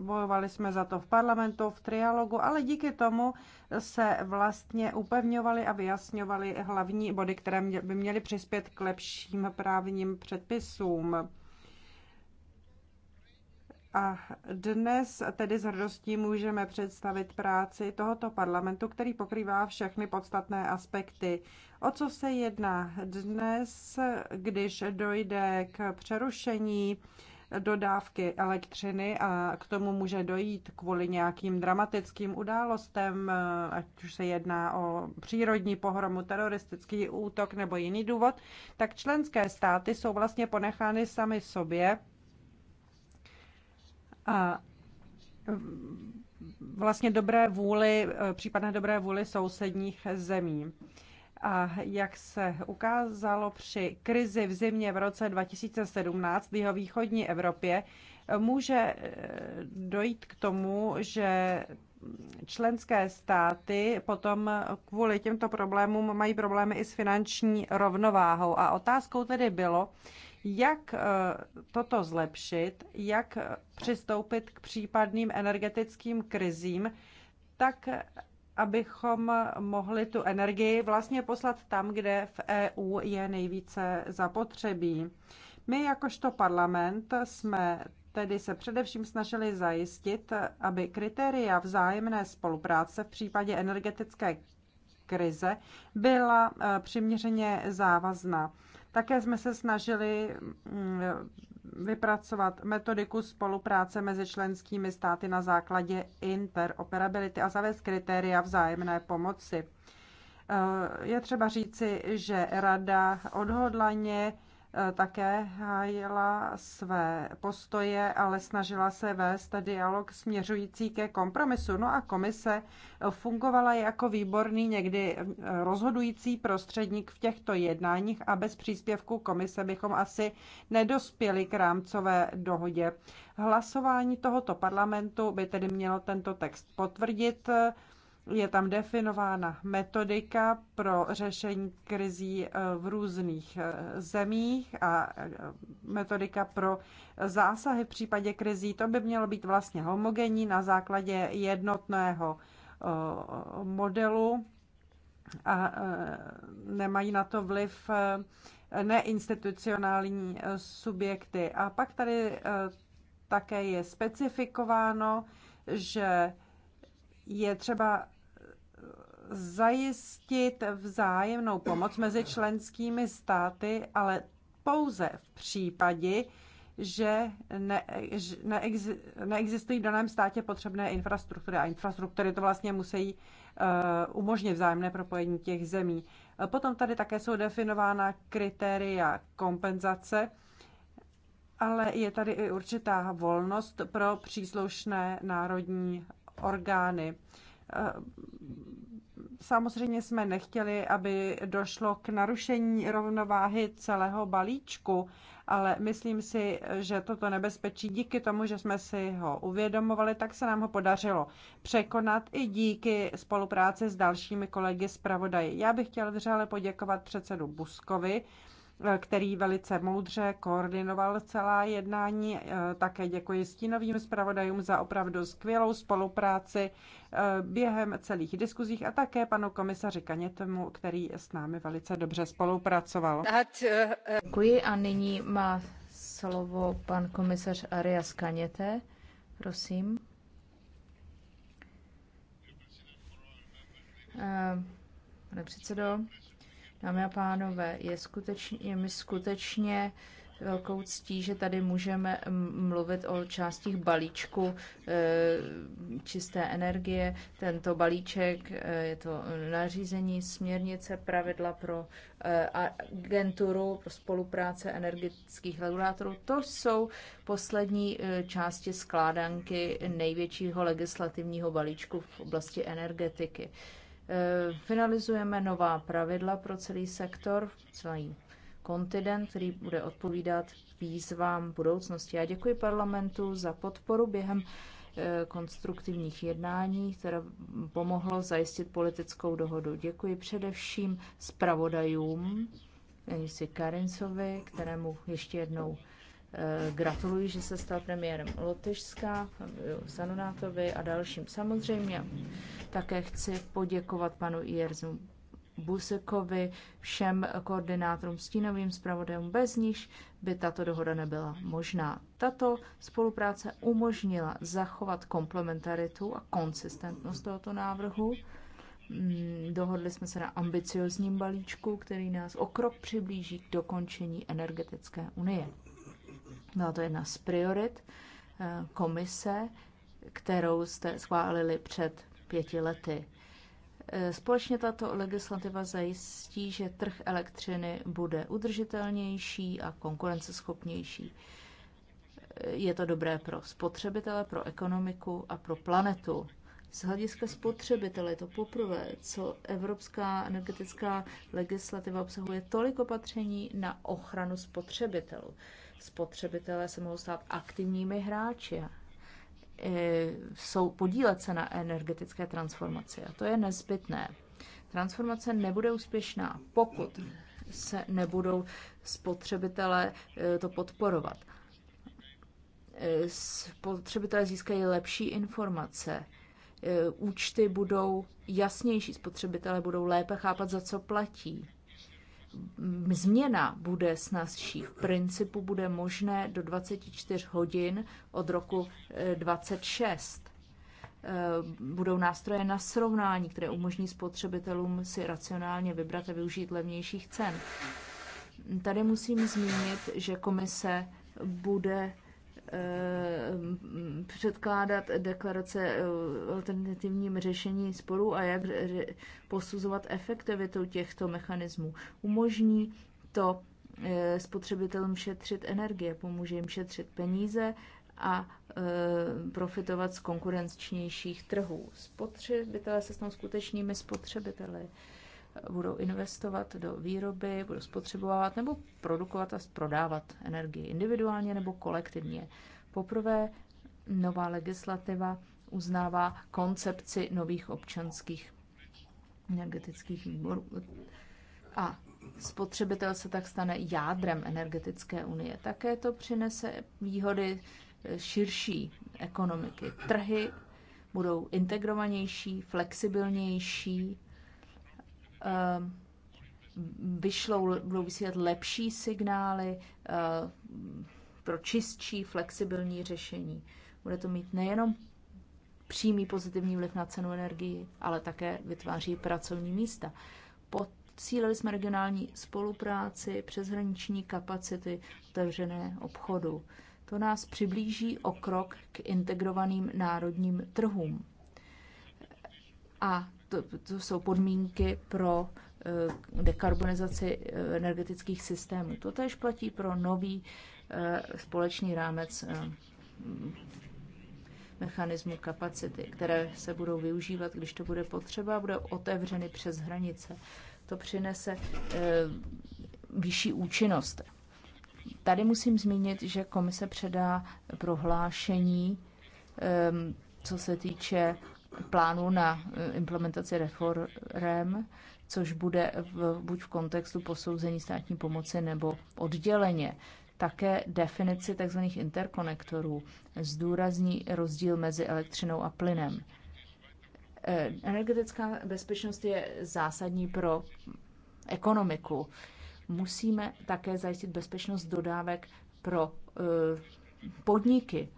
bojovali jsme za to v parlamentu, v trialogu, ale díky tomu se vlastně upevňovali a vyjasňovali hlavní body, které by měly přispět k lepším právním předpisům. A dnes tedy s hrdostí můžeme představit práci tohoto parlamentu, který pokrývá všechny podstatné aspekty. O co se jedná dnes, když dojde k přerušení dodávky elektřiny a k tomu může dojít kvůli nějakým dramatickým událostem, ať už se jedná o přírodní pohromu, teroristický útok nebo jiný důvod, tak členské státy jsou vlastně ponechány sami sobě. A vlastně dobré vůli, případné dobré vůli sousedních zemí. A jak se ukázalo při krizi v zimě v roce 2017 v jeho východní Evropě, může eh, dojít k tomu, že členské státy potom kvůli těmto problémům mají problémy i s finanční rovnováhou. A otázkou tedy bylo, jak eh, toto zlepšit, jak přistoupit k případným energetickým krizím, tak abychom mohli tu energii vlastně poslat tam, kde v EU je nejvíce zapotřebí. My jakožto parlament jsme tedy se především snažili zajistit, aby kritéria vzájemné spolupráce v případě energetické krize byla eh, přiměřeně závazná. Také jsme se snažili mm, vypracovat metodiku spolupráce mezi členskými státy na základě interoperability a zavést kritéria vzájemné pomoci. Eh, je třeba říci, že Rada odhodlaně Eh, také hájila své postoje, ale snažila se vést dialog směřující ke kompromisu. No a komise fungovala jako výborný, někdy eh, rozhodující prostředník v těchto jednáních a bez příspěvku komise bychom asi nedospěli k rámcové dohodě. Hlasování tohoto parlamentu by tedy mělo tento text potvrdit. Je tam definována metodika pro řešení krizí eh, v různých eh, zemích a eh, metodika pro zásahy v případě krizí. To by mělo být vlastně homogenní na základě jednotného modelu a nemají na to vliv neinstitucionální subjekty. A pak tady také je specifikováno, že je třeba zajistit vzájemnou pomoc mezi členskými státy, ale pouze v případě, že ne, neex, neexistují v daném státě potřebné infrastruktury a infrastruktury to vlastně musí uh, umožnit vzájemné propojení těch zemí. Potom tady také jsou definována kritéria kompenzace, ale je tady i určitá volnost pro příslušné národní orgány. Uh, Samozřejmě jsme nechtěli, aby došlo k narušení rovnováhy celého balíčku, ale myslím si, že toto nebezpečí díky tomu, že jsme si ho uvědomovali, tak se nám ho podařilo překonat i díky spolupráci s dalšími kolegy zpravodaji. Já bych chtěl vřele poděkovat předsedu Buskovi, který velice moudře koordinoval celá jednání. Také děkuji stínovým zpravodajům za opravdu skvělou spolupráci Eh, během celých diskuzích a také panu komisaři Kanětemu, který s námi velice dobře spolupracoval. Eh, eh, Děkuji a nyní má slovo pan komisař Arias Kaněte. Prosím. Pane předsedo, dámy a pánové, je, skutečně, je mi skutečně uh, velkou ctí, že tady můžeme mluvit o částích balíčku e, čisté energie. Tento balíček e, je to nařízení, směrnice, pravidla pro e, agenturu pro spolupráce energetických regulátorů. To jsou poslední části skládanky největšího legislativního balíčku v oblasti energetiky. Finalizujeme nová pravidla pro celý sektor, celý kontinent, který bude odpovídat výzvám budoucnosti. Já děkuji parlamentu za podporu během eh, konstruktivních jednání, které pomohlo zajistit politickou dohodu. Děkuji především zpravodajům, si Karincovi, kterému ještě jednou eh, gratuluji, že se stal premiérem Lotyšska, Sanonátovi a dalším. Samozřejmě také chci poděkovat panu Ierzu Busekovi, všem koordinátorům stínovým zpravodajům, bez níž by tato dohoda nebyla možná. Tato spolupráce umožnila zachovat komplementaritu a konsistentnost tohoto návrhu. Mm, dohodli jsme se na ambiciozním balíčku, který nás o krok přiblíží k dokončení energetické unie. Byla to jedna z priorit eh, komise, kterou jste schválili před pěti lety Eh, společně tato legislativa zajistí, že trh elektřiny bude udržitelnější a konkurenceschopnější. Eh, je to dobré pro spotřebitele, pro ekonomiku a pro planetu. Z hlediska spotřebitele je to poprvé, co evropská energetická legislativa obsahuje tolik opatření na ochranu spotřebitelů. Spotřebitelé se mohou stát aktivními hráči E, jsou podílet se na energetické transformaci. A to je nezbytné. Transformace nebude úspěšná, pokud se nebudou spotřebitelé e, to podporovat. E, spotřebitelé získají lepší informace, účty budou jasnější, spotřebitelé budou lépe chápat, za co platí změna bude snazší. V principu bude možné do 24 hodin od roku 26. Eh, eh, budou nástroje na srovnání, které umožní spotřebitelům si racionálně vybrat a využít levnějších cen. Tady musím zmínit, že komise bude Eh, předkládat deklarace eh, alternativním řešení sporů a jak posuzovat efektivitu těchto mechanismů. Umožní to eh, spotřebitelům šetřit energie, pomůže jim šetřit peníze a profitovat z konkurenčnějších trhů. Spotřebitelé se stanou skutečnými spotřebiteli budou investovat do výroby, budou spotřebovat nebo produkovat a prodávat energii individuálně nebo kolektivně. Poprvé nová legislativa uznává koncepci nových občanských energetických výborů. A spotřebitel se tak stane jádrem energetické unie. Také to přinese výhody eh, širší ekonomiky. Trhy budou integrovanější, flexibilnější, Ehm, vyšlou, budou vysílat lepší signály ehm, pro čistší, flexibilní řešení. Bude to mít nejenom přímý pozitivní vliv na cenu energii, ale také vytváří pracovní místa. Podcílili jsme regionální spolupráci, přeshraniční kapacity otevřené obchodu. To nás přiblíží o krok k integrovaným národním trhům. A to, to jsou podmínky pro eh, dekarbonizaci eh, energetických systémů. To tež platí pro nový eh, společný rámec mechanismu kapacity, které se budou využívat, když to bude potřeba, bude otevřeny přes hranice. To přinese vyšší účinnost. Tady musím zmínit, že komise předá prohlášení, co se týče plánu na eh, implementaci reform, což bude v, buď v kontextu posouzení státní pomoci nebo odděleně. Také definici tzv. interkonektorů zdůrazní rozdíl mezi elektřinou a plynem. Eh, energetická bezpečnost je zásadní pro ekonomiku. Musíme také zajistit bezpečnost dodávek pro eh, podniky.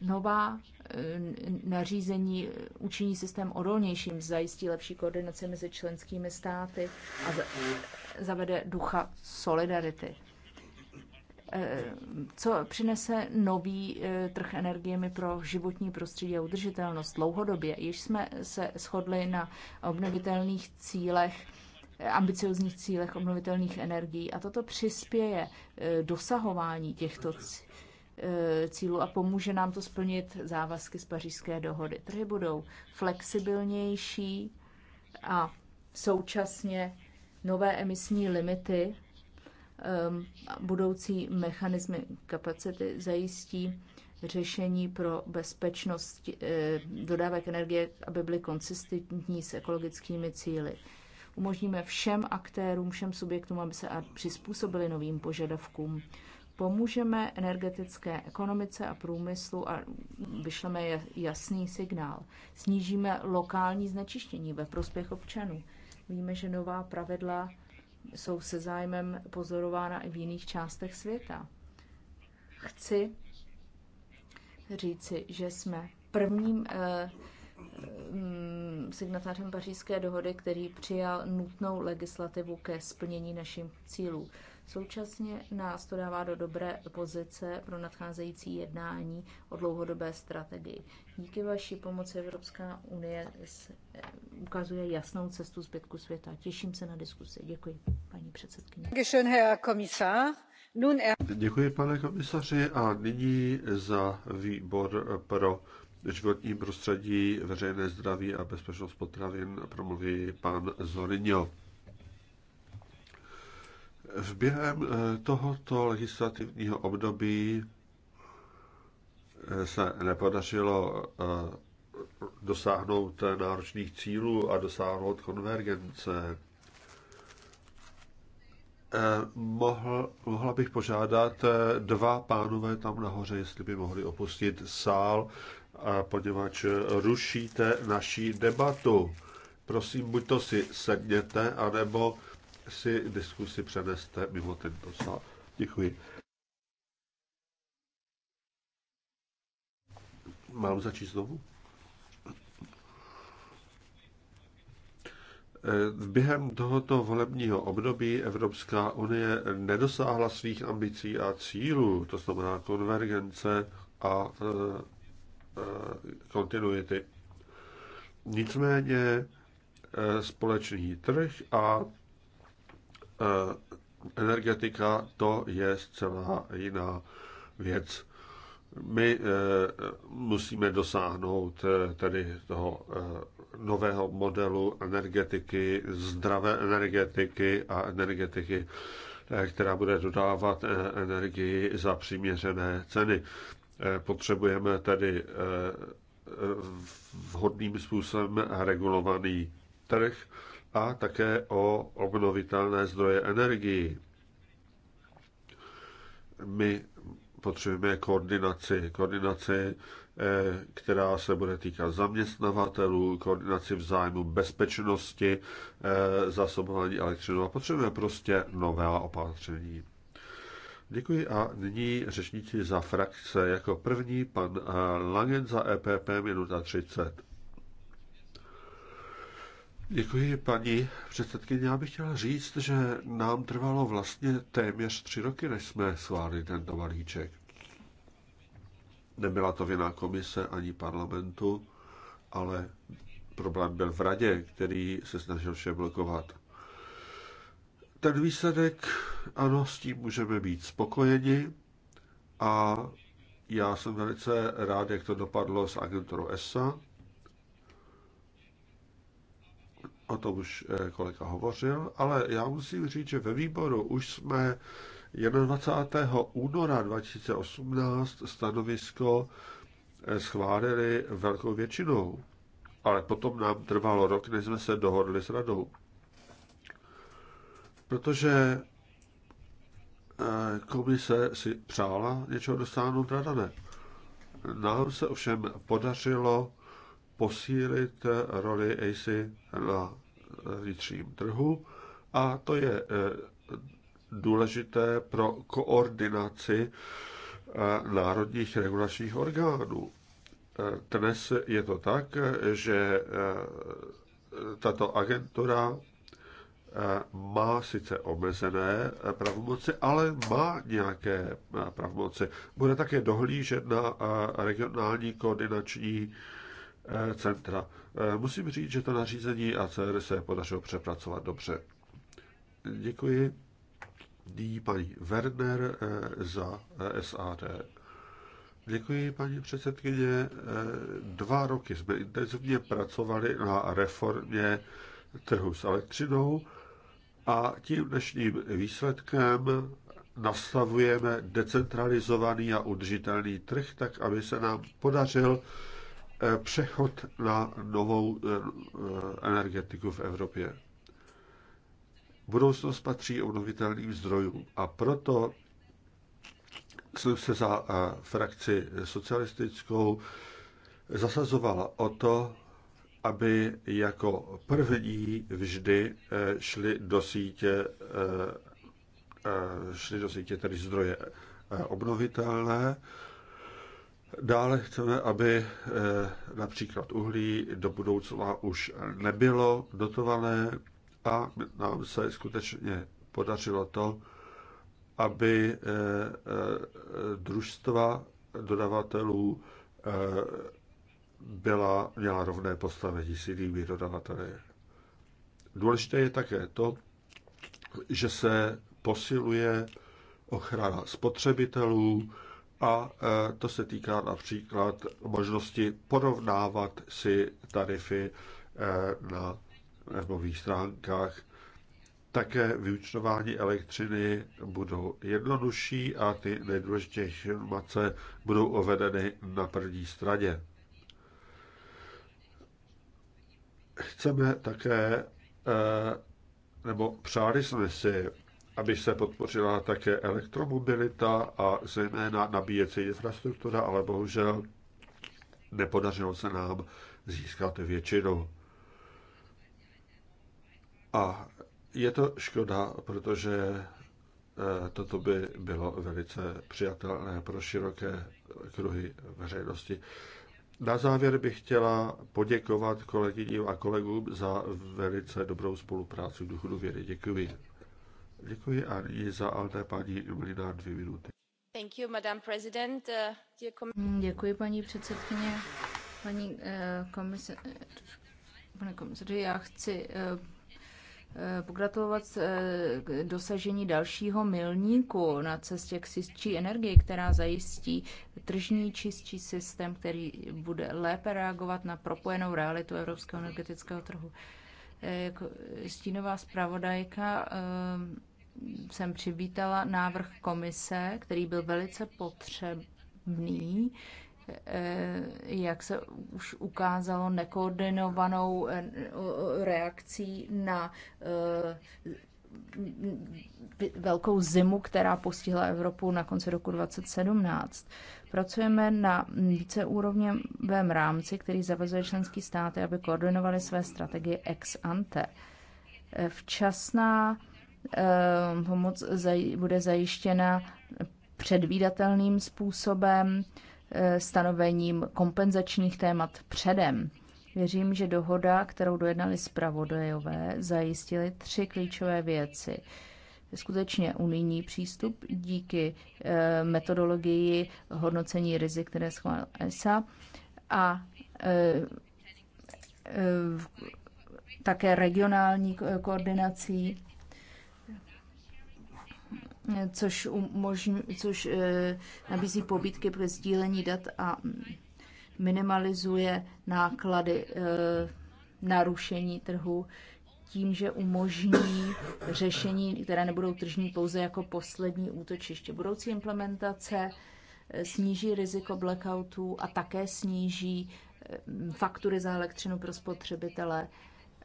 Nová Eh, nařízení eh, učiní systém odolnějším, zajistí lepší koordinaci mezi členskými státy a zavede ducha solidarity. Eh, co přinese nový trh energiemi pro životní prostředí a udržitelnost dlouhodobě? Již jsme se shodli na obnovitelných cílech ambiciozních cílech obnovitelných energií a toto přispěje dosahování těchto cílů. Eh, cílu a pomůže nám to splnit závazky z pařížské dohody. Trhy budou flexibilnější a současně nové emisní limity budoucí mechanismy kapacity zajistí řešení pro bezpečnost eh, dodávek energie, aby byly konsistentní s ekologickými cíly. Umožníme všem aktérům, všem subjektům, aby se přizpůsobili novým požadavkům. Pomůžeme energetické ekonomice a průmyslu a vyšleme jasný signál. Snížíme lokální znečištění ve prospěch občanů. Víme, že nová pravidla jsou se zájmem pozorována i v jiných částech světa. Chci říci, že jsme prvním eh, mm, signatářem pařížské dohody, který přijal nutnou legislativu ke splnění našich cílů. Současně nás to dává do dobré pozice pro nadcházející jednání o dlouhodobé strategii. Díky vaší pomoci Evropská unie ukazuje jasnou cestu zbytku světa. Těším se na diskusi. Děkuji, paní předsedkyně. Er- Děkuji, pane komisaři, a nyní za výbor pro životní prostředí, veřejné zdraví a bezpečnost potravin promluví pan Zorinio. V během eh, tohoto legislativního období eh, se nepodařilo eh, dosáhnout náročných cílů a dosáhnout konvergence. Mohl, mohla bych požádat dva pánové tam nahoře, jestli by mohli opustit sál, poněvadž rušíte naší debatu. Prosím, buď to si sedněte, anebo si diskusi přeneste mimo tento sál. Děkuji. Mám začít znovu? Eh, během tohoto volebního období Evropská unie nedosáhla svých ambicí a cílů, to znamená konvergence a eh, eh, kontinuity. Nicméně společný trh a Eh, energetika to je zcela jiná věc. My eh, musíme dosáhnout eh, tedy toho nového modelu energetiky, zdravé energetiky a energetiky, která bude dodávat energii za přiměřené ceny. Potřebujeme tedy vhodným způsobem regulovaný trh, a také o obnovitelné zdroje energii. My potřebujeme koordinaci, koordinaci, eh, která se bude týkat zaměstnavatelů, koordinaci vzájmu bezpečnosti, eh, zásobování elektřinou a potřebujeme prostě nová opatření. Děkuji a nyní řečníci za frakce. Jako první pan eh, Langen za EPP minuta 30. Děkuji, paní předsedkyně. Já bych chtěla říct, že nám trvalo vlastně téměř tři roky, než jsme schválili tento balíček. Nebyla to vina komise ani parlamentu, ale problém byl v radě, který se snažil vše blokovat. Ten výsledek, ano, s tím můžeme být spokojeni a já jsem velice rád, jak to dopadlo s agenturou ESA, O tom už eh, kolega hovořil, ale já musím říct, že ve výboru už jsme 21. února 2018 stanovisko eh, schválili velkou většinou. Ale potom nám trvalo rok, než jsme se dohodli s radou. Protože eh, komise si přála něčeho dosáhnout, rada ne. Nám se ovšem podařilo posílit roli ACI na vnitřním trhu a to je eh, důležité pro koordinaci eh, národních regulačních orgánů. Eh, dnes je to tak, že tato agentura má sice omezené pravomoci, ale má nějaké pravomoci. Bude také dohlížet na regionální koordinační Eh, centra. Eh, musím říct, že to nařízení ACR se podařilo přepracovat dobře. Děkuji nyní paní Werner eh, za SAD. Děkuji, paní předsedkyně. Dva roky jsme intenzivně pracovali na reformě trhu s elektřinou a tím dnešním výsledkem nastavujeme decentralizovaný a udržitelný trh, tak aby se nám podařil přechod na novou eh, energetiku v Evropě. Budoucnost patří obnovitelným zdrojům a proto jsem se za eh, frakci socialistickou zasazovala o to, aby jako první vždy eh, šli do sítě, šli do sítě tedy zdroje obnovitelné Dále chceme, aby eh, například uhlí do budoucna už nebylo dotované a nám se skutečně podařilo to, aby eh, eh, družstva dodavatelů byla, měla rovné postavení s jinými dodavateli. Důležité je také to, že se posiluje ochrana spotřebitelů, a e, to se týká například možnosti porovnávat si tarify e, na webových stránkách. Také vyučtování elektřiny budou jednodušší a ty nejdůležitější informace budou uvedeny na první straně. Chceme také, e, nebo přáli jsme si aby se podpořila také elektromobilita a zejména nabíjecí infrastruktura, ale bohužel nepodařilo se nám získat většinu. A je to škoda, protože eh, toto by bylo velice přijatelné pro široké kruhy veřejnosti. Na závěr bych chtěla poděkovat kolegyním a kolegům za velice dobrou spolupráci v duchu důvěry. Děkuji. Děkuji a i za Alde paní dvě minuty. Thank you, Madam President. Eh, Děkuji, paní předsedkyně. Paní eh, komise, pane komisaři, já chci eh, pogratulovat k dosažení dalšího milníku na cestě k čistší energii, která zajistí tržní čistší systém, který bude lépe reagovat na propojenou realitu evropského energetického trhu. Jako stínová zpravodajka jsem přivítala návrh komise, který byl velice potřebný, eh, jak se už ukázalo, nekoordinovanou eh, reakcí na eh, velkou zimu, která postihla Evropu na konci roku 2017. Pracujeme na víceúrovněvém rámci, který zavazuje členské státy, aby koordinovali své strategie ex ante. Včasná Ehm, pomoc bude zajištěna předvídatelným způsobem, eh, stanovením kompenzačních témat předem. Věřím, že dohoda, kterou dojednali zpravodajové, zajistily tři klíčové věci. Skutečně unijní přístup díky eh, metodologii hodnocení rizik, které schválil ESA, a eh, také regionální koordinací což, umožň, což eh, nabízí pobídky pro sdílení dat a minimalizuje náklady eh, narušení trhu tím, že umožní řešení, které nebudou tržní pouze jako poslední útočiště. Budoucí implementace eh, sníží riziko blackoutů a také sníží faktury za elektřinu pro spotřebitele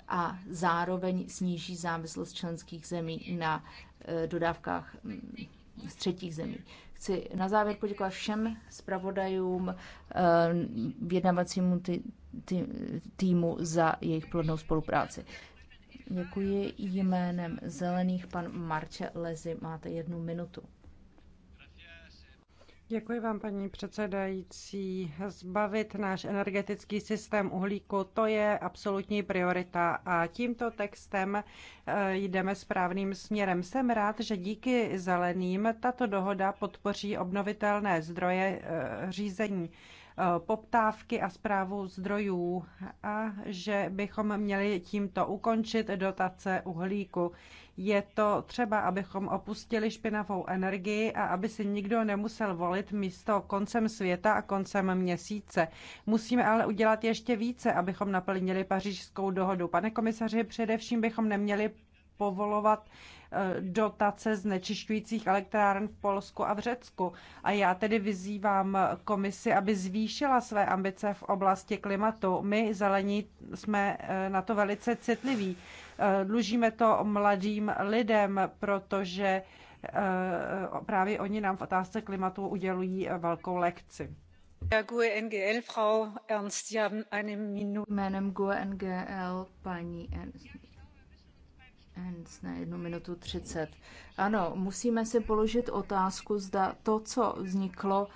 a zároveň sníží závislost členských zemí na e, dodávkách mm, z třetích zemí. Chci na závěr poděkovat všem zpravodajům, e, vědnavacímu tý, tý, týmu za jejich plodnou spolupráci. Děkuji jménem zelených. Pan Marče Lezy, máte jednu minutu. Děkuji vám, paní předsedající. Zbavit náš energetický systém uhlíku, to je absolutní priorita a tímto textem eh, jdeme správným směrem. Jsem rád, že díky zeleným tato dohoda podpoří obnovitelné zdroje eh, řízení eh, poptávky a zprávu zdrojů a že bychom měli tímto ukončit dotace uhlíku. Je to třeba, abychom opustili špinavou energii a aby si nikdo nemusel volit místo koncem světa a koncem měsíce. Musíme ale udělat ještě více, abychom naplnili pařížskou dohodu. Pane komisaři, především bychom neměli povolovat eh, dotace z nečišťujících elektráren v Polsku a v Řecku. A já tedy vyzývám komisi, aby zvýšila své ambice v oblasti klimatu. My zelení jsme eh, na to velice citliví. Dlužíme to mladým lidem, protože eh, právě oni nám v otázce klimatu udělují eh, velkou lekci. Jménem GUE NGL paní Ernst na jednu minutu třicet. Ano, musíme si položit otázku, zda to, co vzniklo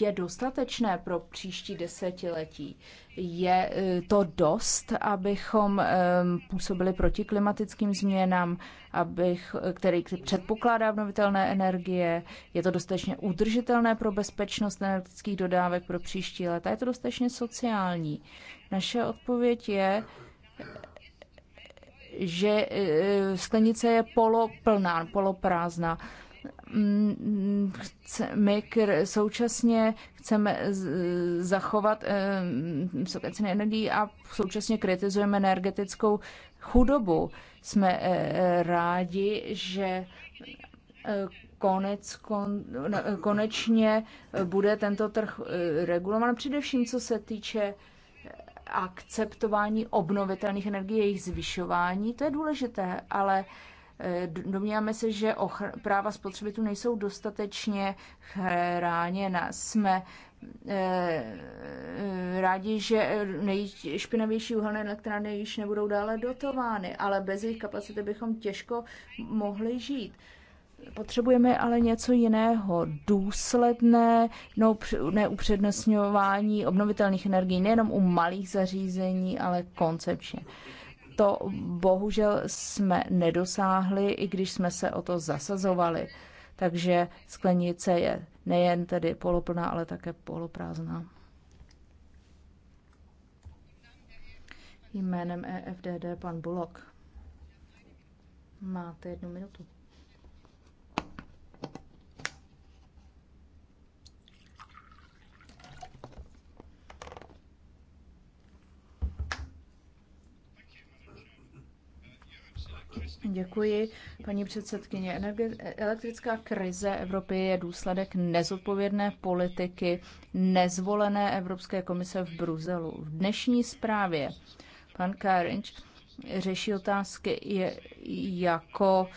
je dostatečné pro příští desetiletí? Je eh, to dost, abychom ehm, působili proti klimatickým změnám, abych, eh, který předpokládá obnovitelné energie? Je to dostatečně udržitelné pro bezpečnost energetických dodávek pro příští leta? Je to dostatečně sociální? Naše odpověď je, že eh, sklenice je poloplná, poloprázdná my současně chceme zachovat eh, vysoké ceny energií a současně kritizujeme energetickou chudobu. Jsme eh, rádi, že eh, konec, kon, no, konečně bude tento trh regulovan, především co se týče akceptování obnovitelných energií, jejich zvyšování, to je důležité, ale Eh, domníváme se, že práva spotřebitelů nejsou dostatečně chráněna. Jsme eh, eh, rádi, že nejšpinavější uhelné elektrárny již nebudou dále dotovány, ale bez jejich kapacity bychom těžko mohli žít. Potřebujeme ale něco jiného, důsledné no, neupřednostňování obnovitelných energií nejenom u malých zařízení, ale koncepčně to bohužel jsme nedosáhli, i když jsme se o to zasazovali. Takže sklenice je nejen tedy poloplná, ale také poloprázdná. Jménem EFDD pan Bulok. Máte jednu minutu. Děkuji, paní předsedkyně. Elektrická krize Evropy je důsledek nezodpovědné politiky nezvolené Evropské komise v Bruselu. V dnešní zprávě pan Karinč řeší otázky jako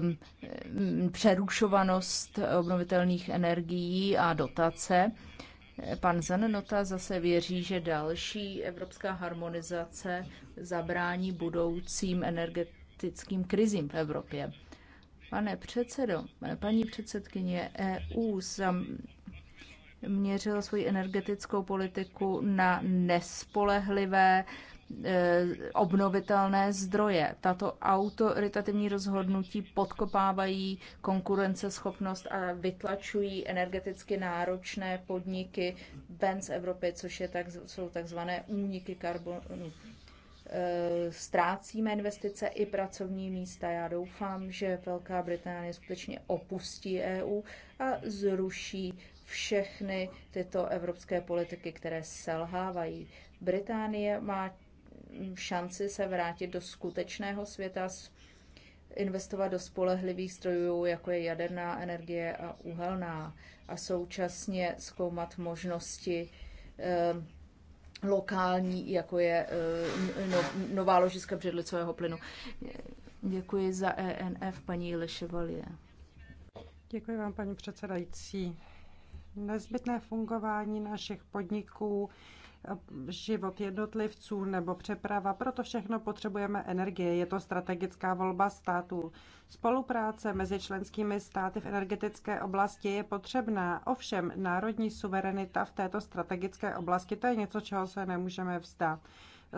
um, přerušovanost obnovitelných energií a dotace. Pan Zanenota zase věří, že další evropská harmonizace zabrání budoucím energetickým Energetickým krizím v Evropě. Pane předsedo, paní předsedkyně EU měřila svoji energetickou politiku na nespolehlivé e, obnovitelné zdroje. Tato autoritativní rozhodnutí podkopávají konkurenceschopnost a vytlačují energeticky náročné podniky ven z Evropy, což je tak, jsou takzvané úniky karbonu. Eh, ztrácíme investice i pracovní místa. Já doufám, že Velká Británie skutečně opustí EU a zruší všechny tyto evropské politiky, které selhávají. Británie má šanci se vrátit do skutečného světa, investovat do spolehlivých strojů, jako je jaderná energie a uhelná, a současně zkoumat možnosti eh, lokální, jako je eh, no, nová ložiska břidlicového plynu. Děkuji za ENF, paní Leševalie. Děkuji vám, paní předsedající. Nezbytné fungování našich podniků život jednotlivců nebo přeprava. Proto všechno potřebujeme energie. Je to strategická volba států. Spolupráce mezi členskými státy v energetické oblasti je potřebná. Ovšem, národní suverenita v této strategické oblasti to je něco, čeho se nemůžeme vzdát.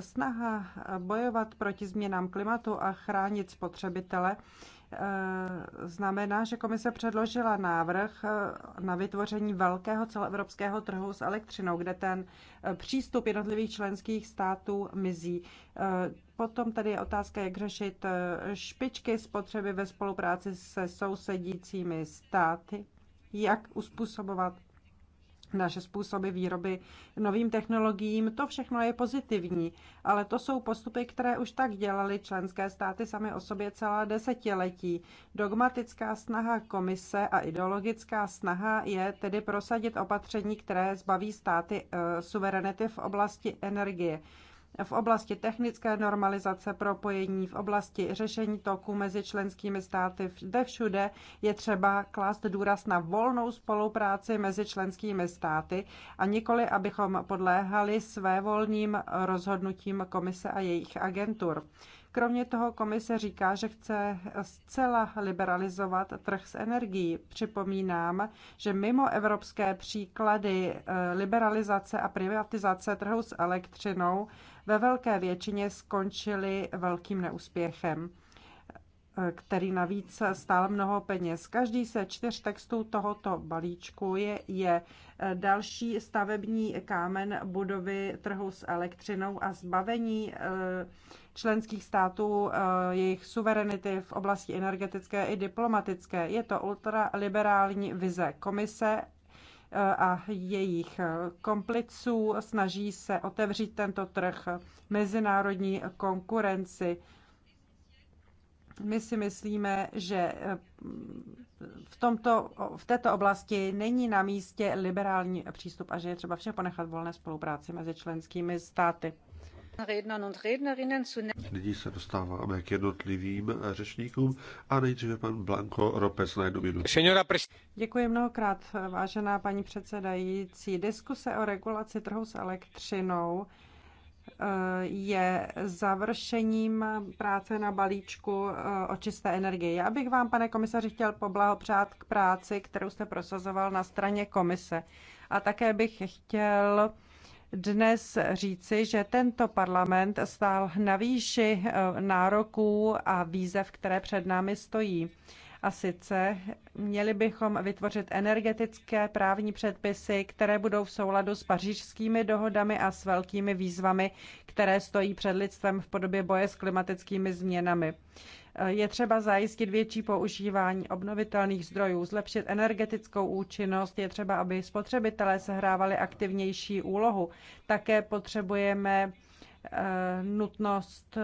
Snaha bojovat proti změnám klimatu a chránit spotřebitele Eh, znamená, že komise předložila návrh eh, na vytvoření velkého celoevropského trhu s elektřinou, kde ten eh, přístup jednotlivých členských států mizí. Potom tady je otázka, jak řešit špičky spotřeby ve spolupráci se sousedícími státy, jak uspůsobovat naše způsoby výroby novým technologiím, to všechno je pozitivní, ale to jsou postupy, které už tak dělaly členské státy sami o sobě celá desetiletí. Dogmatická snaha komise a ideologická snaha je tedy prosadit opatření, které zbaví státy e, suverenity v oblasti energie v oblasti technické normalizace propojení, v oblasti řešení toku mezi členskými státy, kde všude je třeba klást důraz na volnou spolupráci mezi členskými státy a nikoli, abychom podléhali své volným rozhodnutím komise a jejich agentur. Kromě toho komise říká, že chce zcela liberalizovat trh s energií. Připomínám, že mimo evropské příklady eh, liberalizace a privatizace trhu s elektřinou ve velké většině skončily velkým neúspěchem který navíc stál mnoho peněz. Každý se čtyř textů tohoto balíčku je, je další stavební kámen budovy trhu s elektřinou a zbavení eh, členských států eh, jejich suverenity v oblasti energetické i diplomatické. Je to ultraliberální vize komise eh, a jejich kompliců. Snaží se otevřít tento trh mezinárodní konkurenci my si myslíme, že eh, v, tomto, v této oblasti není na místě liberální přístup a že je třeba vše ponechat volné spolupráci mezi členskými státy. Nyní se dostáváme k jednotlivým eh, řečníkům a nejdříve pan Blanco Ropes na jednu minutu. Děkuji mnohokrát, vážená paní předsedající. Diskuse o regulaci trhu s elektřinou je završením práce na balíčku eh, o čisté energii. Já bych vám, pane komisaři, chtěl poblahopřát k práci, kterou jste prosazoval na straně komise. A také bych chtěl dnes říci, že tento parlament stál na výši eh, nároků a výzev, které před námi stojí. A sice měli bychom vytvořit energetické právní předpisy, které budou v souladu s pařížskými dohodami a s velkými výzvami, které stojí před lidstvem v podobě boje s klimatickými změnami. Je třeba zajistit větší používání obnovitelných zdrojů, zlepšit energetickou účinnost, je třeba, aby spotřebitelé sehrávali aktivnější úlohu. Také potřebujeme Eh, nutnost eh,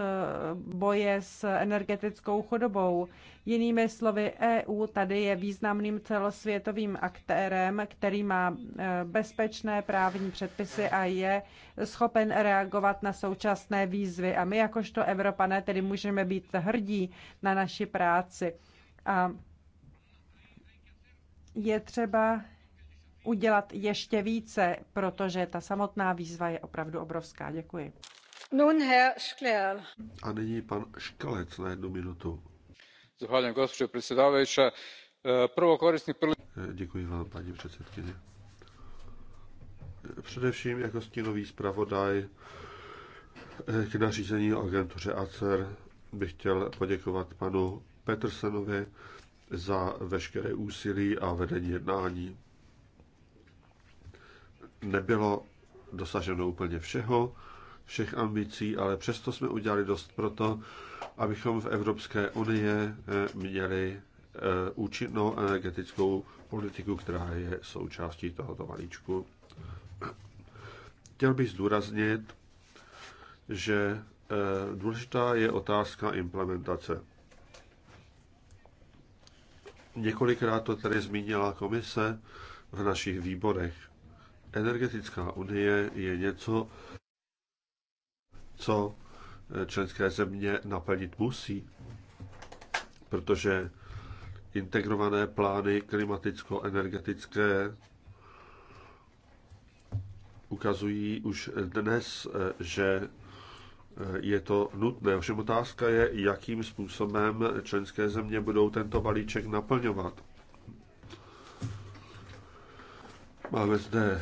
boje s energetickou chudobou. Jinými slovy, EU tady je významným celosvětovým aktérem, který má eh, bezpečné právní předpisy a je schopen reagovat na současné výzvy. A my jakožto Evropané tedy můžeme být hrdí na naši práci. A je třeba udělat ještě více, protože ta samotná výzva je opravdu obrovská. Děkuji. Nun Herr Šklel. A nyní pan Škalec na jednu minutu. Zahvaljujem, gospođo predsjedavajuća. E, prvo korisni prvi... E, děkuji vám, paní předsedkyně. E, především jako stínový zpravodaj k nařízení o agentuře ACER bych chtěl poděkovat panu Petersenovi za veškeré úsilí a vedení jednání. Nebylo dosaženo úplně všeho, všech ambicí, ale přesto jsme udělali dost pro to, abychom v Evropské unii eh, měli eh, účinnou energetickou politiku, která je součástí tohoto balíčku. Chtěl bych zdůraznit, že eh, důležitá je otázka implementace. Několikrát to tady zmínila komise v našich výborech. Energetická unie je něco, co eh, členské země naplnit musí, protože integrované plány klimaticko-energetické ukazují už dnes, eh, že eh, je to nutné. Ovšem otázka je, jakým způsobem členské země budou tento balíček naplňovat. Máme zde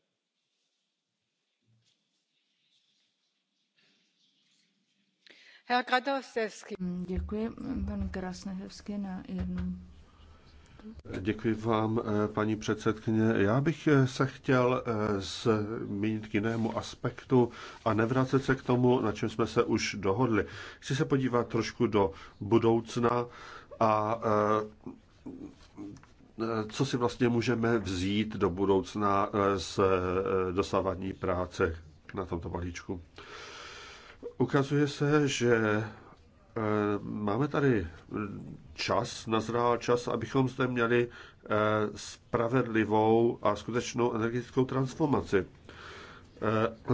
Mm, děkuji, pan Krasnodevský, na jednu. Děkuji vám, eh, paní předsedkyně. Já bych eh, se chtěl eh, zmínit k jinému aspektu a nevracet se k tomu, na čem jsme se už dohodli. Chci se podívat trošku do budoucna a co si vlastně můžeme vzít do budoucna z dosavadní práce na tomto balíčku. Ukazuje se, že eh, máme tady čas, nazrál čas, abychom zde měli eh, spravedlivou a skutečnou energetickou transformaci. Eh,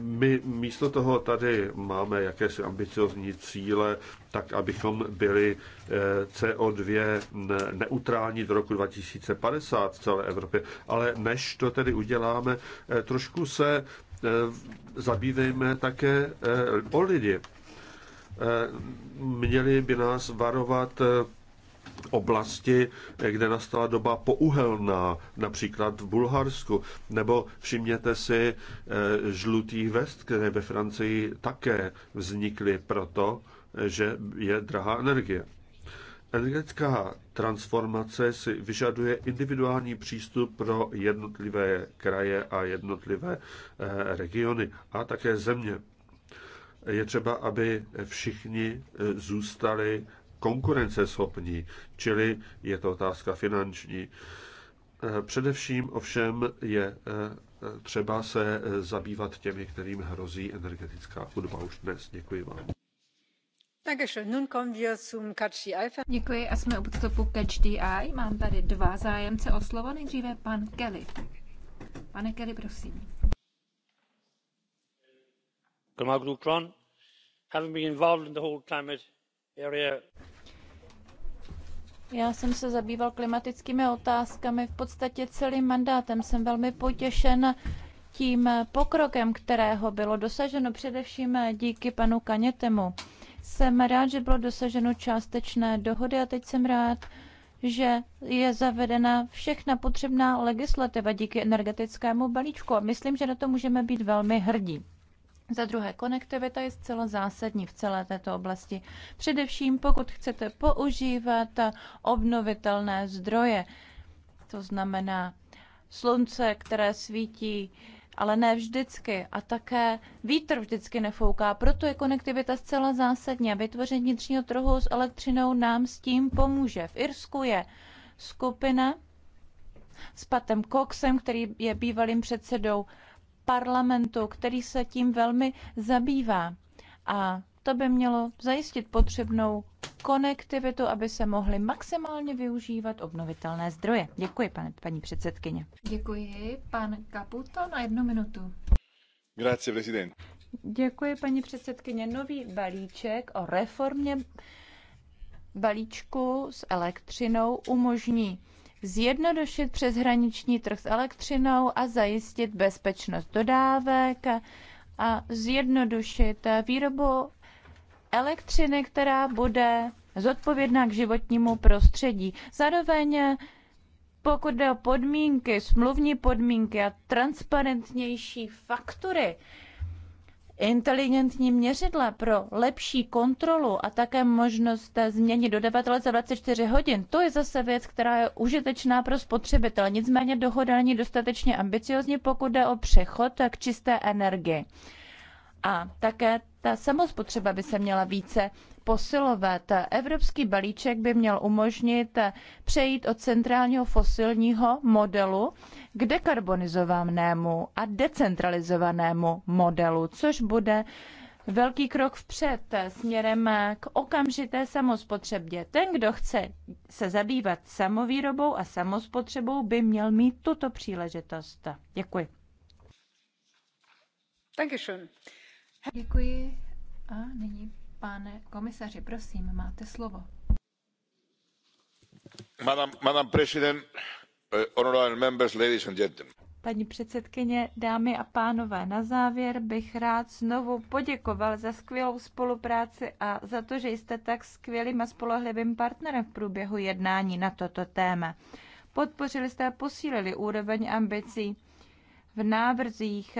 my místo toho tady máme jakési ambiciozní cíle, tak abychom byli CO2 neutrální do roku 2050 v celé Evropě. Ale než to tedy uděláme, trošku se Eh, zabývejme také eh, o lidi. Eh, měli by nás varovat oblasti, kde nastala doba pouhelná, například v Bulharsku, nebo všimněte si žlutých vest, které ve Francii také vznikly proto, že je drahá energie. Energetická transformace si vyžaduje individuální přístup pro jednotlivé kraje a jednotlivé eh, regiony a také země. Je třeba, aby všichni eh, zůstali konkurenceschopní, čili je to otázka finanční. Eh, především ovšem je třeba se zabývat těmi, kterým hrozí energetická chudba už dnes. Děkuji vám. Děkuji a jsme u postupu Catch the Eye. Mám tady dva zájemce o slovo, nejdříve pan Kelly. Pane Kelly, prosím. Já jsem se zabýval klimatickými otázkami v podstatě celým mandátem. Jsem velmi potěšen tím pokrokem, kterého bylo dosaženo především díky panu Kanětemu jsem rád, že bylo dosaženo částečné dohody a teď jsem rád, že je zavedena všechna potřebná legislativa díky energetickému balíčku a myslím, že na to můžeme být velmi hrdí. Za druhé, konektivita je zcela zásadní v celé této oblasti. Především pokud chcete používat obnovitelné zdroje, to znamená slunce, které svítí ale ne vždycky. A také vítr vždycky nefouká, proto je konektivita zcela zásadní a vytvoření vnitřního trhu s elektřinou nám s tím pomůže. V Irsku je skupina s Patem Coxem, který je bývalým předsedou parlamentu, který se tím velmi zabývá. A to by mělo zajistit potřebnou konektivitu, aby se mohly maximálně využívat obnovitelné zdroje. Děkuji, pane, paní předsedkyně. Děkuji. Pan Kaputo na jednu minutu. Grazie, prezident. Děkuji, paní předsedkyně. Nový balíček o reformě balíčku s elektřinou umožní zjednodušit přeshraniční trh s elektřinou a zajistit bezpečnost dodávek a zjednodušit výrobu elektřiny, která bude zodpovědná k životnímu prostředí. Zároveň pokud jde o podmínky, smluvní podmínky a transparentnější faktury, inteligentní měřidla pro lepší kontrolu a také možnost změnit dodavatele za 24 hodin, to je zase věc, která je užitečná pro spotřebitele. Nicméně dohoda není dostatečně ambiciozní, pokud jde o přechod k čisté energii. A také ta samospotřeba by se měla více posilovat. Evropský balíček by měl umožnit přejít od centrálního fosilního modelu k dekarbonizovanému a decentralizovanému modelu, což bude velký krok vpřed směrem k okamžité samospotřebě. Ten, kdo chce se zabývat samovýrobou a samospotřebou, by měl mít tuto příležitost. Děkuji. Děkuji. Děkuji a nyní, pane komisaři, prosím, máte slovo. Madam, Madam President, eh, honorable members, ladies and gentlemen. Paní předsedkyně, dámy a pánové, na závěr bych rád znovu poděkoval za skvělou spolupráci a za to, že jste tak skvělým a spolehlivým partnerem v průběhu jednání na toto téma. Podpořili jste a posílili úroveň ambicí v návrzích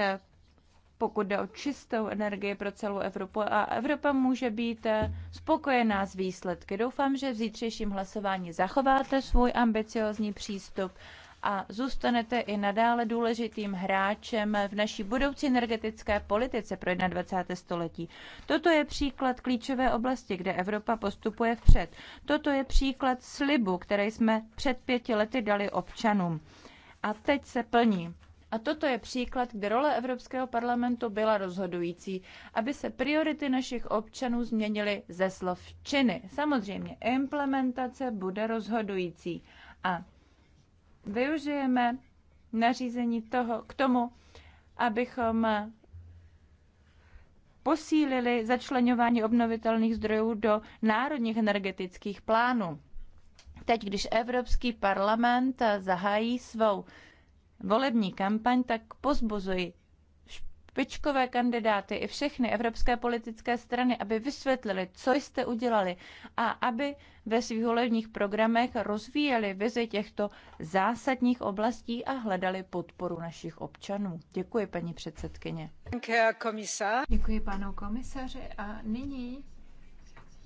pokud jde o čistou energii pro celou Evropu a Evropa může být eh, spokojená s výsledky. Doufám, že v zítřejším hlasování zachováte svůj ambiciozní přístup a zůstanete i nadále důležitým hráčem v naší budoucí energetické politice pro 21. století. Toto je příklad klíčové oblasti, kde Evropa postupuje vpřed. Toto je příklad slibu, který jsme před pěti lety dali občanům. A teď se plní. A toto je příklad, kde role Evropského parlamentu byla rozhodující, aby se priority našich občanů změnily ze slov činy. Samozřejmě implementace bude rozhodující a využijeme nařízení toho k tomu, abychom posílili začlenování obnovitelných zdrojů do národních energetických plánů. Teď, když Evropský parlament zahájí svou volební kampaň, tak pozbuzuji špičkové kandidáty i všechny evropské politické strany, aby vysvětlili, co jste udělali a aby ve svých volebních programech rozvíjeli vizi těchto zásadních oblastí a hledali podporu našich občanů. Děkuji, paní předsedkyně. Děkuji panu komisaři a nyní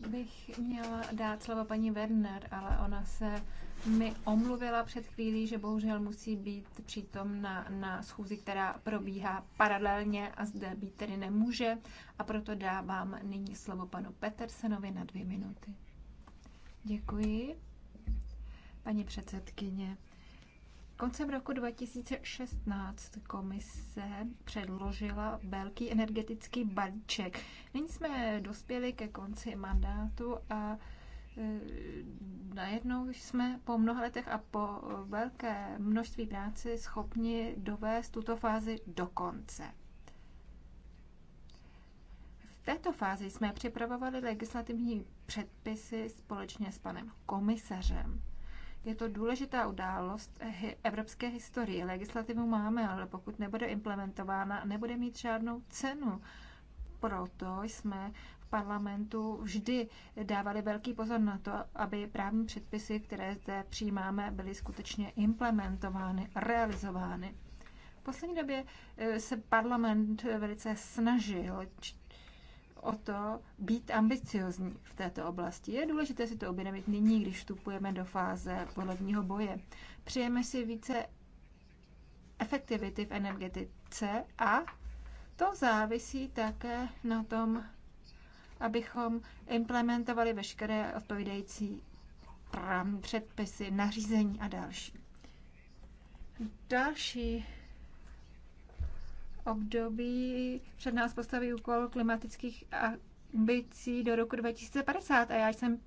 bych měla dát slovo paní Werner, ale ona se mi omluvila před chvílí, že bohužel musí být přítomna na schůzi, která probíhá paralelně a zde být tedy nemůže. A proto dávám nyní slovo panu Petersenovi na dvě minuty. Děkuji. Paní předsedkyně, Koncem roku 2016 komise předložila velký energetický balíček. Nyní jsme dospěli ke konci mandátu a Eh, najednou jsme po mnoha letech a po velké množství práci schopni dovést tuto fázi do konce. V této fázi jsme připravovali legislativní předpisy společně s panem komisařem. Je to důležitá událost evropské historie. Legislativu máme, ale pokud nebude implementována, nebude mít žádnou cenu. Proto jsme parlamentu vždy dávali velký pozor na to, aby právní předpisy, které zde přijímáme, byly skutečně implementovány, realizovány. V poslední době eh, se parlament velice snažil o to být ambiciozní v této oblasti. Je důležité si to objednat nyní, když vstupujeme do fáze volebního boje. Přejeme si více efektivity v energetice a to závisí také na tom, abychom implementovali veškeré odpovídající předpisy, nařízení a další. Další období před nás postaví úkol klimatických ambicí do roku 2050 a já jsem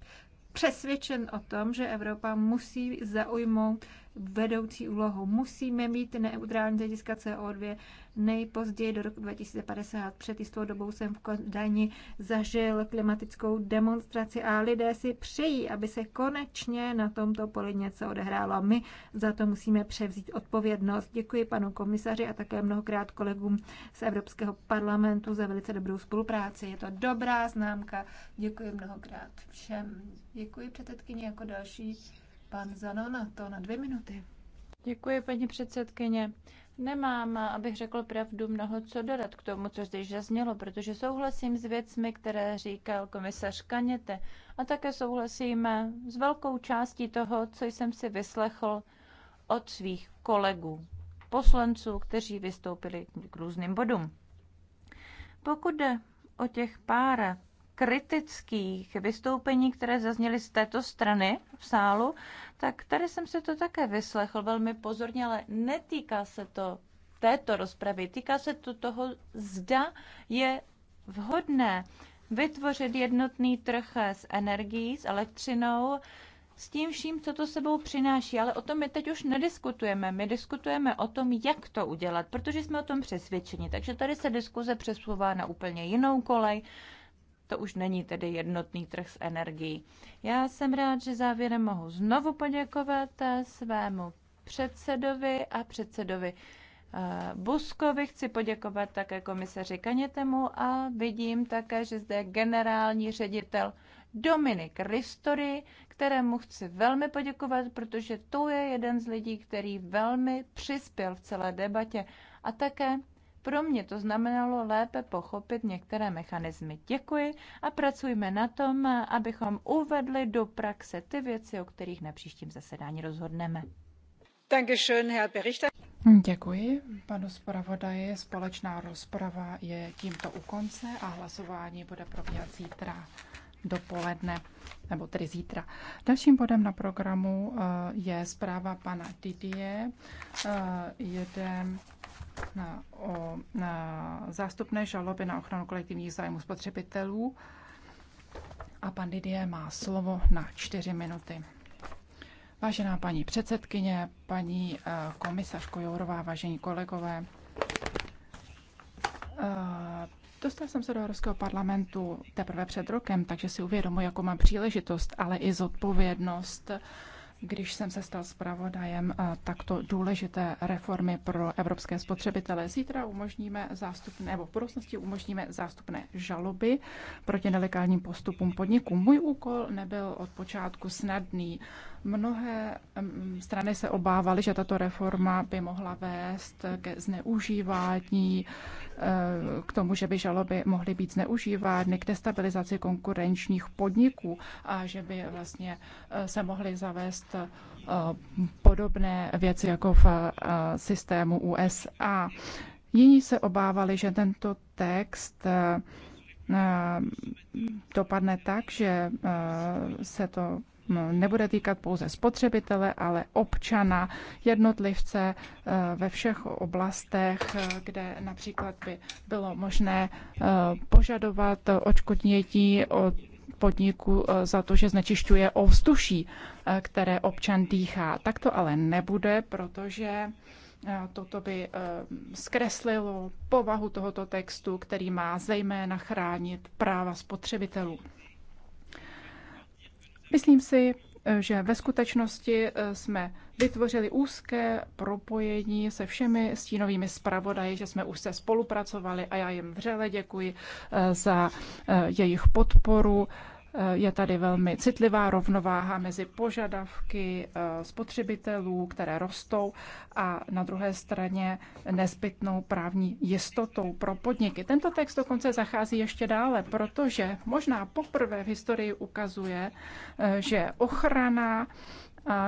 přesvědčen o tom, že Evropa musí zaujmout vedoucí úlohu. Musíme mít neutrální hlediska CO2 nejpozději do roku 2050. Před jistou dobou jsem v Kodani zažil klimatickou demonstraci a lidé si přejí, aby se konečně na tomto poli něco odehrálo. my za to musíme převzít odpovědnost. Děkuji panu komisaři a také mnohokrát kolegům z Evropského parlamentu za velice dobrou spolupráci. Je to dobrá známka. Děkuji mnohokrát všem. Děkuji předsedkyni jako další Pan Zanona, to na dvě minuty. Děkuji, paní předsedkyně. Nemám, abych řekl pravdu, mnoho co dodat k tomu, co zde zaznělo, protože souhlasím s věcmi, které říkal komisař Kaněte a také souhlasím s velkou částí toho, co jsem si vyslechl od svých kolegů, poslanců, kteří vystoupili k různým bodům. Pokud jde o těch pár kritických vystoupení, které zazněly z této strany v sálu, tak tady jsem se to také vyslechl velmi pozorně, ale netýká se to této rozpravy. Týká se to toho, zda je vhodné vytvořit jednotný trh s energií, s elektřinou, s tím vším, co to sebou přináší, ale o tom my teď už nediskutujeme. My diskutujeme o tom, jak to udělat, protože jsme o tom přesvědčeni. Takže tady se diskuze přesouvá na úplně jinou kolej. To už není tedy jednotný trh s energií. Já jsem rád, že závěrem mohu znovu poděkovat eh, svému předsedovi a předsedovi eh, Buskovi. Chci poděkovat také komisaři Kanětemu a vidím také, že zde je generální ředitel Dominik Ristory, kterému chci velmi poděkovat, protože to je jeden z lidí, který velmi přispěl v celé debatě. A také pro mě to znamenalo lépe pochopit některé mechanismy. Děkuji a pracujme na tom, abychom uvedli do praxe ty věci, o kterých na příštím zasedání rozhodneme. Děkuji panu zpravodaji. Společná rozprava je tímto u konce a hlasování bude probíhat zítra dopoledne, nebo tedy zítra. Dalším bodem na programu eh, je zpráva pana Didie. Eh, jeden o zástupné žaloby na ochranu kolektivních zájmů spotřebitelů. A pan Didier má slovo na čtyři minuty. Vážená paní předsedkyně, paní eh, komisařko Jourová, vážení kolegové, eh, Dostal jsem se do Evropského parlamentu teprve před rokem, takže si uvědomuji, jakou mám příležitost, ale i zodpovědnost když jsem se stal zpravodajem eh, takto důležité reformy pro evropské spotřebitele. Zítra umožníme zástupné, nebo v budoucnosti umožníme zástupné žaloby proti nelegálním postupům podniků. Můj úkol nebyl od počátku snadný. Mnohé mm, strany se obávaly, že tato reforma by mohla vést ke zneužívání Eh, k tomu, že by žaloby mohly být zneužívány k destabilizaci konkurenčních podniků a že by vlastně eh, se mohly zavést eh, podobné věci jako v systému USA. Jiní se obávali, že tento text dopadne tak, že se to nebude týkat pouze spotřebitele, ale občana, jednotlivce e, ve všech oblastech, e, kde například by bylo možné e, požadovat očkodnětí od podniku za to, že znečišťuje ovzduší, které občan dýchá. Tak to ale nebude, protože toto by zkreslilo povahu tohoto textu, který má zejména chránit práva spotřebitelů. Myslím si, eh, že ve skutečnosti eh, jsme vytvořili úzké propojení se všemi stínovými zpravodaji, že jsme už se spolupracovali a já jim vřele děkuji eh, za jejich podporu je tady velmi citlivá rovnováha mezi požadavky eh, spotřebitelů, které rostou, a na druhé straně nezbytnou právní jistotou pro podniky. Tento text dokonce zachází ještě dále, protože možná poprvé v historii ukazuje, eh, že ochrana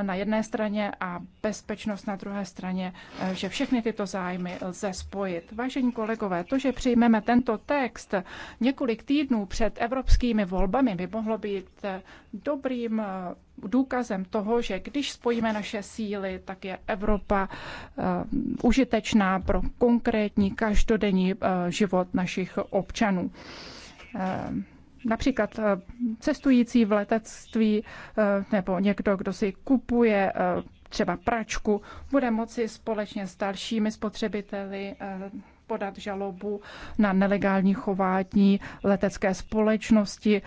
na jedné straně a bezpečnost na druhé straně, eh, že všechny tyto zájmy lze spojit. Vážení kolegové, to, že přijmeme tento text několik týdnů před evropskými volbami, by mohlo být eh, dobrým eh, důkazem toho, že když spojíme naše síly, tak je Evropa užitečná pro konkrétní každodenní život našich občanů například eh, cestující v letectví eh, nebo někdo, kdo si kupuje eh, třeba pračku, bude moci společně s dalšími spotřebiteli podat žalobu na nelegální chování letecké společnosti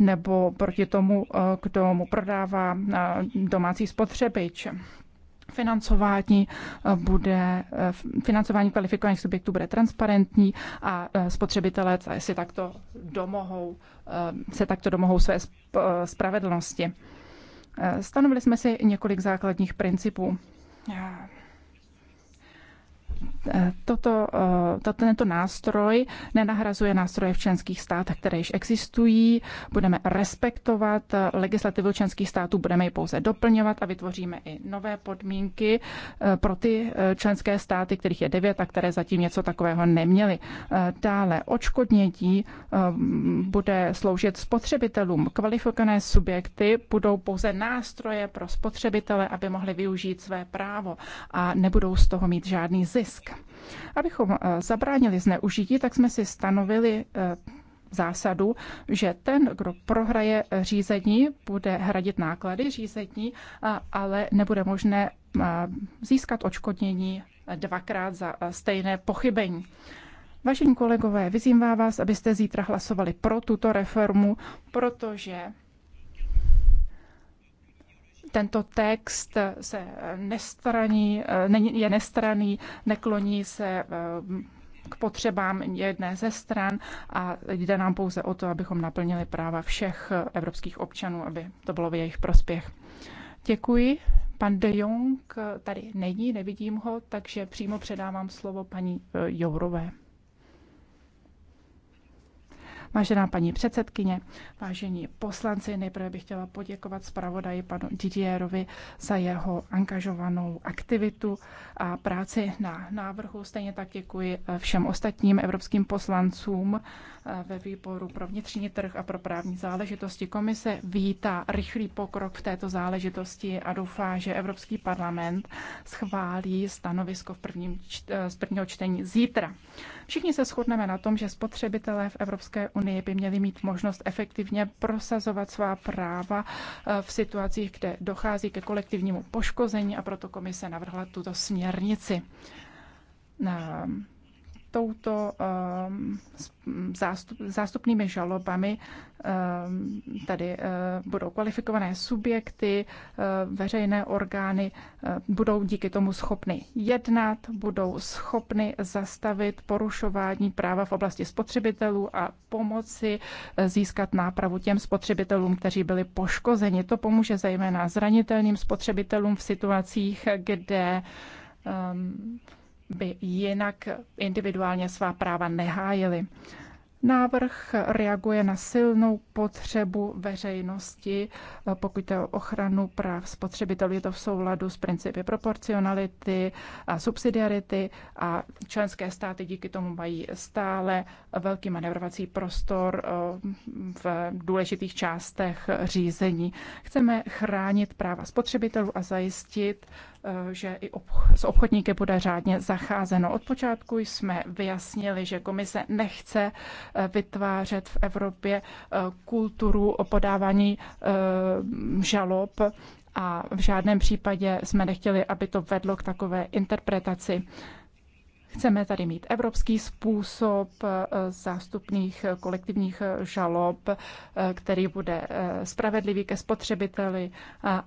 nebo proti tomu, kdo mu prodává domácí spotřebič financování eh, bude, eh, financování kvalifikovaných subjektů bude transparentní a eh, spotřebitelé si takto domohou, se takto domohou své spravedlnosti. Stanovili jsme si několik základních principů toto, eh, tato, tento nástroj nenahrazuje nástroje v členských státech, které již existují. Budeme respektovat eh, legislativu členských států, budeme ji pouze doplňovat a vytvoříme i nové podmínky eh, pro ty členské státy, kterých je devět a které zatím něco takového neměly. Dále očkodnětí bude sloužit spotřebitelům. Kvalifikované subjekty budou pouze nástroje pro spotřebitele, aby mohli využít své právo a nebudou z toho mít žádný zisk zisk. Abychom eh, zabránili zneužití, tak jsme si stanovili eh, zásadu, že ten, kdo prohraje řízení, bude hradit náklady řízení, ale nebude možné eh, získat očkodnění dvakrát za stejné pochybení. Vážení kolegové, vyzývám vás, abyste zítra hlasovali pro tuto reformu, protože tento text se nestraní, je nestraný, nekloní se eh, k potřebám jedné ze stran a jde nám pouze o to, abychom naplnili práva všech evropských občanů, aby to bylo v jejich prospěch. Děkuji. Pan De Jong tady není, nevidím ho, takže přímo předávám slovo paní eh, Jourové. Vážená paní předsedkyně, vážení poslanci, nejprve bych chtěla poděkovat zpravodaji panu Didierovi za jeho angažovanou aktivitu a práci na návrhu. Stejně tak děkuji eh, všem ostatním evropským poslancům eh, ve výboru pro vnitřní trh a pro právní záležitosti. Komise vítá rychlý pokrok v této záležitosti a doufá, že Evropský parlament schválí stanovisko v prvním, eh, z prvního čtení zítra. Všichni se shodneme na tom, že spotřebitelé v Evropské unii unii by měly mít možnost efektivně prosazovat svá práva eh, v situacích, kde dochází ke kolektivnímu poškození a proto komise navrhla tuto směrnici. Ehm, touto ehm, zástup, zástupnými žalobami ehm, tady eh, budou kvalifikované subjekty, eh, veřejné orgány, eh, budou díky tomu schopny jednat, budou schopny zastavit porušování práva v oblasti spotřebitelů a pomoci získat nápravu těm spotřebitelům, kteří byli poškozeni. To pomůže zejména zranitelným spotřebitelům v situacích, kde um, by jinak individuálně svá práva nehájili. Návrh reaguje na silnou potřebu veřejnosti, pokud je o ochranu práv spotřebitelů. Je to v souladu s principy proporcionality a subsidiarity a členské státy díky tomu mají stále velký manevrovací prostor eh, v důležitých částech řízení. Chceme chránit práva spotřebitelů a zajistit Eh, že i s obchodníky bude řádně zacházeno. Od počátku jsme vyjasnili, že komise nechce eh, vytvářet v Evropě eh, kulturu o podávání žalob a v žádném případě jsme nechtěli, aby to vedlo k takové interpretaci. Chceme tady mít evropský způsob eh, zástupných eh, kolektivních eh, žalob, který bude spravedlivý ke spotřebiteli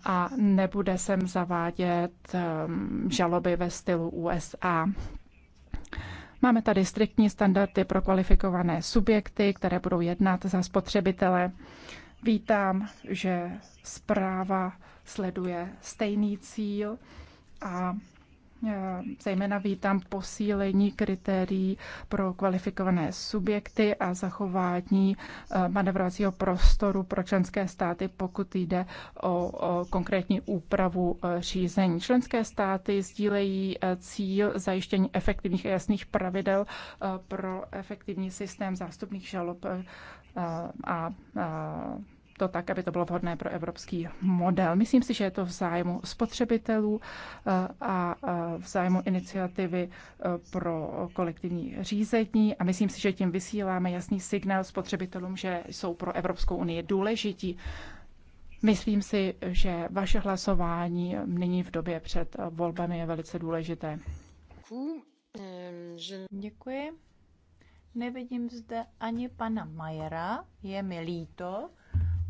a nebude sem zavádět ehm, žaloby ve stylu USA. Máme tady striktní standardy pro kvalifikované subjekty, které budou jednat za spotřebitele. Vítám, že zpráva sleduje stejný cíl a Zejména vítám posílení kritérií pro kvalifikované subjekty a zachování eh, manevrovacího prostoru pro členské státy, pokud jde o, konkrétní úpravu eh, řízení. Členské státy sdílejí eh, cíl zajištění efektivních a jasných pravidel pro efektivní systém zástupných žalob a to tak, aby to bylo vhodné pro evropský model. Myslím si, že je to v zájmu spotřebitelů eh, a eh, v zájmu iniciativy eh, pro kolektivní řízení a myslím si, že tím vysíláme jasný signál spotřebitelům, že jsou pro Evropskou unii důležití. Myslím si, že vaše hlasování nyní v době před volbami je velice důležité. Děkuji. Nevidím zde ani pana Majera, je mi líto,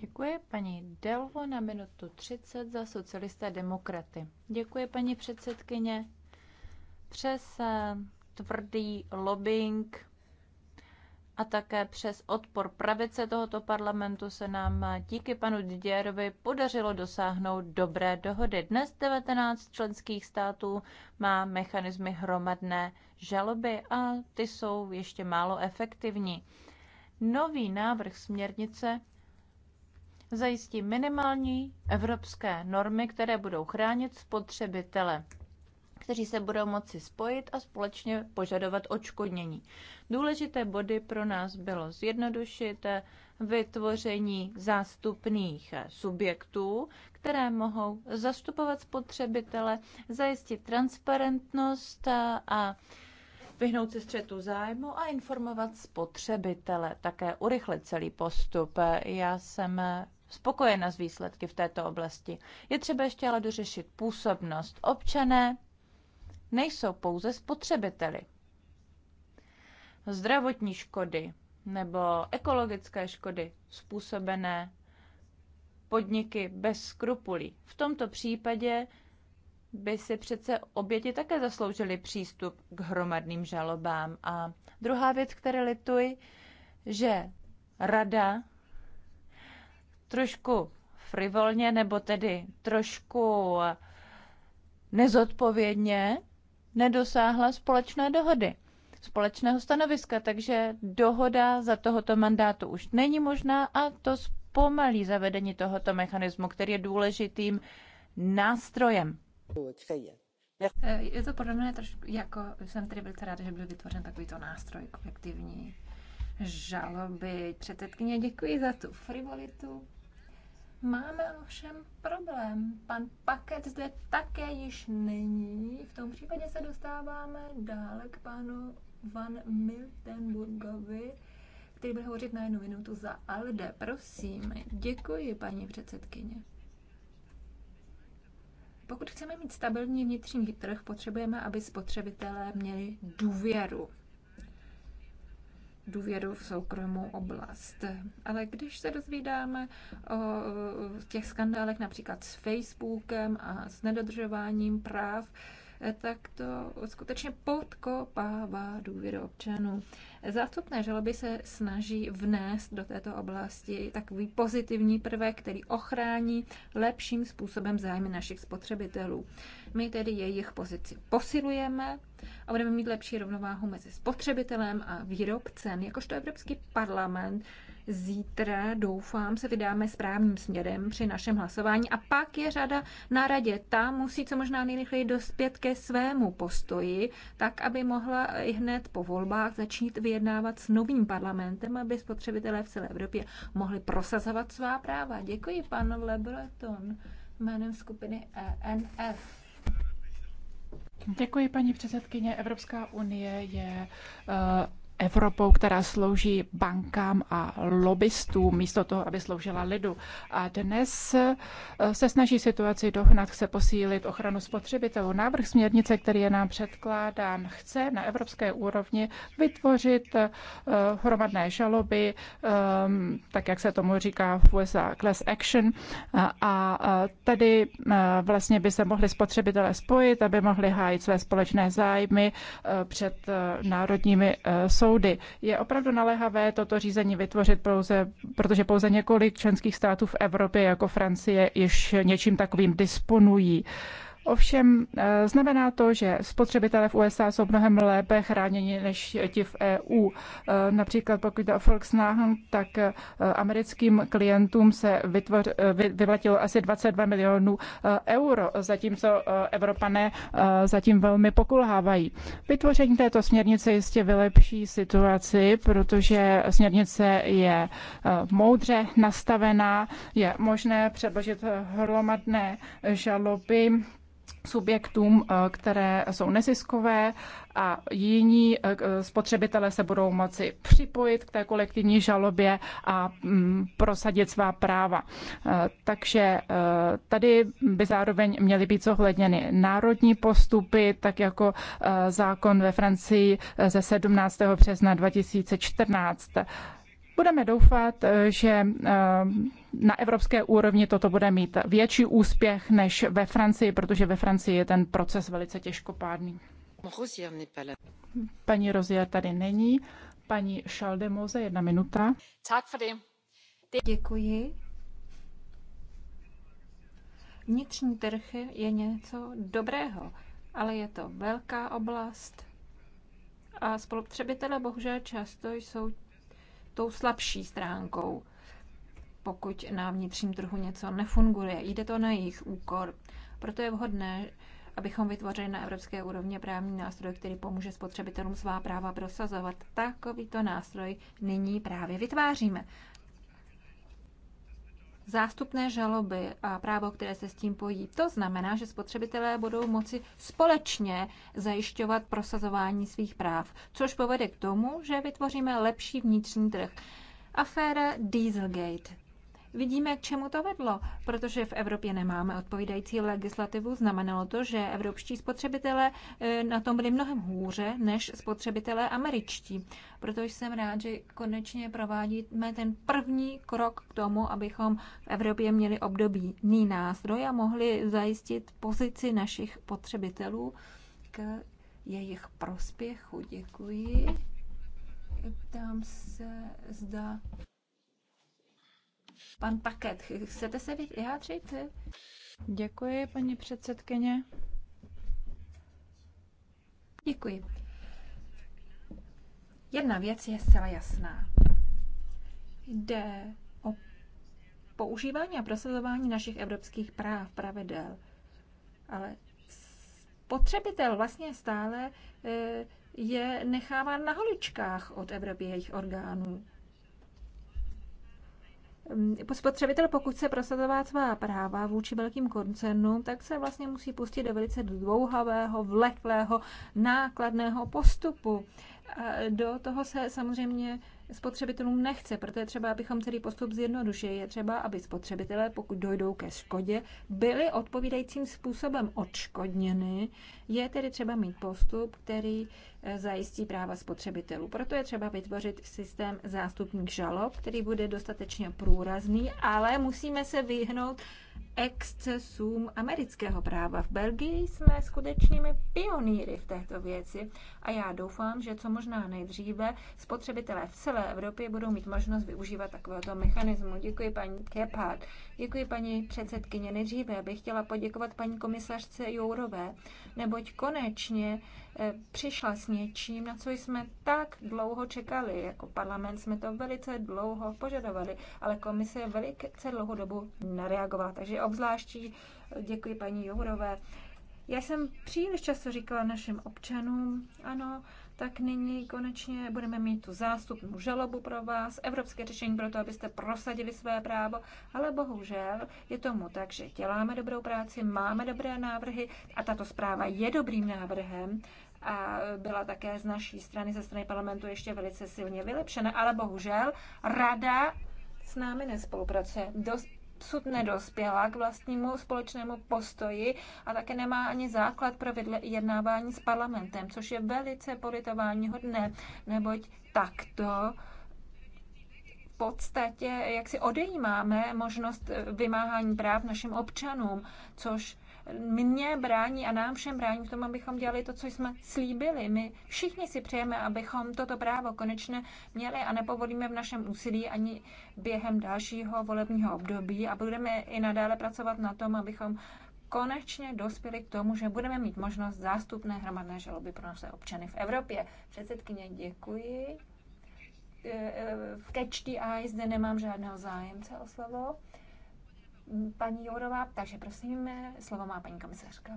Děkuji paní Delvo na minutu 30 za socialisté demokraty. Děkuji paní předsedkyně. Přes eh, tvrdý lobbying a také přes odpor pravice tohoto parlamentu se nám eh, díky panu Didierovi podařilo dosáhnout dobré dohody. Dnes 19 členských států má mechanismy hromadné žaloby a ty jsou ještě málo efektivní nový návrh směrnice zajistí minimální evropské normy, které budou chránit spotřebitele kteří se budou moci spojit a společně požadovat očkodnění. Důležité body pro nás bylo zjednodušit vytvoření zástupných subjektů, které mohou zastupovat spotřebitele, zajistit transparentnost a vyhnout se střetu zájmu a informovat spotřebitele, také urychlit celý postup. Já jsem spokojena s výsledky v této oblasti. Je třeba ještě ale dořešit působnost. Občané nejsou pouze spotřebiteli. Zdravotní škody nebo ekologické škody způsobené podniky bez skrupulí. V tomto případě by si přece oběti také zasloužili přístup k hromadným žalobám. A druhá věc, které lituji, že rada trošku frivolně nebo tedy trošku nezodpovědně nedosáhla společné dohody, společného stanoviska, takže dohoda za tohoto mandátu už není možná a to zpomalí zavedení tohoto mechanismu, který je důležitým nástrojem Eh, je to mě trošku, jako jsem tedy velice ráda, že byl vytvořen takovýto nástroj kolektivní žaloby. Předsedkyně, děkuji za tu frivolitu. Máme ovšem problém. Pan Paket zde také již není. V tom případě se dostáváme dále k panu Van Miltenburgovi, který bude hovořit na jednu minutu za ALDE. Prosím, děkuji, paní předsedkyně. Pokud chceme mít stabilní vnitřní trh, potřebujeme, aby spotřebitelé měli důvěru. Důvěru v soukromou oblast. Ale když se dozvídáme o těch skandálech například s Facebookem a s nedodržováním práv, tak to skutečně podkopává důvěru občanů. Zástupné žaloby se snaží vnést do této oblasti takový pozitivní prvek, který ochrání lepším způsobem zájmy našich spotřebitelů. My tedy jejich pozici posilujeme a budeme mít lepší rovnováhu mezi spotřebitelem a výrobcem. Jakožto Evropský parlament Zítra, doufám, se vydáme správným směrem při našem hlasování a pak je řada na radě. Ta musí co možná nejrychleji dospět ke svému postoji, tak, aby mohla i hned po volbách začít vyjednávat s novým parlamentem, aby spotřebitelé v celé Evropě mohli prosazovat svá práva. Děkuji, pan Lebreton, jménem skupiny ENF. Děkuji, paní předsedkyně. Evropská unie je uh, Evropou, která slouží bankám a lobbystům, místo toho, aby sloužila lidu. A dnes eh, se snaží situaci dohnat, chce posílit ochranu spotřebitelů. Návrh směrnice, který je nám předkládán, chce na evropské úrovni vytvořit eh, hromadné žaloby, ehm, tak jak se tomu říká v USA class action. Eh, a tady vlastně by se mohli spotřebitelé spojit, aby mohli hájit své společné zájmy před národními soudy soudy. Je opravdu naléhavé toto řízení vytvořit, pouze, protože pouze několik členských států v Evropě, jako Francie, již něčím takovým disponují. Uh, Ovšem eh, znamená to, že spotřebitelé v USA jsou mnohem lépe chráněni než ti v EU. Eh, například pokud jde o Volkswagen, tak eh, americkým klientům se vytvoř, vy, vyvlatilo asi 22 milionů euro, zatímco Evropané zatím velmi pokulhávají. Vytvoření této směrnice jistě vylepší situaci, protože směrnice je moudře nastavená, je možné předložit hromadné žaloby subjektům, eh, které jsou neziskové a jiní eh, eh, spotřebitelé se budou moci připojit k té kolektivní žalobě a mm, prosadit svá práva. Takže tady by zároveň měly být zohledněny národní postupy, tak jako zákon ve Francii ze 17. března 2014. Budeme doufat, eh, že eh, na evropské úrovni toto bude mít větší úspěch než ve Francii, protože ve Francii je ten proces velice těžkopádný. Paní Rozier tady není. Paní Šaldemoze, jedna minuta. Děkuji. Vnitřní trh je něco dobrého, ale je to velká oblast a spolupotřebitelé bohužel často jsou tou slabší stránkou, pokud na vnitřním trhu něco nefunguje. Jde to na jejich úkor. Proto je vhodné, abychom vytvořili na evropské úrovně právní nástroj, který pomůže spotřebitelům svá práva prosazovat. Takovýto nástroj nyní právě vytváříme zástupné žaloby a právo, které se s tím pojí. To znamená, že spotřebitelé budou moci společně zajišťovat prosazování svých práv, což povede k tomu, že vytvoříme lepší vnitřní trh. Aféra Dieselgate Vidíme, k čemu to vedlo, protože v Evropě nemáme odpovídající legislativu. Znamenalo to, že evropští spotřebitelé eh, na tom byli mnohem hůře než spotřebitelé američtí. Proto jsem rád, že konečně provádíme ten první krok k tomu, abychom v Evropě měli obdobný nástroj a mohli zajistit pozici našich potřebitelů k jejich prospěchu. Děkuji. Ptám se, zda Pan Paket, chcete se vyjádřit? Děkuji, paní předsedkyně. Děkuji. Jedna věc je zcela jasná. Jde o používání a prosazování našich evropských práv, pravidel. Ale spotřebitel vlastně stále eh, je necháván na holičkách od evropských orgánů. Ehm, spotřebitel, pokud chce prosazovat svá práva vůči velkým koncernům, tak se vlastně musí pustit do velice dlouhavého, vleklého, nákladného postupu. A do toho se samozřejmě spotřebitelům nechce, protože třeba, abychom celý postup zjednodušili, je třeba, aby spotřebitelé, pokud dojdou ke škodě, byli odpovídajícím způsobem odškodněny. Je tedy třeba mít postup, který Eh, zajistí práva spotřebitelů. Proto je třeba vytvořit systém zástupních žalob, který bude dostatečně průrazný, ale musíme se vyhnout excesům amerického práva. V Belgii jsme skutečnými pionýry v této věci a já doufám, že co možná nejdříve spotřebitelé v celé Evropě budou mít možnost využívat takovéto mechanismu. Děkuji paní Kephard, děkuji paní předsedkyně. Nejdříve bych chtěla poděkovat paní komisařce Jourové, neboť konečně E, přišla s něčím, na co jsme tak dlouho čekali. Jako parlament jsme to velice dlouho požadovali, ale komise velice dlouhou dobu nereagovala. Takže obzvláště děkuji paní Jourové já jsem příliš často říkala našim občanům, ano, tak nyní konečně budeme mít tu zástupnou žalobu pro vás, evropské řešení pro to, abyste prosadili své právo, ale bohužel je tomu tak, že děláme dobrou práci, máme dobré návrhy a tato zpráva je dobrým návrhem a byla také z naší strany, ze strany parlamentu ještě velice silně vylepšena, ale bohužel rada s námi nespolupracuje. Dost dosud nedospěla k vlastnímu společnému postoji a také nemá ani základ pro jednávání s parlamentem, což je velice politování hodné, neboť takto podstatě jak si odejímáme možnost vymáhání práv našim občanům, což mě brání a nám všem brání v tom, abychom dělali to, co jsme slíbili. My všichni si přejeme, abychom toto právo konečně měli a nepovolíme v našem úsilí ani během dalšího volebního období a budeme i nadále pracovat na tom, abychom konečně dospěli k tomu, že budeme mít možnost zástupné hromadné žaloby pro naše občany v Evropě. Předsedkyně, děkuji. E, e, v Catch the Eye zde nemám žádného zájemce o slovo paní Jourová, takže prosím, slovo má paní komisařka.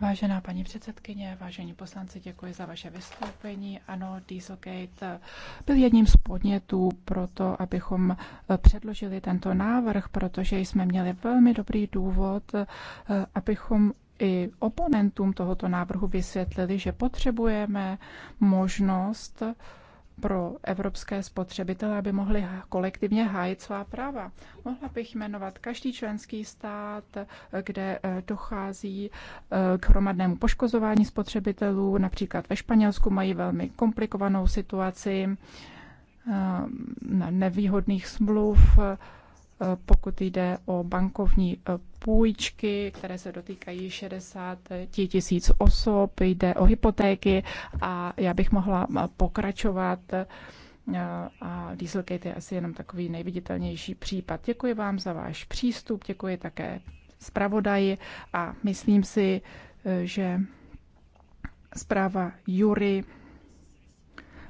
Vážená paní předsedkyně, vážení poslanci, děkuji za vaše vystoupení. Ano, Dieselgate byl jedním z podnětů pro to, abychom eh, předložili tento návrh, protože jsme měli velmi dobrý důvod, eh, abychom i oponentům tohoto návrhu vysvětlili, že potřebujeme možnost pro evropské spotřebitele, aby mohli kolektivně hájit svá práva. Mohla bych jmenovat každý členský stát, eh, kde eh, dochází eh, k hromadnému poškozování spotřebitelů. Například ve Španělsku mají velmi komplikovanou situaci nevýhodných smluv Eh, pokud jde o bankovní eh, půjčky, které se dotýkají 60 eh, tisíc osob, jde o hypotéky a já bych mohla pokračovat a Dieselgate je asi jenom takový nejviditelnější případ. Děkuji vám za váš přístup, děkuji také zpravodaji a myslím si, že zpráva Jury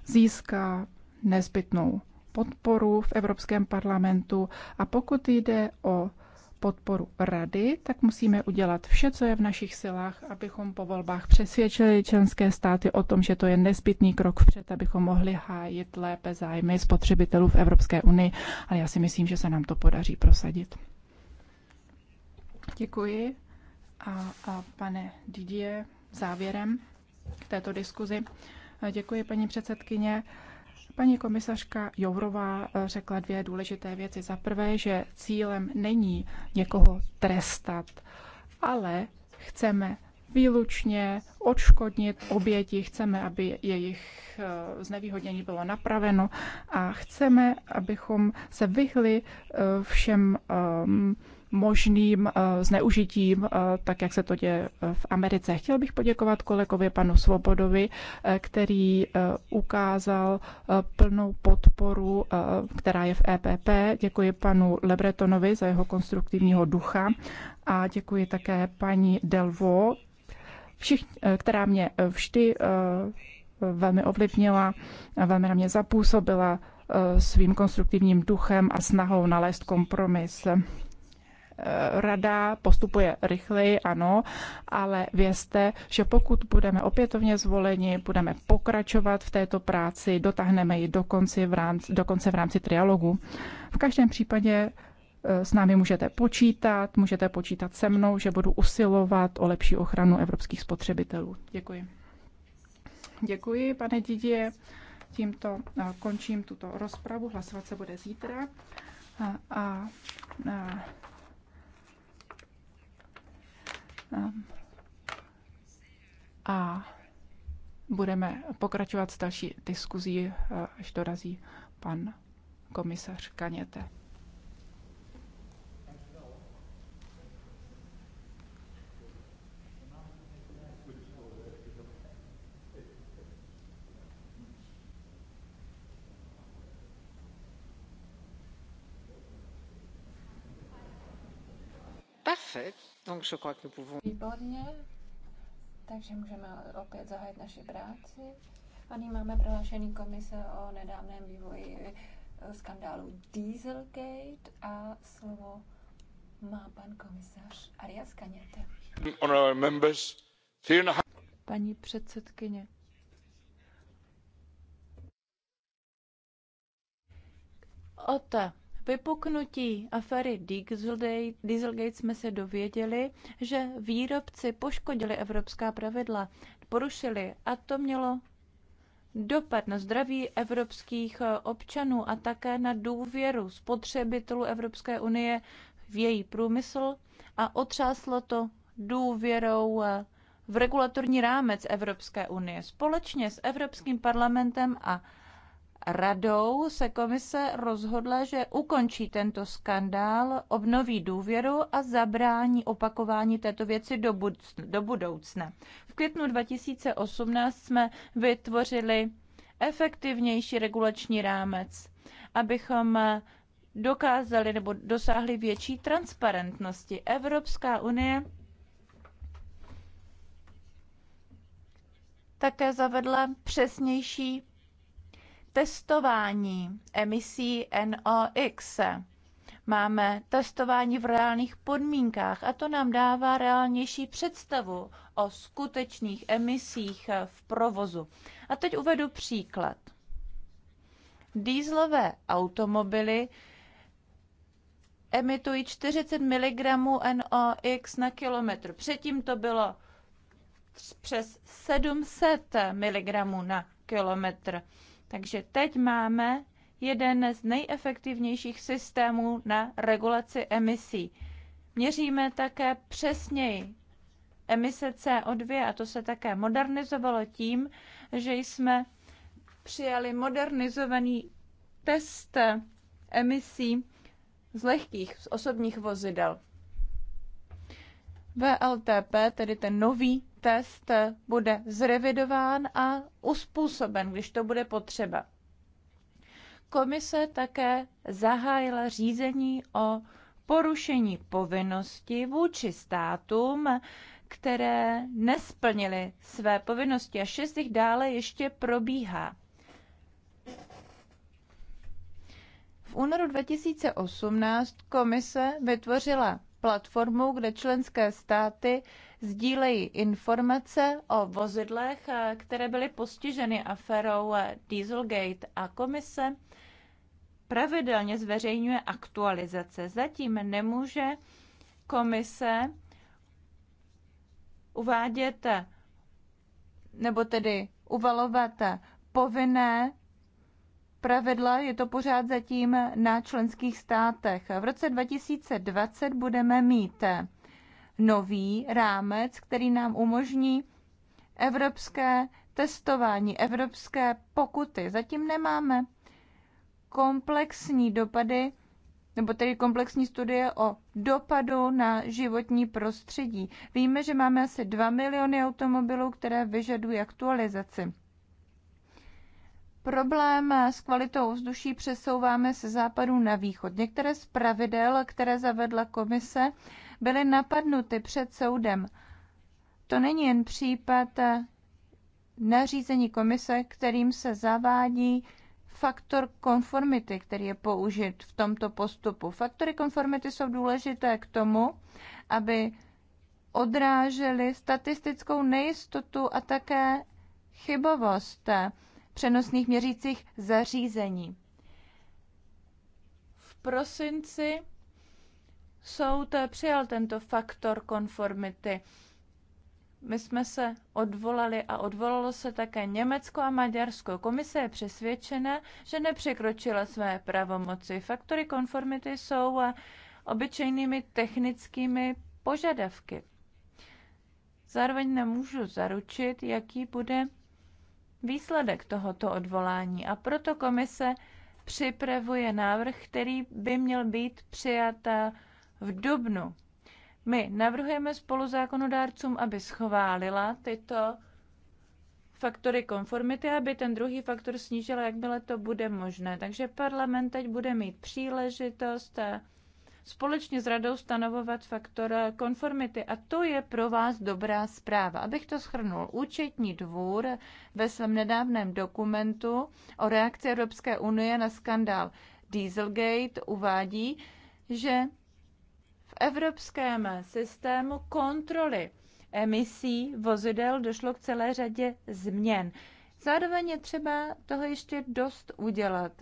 získá nezbytnou podporu v Evropském parlamentu a pokud jde o podporu rady, tak musíme udělat vše, co je v našich silách, abychom po volbách přesvědčili členské státy o tom, že to je nezbytný krok vpřed, abychom mohli hájit lépe zájmy spotřebitelů v Evropské unii, ale já si myslím, že se nám to podaří prosadit. Děkuji. A, a pane Didier, závěrem k této diskuzi. Děkuji, paní předsedkyně. Paní komisařka Jourová eh, řekla dvě důležité věci. Za prvé, že cílem není někoho trestat, ale chceme výlučně odškodnit oběti, chceme, aby jejich eh, znevýhodnění bylo napraveno a chceme, abychom se vyhli eh, všem ehm, možným eh, zneužitím, eh, tak jak se to děje eh, v Americe. Chtěl bych poděkovat kolegovi panu Svobodovi, který ukázal plnou podporu, která je v EPP. Děkuji panu Lebretonovi za jeho konstruktivního ducha a děkuji také paní Delvo, která mě vždy velmi ovlivnila, velmi na mě zapůsobila svým konstruktivním duchem a snahou nalézt kompromis. Eh, rada postupuje rychleji, ano, ale vězte, že pokud budeme opětovně zvoleni, budeme pokračovat v této práci, dotáhneme ji do konce v rámci, do konce v rámci trialogu. V každém případě eh, s námi můžete počítat, můžete počítat se mnou, že budu usilovat o lepší ochranu evropských spotřebitelů. Děkuji. Děkuji, pane Didě. Tímto eh, končím tuto rozpravu. Hlasovat se bude zítra. A, a, a A budeme pokračovat s další diskuzí, eh, až dorazí pan komisař Kaněte. Perfect. Výborně. Takže můžeme opět zahájit naši práci. A máme prohlášený komise o nedávném vývoji eh, skandálu Dieselgate a slovo má pan komisař Arias Kaněte. Paní předsedkyně, Ota vypuknutí afery Dieselgate, jsme se dověděli, že výrobci poškodili evropská pravidla, porušili a to mělo dopad na zdraví evropských eh, občanů a také na důvěru spotřebitelů Evropské unie v její průmysl a otřáslo to důvěrou eh, v regulatorní rámec Evropské unie. Společně s Evropským parlamentem a radou se komise rozhodla, že ukončí tento skandál, obnoví důvěru a zabrání opakování této věci do, budc- do budoucna. V květnu 2018 jsme vytvořili efektivnější regulační rámec, abychom dokázali nebo dosáhli větší transparentnosti. Evropská unie také zavedla přesnější testování emisí NOx. Máme testování v reálných podmínkách a to nám dává reálnější představu o skutečných emisích v provozu. A teď uvedu příklad. Dýzlové automobily emitují 40 mg NOx na kilometr. Předtím to bylo přes 700 mg na kilometr. Takže teď máme jeden z nejefektivnějších systémů na regulaci emisí. Měříme také přesněji emise CO2 a to se také modernizovalo tím, že jsme přijali modernizovaný test emisí z lehkých, z osobních vozidel. VLTP, tedy ten nový test bude zrevidován a uspůsoben, když to bude potřeba. Komise také zahájila řízení o porušení povinnosti vůči státům, které nesplnily své povinnosti a šest jich dále ještě probíhá. V únoru 2018 komise vytvořila platformu, kde členské státy sdílejí informace o vozidlech, eh, které byly postiženy aférou eh, Dieselgate a komise pravidelně zveřejňuje aktualizace. Zatím nemůže komise uvádět eh, nebo tedy uvalovat povinné pravidla, je to pořád zatím na členských státech. V roce 2020 budeme mít nový rámec, který nám umožní evropské testování, evropské pokuty. Zatím nemáme komplexní dopady, nebo tedy komplexní studie o dopadu na životní prostředí. Víme, že máme asi 2 miliony automobilů, které vyžadují aktualizaci. Problém s kvalitou ovzduší přesouváme se západu na východ. Některé z pravidel, které zavedla komise, byly napadnuty před soudem. To není jen případ nařízení komise, kterým se zavádí faktor konformity, který je použit v tomto postupu. Faktory konformity jsou důležité k tomu, aby odrážely statistickou nejistotu a také chybovost přenosných měřících zařízení. V prosinci soud přijal tento faktor konformity. My jsme se odvolali a odvolalo se také Německo a Maďarsko. Komise je přesvědčena, že nepřekročila své pravomoci. Faktory konformity jsou obyčejnými technickými požadavky. Zároveň nemůžu zaručit, jaký bude výsledek tohoto odvolání a proto komise připravuje návrh, který by měl být přijat eh, v dubnu. My navrhujeme spoluzákonodárcům, aby schválila tyto faktory konformity, aby ten druhý faktor snížila, jakmile to bude možné. Takže parlament teď bude mít příležitost eh, společně s radou stanovovat faktor konformity. A to je pro vás dobrá zpráva. Abych to schrnul, účetní dvůr ve svém nedávném dokumentu o reakci Evropské unie na skandál Dieselgate uvádí, že v evropském systému kontroly emisí vozidel došlo k celé řadě změn. Zároveň je třeba toho ještě dost udělat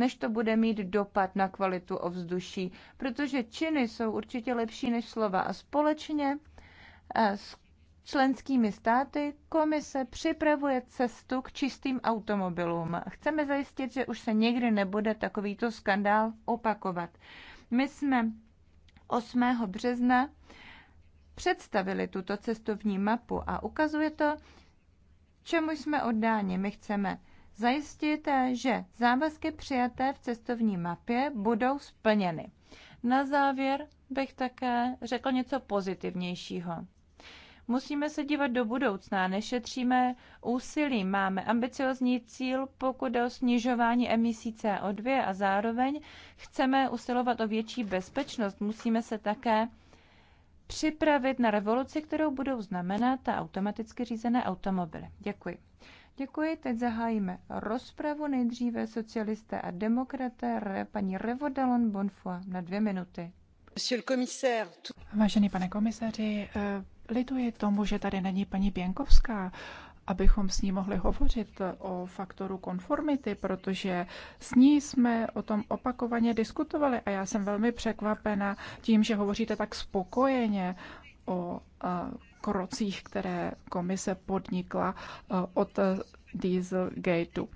než to bude mít dopad na kvalitu ovzduší, protože činy jsou určitě lepší než slova. A společně eh, s členskými státy komise připravuje cestu k čistým automobilům. Chceme zajistit, že už se nikdy nebude takovýto skandál opakovat. My jsme 8. března představili tuto cestovní mapu a ukazuje to, čemu jsme oddáni. My chceme zajistit, že závazky přijaté v cestovní mapě budou splněny. Na závěr bych také řekl něco pozitivnějšího. Musíme se dívat do budoucna, nešetříme úsilí, máme ambiciozní cíl, pokud o snižování emisí CO2 a zároveň chceme usilovat o větší bezpečnost, musíme se také připravit na revoluci, kterou budou znamenat ta automaticky řízené automobily. Děkuji. Děkuji, teď zahájíme rozpravu. Nejdříve socialisté a demokraté, paní Revodalon Bonfoy na dvě minuty. Vážený pane komisaři, eh, lituji tomu, že tady není paní Pěnkovská, abychom s ní mohli hovořit o faktoru konformity, protože s ní jsme o tom opakovaně diskutovali a já jsem velmi překvapena tím, že hovoříte tak spokojeně o eh, krocích, které komise podnikla eh, od Dieselgateu.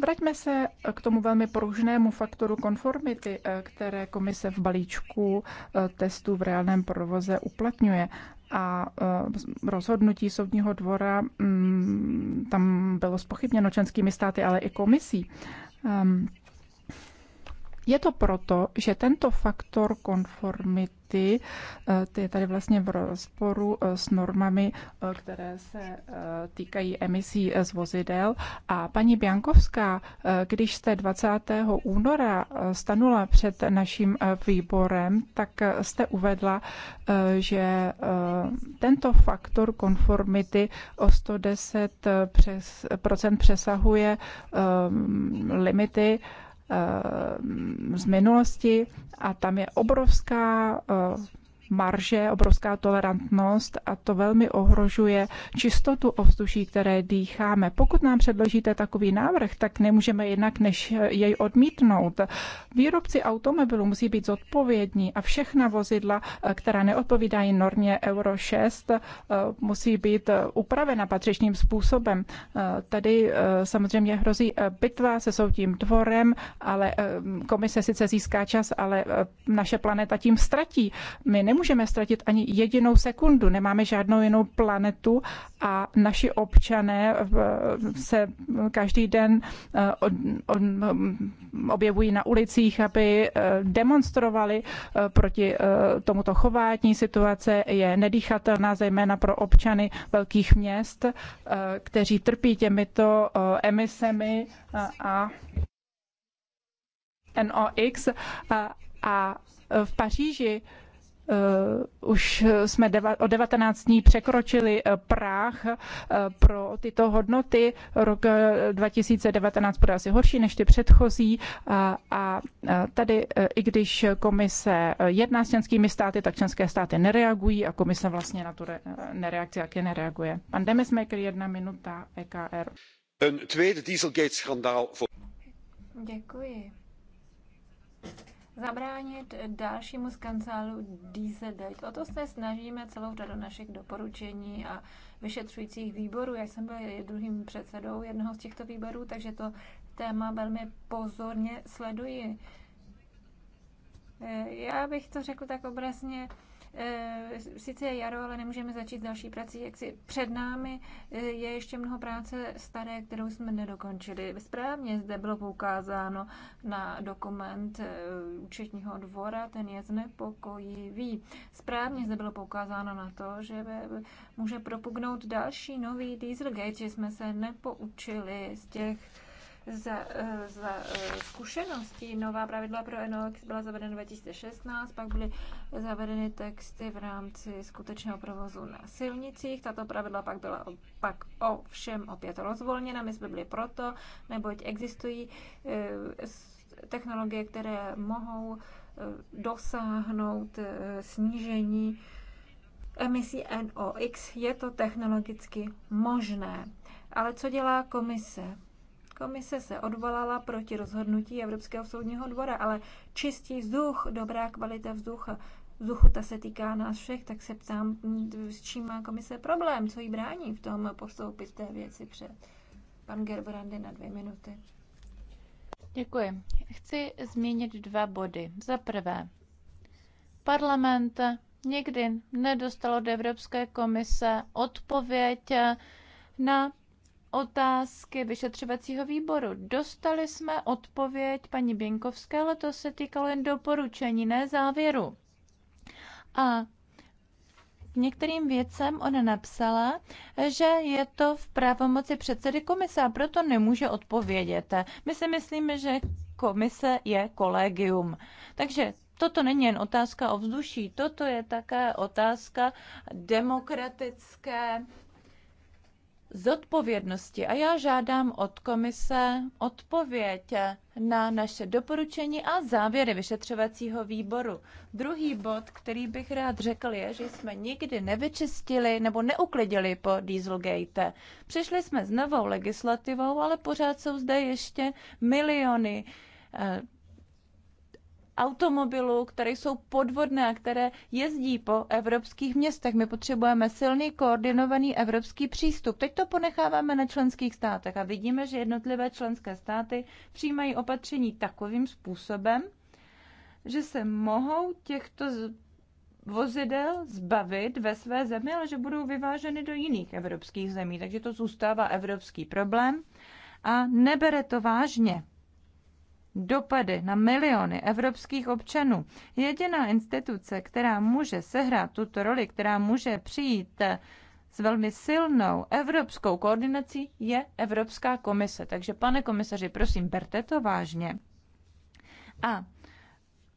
Vraťme se k tomu velmi pružnému faktoru konformity, eh, které komise v balíčku eh, testů v reálném provoze uplatňuje. A rozhodnutí soudního dvora mm, tam bylo spochybněno členskými státy, ale i komisí. Ehm, je to proto, že tento faktor konformity eh, je tady vlastně v rozporu eh, s normami, eh, které se týkají emisí z vozidel. A paní Biankovská, když jste 20. února stanula před naším výborem, tak jste uvedla, že tento faktor konformity o 110 přes, procent přesahuje limity Eh, z minulosti a tam je obrovská eh, marže, obrovská tolerantnost a to velmi ohrožuje čistotu ovzduší, které dýcháme. Pokud nám předložíte takový návrh, tak nemůžeme jinak, než jej odmítnout. Výrobci automobilů musí být zodpovědní a všechna vozidla, eh, která neodpovídají normě Euro 6, eh, musí být eh, upravena patřičným způsobem. Tady samozřejmě hrozí bitva se soudím dvorem, ale komise sice získá čas, ale naše planeta tím ztratí. My nemůžeme nemůžeme ztratit ani jedinou sekundu, nemáme žádnou jinou planetu a naši občané eh, se každý den eh, eh, objevují na ulicích, aby demonstrovali proti tomuto chování. Situace je nedýchatelná, zejména pro občany velkých měst, kteří trpí těmito emisemi a NOx a, v Paříži uh, už jsme deva- o 19 dní překročili uh, práh uh, pro tyto hodnoty. Rok 2019 bude asi horší než ty předchozí a tady, i když komise jedná s členskými státy, tak členské státy nereagují a komise vlastně na tu re- nereakci taky nereaguje. Pan Demesmaker, jedna minuta, EKR. tweede dieselgate Děkuji zabránit dalšímu skandálu DZD. O to se snažíme celou řadu našich doporučení a vyšetřujících výborů. Já jsem byl druhým předsedou jednoho z těchto výborů, takže to téma velmi pozorně sleduji. Eh, já bych to řekl tak obrazně, Eh, sice je jaro, ale nemůžeme začít další prací. Jak si před námi eh, je ještě mnoho práce staré, kterou jsme nedokončili. Správně zde bylo poukázáno na dokument eh, účetního dvora, ten je znepokojivý. Správně zde bylo poukázáno na to, že může propugnout další nový Dieselgate, že jsme se nepoučili z těch za, eh, za eh, zkušeností. Nová pravidla pro NOx byla zavedena 2016, pak byly zavedeny texty v rámci skutečného provozu na silnicích. Tato pravidla pak byla pak o všem opět rozvolněna. My jsme byli proto, neboť existují eh, technologie, které mohou dosáhnout snížení emisí NOx. Je to technologicky možné. Ale co dělá komise? Komise se odvolala proti rozhodnutí Evropského soudního dvora, ale čistý vzduch, dobrá kvalita vzducha, vzduchu ta se týká nás všech, tak se ptám, s čím má komise problém, co jí brání v tom postoupit té věci před. Pan Gerbrandy na dvě minuty. Děkuji. Chci změnit dva body. Za prvé, parlament nikdy nedostal od Evropské komise odpověď na otázky vyšetřovacího výboru. Dostali jsme odpověď paní Běnkovské, ale to se týkalo jen doporučení, ne závěru. A některým věcem ona napsala, že je to v pravomoci předsedy komise a proto nemůže odpovědět. My si myslíme, že komise je kolegium. Takže toto není jen otázka o vzduší, toto je také otázka demokratické zodpovědnosti a já žádám od komise odpověď na naše doporučení a závěry vyšetřovacího výboru. Druhý bod, který bych rád řekl, je, že jsme nikdy nevyčistili nebo neuklidili po Dieselgate. Přišli jsme s novou legislativou, ale pořád jsou zde ještě miliony eh, automobilů, které jsou podvodné a které jezdí po evropských městech. My potřebujeme silný, koordinovaný evropský přístup. Teď to ponecháváme na členských státech a vidíme, že jednotlivé členské státy přijímají opatření takovým způsobem, že se mohou těchto vozidel zbavit ve své zemi, ale že budou vyváženy do jiných evropských zemí. Takže to zůstává evropský problém a nebere to vážně dopady na miliony evropských občanů. Jediná instituce, která může sehrát tuto roli, která může přijít eh, s velmi silnou evropskou koordinací, je Evropská komise. Takže, pane komisaři, prosím, berte to vážně. A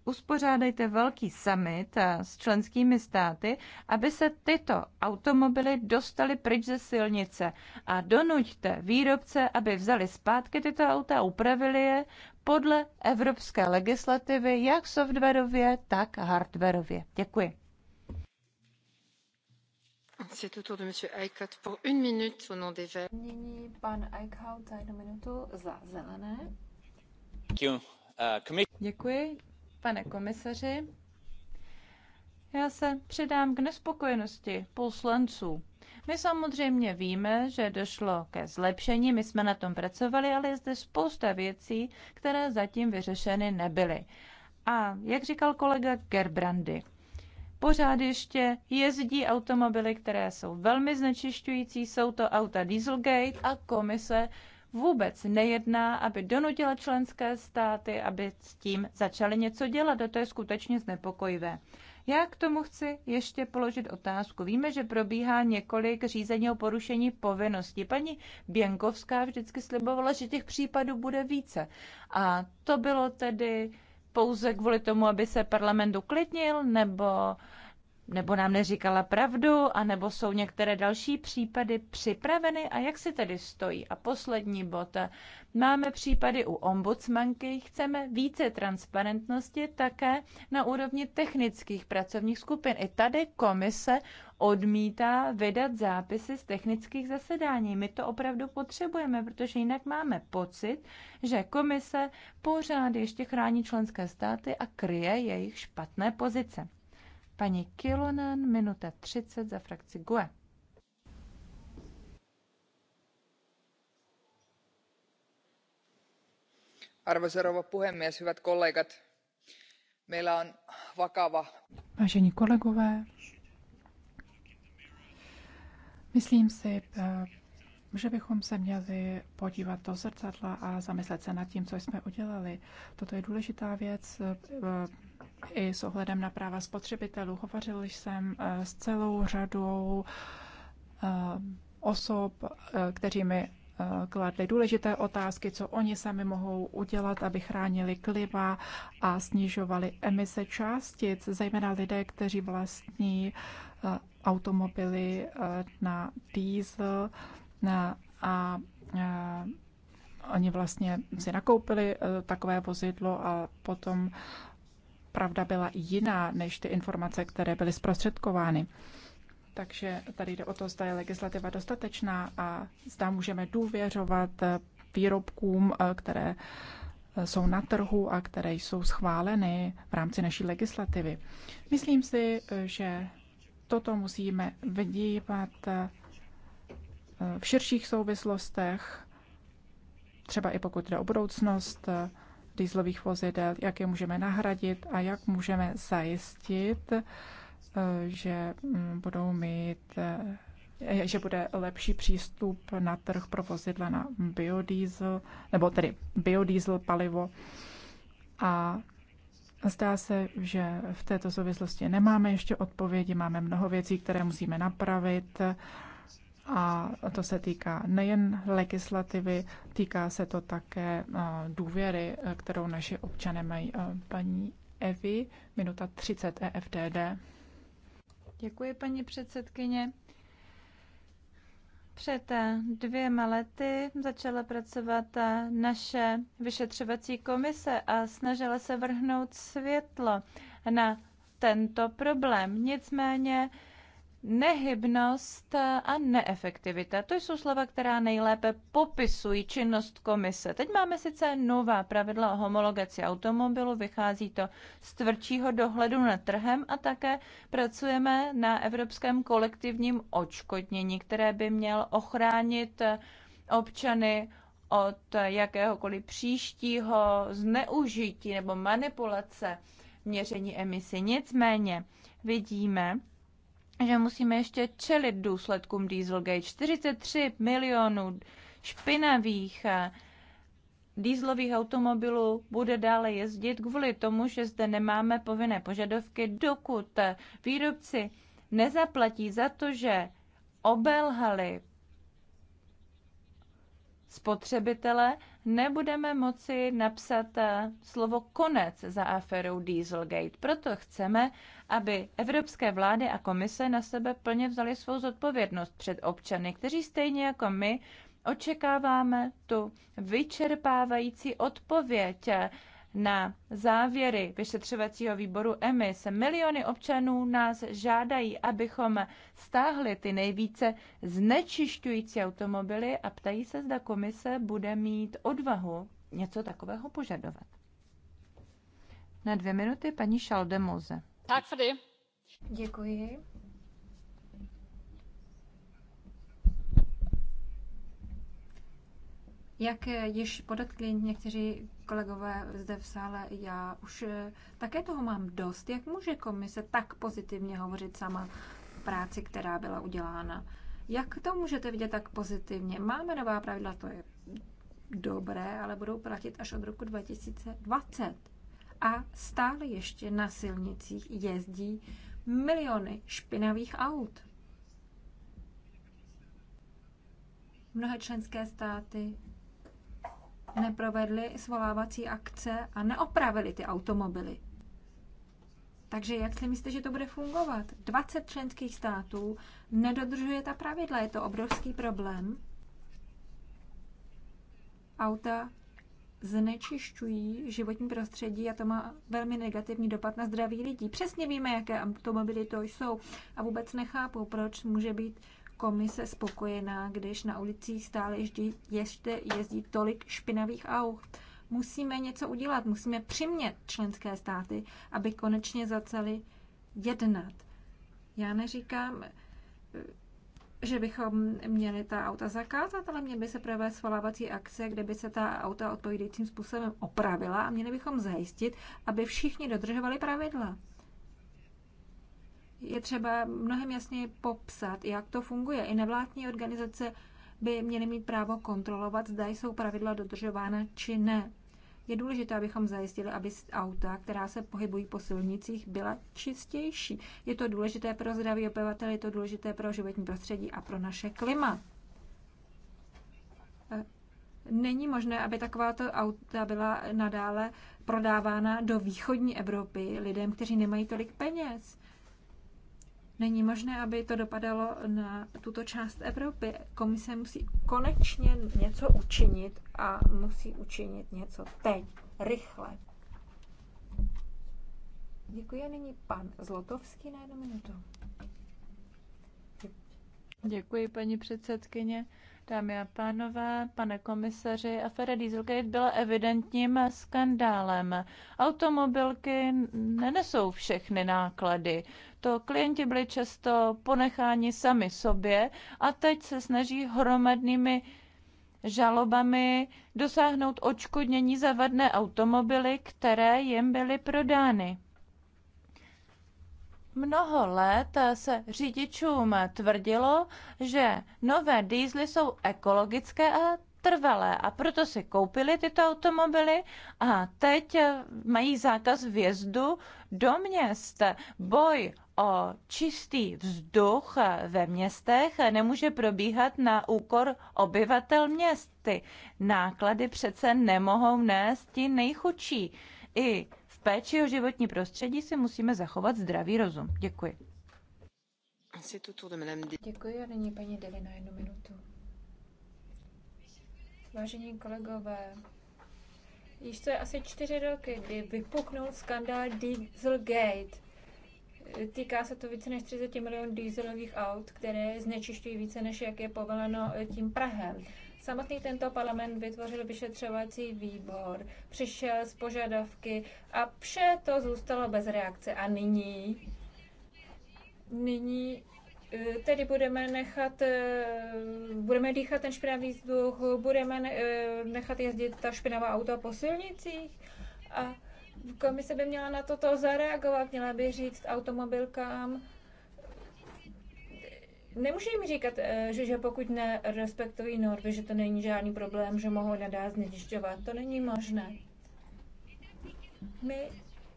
uspořádejte velký summit eh, s členskými státy, aby se tyto automobily dostaly pryč ze silnice a donuďte výrobce, aby vzali zpátky tyto auta, upravili je, podle evropské legislativy, jak softwarově, tak hardwarově. Děkuji. Nyní pan Eickhout za jednu minutu za zelené. Uh, Děkuji, pane komisaři. Já se přidám k nespokojenosti poslanců my samozřejmě víme, že došlo ke zlepšení, my jsme na tom pracovali, ale je zde spousta věcí, které zatím vyřešeny nebyly. A jak říkal kolega Gerbrandy, pořád ještě jezdí automobily, které jsou velmi znečišťující, jsou to auta Dieselgate a komise vůbec nejedná, aby donutila členské státy, aby s tím začaly něco dělat. A to je skutečně znepokojivé. Já k tomu chci ještě položit otázku. Víme, že probíhá několik řízení o porušení povinností. Paní Běnkovská vždycky slibovala, že těch případů bude více. A to bylo tedy pouze kvůli tomu, aby se parlament uklidnil, nebo nebo nám neříkala pravdu, anebo jsou některé další případy připraveny a jak si tedy stojí. A poslední bod. Máme případy u ombudsmanky, chceme více transparentnosti také na úrovni technických pracovních skupin. I tady komise odmítá vydat zápisy z technických zasedání. My to opravdu potřebujeme, protože jinak máme pocit, že komise pořád ještě chrání členské státy a kryje jejich špatné pozice. Paní Kilonen, minuta 30 za frakci GUE. Arvoisa rouva puhemies, hyvät kollegat, meillä on vakava... Vážení kolegové, myslím si, eh, že bychom se měli podívat do zrcadla a zamyslet se nad tím, co jsme udělali. Toto je důležitá věc eh, i s ohledem na práva spotřebitelů. Hovořil jsem eh, s celou řadou eh, osob, eh, kteří mi kladli důležité otázky, co oni sami mohou udělat, aby chránili klima a snižovali emise částic, zejména lidé, kteří vlastní automobily na diesel a, a oni vlastně si nakoupili takové vozidlo a potom pravda byla jiná než ty informace, které byly zprostředkovány. Takže tady jde o to, zda je legislativa dostatečná a zda můžeme důvěřovat výrobkům, eh, které eh, jsou na trhu a které jsou schváleny v rámci naší legislativy. Myslím si, eh, že toto musíme vydívat v širších souvislostech, třeba i pokud jde o budoucnost dýzlových vozidel, jak je můžeme nahradit a jak můžeme zajistit, eh, že mm, budou mít eh, že bude lepší přístup na trh pro vozidla na biodiesel, nebo tedy biodiesel palivo. A zdá se, že v této souvislosti nemáme ještě odpovědi, máme mnoho věcí, které musíme napravit a to se týká nejen legislativy, týká se to také eh, důvěry, eh, kterou naši občané mají. Eh, paní Evi, minuta 30 EFTD. Děkuji, paní předsedkyně. Před dvěma lety začala pracovat naše vyšetřovací komise a snažila se vrhnout světlo na tento problém. Nicméně Nehybnost a neefektivita, to jsou slova, která nejlépe popisují činnost komise. Teď máme sice nová pravidla o homologaci automobilu, vychází to z tvrdšího dohledu nad trhem a také pracujeme na evropském kolektivním očkodnění, které by měl ochránit občany od jakéhokoliv příštího zneužití nebo manipulace měření emisí. Nicméně vidíme, že musíme ještě čelit důsledkům Dieselgate. 43 milionů špinavých eh, dýzlových automobilů bude dále jezdit kvůli tomu, že zde nemáme povinné požadovky, dokud eh, výrobci nezaplatí za to, že obelhali spotřebitele nebudeme moci napsat eh, slovo konec za aférou Dieselgate. Proto chceme, aby evropské vlády a komise na sebe plně vzali svou zodpovědnost před občany, kteří stejně jako my očekáváme tu vyčerpávající odpověď eh, na závěry vyšetřovacího výboru EMI se miliony občanů nás žádají, abychom stáhli ty nejvíce znečišťující automobily a ptají se, zda komise bude mít odvahu něco takového požadovat. Na dvě minuty paní Šaldemoze. Tak, Děkuji. Jak eh, již podotkli někteří kolegové zde v sále, já už eh, také toho mám dost. Jak může komise tak pozitivně hovořit sama práci, která byla udělána? Jak to můžete vidět tak pozitivně? Máme nová pravidla, to je dobré, ale budou platit až od roku 2020. A stále ještě na silnicích jezdí miliony špinavých aut. Mnohé členské státy neprovedli svolávací akce a neopravili ty automobily. Takže jak si myslíte, že to bude fungovat? 20 členských států nedodržuje ta pravidla, je to obrovský problém. Auta znečišťují životní prostředí a to má velmi negativní dopad na zdraví lidí. Přesně víme, jaké automobily to jsou a vůbec nechápu, proč může být komise spokojená, když na ulicích stále jezdí, ještě jezdí tolik špinavých aut. Musíme něco udělat, musíme přimět členské státy, aby konečně začaly jednat. Já neříkám, že bychom měli ta auta zakázat, ale měly by se právě svolávací akce, kde by se ta auta odpovídajícím způsobem opravila a měli bychom zajistit, aby všichni dodržovali pravidla je třeba mnohem jasněji popsat, jak to funguje. I nevládní organizace by měly mít právo kontrolovat, zda jsou pravidla dodržována či ne. Je důležité, abychom zajistili, aby auta, která se pohybují po silnicích, byla čistější. Je to důležité pro zdraví obyvatel, je to důležité pro životní prostředí a pro naše klima. E, není možné, aby takováto auta byla nadále prodávána do východní Evropy lidem, kteří nemají tolik peněz. Není možné, aby to dopadalo na tuto část Evropy. Komise musí konečně něco učinit a musí učinit něco teď, rychle. Děkuji a nyní pan Zlotovský na jednu minutu. Děkuji, paní předsedkyně. Dámy a pánové, pane komisaři, aféra Dieselgate byla evidentním skandálem. Automobilky nenesou všechny náklady často, klienti byli často ponecháni sami sobě a teď se snaží hromadnými žalobami dosáhnout očkodnění za vadné automobily, které jim byly prodány. Mnoho let se řidičům tvrdilo, že nové dýzly jsou ekologické a trvalé a proto si koupili tyto automobily a teď mají zákaz vjezdu do měst. Boj o čistý vzduch ve městech nemůže probíhat na úkor obyvatel měst. Ty náklady přece nemohou nést ti nejchučí. I v péči o životní prostředí si musíme zachovat zdravý rozum. Děkuji. Děkuji a nyní paní Deli na jednu minutu. Vážení kolegové, již to je asi čtyři roky, kdy vypuknul skandál Dieselgate Týká se to více než 30 milionů dieselových aut, které znečišťují více než jak je povoleno e, tím Prahem. Samotný tento parlament vytvořil vyšetřovací výbor, přišel s požadavky a vše to zůstalo bez reakce. A nyní, nyní e, tedy budeme nechat, e, budeme dýchat ten špinavý vzduch, budeme nechat jezdit ta špinavá auta po silnicích a komise by měla na toto zareagovat, měla by říct automobilkám, Nemůže jim říkat, eh, že, že pokud nerespektují normy, že to není žádný problém, že mohou nadá znečišťovat. To není možné. My,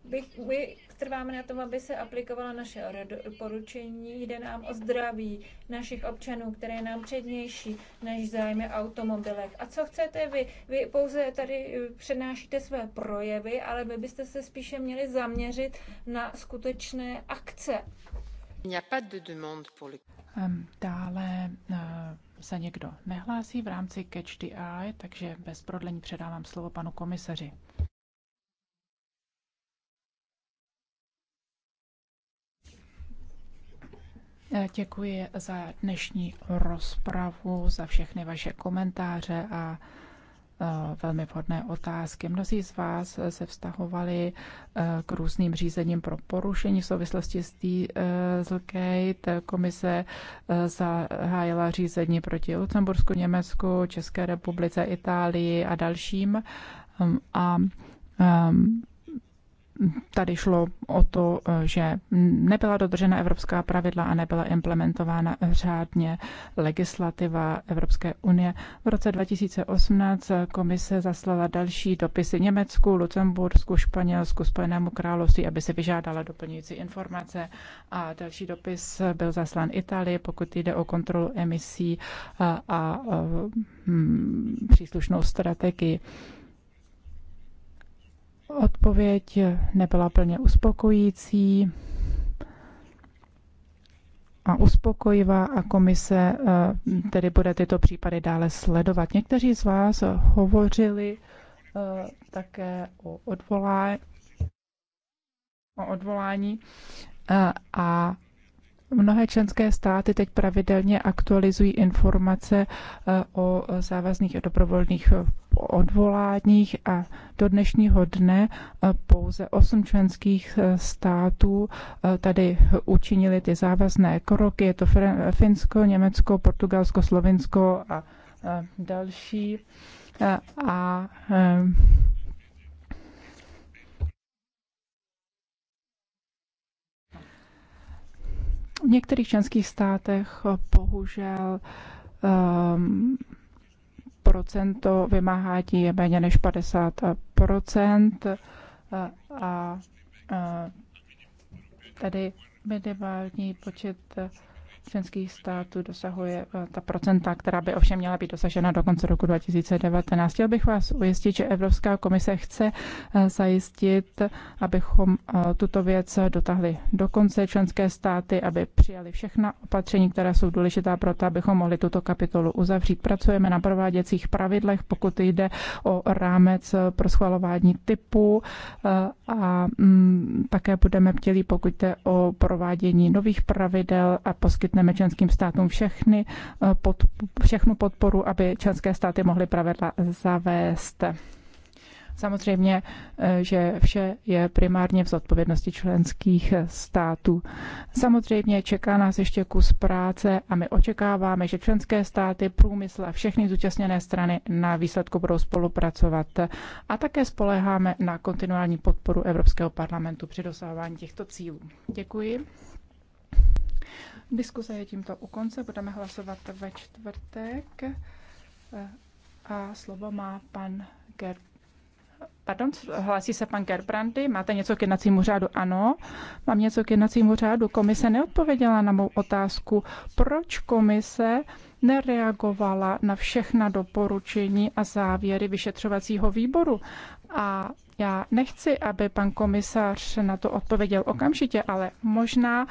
bych, my trváme na tom, aby se aplikovala naše doporučení. Jde nám o zdraví našich občanů, které je nám přednější než zájmy automobilek. A co chcete vy? Vy pouze tady eh, přednášíte své projevy, ale vy byste se spíše měli zaměřit na skutečné akce. Dále eh, se někdo nehlásí v rámci Catch the Eye, takže bez prodlení předávám slovo panu komisaři. Eh, děkuji za dnešní rozpravu, za všechny vaše komentáře a eh, velmi vhodné otázky. Mnozí z vás se vztahovali eh, k různým řízením pro porušení v souvislosti s Dieselgate. Komise zahájila řízení proti Lucembursku, Německu, České republice, Itálii a dalším. Hm, a hm, tady šlo o to, že nebyla dodržena evropská pravidla a nebyla implementována řádně legislativa Evropské unie. V roce 2018 komise zaslala další dopisy Německu, Lucembursku, Španělsku, Spojenému království, aby se vyžádala doplňující informace a další dopis byl zaslán Itálii, pokud jde o kontrolu emisí a, a, a hm, příslušnou strategii. Odpověď nebyla plně uspokojící a uspokojivá a komise eh, tedy bude tyto případy dále sledovat. Někteří z vás hovořili eh, také o odvolání, o odvolání eh, a Mnohé členské státy teď pravidelně aktualizují informace eh, o závazných a dobrovolných eh, odvoláních a do dnešního dne eh, pouze osm členských států tady učinili ty závazné kroky. Je to Finsko, Německo, Portugalsko, Slovinsko a další. A V některých členských státech eh, bohužel um, procento vymáhání je méně než 50 eh, procent eh, a, a tady minimální počet členských států dosahuje eh, ta procenta, která by ovšem měla být dosažena do konce roku 2019. Chtěl bych vás ujistit, že Evropská komise chce eh, zajistit, abychom eh, tuto věc dotahli do konce členské státy, aby přijali všechna opatření, která jsou důležitá pro to, abychom mohli tuto kapitolu uzavřít. Pracujeme na prováděcích pravidlech, pokud jde o rámec pro schvalování typu a mm, také budeme ptělí, pokud jde o provádění nových pravidel a poskytnutí poskytneme členským státům všechny, eh, pod, všechnu podporu, aby členské státy mohly pravidla zavést. Samozřejmě, eh, že vše je primárně v zodpovědnosti členských států. Samozřejmě čeká nás ještě kus práce a my očekáváme, že členské státy, průmysl a všechny zúčastněné strany na výsledku budou spolupracovat. A také spoleháme na kontinuální podporu Evropského parlamentu při dosahování těchto cílů. Děkuji. Diskuse je tímto u konce, budeme hlasovat ve čtvrtek a slovo má pan Ger... Pardon, hlásí se pan Gerbrandy. Máte něco k jednacímu řádu? Ano, mám něco k jednacímu řádu. Komise neodpověděla na mou otázku, proč komise nereagovala na všechna doporučení a závěry vyšetřovacího výboru. A já nechci, aby pan komisař na to odpověděl okamžitě, ale možná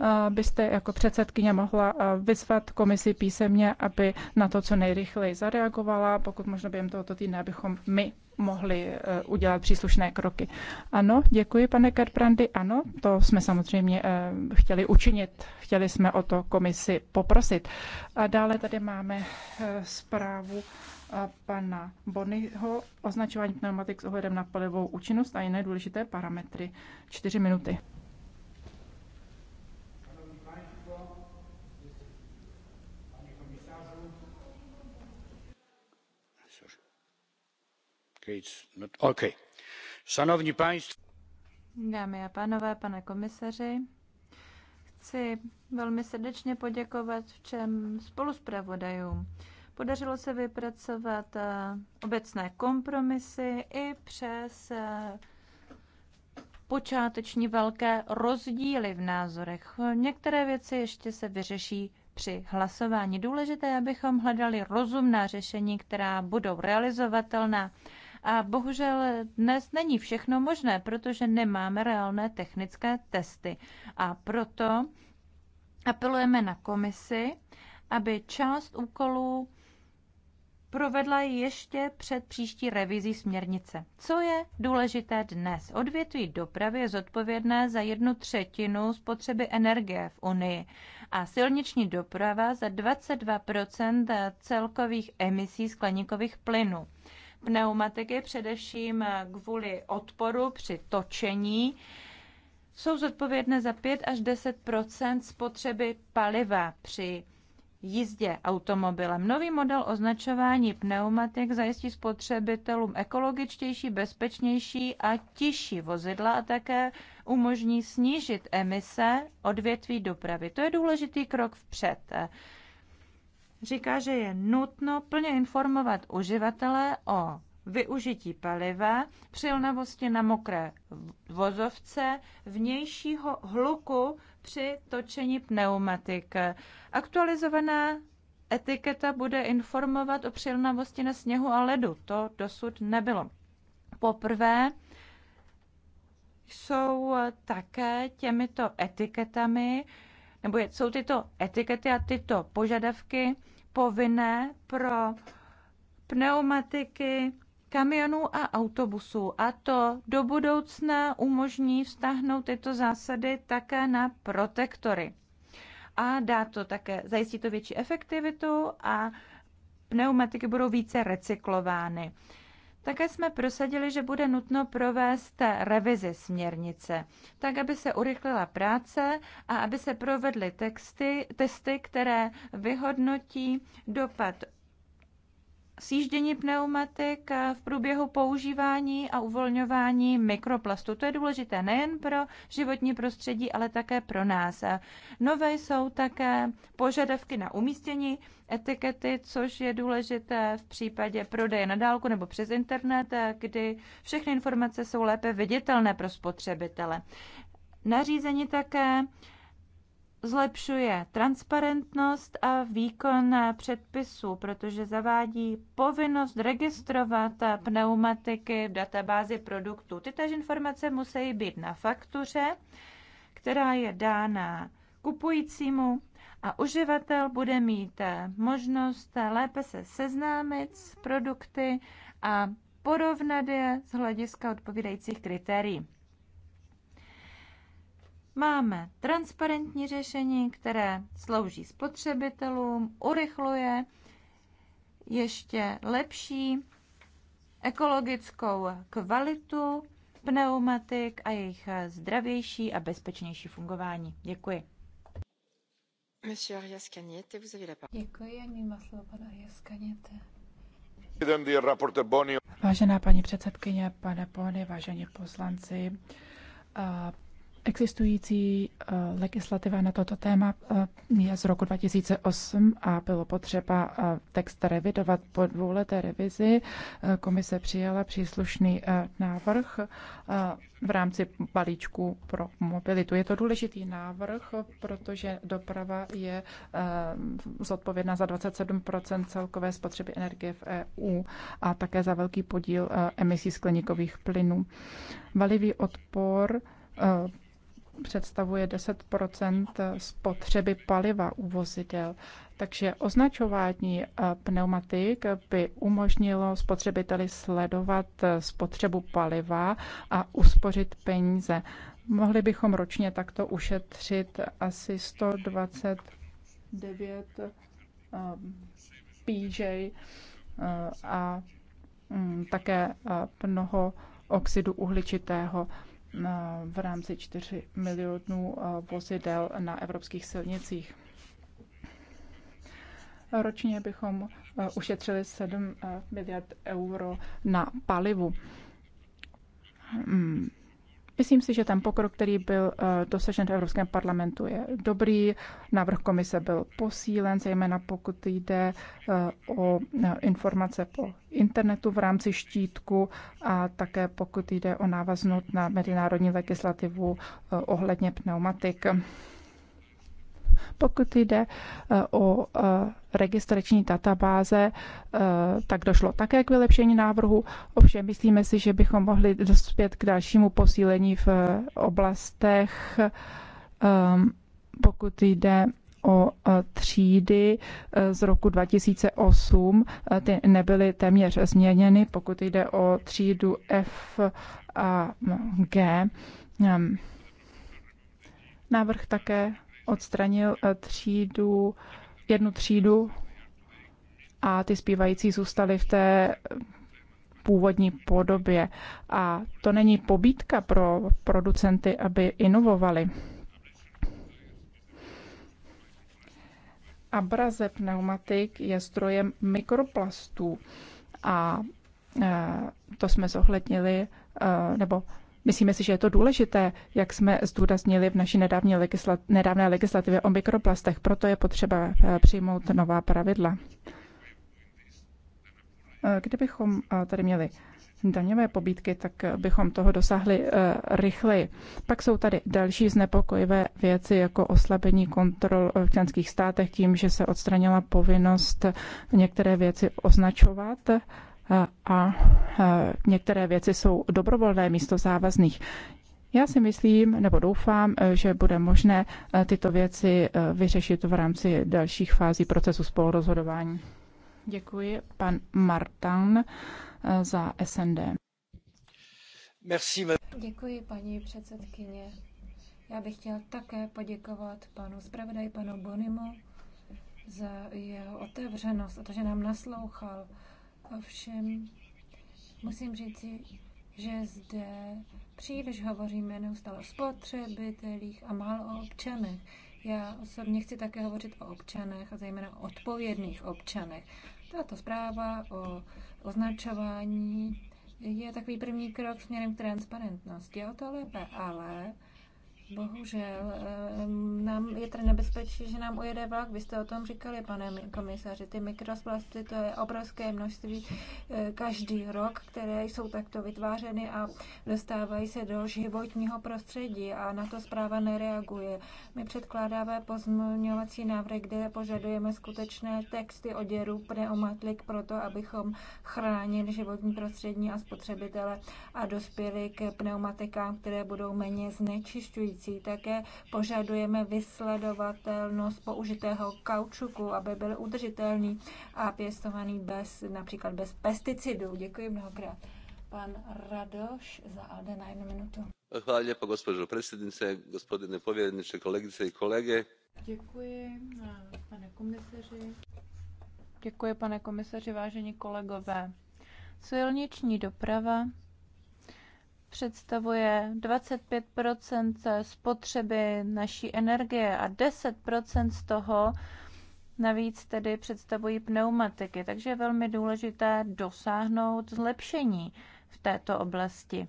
eh, byste jako předsedkyně mohla eh, vyzvat komisi písemně, aby na to co nejrychleji zareagovala, pokud možno během tohoto týdne, abychom my mohli eh, udělat příslušné kroky. Ano, děkuji, pane Kerprandy. Ano, to jsme samozřejmě chtěli učinit. Chtěli jsme o to komisi poprosit. A dále tady máme zprávu pana Bonyho označování pneumatik s ohledem na palivovou účinnost a jiné důležité parametry. Čtyři minuty. Okay. Dámy a pánové, pane komisaři, chci velmi srdečně poděkovat všem spoluspravodajům Podařilo se vypracovat eh, obecné kompromisy i přes eh, počáteční velké rozdíly v názorech. Některé věci ještě se vyřeší při hlasování. Důležité abychom hledali rozumná řešení, která budou realizovatelná. A bohužel dnes není všechno možné, protože nemáme reálné technické testy. A proto apelujeme na komisi, aby část úkolů provedla ještě před příští revizí směrnice. Co je důležité dnes? Odvětví dopravy je zodpovědné za jednu třetinu spotřeby energie v Unii a silniční doprava za 22 celkových emisí skleníkových plynů. Pneumatiky především kvůli odporu při točení jsou zodpovědné za 5 až 10 spotřeby paliva při jízdě automobilem. Nový model označování pneumatik zajistí spotřebitelům ekologičtější, bezpečnější a tižší vozidla a také umožní snížit emise odvětví dopravy. To je důležitý krok vpřed. Říká, že je nutno plně informovat uživatele o využití paliva, přilnavosti na mokré vozovce, vnějšího hluku při točení pneumatik. Aktualizovaná etiketa bude informovat o přilnavosti na sněhu a ledu. To dosud nebylo. Poprvé jsou také těmito etiketami, nebo jsou tyto etikety a tyto požadavky povinné pro pneumatiky kamionů a autobusů. A to do budoucna umožní vztáhnout tyto zásady také na protektory. A dá to také, zajistí to větší efektivitu a pneumatiky budou více recyklovány. Také jsme prosadili, že bude nutno provést revizi směrnice, tak aby se urychlila práce a aby se provedly texty, testy, které vyhodnotí dopad sjíždění pneumatik v průběhu používání a uvolňování mikroplastu. To je důležité nejen pro životní prostředí, ale také pro nás. Nové jsou také požadavky na umístění etikety, což je důležité v případě prodeje na dálku nebo přes internet, kdy všechny informace jsou lépe viditelné pro spotřebitele. Nařízení také zlepšuje transparentnost a výkon předpisů, protože zavádí povinnost registrovat pneumatiky v databázi produktů. Tyto informace musí být na faktuře, která je dána kupujícímu a uživatel bude mít možnost lépe se seznámit s produkty a porovnat je z hlediska odpovídajících kritérií. Máme transparentní řešení, které slouží spotřebitelům, urychluje ještě lepší ekologickou kvalitu pneumatik a jejich zdravější a bezpečnější fungování. Děkuji. Děkuji, slovo Vážená paní předsedkyně, pane Pony, vážení poslanci, Existující eh, legislativa na toto téma eh, je z roku 2008 a bylo potřeba eh, text revidovat po dvouleté revizi. Komise přijala příslušný návrh v rámci balíčku pro mobilitu. Je to důležitý návrh, protože doprava je zodpovědná za 27 celkové spotřeby energie v EU a také za velký podíl emisí skleníkových plynů. Valivý odpor představuje 10 spotřeby paliva u vozidel. Takže označování eh, pneumatik by umožnilo spotřebiteli sledovat eh, spotřebu paliva a uspořit peníze. Mohli bychom ročně takto ušetřit asi 129 eh, PJ a mm, také mnoho oxidu uhličitého. Eh, v rámci 4 milionů eh, vozidel na evropských silnicích. Ročně bychom eh, ušetřili 7 miliard euro na palivu. Hmm. Myslím si, že ten pokrok, který byl eh, dosažen v Evropském parlamentu, je dobrý. Návrh komise byl posílen, zejména pokud jde eh, o eh, informace po internetu v rámci štítku a také pokud jde o návaznost na mezinárodní legislativu ohledně pneumatik. Pokud jde e, o e, registrační databáze, e, tak došlo také k vylepšení návrhu. Ovšem, myslíme si, že bychom mohli dospět k dalšímu posílení v oblastech, pokud jde o třídy z roku 2008. Ty nebyly téměř změněny, pokud jde o třídu F a G. Ehm, návrh také odstranil eh, třídu, jednu třídu a ty zpívající zůstaly v té původní podobě. A to není pobítka pro producenty, aby inovovali. Abraze pneumatik je strojem mikroplastů a eh, to jsme zohlednili, eh, nebo Myslíme si, že je to důležité, jak jsme zdůraznili v naší nedávné, legislat- nedávné legislativě o mikroplastech, proto je potřeba eh, přijmout nová pravidla. Eh, kdybychom eh, tady měli daňové pobídky, tak bychom toho dosáhli rychleji. Pak jsou tady další znepokojivé věci, jako oslabení kontrol v členských státech tím, že se odstranila povinnost některé věci označovat a některé věci jsou dobrovolné místo závazných. Já si myslím, nebo doufám, že bude možné e, tyto věci e, vyřešit v rámci dalších fází procesu spolurozhodování. Děkuji pan Martan e, za SND. Děkuji, paní předsedkyně. Já bych chtěl také poděkovat panu zpravodaji, panu Bonimu, za jeho otevřenost a to, že nám naslouchal. Ovšem musím říci, že zde příliš hovoříme neustále o spotřebitelích a málo o občanech. Já osobně chci také hovořit o občanech a zejména o odpovědných občanech. Tato zpráva o označování je takový první krok směrem k transparentnosti. O to lépe, ale Bohužel, nám je tady nebezpečí, že nám ujede vlak. Vy jste o tom říkali, pane komisaři. Ty mikroplasty, to je obrovské množství e, každý rok, které jsou takto vytvářeny a dostávají se do životního prostředí a na to zpráva nereaguje. My předkládáme pozměňovací návrh, kde požadujeme skutečné texty o oděru pneumatik proto, abychom chránili životní prostředí a spotřebitele a dospěli k pneumatikám, které budou méně znečišťující pracující. Také požadujeme vysledovatelnost použitého kaučuku, aby byl udržitelný a pěstovaný bez, například bez pesticidů. Děkuji mnohokrát. Pan Radoš za ALDE na jednu minutu. Hvala lijepo, gospođo predsjednice, gospodine povjereniče, kolegice i kolege. Děkuji, eh, pane komisaři. Děkuji, pane komisaři, vážení kolegové. Silniční doprava představuje 25 spotřeby naší energie a 10 z toho navíc tedy představují pneumatiky, takže je velmi důležité dosáhnout zlepšení v této oblasti.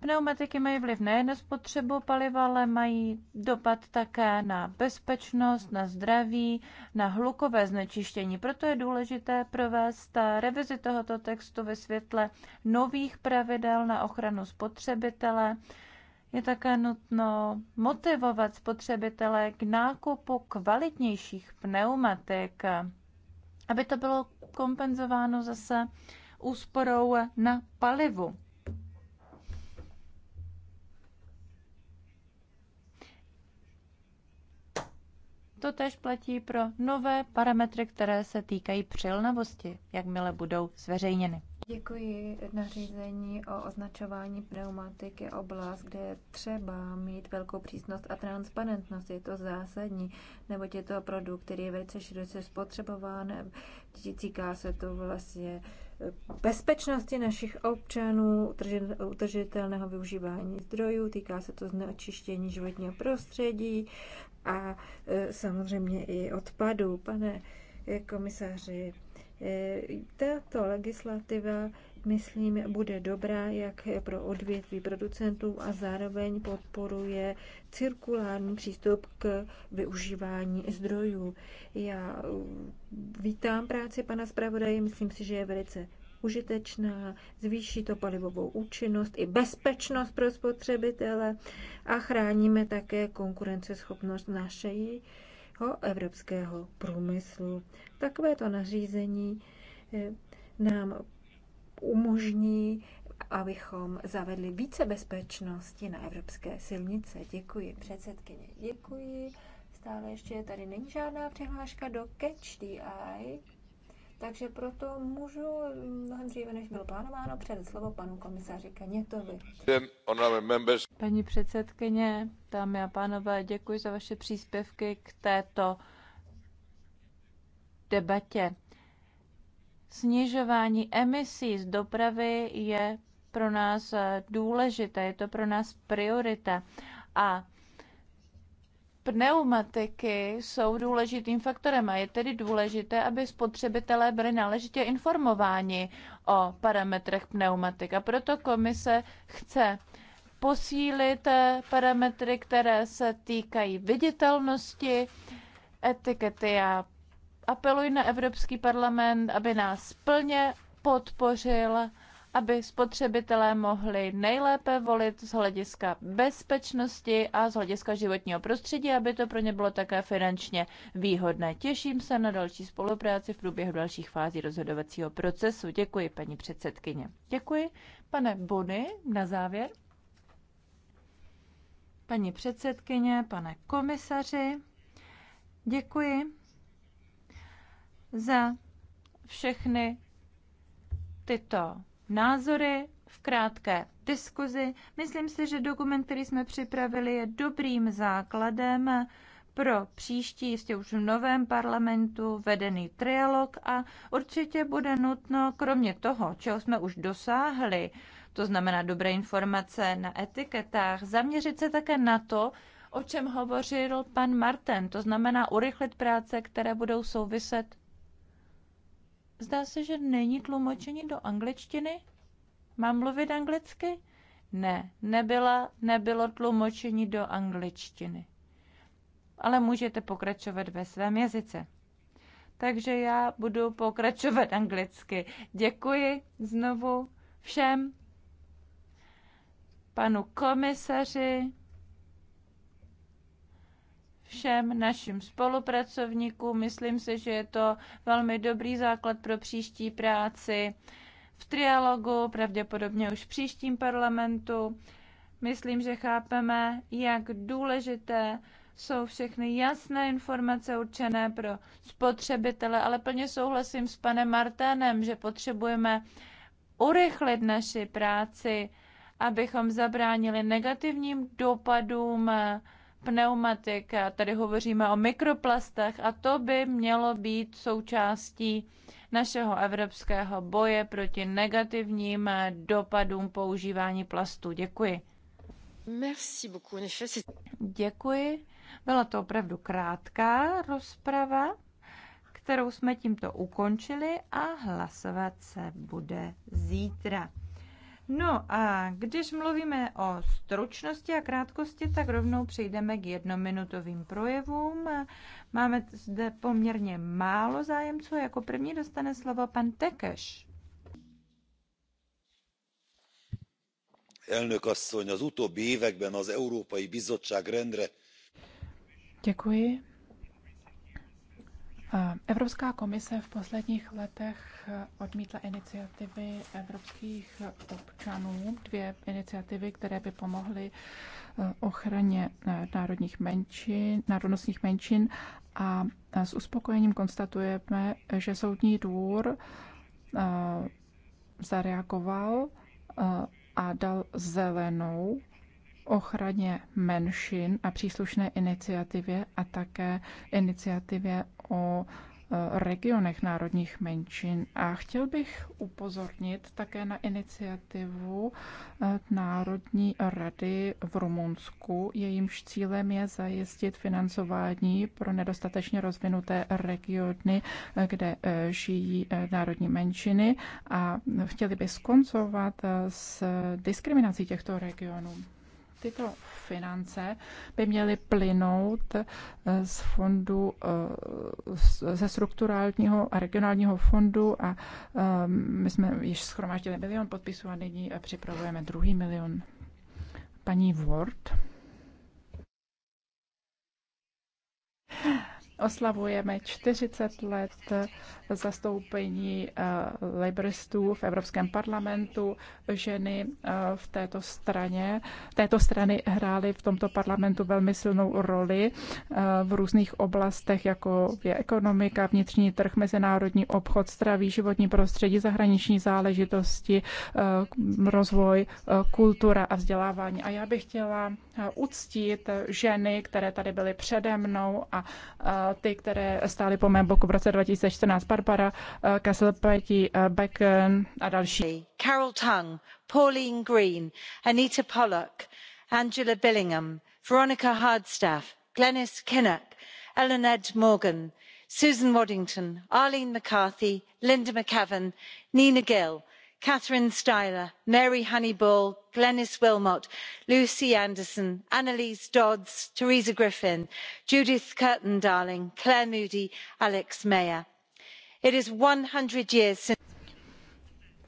Pneumatiky mají vliv nejen na spotřebu paliva, ale mají dopad také na bezpečnost, na zdraví, na hlukové znečištění. Proto je důležité provést revizi tohoto textu ve světle nových pravidel na ochranu spotřebitele. Je také nutno motivovat spotřebitele k nákupu kvalitnějších pneumatik, aby to bylo kompenzováno zase úsporou na palivu. To tež platí pro nové parametry, které se týkají přilnavosti, jakmile budou zveřejněny. Děkuji. Nařízení o označování pneumatik je oblast, kde je třeba mít velkou přísnost a transparentnost. Je to zásadní, neboť je to produkt, který je velice široce spotřebován. Týká se to vlastně bezpečnosti našich občanů, udržitelného využívání zdrojů, týká se to znečištění životního prostředí, a e, samozřejmě i odpadů. Pane e, komisaři, e, tato legislativa, myslím, bude dobrá jak pro odvětví producentů a zároveň podporuje cirkulární přístup k využívání zdrojů. Já vítám práci pana zpravodaje, myslím si, že je velice užitečná, zvýší to palivovou účinnost i bezpečnost pro spotřebitele a chráníme také konkurenceschopnost našeho evropského průmyslu. Takovéto nařízení eh, nám umožní, abychom zavedli více bezpečnosti na evropské silnice. Děkuji předsedkyně. Děkuji. Stále ještě tady není žádná přihláška do Catch the Eye. Takže proto můžu mm, mnohem dříve, než bylo plánováno, předat slovo panu komisaři Kenětovi. Paní předsedkyně, dámy a pánové, děkuji za vaše příspěvky k této debatě. Snižování emisí z dopravy je pro nás důležité, je to pro nás priorita. A pneumatiky jsou důležitým faktorem a je tedy důležité, aby spotřebitelé byli náležitě informováni o parametrech pneumatik. A proto komise chce posílit eh, parametry, které se týkají viditelnosti, etikety. Já apeluji na Evropský parlament, aby nás plně podpořil aby spotřebitelé mohli nejlépe volit z hlediska bezpečnosti a z hlediska životního prostředí, aby to pro ně bylo také finančně výhodné. Těším se na další spolupráci v průběhu dalších fází rozhodovacího procesu. Děkuji, paní předsedkyně. Děkuji. Pane Bony, na závěr. Paní předsedkyně, pane komisaři, děkuji za všechny tyto názory v krátké diskuzi. Myslím si, že dokument, který jsme připravili, je dobrým základem pro příští, jistě už v novém parlamentu, vedený trialog a určitě bude nutno, kromě toho, čeho jsme už dosáhli, to znamená dobré informace na etiketách, zaměřit se také na to, o čem hovořil pan Marten, to znamená urychlit práce, které budou souviset Zdá se, že není tlumočení do angličtiny. Mám mluvit anglicky? Ne, nebyla, nebylo tlumočení do angličtiny. Ale můžete pokračovat ve svém jazyce. Takže já budu pokračovat anglicky. Děkuji znovu všem, panu komisaři, všem našim spolupracovníkům. Myslím si, že je to velmi dobrý základ pro příští práci v trialogu, pravděpodobně už v příštím parlamentu. Myslím, že chápeme, jak důležité jsou všechny jasné informace určené pro spotřebitele, ale plně souhlasím s panem Marténem, že potřebujeme urychlit naši práci, abychom zabránili negativním dopadům pneumatik, a tady hovoříme o mikroplastech a to by mělo být součástí našeho evropského boje proti negativním dopadům používání plastu. Děkuji. Merci beaucoup. Děkuji. Byla to opravdu krátká rozprava, kterou jsme tímto ukončili a hlasovat se bude zítra. No a když mluvíme o stručnosti a krátkosti, tak rovnou přejdeme k jednominutovým projevům. Máme zde poměrně málo zájemců. Jako první dostane slovo pan Tekeš. Elnök asszony, az utóbbi években az Európai Bizottság rendre... Děkuji. Evropská komise v posledních letech odmítla iniciativy evropských občanů, dvě iniciativy, které by pomohly eh, ochraně eh, národních menšin, národnostních menšin a eh, s uspokojením konstatujeme, že soudní dvůr zareagoval a dal zelenou ochraně menšin a příslušné iniciativě a také iniciativě o e, regionech národních menšin. A chtěl bych upozornit také na iniciativu e, Národní rady v Rumunsku. Jejímž cílem je zajistit financování pro nedostatečně rozvinuté regiony, e, kde žijí národní menšiny a chtěli by skoncovat s diskriminací těchto regionů tyto finance by měly plynout eh, z fondu, eh, ze strukturálního a regionálního fondu a eh, my jsme již schromáždili milion podpisů a nyní připravujeme druhý milion. Paní Ward oslavujeme 40 let zastoupení eh, laboristů v Evropském parlamentu. Ženy eh, v této straně, této strany hrály v tomto parlamentu velmi silnou roli eh, v různých oblastech, jako je ekonomika, vnitřní trh, mezinárodní obchod, zdraví, životní prostředí, zahraniční záležitosti, rozvoj, kultura a vzdělávání. A já bych chtěla uctít ženy, které tady byly přede mnou a ty, které stály po mém boku v roce 2014. Barbara Kesselpetí, Becken a další. Carol Tung, Pauline Green, Anita Pollock, Angela Billingham, Veronica Hardstaff, Glenys Kinnock, Ellen Ed Morgan, Susan Waddington, Arlene McCarthy, Linda McCavan, Nina Gill – catherine styler mary honeyball glenis willmott lucy anderson annelise dodds teresa griffin judith curtin darling claire moody alex mayer. it is one hundred years since.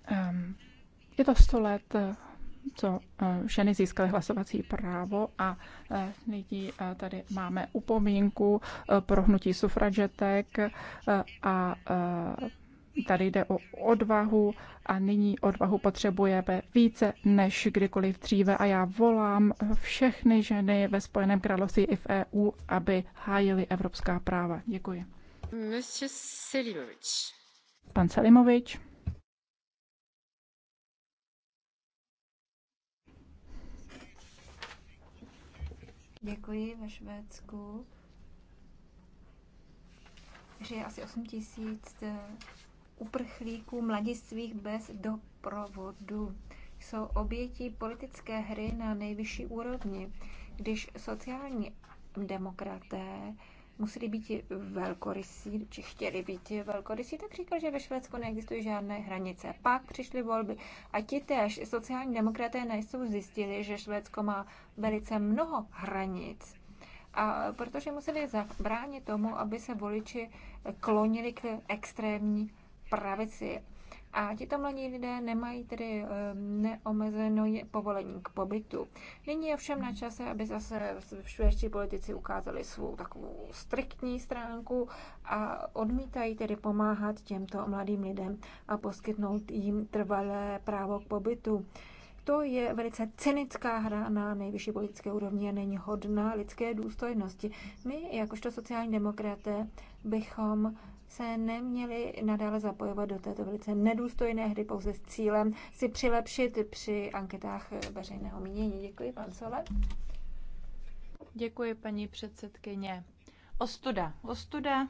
Ehm, je to sto let eh, co eh, ženy získaly hlasovací právo a eh, nyní tady máme upomínku pro hnutí sufražetek a Tady jde o odvahu a nyní odvahu potřebujeme více než kdykoliv dříve a já volám všechny ženy ve Spojeném království i v EU, aby hájili evropská práva. Děkuji. Monsieur Selimovič. Pan Selimovič. Děkuji ve Švédsku. je asi 8 tisíc eh, uprchlíků mladistvých bez doprovodu. Jsou oběti politické hry na nejvyšší úrovni, když sociální demokraté museli být velkorysí, či chtěli být velkorysí, tak říkal, že ve Švédsku neexistují žádné hranice. Pak přišly volby a ti též sociální demokraté nejsou zjistili, že Švédsko má velice mnoho hranic. A protože museli zabránit tomu, aby se voliči klonili k extrémní pravici. A ti tam mladí lidé nemají tedy ehm, neomezeno povolení k pobytu. Nyní je všem na čase, aby zase švédští politici ukázali svou takovou striktní stránku a odmítají tedy pomáhat těmto mladým lidem a poskytnout jim trvalé právo k pobytu. To je velice cynická hra na nejvyšší politické úrovni a není hodná lidské důstojnosti. My, jakožto sociální demokraté, bychom se neměli nadále zapojovat do této velice nedůstojné hry pouze s cílem si přilepšit při anketách veřejného mínění. Děkuji, pan Sole. Děkuji, paní předsedkyně. Ostuda, ostuda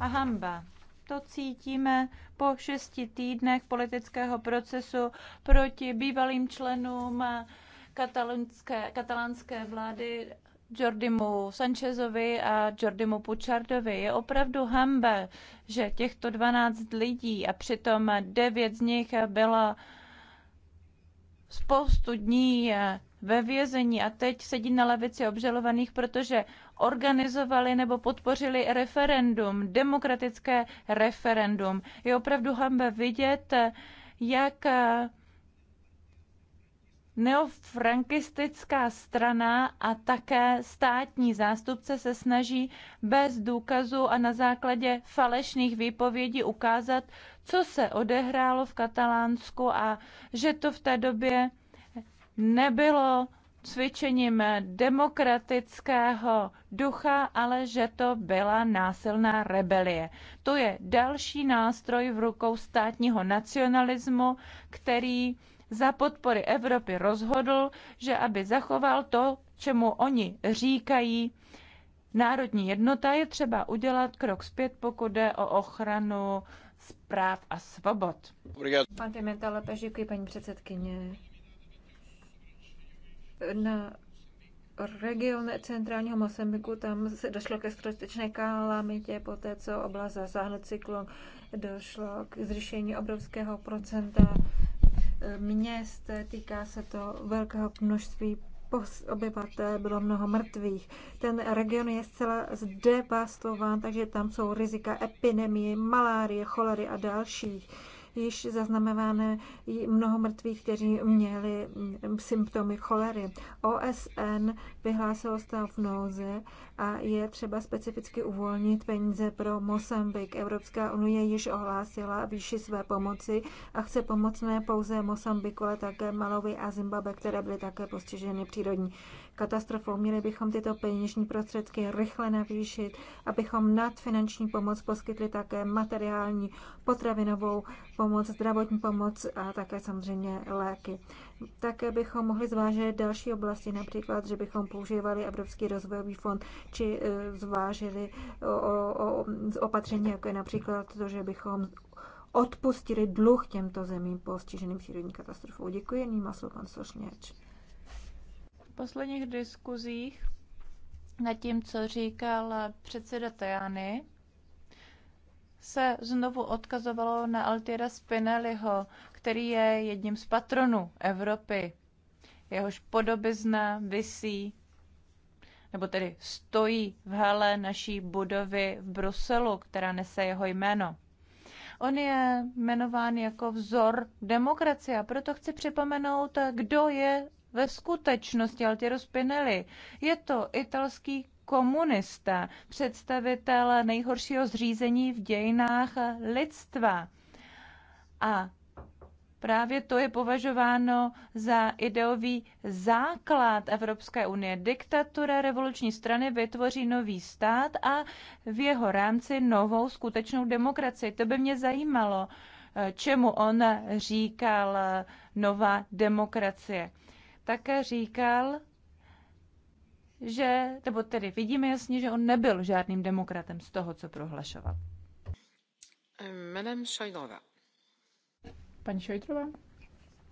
a hamba. To cítíme po šesti týdnech politického procesu proti bývalým členům katalánské, vlády Jordimu Sanchezovi a Jordimu Pučardovi. Je opravdu hamba, že těchto 12 lidí a přitom 9 z nich byla spoustu dní ve vězení a teď sedí na lavici obžalovaných, protože organizovali nebo podpořili referendum, demokratické referendum. Je opravdu hamba vidět, jak neofrankistická strana a také státní zástupce se snaží bez důkazu a na základě falešných výpovědí ukázat, co se odehrálo v Katalánsku a že to v té době nebylo cvičením demokratického ducha, ale že to byla násilná rebelie. To je další nástroj v rukou státního nacionalismu, který za podpory Evropy rozhodl, že aby zachoval to, čemu oni říkají národní jednota, je třeba udělat krok zpět, pokud jde o ochranu zpráv a svobod. Pan Pimenta Lepeš, děkuji paní předsedkyně. Na region centrálního Mosembiku, tam se došlo ke skutečné kalamitě, poté co oblast zasáhl cyklon, došlo k zrušení obrovského procenta měst, týká se to velkého množství obyvatel, bylo mnoho mrtvých. Ten region je zcela zdevastován, takže tam jsou rizika epidemie, malárie, cholery a dalších již zaznamenáno mnoho mrtvých, kteří měli symptomy cholery. OSN vyhlásil stav nouze a je třeba specificky uvolnit peníze pro Mosambik. Evropská unie již ohlásila výši své pomoci a chce pomoc ne pouze Mosambiku, ale také Malovi a Zimbabwe, které byly také postiženy přírodní katastrofou. Měli bychom tyto peněžní prostředky rychle navýšit, abychom nad finanční pomoc poskytli také materiální, potravinovou pomoc, zdravotní pomoc a také samozřejmě léky. Také bychom mohli zvážit další oblasti, například, že bychom používali Evropský rozvojový fond, či e, zvážili o, o, opatření, jako je například to, že bychom odpustili dluh těmto zemím postiženým přírodní katastrofou. Děkuji, Nýma má pan Sošněč posledních diskuzích nad tím, co říkal předseda Tajany, se znovu odkazovalo na Altiera Spinelliho, který je jedním z patronů Evropy. Jehož podobizna visí, nebo tedy stojí v hale naší budovy v Bruselu, která nese jeho jméno. On je jmenován jako vzor demokracie a proto chci připomenout, kdo je ve skutečnosti Altiero Spinelli. Je to italský komunista, představitel nejhoršího zřízení v dějinách lidstva. A právě to je považováno za ideový základ Evropské unie. Diktatura revoluční strany vytvoří nový stát a v jeho rámci novou skutečnou demokracii. To by mě zajímalo, eh, čemu on říkal eh, nová demokracie také říkal, že, nebo tedy vidíme jasně, že on nebyl žádným demokratem z toho, co prohlašoval. Madame Šojdrová. Paní Šojdrová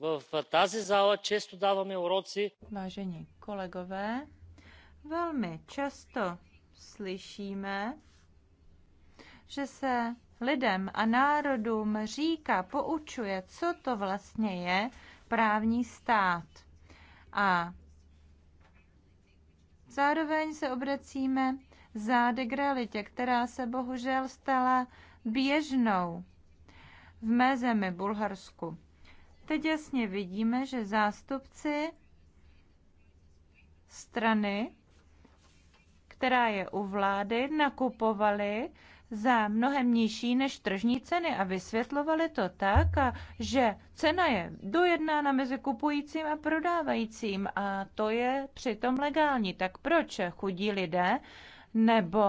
v tazi zále často dáváme uroci. Vážení kolegové, velmi často slyšíme, že se lidem a národům říká, poučuje, co to vlastně je právní stát. A zároveň se obracíme za k realitě, která se bohužel stala běžnou v mé zemi Bulharsku. Teď jasně vidíme, že zástupci strany, která je u vlády, nakupovali za mnohem nižší než tržní ceny a vysvětlovali to tak, že cena je dojednána mezi kupujícím a prodávajícím a to je přitom legální. Tak proč chudí lidé nebo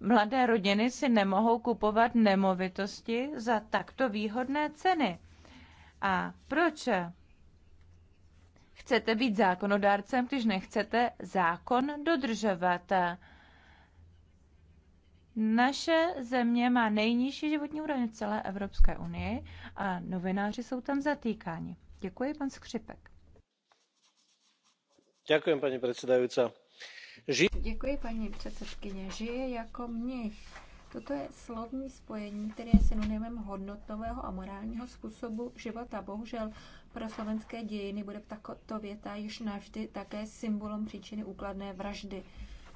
mladé rodiny si nemohou kupovat nemovitosti za takto výhodné ceny? A proč chcete být zákonodárcem, když nechcete zákon dodržovat? Naše země má nejnižší životní úroveň v celé Evropské unii a novináři jsou tam zatýkáni. Děkuji, pan Skřipek. Děkuji, paní předsedající. Ži... Děkuji, paní předsedkyně. Žije jako mnich Toto je slovní spojení, které je synonymem hodnotového a morálního způsobu života. Bohužel pro slovenské dějiny bude tato věta již navždy také symbolem příčiny úkladné vraždy.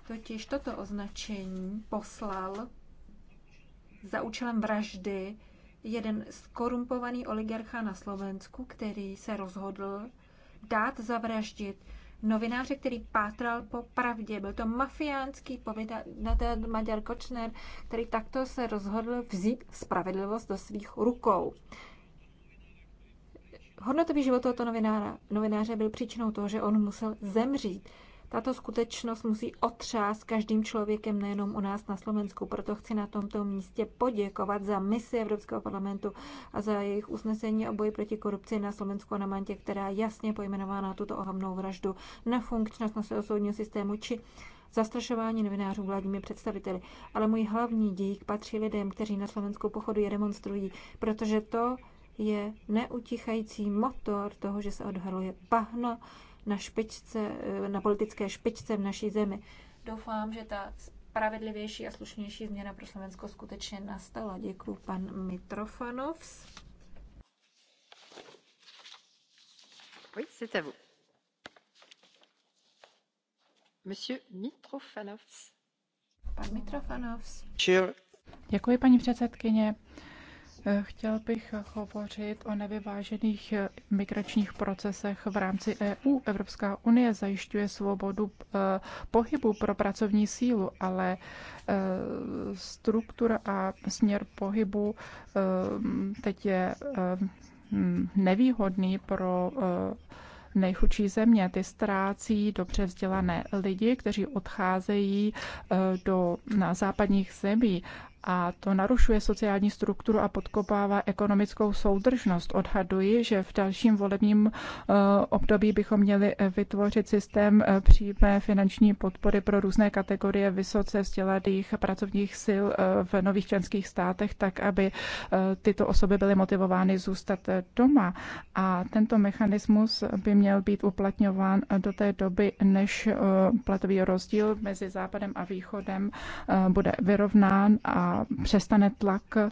Totiž toto označení poslal za účelem vraždy jeden skorumpovaný oligarcha na Slovensku, který se rozhodl dát zavraždit novináře, který pátral po pravdě. Byl to mafiánský povědatel Maďar Kočner, který takto se rozhodl vzít spravedlivost do svých rukou. Hodnotový život tohoto novinára, novináře byl příčinou toho, že on musel zemřít. Tato skutečnost musí otřást každým člověkem nejenom u nás na Slovensku. Proto chci na tomto místě poděkovat za misi Evropského parlamentu a za jejich usnesení o boji proti korupci na Slovensku a na Mantě, která jasně pojmenová na tuto ohavnou vraždu, na funkčnost našeho soudního systému či zastrašování novinářů vládními představiteli. Ale můj hlavní dík patří lidem, kteří na Slovensku pochodují a demonstrují, protože to je neutichající motor toho, že se odhaluje bahno na špičce, eh, na politické špičce v naší zemi. Doufám, že ta spravedlivější a slušnější změna pro Slovensko skutečně nastala. Děkuji pan Mitrofanovs. Oui, c'est à vous. Monsieur Mitrofanovs. Pan Mitrofanovs. Děkuji, paní předsedkyně. Chtěl bych hovořit o nevyvážených migračních procesech v rámci EU. Evropská unie zajišťuje svobodu eh, pohybu pro pracovní sílu, ale eh, struktura a směr pohybu eh, teď je nevýhodný pro nejchudší země. Ty ztrácí dobře vzdělané lidi, kteří odcházejí do na západních zemí a to narušuje sociální strukturu a podkopává ekonomickou soudržnost. Odhaduji, že v dalším volebním eh, období bychom měli eh, vytvořit systém eh, přímé finanční podpory pro různé kategorie vysoce vzdělaných pracovních sil v nových členských státech, tak aby tyto osoby byly motivovány zůstat doma. A tento mechanismus by měl být uplatňován do té doby, než platový rozdíl mezi Západem a Východem bude vyrovnán a přestane tlak eh,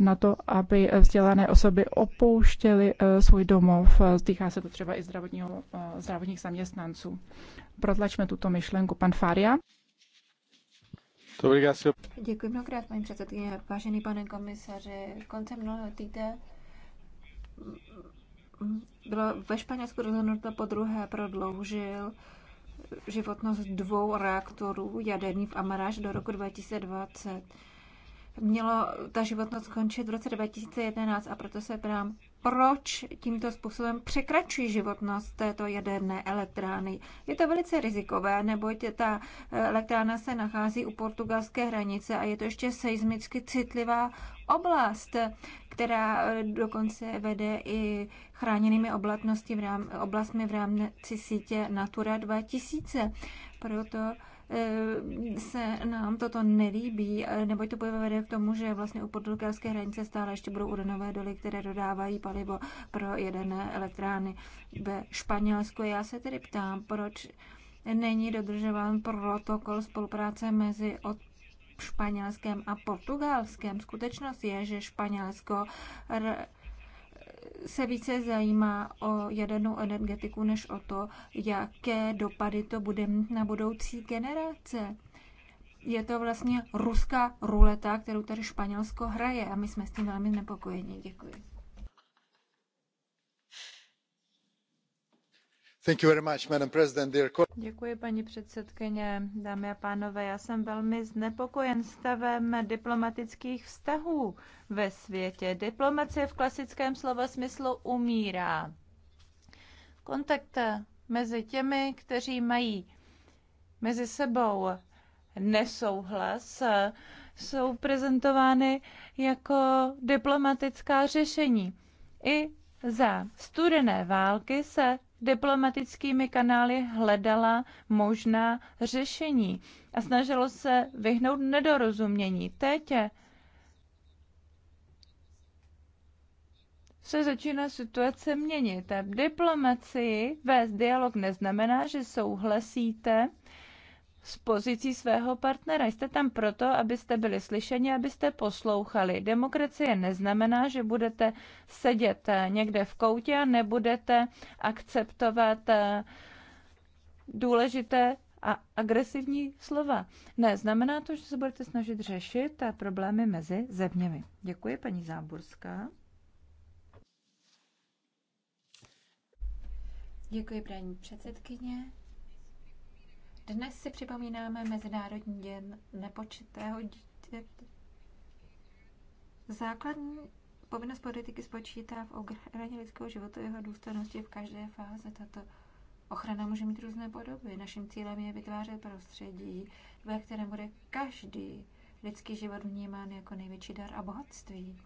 na to, aby vzdělané osoby opouštěly eh, svůj domov. Týká se to třeba i zdravotního, eh, zdravotních zaměstnanců. Protlačme tuto myšlenku. Pan Fária. Děkuji mnohokrát, paní předsedkyně. Vážený pane komisaře. koncem mnoho týdne bylo ve Španělsku rozhodnuto po druhé prodloužil životnost dvou reaktorů jaderných v Amaráž do roku 2020. Hmm mělo ta životnost skončit v roce 2011 a proto se ptám, proč tímto způsobem překračují životnost této jaderné elektrárny. Je to velice rizikové, neboť ta eh, elektrárna se nachází u portugalské hranice a je to ještě seismicky citlivá oblast, která eh, dokonce vede i chráněnými oblastmi v, oblastmi rámci sítě Natura 2000. Proto se nám toto nelíbí, neboť to povede k tomu, že vlastně u portugalské hranice stále ještě budou uranové doly, které dodávají palivo pro jedené elektrárny ve Španělsku. Já se tedy ptám, proč není dodržován protokol spolupráce mezi od Španělském a Portugalském. Skutečnost je, že Španělsko se více zajímá o jadernou energetiku než o to, jaké dopady to bude mít na budoucí generace. Je to vlastně ruská ruleta, kterou tady Španělsko hraje a my jsme s tím velmi nepokojení. Děkuji. Děkuji, paní předsedající dámy a Já jsem velmi znepokojen stavem diplomatických vztahů ve světě. Diplomacie v klasickém slova smyslu umírá. Kontakt mezi těmi, kteří mají mezi sebou nesouhlas, jsou prezentovány jako diplomatická řešení. I za studené války se diplomatickými kanály hledala možná řešení a snažilo se vyhnout nedorozumění. Teď se začíná situace měnit. v diplomacii vést dialog neznamená, že souhlasíte s pozicí svého partnera. Jste tam proto, abyste byli slyšeni, abyste poslouchali. Demokracie neznamená, že budete sedět eh, někde v koutě a nebudete akceptovat eh, důležité a agresivní slova. Ne, znamená to, že se budete snažit řešit eh, problémy mezi zeměmi. Děkuji, paní Záborská. Děkuji, paní předsedkyně. Dnes si připomínáme Mezinárodní den nepočitého dítěte. Základní povinnost politiky spočítá v ochraně lidského života, jeho důstojnosti v každé fázi. Tato ochrana může mít různé podoby. Naším cílem je vytvářet prostředí, ve kterém bude každý lidský život vnímán jako největší dar a bohatství.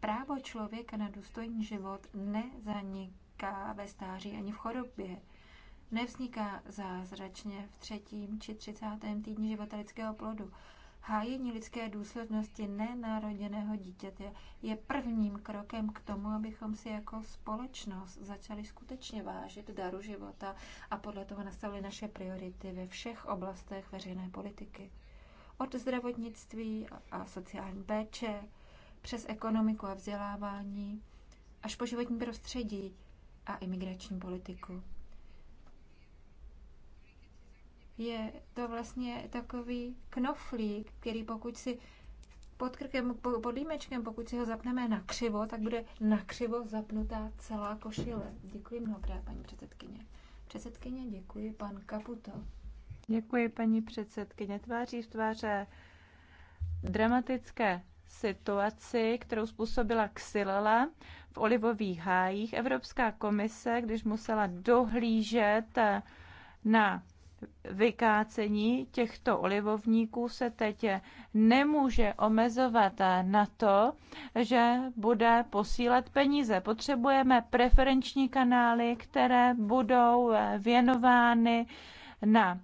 Právo člověka na důstojný život nezaniká ve stáří ani v chorobě nevzniká zázračně v třetím či třicátém týdni života lidského plodu. Hájení lidské důslednosti nenaroděného dítěte je prvním krokem k tomu, abychom si jako společnost začali skutečně vážit daru života a podle toho nastavili naše priority ve všech oblastech veřejné politiky. Od zdravotnictví a sociální péče, přes ekonomiku a vzdělávání, až po životní prostředí a imigrační politiku. Je to vlastně takový knoflík, který pokud si pod krkem, pod límečkem, pokud si ho zapneme na křivo, tak bude na křivo zapnutá celá košile. Děkuji mnohokrát, paní předsedkyně. Předsedkyně, děkuji, pan Kaputo. Děkuji, paní předsedkyně. Tváří v tváře dramatické situaci, kterou způsobila Xylella v olivových hájích. Evropská komise, když musela dohlížet na vykácení těchto olivovníků se teď nemůže omezovat na to, že bude posílat peníze. Potřebujeme preferenční kanály, které budou věnovány na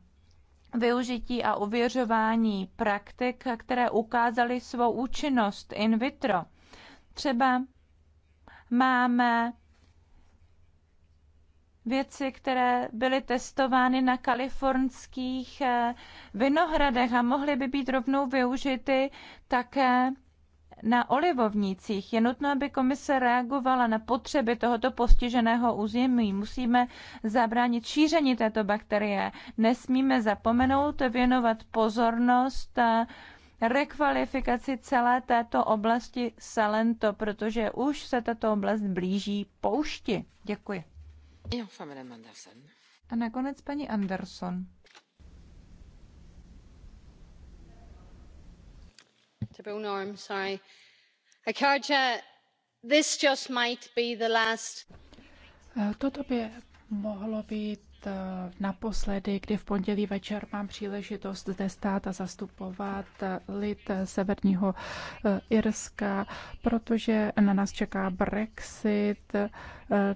využití a uvěřování praktik, které ukázaly svou účinnost in vitro. Třeba máme věci, které byly testovány na kalifornských eh, vinohradech a mohly by být rovnou využity také na olivovnících. Je nutno, aby komise reagovala na potřeby tohoto postiženého území. Musíme zabránit šíření této bakterie. Nesmíme zapomenout věnovat pozornost eh, rekvalifikaci celé této oblasti Salento, protože už se tato oblast blíží poušti. Děkuji. A nakonec paní Anderson. norm, sorry. Eh, toto by mohlo být Eh, naposledy, kdy v pondělí večer mám příležitost zde stát a zastupovat eh, lid eh, severního Irska, protože na nás čeká Brexit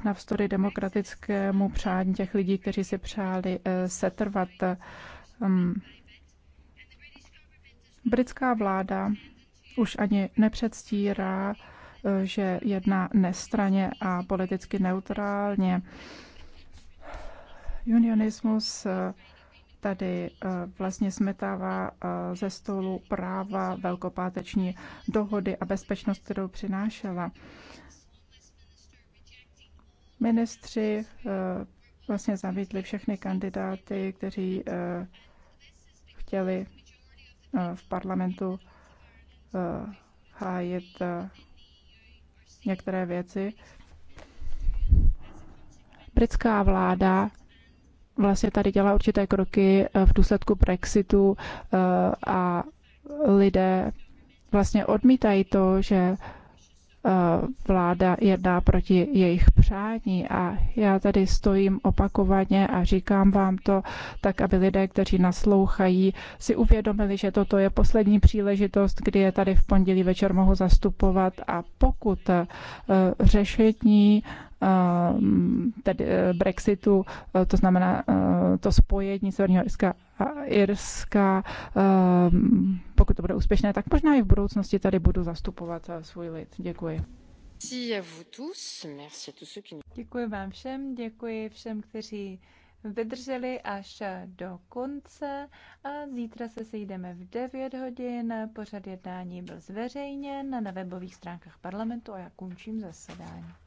navzdory demokratickému přání těch lidí, kteří si přáli setrvat. Ehm, britská vláda už ani nepředstírá, že jedná nestraně a politicky neutrálně. Unionismus eh, tady eh, vlastně smetává eh, ze stolu práva velkopáteční dohody a bezpečnost, kterou přinášela. Ministři vlastně zavítli všechny kandidáty, kteří chtěli v parlamentu hájit některé věci. Britská vláda vlastně tady dělá určité kroky eh, v důsledku Brexitu eh, a lidé vlastně odmítají to, že eh, vláda jedná proti jejich přání a já tady stojím opakovaně a říkám vám to tak, aby lidé, kteří naslouchají, si uvědomili, že toto je poslední příležitost, kdy je tady v pondělí večer mohu zastupovat a pokud řešení Um, tedy eh, Brexitu, eh, to znamená eh, to spojení Severního Irska a Irska, ehm, pokud to bude úspěšné, tak možná i v budoucnosti tady budu zastupovat svůj lid. Děkuji. Děkuji vám všem, děkuji všem, kteří vydrželi až do konce a zítra se sejdeme v 9 hodin. Pořad jednání byl zveřejněn na webových stránkách parlamentu a já končím zasedání.